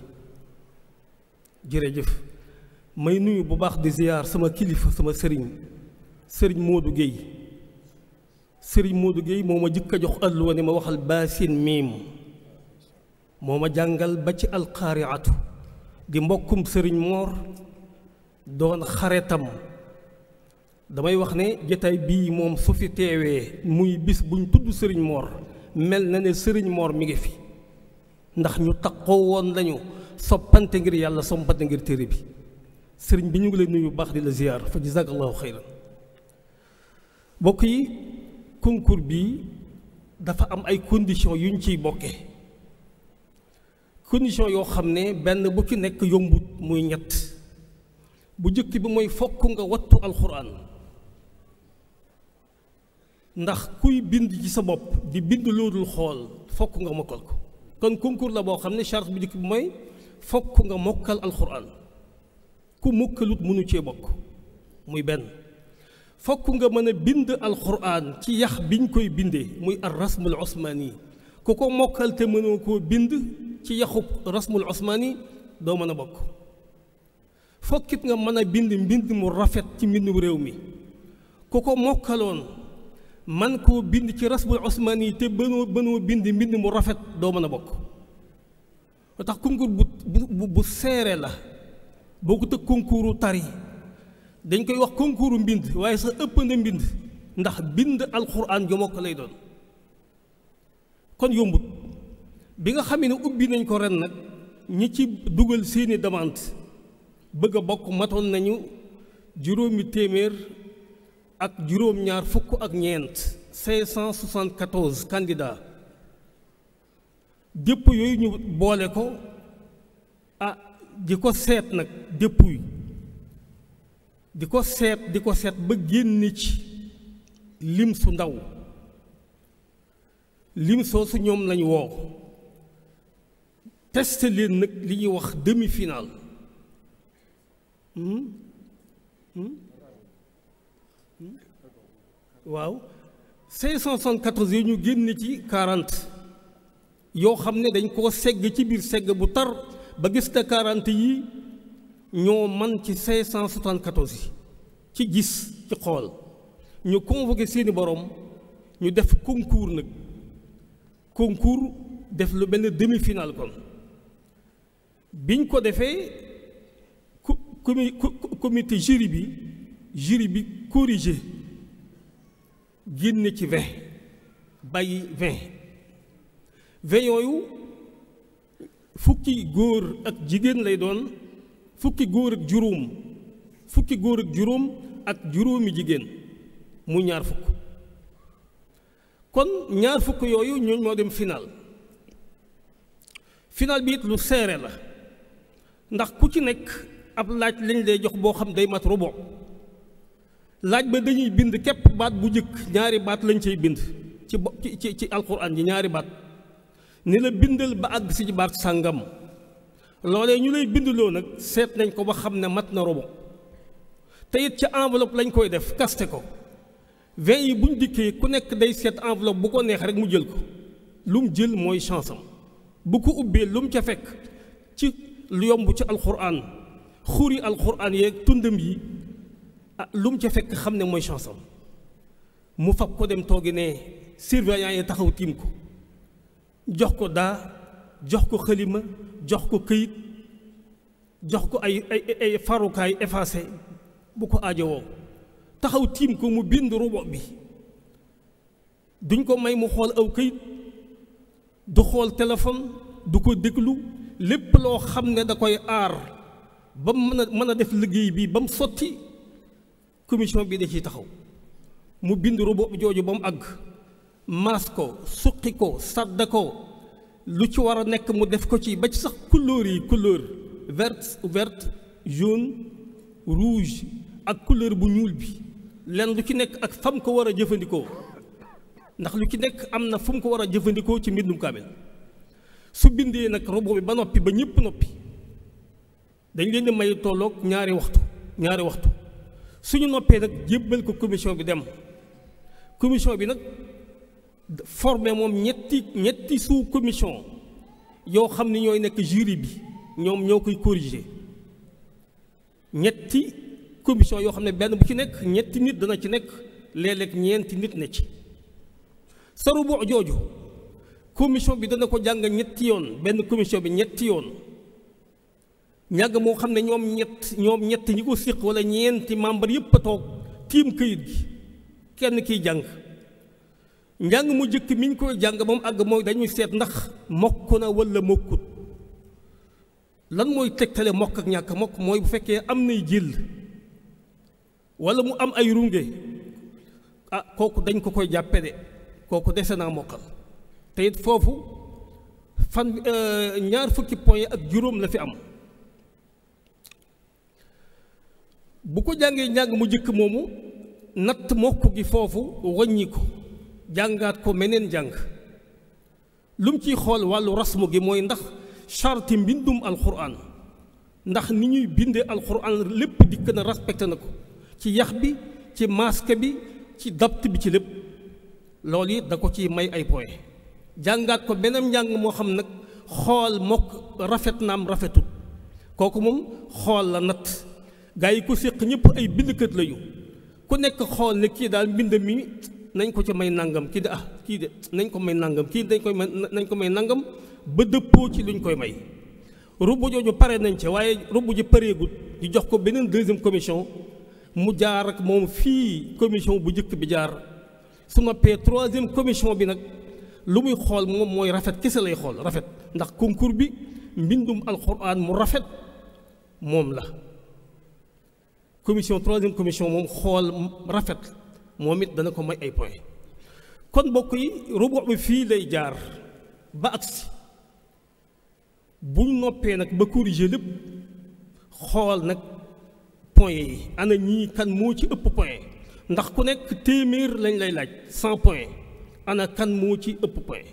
jërëjëf may nuyu bu baax di ziyaar sama kilifa sama sëriñ sëriñ Modou Guèye sëriñ Modou Guèye moo ma jëkk a jox alluwa ne ma waxal baasin miim moo ma jàngal ba ci alqaariatu di mbokkum sëriñ moor doon xaretam damay wax ne jataay bii moom su fi teewee muy bis buñ tudd sëriñ moor mel na ne sëriñ moor mi ngi fi ndax ñu taqoo woon lañu soppante ngir yàlla soppante ngir téere bi sëriñ bi ñu ngi lay nuyu baax di la ziyaar fa jazakallahu xayran mbokk yi concours bii dafa am ay conditions yu ñu ciy bokke conditions yoo xam ne benn bu ci nekk yombut muy ñett bu njëkk bi mooy fokk nga wattu alxuraan ndax kuy bind ci sa bopp di bind loolul xool fokk nga mokkal ko kon konkur la boo xam ne charte bu njëkk bi mooy fokk nga mokkal alxuraan ku mokkalut mënu cee bokk muy benn fokk nga mën a bind alxuraan ci yax biñ koy bindee muy ar rasmul osmaani ku ko mokkal te mënoo koo bind ci yaxub rasmul osmaani doo mën a bokk fokkit nga mën a bind mbind mu rafet ci mbindu réew mi ku ko mokkaloon man koo bind ci rasmul osmaani te bënoo bënoo bind mbind mu rafet doo mën a bokk moo tax concours bu bu bu seere la boo ko tëg concours tari dañ koy wax concours mbind waaye sa ëpp na mbind ndax bind alxuraan ju mokk lay doon kon yombut bi nga xam ne ubbi nañ ko ren nag ñi ci dugal seeni demande bëgg a bokk matoon nañu juróomi téeméer ak juróom-ñaar fukk ak ñeent 574 candidats dëpp yooyu ñu boole ko ah di ko seet nag dëpp yi di ko seet di ko seet ba génn ci lim su ndaw lim soosu ñoom lañu woo testé leen nag li ñuy wax demi final hmm? hmm? hmm? waaw 574 ñu génn ci 40 yoo xam ne dañ koo segg ci biir segg bu tar ba gis te 40 yi ñoo man ci 574 yi ci gis ci xool ñu convoqué seeni borom ñu def concours nag concours def lu benn demi-finale kon biñ ko defee comi comité jury bi jury bi corrigé génne ci bay bàyyi 20 20 yooyu fukki góor ak jigéen lay doon fukki góor ak juróom fukki góor ak juróom ak juróomi jigéen mu ñaar fukk kon ñaar fukk yooyu ñooñ moo dem final final bi it lu seere la ndax ku ci nekk ab laaj lañ lay jox boo xam day mat rubo laaj ba dañuy bind képp baat bu jëkk ñaari baat lañ cay bind ci ci ci alxuraan ji ñaari baat ni la bindal ba àgg si ci baat sàngam loole ñu lay binduloo nag seet nañ ko ba xam ne mat na robo te it ca enveloppe lañ koy def kaste ko vingt yi buñ dikkee ku nekk day seet enveloppe bu ko neex rek mu jël ko lu mu jël mooy chance am bu ko ubbee lu mu ca fekk ci lu yomb ci alxuraan xuri alxuraan yeeg tundam yi ah lu mu ca fekk xam ne mooy chance am mu fab ko dem toogi ne surveillant yi taxaw tiim ko jox ko daa jox ko xalima jox ko kayit jox ko ay ay ay farukaay effacé bu ko aajowoo taxaw tiim ko mu bind rubo bi duñ ko may mu xool aw kayit du xool téléphone du ko déglu lépp loo xam ne da koy aar ba mu mën a mën a def liggéey bi ba mu sotti commission bi da ci taxaw mu bind rubo jooju ba mu àgg mas ko suqi ko sàdda ko lu ci war a nekk mu def ko ci ba ci sax couleur yi couleur verte verte jaune rouge ak couleur bu ñuul bi lenn lu ci nekk ak fam ko war a jëfandikoo ndax lu ci nekk am na fu mu ko war a jëfandikoo ci mbindum kaamil su bindee nag robo bi ba noppi ba ñëpp noppi dañ leen di may tolloog ñaari waxtu ñaari waxtu suñu noppee nag jébbal ko commission bi dem commission bi nag formé moom ñetti ñetti sous commission yoo xam ne ñooy nekk jury bi ñoom ñoo koy corriger ñetti commission yoo xam ne benn bu ci nekk ñetti nit dana ci nekk léeg ñeenti nit na ci saru bo jooju commission bi dana ko jàng ñetti yoon benn commission bi ñetti yoon ñàgg moo xam ne ñoom ñett ñoom ñett ñi ko séq wala ñeenti membre yëpp a toog tiim këyit gi kenn kiy jàng njàng mu jëkk mi ñu koy jàng moom àgg mooy dañuy seet ndax mokk na wala mokkut lan mooy tegtale mokk ak ñàkk mokk mooy bu fekkee am nay jël wala mu am ay runge ah kooku dañ ko koy jàppe de kooku dese naa mokkal te foofu fan euh, ñaar fukki point ak juróom la fi am bu ko jàngee njàng mu jëkk moomu natt mokk gi foofu wàññi ko jàngaat ko meneen jàng lu mu ciy xool wàllu rasmu gi mooy ndax charti mbindum alxuraan ndax ni ñuy bindee alxuraan lépp dikk na respecté na ko ci yax bi ci masque bi ci dapt bi ci lépp loolu it da ko ciy may ay point jàngaat ko beneen njàng moo xam nag xool mokk rafet naam rafetut kooku moom xool la natt gaa yi ko séq ñëpp ay bindkat la ñu ku nekk xool ne kii daal mbind mi nañ ko ca may nangam kii de ah kii de nañ ko may nangam kii dañ koy may nañ ko may nangam ba dëppoo ci lu luñ koy may rubb jooju pare nañ ca waaye rubb ji pareegut ñu jox ko beneen deuxième commission mu jaar ak moom fii commission bu njëkk bi jaar su noppee troisième commission bi nag lu muy xool moom mooy rafet kese lay xool rafet ndax concours bi mbindum alxuraan mu rafet moom la commission troisième commission moom xool rafet moom it dana ko may ay point kon mbokk yi rubu bi fii lay jaar ba agsi bu ñu noppee nag ba corriger lépp xool nag point yi ana ñii kan moo ci ëpp point ndax ku nekk téeméer lañ lay laaj cent point ana kan moo ci ëpp point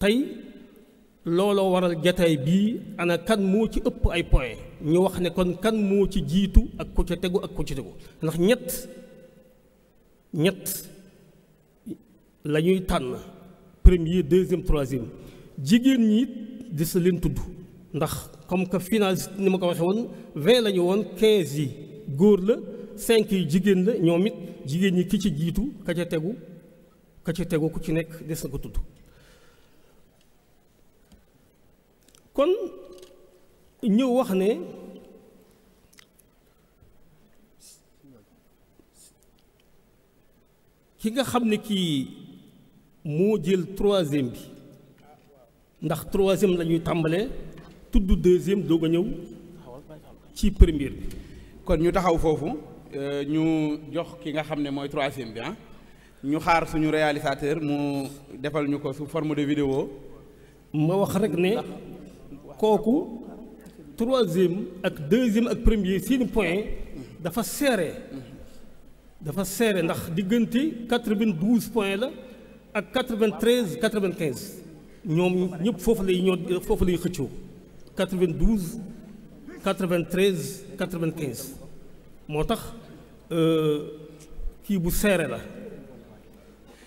tey looloo waral jataay bii ana kan moo ci ëpp ay point ñu wax ne kon kan moo ci jiitu ak ku ca tegu ak ku ca tegu ndax ñett ñett la ñuy tànn premier deuxième troisième jigéen ñi di sa leen tudd ndax comme que finaliste ni ma ko waxee woon vingt la woon quinze yi góor la cinq yi jigéen la ñoom it jigéen ñi ki ci jiitu ka ca tegu ka ca tegu ku ci nekk des na ko tudd kon ñëw wax ne ki nga xam ne kii moo jël troisième bi ndax troisième lañuy ñuy tàmbalee tudd deuxième doog a ñëw
ci première bi. kon ñu taxaw foofu euh, ñu jox ki nga xam ne mooy troisième bi ah ñu xaar suñu réalisateur mu defal ñu ko sous forme de vidéo ma wax rek ne kooku troisième ak deuxième
ak premier seen point dafa serré. dafa serré ndax diggante 92 point la ak 93 95 ñoom ñëpp foofu lay ñoo foofu lay xëccoo 92 93 95 moo tax euh, kii bu serré la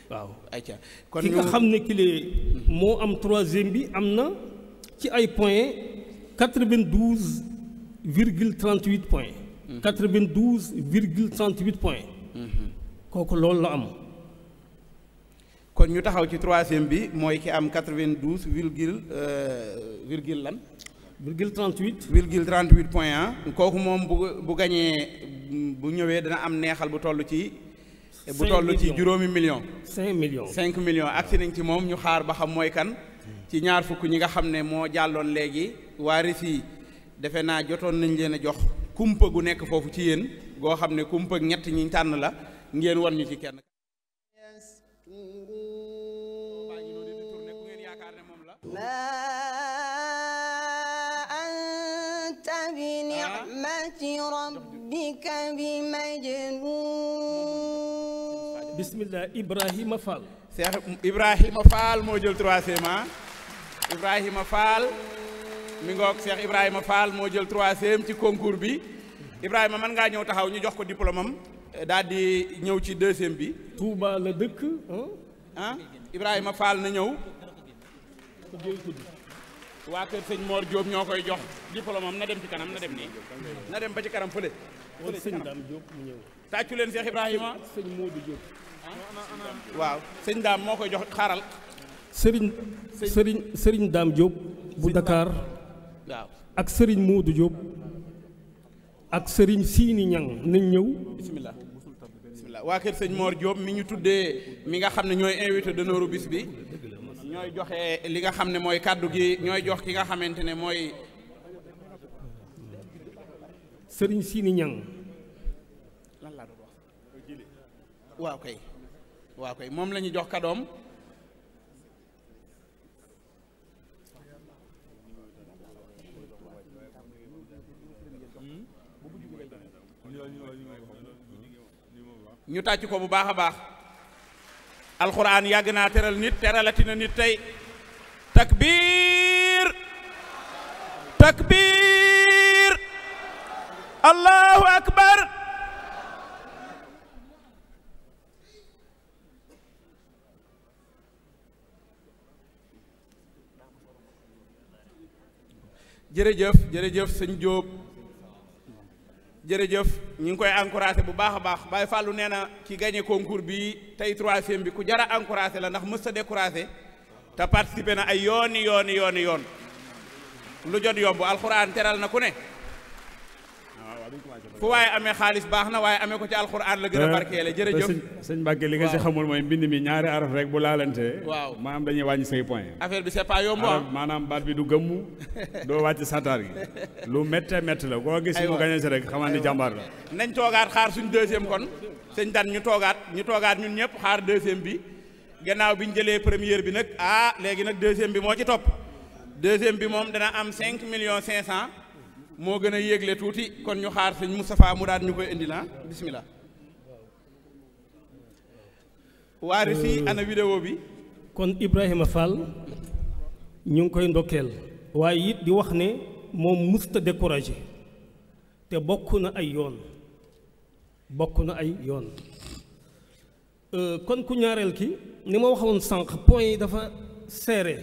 waaw. ayca
kon ki ne kii moo am troisième bi am na ci ay points 92 virgule
38 points. 92 virgule 38 kooku loolu la am kon ñu taxaw ci troisième bi mooy ki am quatre-vingt-douze virgule euh, virgule lan. virgule 38. virgule 38 point 1 kooku moom bu bu gañee bu ñëwee dana am neexal bu toll ci. bu toll ci juróomi million. 5 millions 5 millions agsi nañ ci moom ñu xaar ba xam mooy kan. ci ñaar fukk ñi nga xam ne moo jàlloon léegi waaris yi defe naa jotoon nañ leen a jox kumpa gu nekk foofu ci yéen goo xam ne kumpa ñett ñi tànn la. ngeen wan ñu ci kenn bismillah Ibrahima Fall. Cheikh Ibrahima Fall moo jël troisième ah. Ibrahima Fall mi ngoog Cheikh Ibrahima Fall moo jël troisième ci concours bi Ibrahima man ngaa ñëw taxaw ñu jox ko diplôme daal di ñëw ci deuxième bi. Touba la dëkk. ah Ibrahima Fall na ñëw. waa kër sëñ Mor Diop ñoo koy jox diplôme am dem dem ba ci kanam fële. fële ci kanam tàccu leen Cheikh Ibrahima. sëñ Modou Diop. waaw sëñ Dame moo koy jox xaaral.
Serigne sëriñ sëriñ Dame Diop bu Dakar. waaw ak sëriñ Modou Diop. ak Serigne Sini Niang nañ
ñëw. waa kër sëñ Mor jóom mi ñu tuddee mi nga xam ne ñooy invité d'honneur bis bi ñooy joxe li nga xam ne mooy kàddu gi ñooy jox ki nga xamante ne mooy.
sëriñ Sini Ñang
lan laa doon wax moom la jox kadoom
ñu tàcc ko bu baax
a baax alxuraan yàgg naa teral nit teralati na nit tey takbir takbir allahu akbar jërëjëf jërëjëf sëñ Jóob jërëjëf ñu ngi koy encouragé bu baax a baax Baye Fallou nee na ki gagné concours bi tey troisième bi ku jara encouragé la ndax mës sa découragé te participé na ay yooni yooni yooni yoon lu jot yomb alxuraan teral na ku ne fu waaye amee xaalis baax na waaye amee ko ci alxuraan la gën a eh, barkeele jërëjëf
sëñ Mbàkke li nga si xamul mooy mbind mi ñaari araf rek bu laalantee waaw maanaam dañuy wàññi say point
affaire bi c'est pas
yomb ah. maanaam baat bi du gëmm doo wàcc sataar gi lu métte métt la koo gis mu gañe si rek xamaan ni jàmbaar la
nañ toogaat xaar suñ deuxième kon sëñ Dan ñu toogaat ñu toogaat ñun ñëpp xaar deuxième bi gannaaw bi ñu jëlee première bi nag ah léegi nag deuxième bi moo ci topp deuxième bi moom dana am cinq millions cinq cent moo gën a yéegle tuuti kon ñu xaar sëñ Moustapha mu daan ñu koy indi la ah, bismillah waarisi euh, ana vidéo bi
kon Ibrahima Fall ñu ngi koy ndokkeel waaye it di wax ne moom musta découragé te bokk na ay yoon bokk na ay yoon euh, kon ku ñaareel ki ni ma waxoon sànq point yi dafa serré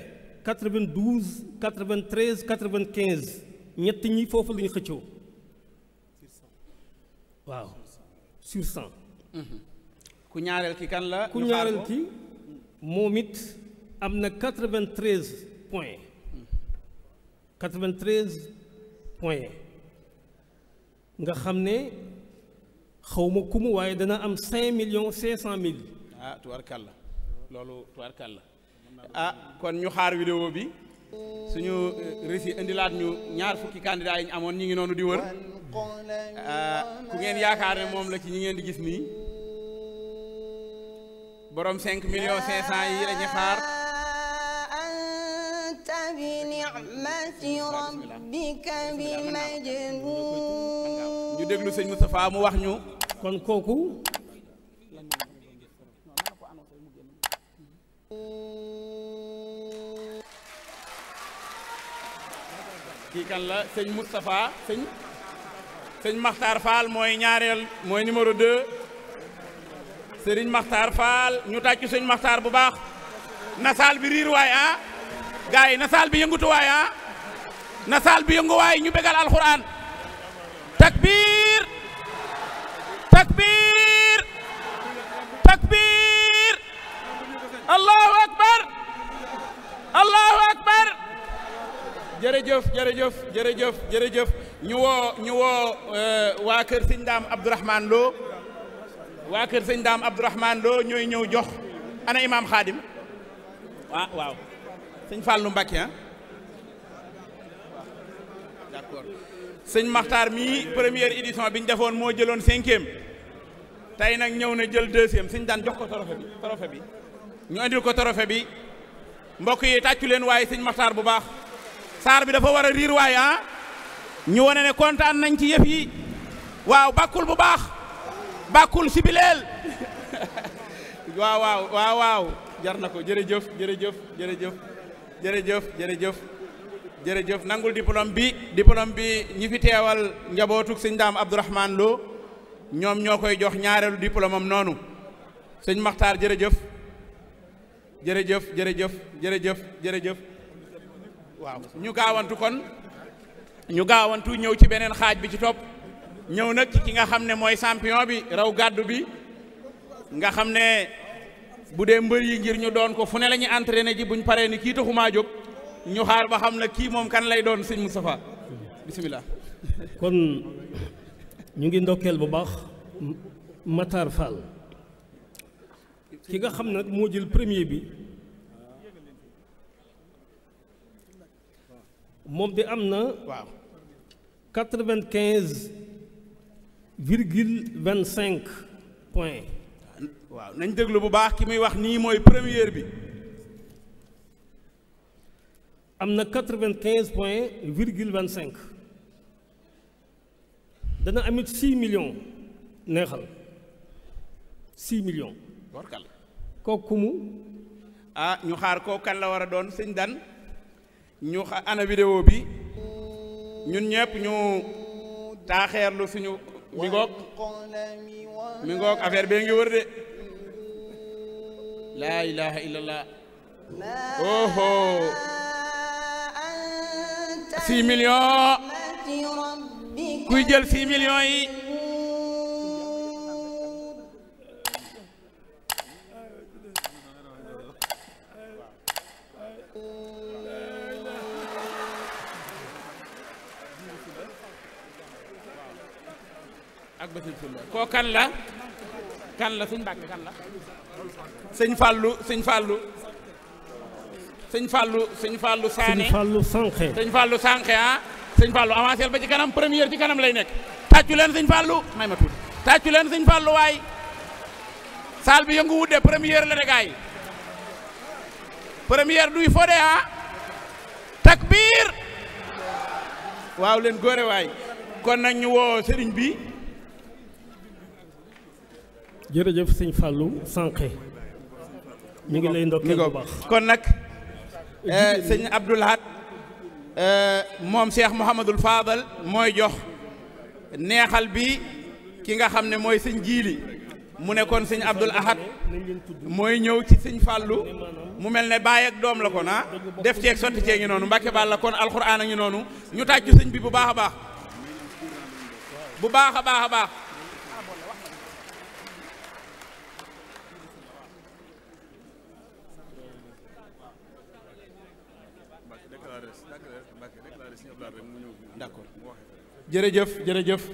92 93 quinze ñett ñi foofu lañu xëccoo waaw sur cent
ku ñaareel ki kan la ku ñaareel ki
moom it am na quatre vingt point nga xam ne xawma ku mu waaye dana am cinq millions cinq cent
mille ah tubaarkàlla loolu tubaarkàlla ah, kon ñu xaar vidéo bi suñu euh, récit indilaat ñu ñaar fukki candidat yi ñu amoon ñu ngi noonu di wër euh, ku ngeen yaakaar ne moom la ci ñi ngeen di gis nii borom 5 millions 500 yi la ñu xaar.
bi ni'mati rabbika bi majnun
ñu déglu sëñ Moustapha mu wax ñu kon kooku kii kan la sëñ Moustapha sëñ sëñ Makhtar mooy ñaareel mooy numéro 2 sëriñ Makhtar Fall ñu tàccu sëñ Makhtar bu baax na saal bi riir waay ah gars bi yëngutu waay ah bi yëngu waay ñu bégal alxuraan takbir takbir takbir allahu akbar allahu akbar jërëjëf jërëjëf jërëjëf jërëjëf ñu woo ñu woo euh, waa kër sëñ daam Abdourahmane Lo waa kër sëñ daam Abdourahmane Lo ñooy ñëw jox ana imaam Xaadim ah waaw sëñ Fallou Mbacké ah d'accord sëñ Makhtar mii première édition bi ñu defoon moo jëloon cinquième tey nag ñëw na jël deuxième sëñ daan jox ko trophée bi trophée bi ñu andil ko trophée bi mbokk yi tàccu leen waaye sëñ Makhtar bu baax. saar bi dafa war a riir waay ah ñu wone kontaan nañ ci yëf yi waaw bakkul bu baax bàkkul sibileel waaw waaw waaw waaw jar na ko jërëjëf jërëjëf jërëjëf jërëjëf jërëjëf jërëjëf nangul diplôme bi diplôme bi ñi fi teewal njabootug sëñ daam Abdourahman Lo ñoom ñoo koy jox ñaareelu diplôme am noonu sëñ Maxtaar jërëjëf jërëjëf jërëjëf jërëjëf jërëjëf waaw ñu gaawantu kon ñu gaawantu ñëw ci beneen xaaj bi ci topp ñëw nag ci ki nga xam ne mooy champion bi raw gàddu bi nga xam ne bu dee mbër yi ngir ñu doon ko fu ne la ñuy entraîné ji buñ paree ni kii maa jóg ñu xaar ba xam na kii moom kan lay doon sëñ Moustapha bisimilah.
kon ñu ngi ndokkeel bu baax Matar Fall ki nga xam nag moo jël premier bi. moom di am na. waaw quatre vingt quinze
virgule cinq point. waaw nañ déglu bu baax ki muy wax nii mooy première bi.
am na quatre vingt quinze vingt cinq. dana amit six million neexal six millions. warkal kooku
ah ñu xaar kooku kan la war a doon sëñ Dan. ñu ana vidéo bi ñun ñëpp ñu taaxeerlu suñu mi ngoog mi ngoog affaire bee ngi wër de laa ilaha illallah kuy jël six yi koo kan la kan la sëñ Mbàkke kan la sëñ Fàllu sëñ Fàllu sëñ Fàllu sëñ Fàllu Saane sëñ Fàllu
Sànqe sëñ
Fàllu Sànqe ah sëñ Fàllu avancé ba ci kanam première ci kanam lay nekk tàccu leen sëñ Fàllu may ma tuuti tàccu leen sëñ Fàllu waay saal bi yëngu wudde première la de gaay duy fodé ah takbir waaw leen góore waay kon nag woo sëriñ bi
jërëjëf sëñ Fallou Sànqe mu ngi lay ndokkee bu baax
kon nag eh, sëñ Abdou Lahad eh, moom Cheikh Mouhamadul Fadal mooy jox neexal bi ki nga xam ne mooy sëñ jiili mu ne kon sëñ Abdul Ahad mooy ñëw ci sëñ Fallou mu mel ne baay ak doom la kon ah def ceeg sotti cee ngi noonu Mbàkke Bàlla kon alxuraan a ngi noonu ñu tàccu sëñ bi bu baax a baax
bu baax a baax a baax
jërëjëf jërëjëf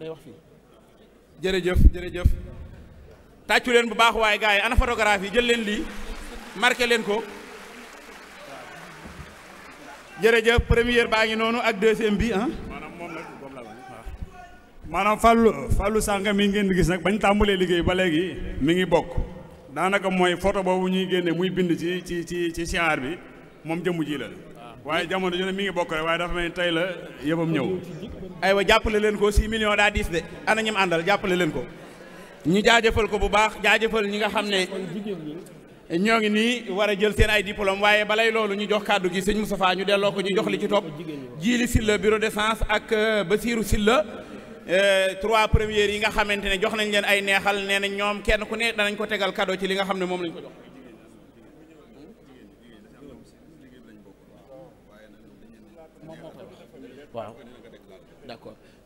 day wax fii jërëjëf jërëjëf tàccu leen bu baax waaye gars yi ana photographe yi jël leen lii marqué leen ko jërëjëf première baa ngi noonu ak deuxième bi ah.
maanaam Fallou Fallou Sanka mi ngeen di gis nag bañ tàmbalee liggéey ba léegi mi ngi bokk daanaka mooy photo boobu ñuy génne muy bind ci ci ci ci siyaar bi
moom jëmm ji la. waaye jamono ju ne mi ngi bokk rek waaye dafa mel ni tey la yëppam ñëw. aywa jàppale leen ko 6 million daa diis de ana ñim àndal jàppale leen ko. ñu jaajëfal ko bu baax jaajëfal ñi nga xam ne ñoo ngi nii war a jël seen ay diplôme waaye balay loolu ñu jox kàddu gi sëñ Moustapha ñu delloo ko ñu jox li ci topp jiili Silla bureau de science ak euh, Basiirou Silla euh, trois premières yi nga xamante ne jox nañ leen ay neexal nee na ñoom kenn ku ne danañ ko tegal cadeau ci li nga xam ne moom lañ ko jox.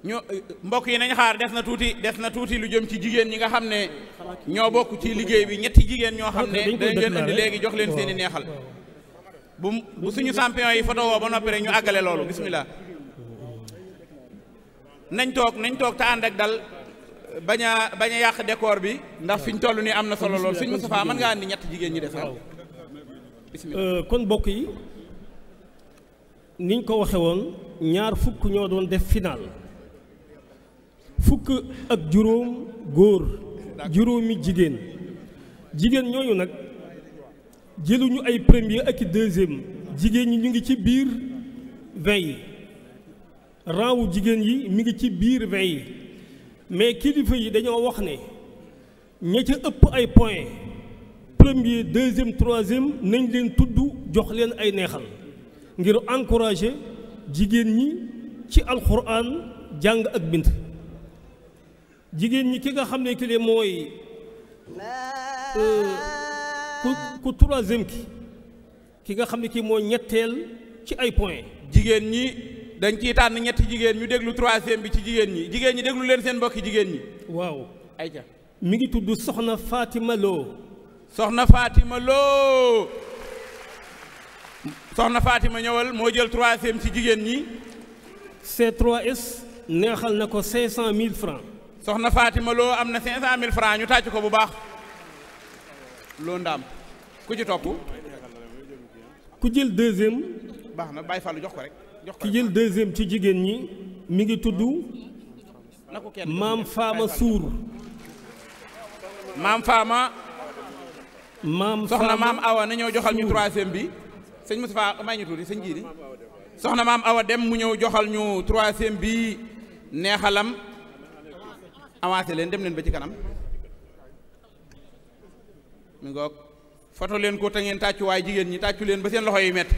ñu mbokk yi nañ xaar des na tuuti des na tuuti lu jëm ci jigéen ñi nga xam ne ñoo bokk ci liggéey bi ñetti jigéen ñoo xam ne dañ leen indi léegi jox leen seeni neexal bu bu suñu champion yi photo woo ba noppi rek ñu àggale loolu bismillah nañ toog nañ toog te ànd ak dal bañ a bañ yàq décor bi ndax fi ñu toll nii am na solo lool suñu Moustapha mën ngaa indi ñetti jigéen ñi def
bismillah euh, kon mbokk yi niñ ko waxe woon ñaar fukk ñoo doon def final fukk ak juróom góor juróomi jigéen jigéen ñooñu nag jëluñu ay premier ak i deuxième jigéen ñi ñu ngi ci biir vingt yi rang jigéen yi mi ngi ci biir vingt yi mais kilifa yi dañoo wax ne ña ca ëpp ay point premier deuxième troisième nañ leen tudd jox leen ay neexal ngir encourager jigéen ñi ci alxuraan jàng ak bind jigéen ñi ki nga xam ne ki mooy euh, ku ku troisième ki ki nga xam ne ki mooy
ñetteel ci ay point jigéen ñi dañ ciy tànn ñetti jigéen ñu déglu troisième bi ci jigéen ñi jigéen ñi déglu leen seen mbokki jigéen ñi waaw ayca
mi ngi tudd soxna
Fatima Lo soxna Fatima Lo soxna Fatima ñëwal moo jël troisième ci jigéen ñi C3S neexal na ko cinq cent mille francs soxna ma loo am na 500000 francs ñu tàcc ko bu baax loo ndaam ku ci topp. ku jël
deuxième. baax na Baye Fallou jox ko rek. jox ko ki jël ci jigéen ñi mi ngi tudd. maam Faama
Suur. maam Faama. maam soxna maam Awa na ñëw joxal ñu troisième bi. sëñ Moustapha may ñu tuuti sëñ Jiiri soxna maam Awa dem mu ñëw joxal ñu troisième bi neexalam. avancé leen dem leen ba ci kanam mi ngoog foto leen ko te ngeen tàccu waaye jigéen ñi tàccu leen ba seen loxo yi mett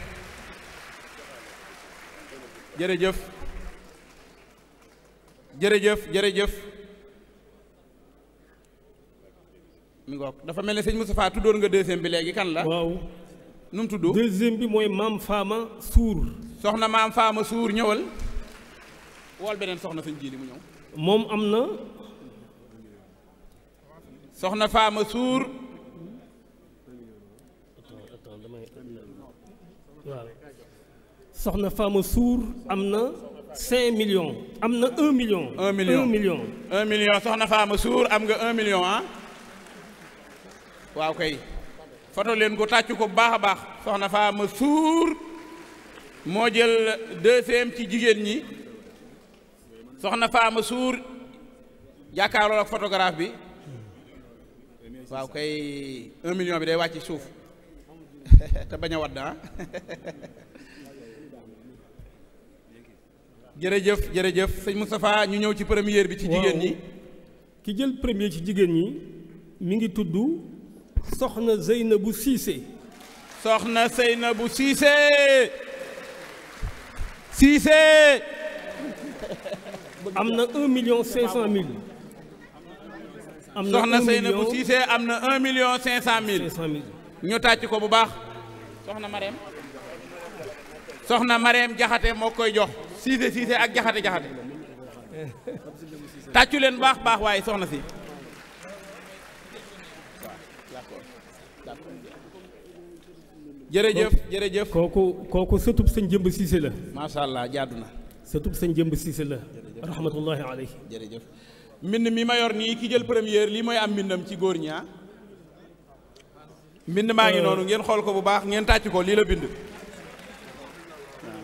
jërëjëf jërëjëf jërëjëf mi ngoog dafa mel ne sëñ Moustapha tuddoon nga deuxième bi léegi kan la waaw nu mu tudd deuxième bi mooy maam faama suur soxna maam faama suur ñëwal wool beneen soxna sëñ jiili mu ñëw moom am na soxna Faama Suur
waaw soxna Faama Suur am na cinq am na
million un million un
million un million soxna Faama Suur am nga un million ah waaw kay foto leen ko tàccu ko bu baax a baax soxna Faama Suur moo jël deuxième ci jigéen ñi soxna Faama Suur jàkkaarloo ak photographe bi waaw kay million bi day wàcc suuf te bañ a wadd ah jërëjëf jërëjëf sëñ Moustapha ñu ñëw ci première bi ci jigéen ñi ki jël premier ci jigéen ñi mi ngi
tudd soxna Zeynabu Cissé soxna Zeynabu Cissé Cissé
am na un million cinq cent mille am na soxna Seynabou Cissé am na 1 million 500 mille. 500 mille ñu tàcc ko bu baax. soxna Marème. soxna Marème Jaxate moo koy jox. Cissé Cissé ak Jaxate Jaxate. tàccu leen baax baax waaye soxna si. jërëjëf jërëjëf kooku kooku sëtub sëñ jëmb siise la. macha allah jaadu na. sëtub sëñ jëmb siise la. rahmatullahi alayhi jërëjëf. mbind mi mayor yor nii ki jël première lii mooy am mbindam ci góor ñaa ah. mbind maa ngi euh. noonu ngeen xool ko bu baax ngeen tàcc ko lii la bind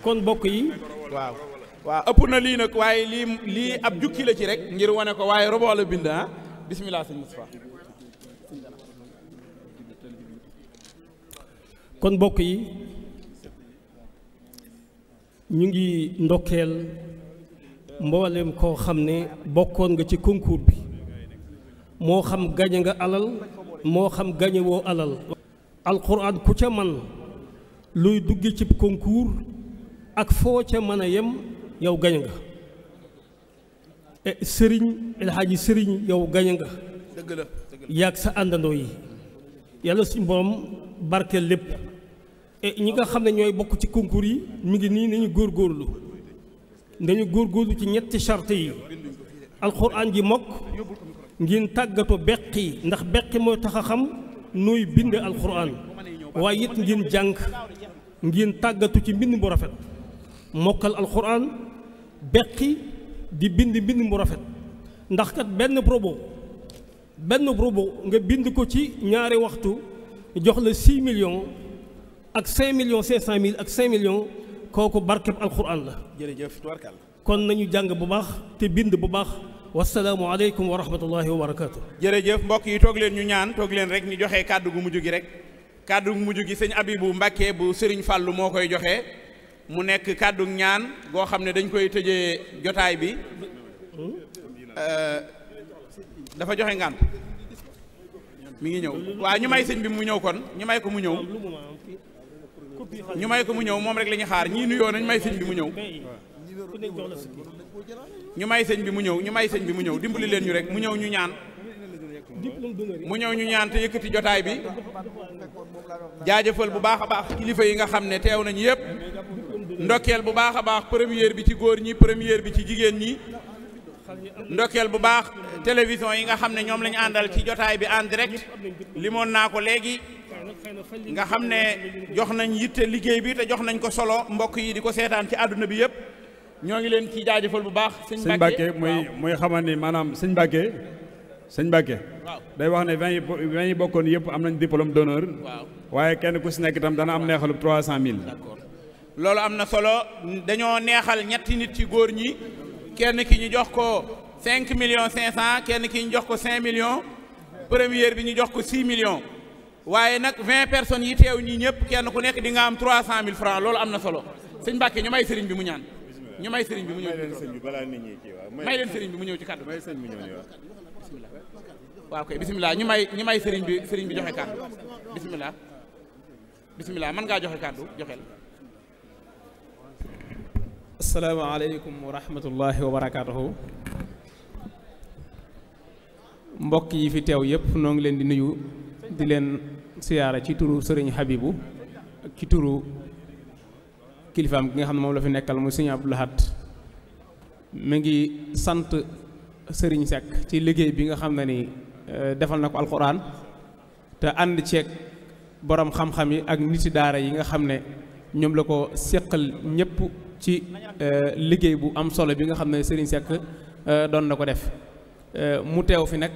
kon bokk yi waaw waaw ëpp na lii nag waaye lii lii ab jukki la ci rek ngir wone ko waaye roboo la bind ah bismillah sëñ Moustapha
kon bokk yi ñu ngi ndokkeel mboolem koo xam ne bokkoon nga ci concours bi moo xam gañe nga alal moo xam gañe woo alal alxuraan ku ca man luy dugge ci concours ak foo ca mën a yem yow gañe nga eh, sëriñ El Hadji sëriñ yow gañe nga yaag sa àndandoo yi yàlla suñu borom barkeel lépp eh, ñi nga xam ne ñooy bokk ci konkuur yi mu ngi nii nañu góorgóorlu góor góorgóorlu ci ñetti charte yi alxuraan ji mokk ngeen tàggatoo beqi ndax beqi mooy tax a xam nuy bind alxuraan waaye it ngeen jàng ngeen tàggatu ci mbind mu rafet mokkal alxuraan beqi di bind mbind mu rafet ndax kat benn probo benn probo nga bind ko ci ñaari waxtu jox la 6 million ak 5 millions 500 mille ak 5 million kooku barkeb alxuraan la.
jërëjëf tubarkàlla.
kon nañu jàng bu baax
te bind bu baax. wasalaamu aleykum wa rahmatullahi wa barakaatu. jërëjëf mbokk yi toog leen ñu ñaan toog leen rek ñu joxe kàddu gu mujj gi rek. kàddu gu mujj gi sëñ Abibu Mbàkke bu Sëriñ Fàllu moo koy joxe mu nekk kàddu ñaan goo xam ne dañ koy tëje jotaay bi. Euh, dafa joxe ngaan mi ngi ñëw waaw ñu may sëñ bi mu ñëw kon ñu may ko mu ñëw.
ñu may ko mu ñëw moom rek la ñuy xaar ñii nuyoo nañu may mu ñëw
ñu may sëñ bi mu ñëw ñu may sëñ bi mu ñëw dimbali ñu rek mu ñëw ñu ñaan mu ñëw ñu ñaan te yëkkati jotaay bi jaajëfal bu baax a baax kilifa yi nga xam ne teew nañu yëpp ndokkeel bu baax a baax première bi ci góor ñi première bi ci jigéen ñi ndokkeel bu baax télévision yi nga xam ne ñoom la ñu àndal ci jotaay bi en direct limoon naa ko léegi nga xam ne jox nañ yitte liggéey bi te jox nañ ko solo mbokk yi di ko seetaan ci àdduna bi yëpp ñoo ngi leen ci jaajëfal bu baax. sëñ Mbàkke muy
muy xamal ni maanaam sëñ Mbàkke sëñ Mbàkke day wax ne vingt yi vingt yi bokkoon yëpp am nañ diplôme d'honneur. waaye kenn ku si nekk itam dana am neexalub trois cent mille.
loolu am na solo dañoo neexal ñetti nit ci góor ñi kenn ki ñu jox ko cinq million cinq cent kenn ki ñu jox ko cinq million première bi ñu jox ko six million waaye nag personnes yi teew ñi ñëpp kenn ku nekk dinga am trois cent mille francs loolu am na solo sëñ Mbàkke ñu may sëriñ bi mu ñaan ñu may sëriñ bi mu ñëw may leen sëriñ bi mu ñëw ci kàddu waaw kay bisimilah ñu may ñu may sëriñ bi sëriñ bi joxe kàddu bisimilah bisimilah mën ngaa joxe kàddu joxeel
asalaamaaleykum wa rahmatullahi wa barakaatuhu mbokk yi fi teew yëpp noo ngi leen di nuyu di leen siyaara ci turu sëriñ Habibou ak ci turu kilifaam gi nga xam ne moom la fi nekkal muy sëriñ Abdou Lahad ngi sant sëriñ Seck ci liggéey bi nga xam ne ni eh, defal na ko alxuraan te ànd ceeg borom xam-xam yi ak niti daara yi nga xam ne ñoom la ko seqal ñépp ci eh, liggéey bu am solo bi nga xam ne sëriñ Seck eh, doon na ko def mu teew fi nag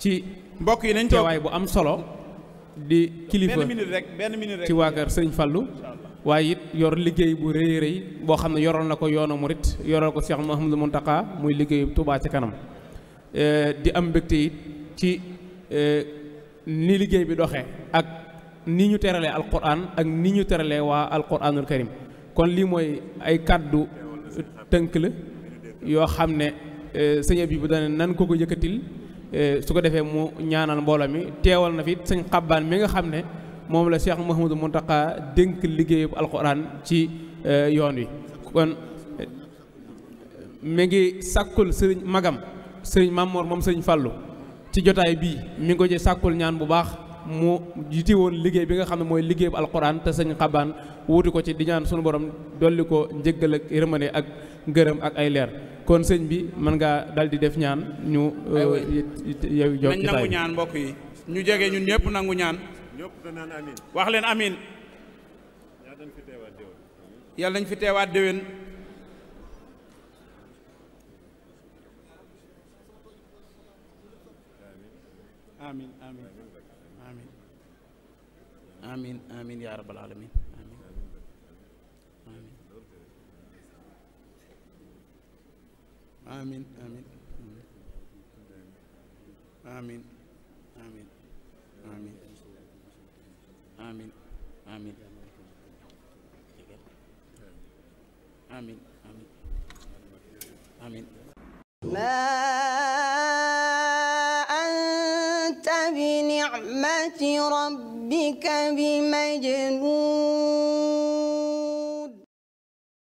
ci mbokk yi nañ toog teewaay bu am solo di kilifa ci waa kër sëñ Fallou waaye it yor liggéey bu rëy rëy boo xam ne yoroon na ko yoonu murit yoral ko Cheikh Mouhamadou Mountakha muy liggéeyu Touba ci kanam eh, di am mbégte it ci eh, ni liggéey bi doxee ak ni ñu teralee alquran ak ni ñu terale waa alquranul karim kon lii mooy ay kàddu tënk la yoo xam ne sëñ bi bu dane nan ko ko yëkkatil Eh, su ko defee mu ñaanal mbooloo mi teewal na fi sëñ xabbaan mi nga xam ne moom la Cheikh Mouhamadou Mountakha dénk liggéeyub alxuraan ci eh, yoon wi kon mi ngi sàkkul sëriñ magam sëriñ Mamoor moom sëriñ Fàllu ci jotaay bii mi ngi ko ci sàkkul ñaan bu baax mu jiti woon liggéey bi nga xam ne mooy liggéey bu alquran te sëñ xabaan wuuti ko ci di ñaan suñu borom dolli ko njëggal ak yërmande ak ngërëm ak ay leer kon sëñ bi mën nga dal di def ñaan ñu euh, yow jox nañ nangu ñaan
mbokk yi ñu jege ñun ñëpp nangu ñaan wax leen amin yàlla nañ fi teewaat déwén amin amin yaa rabbal alamin
amin amin amin
amin amin amin amin amin
amin amin amin amin
بنعمة ربك بمجنون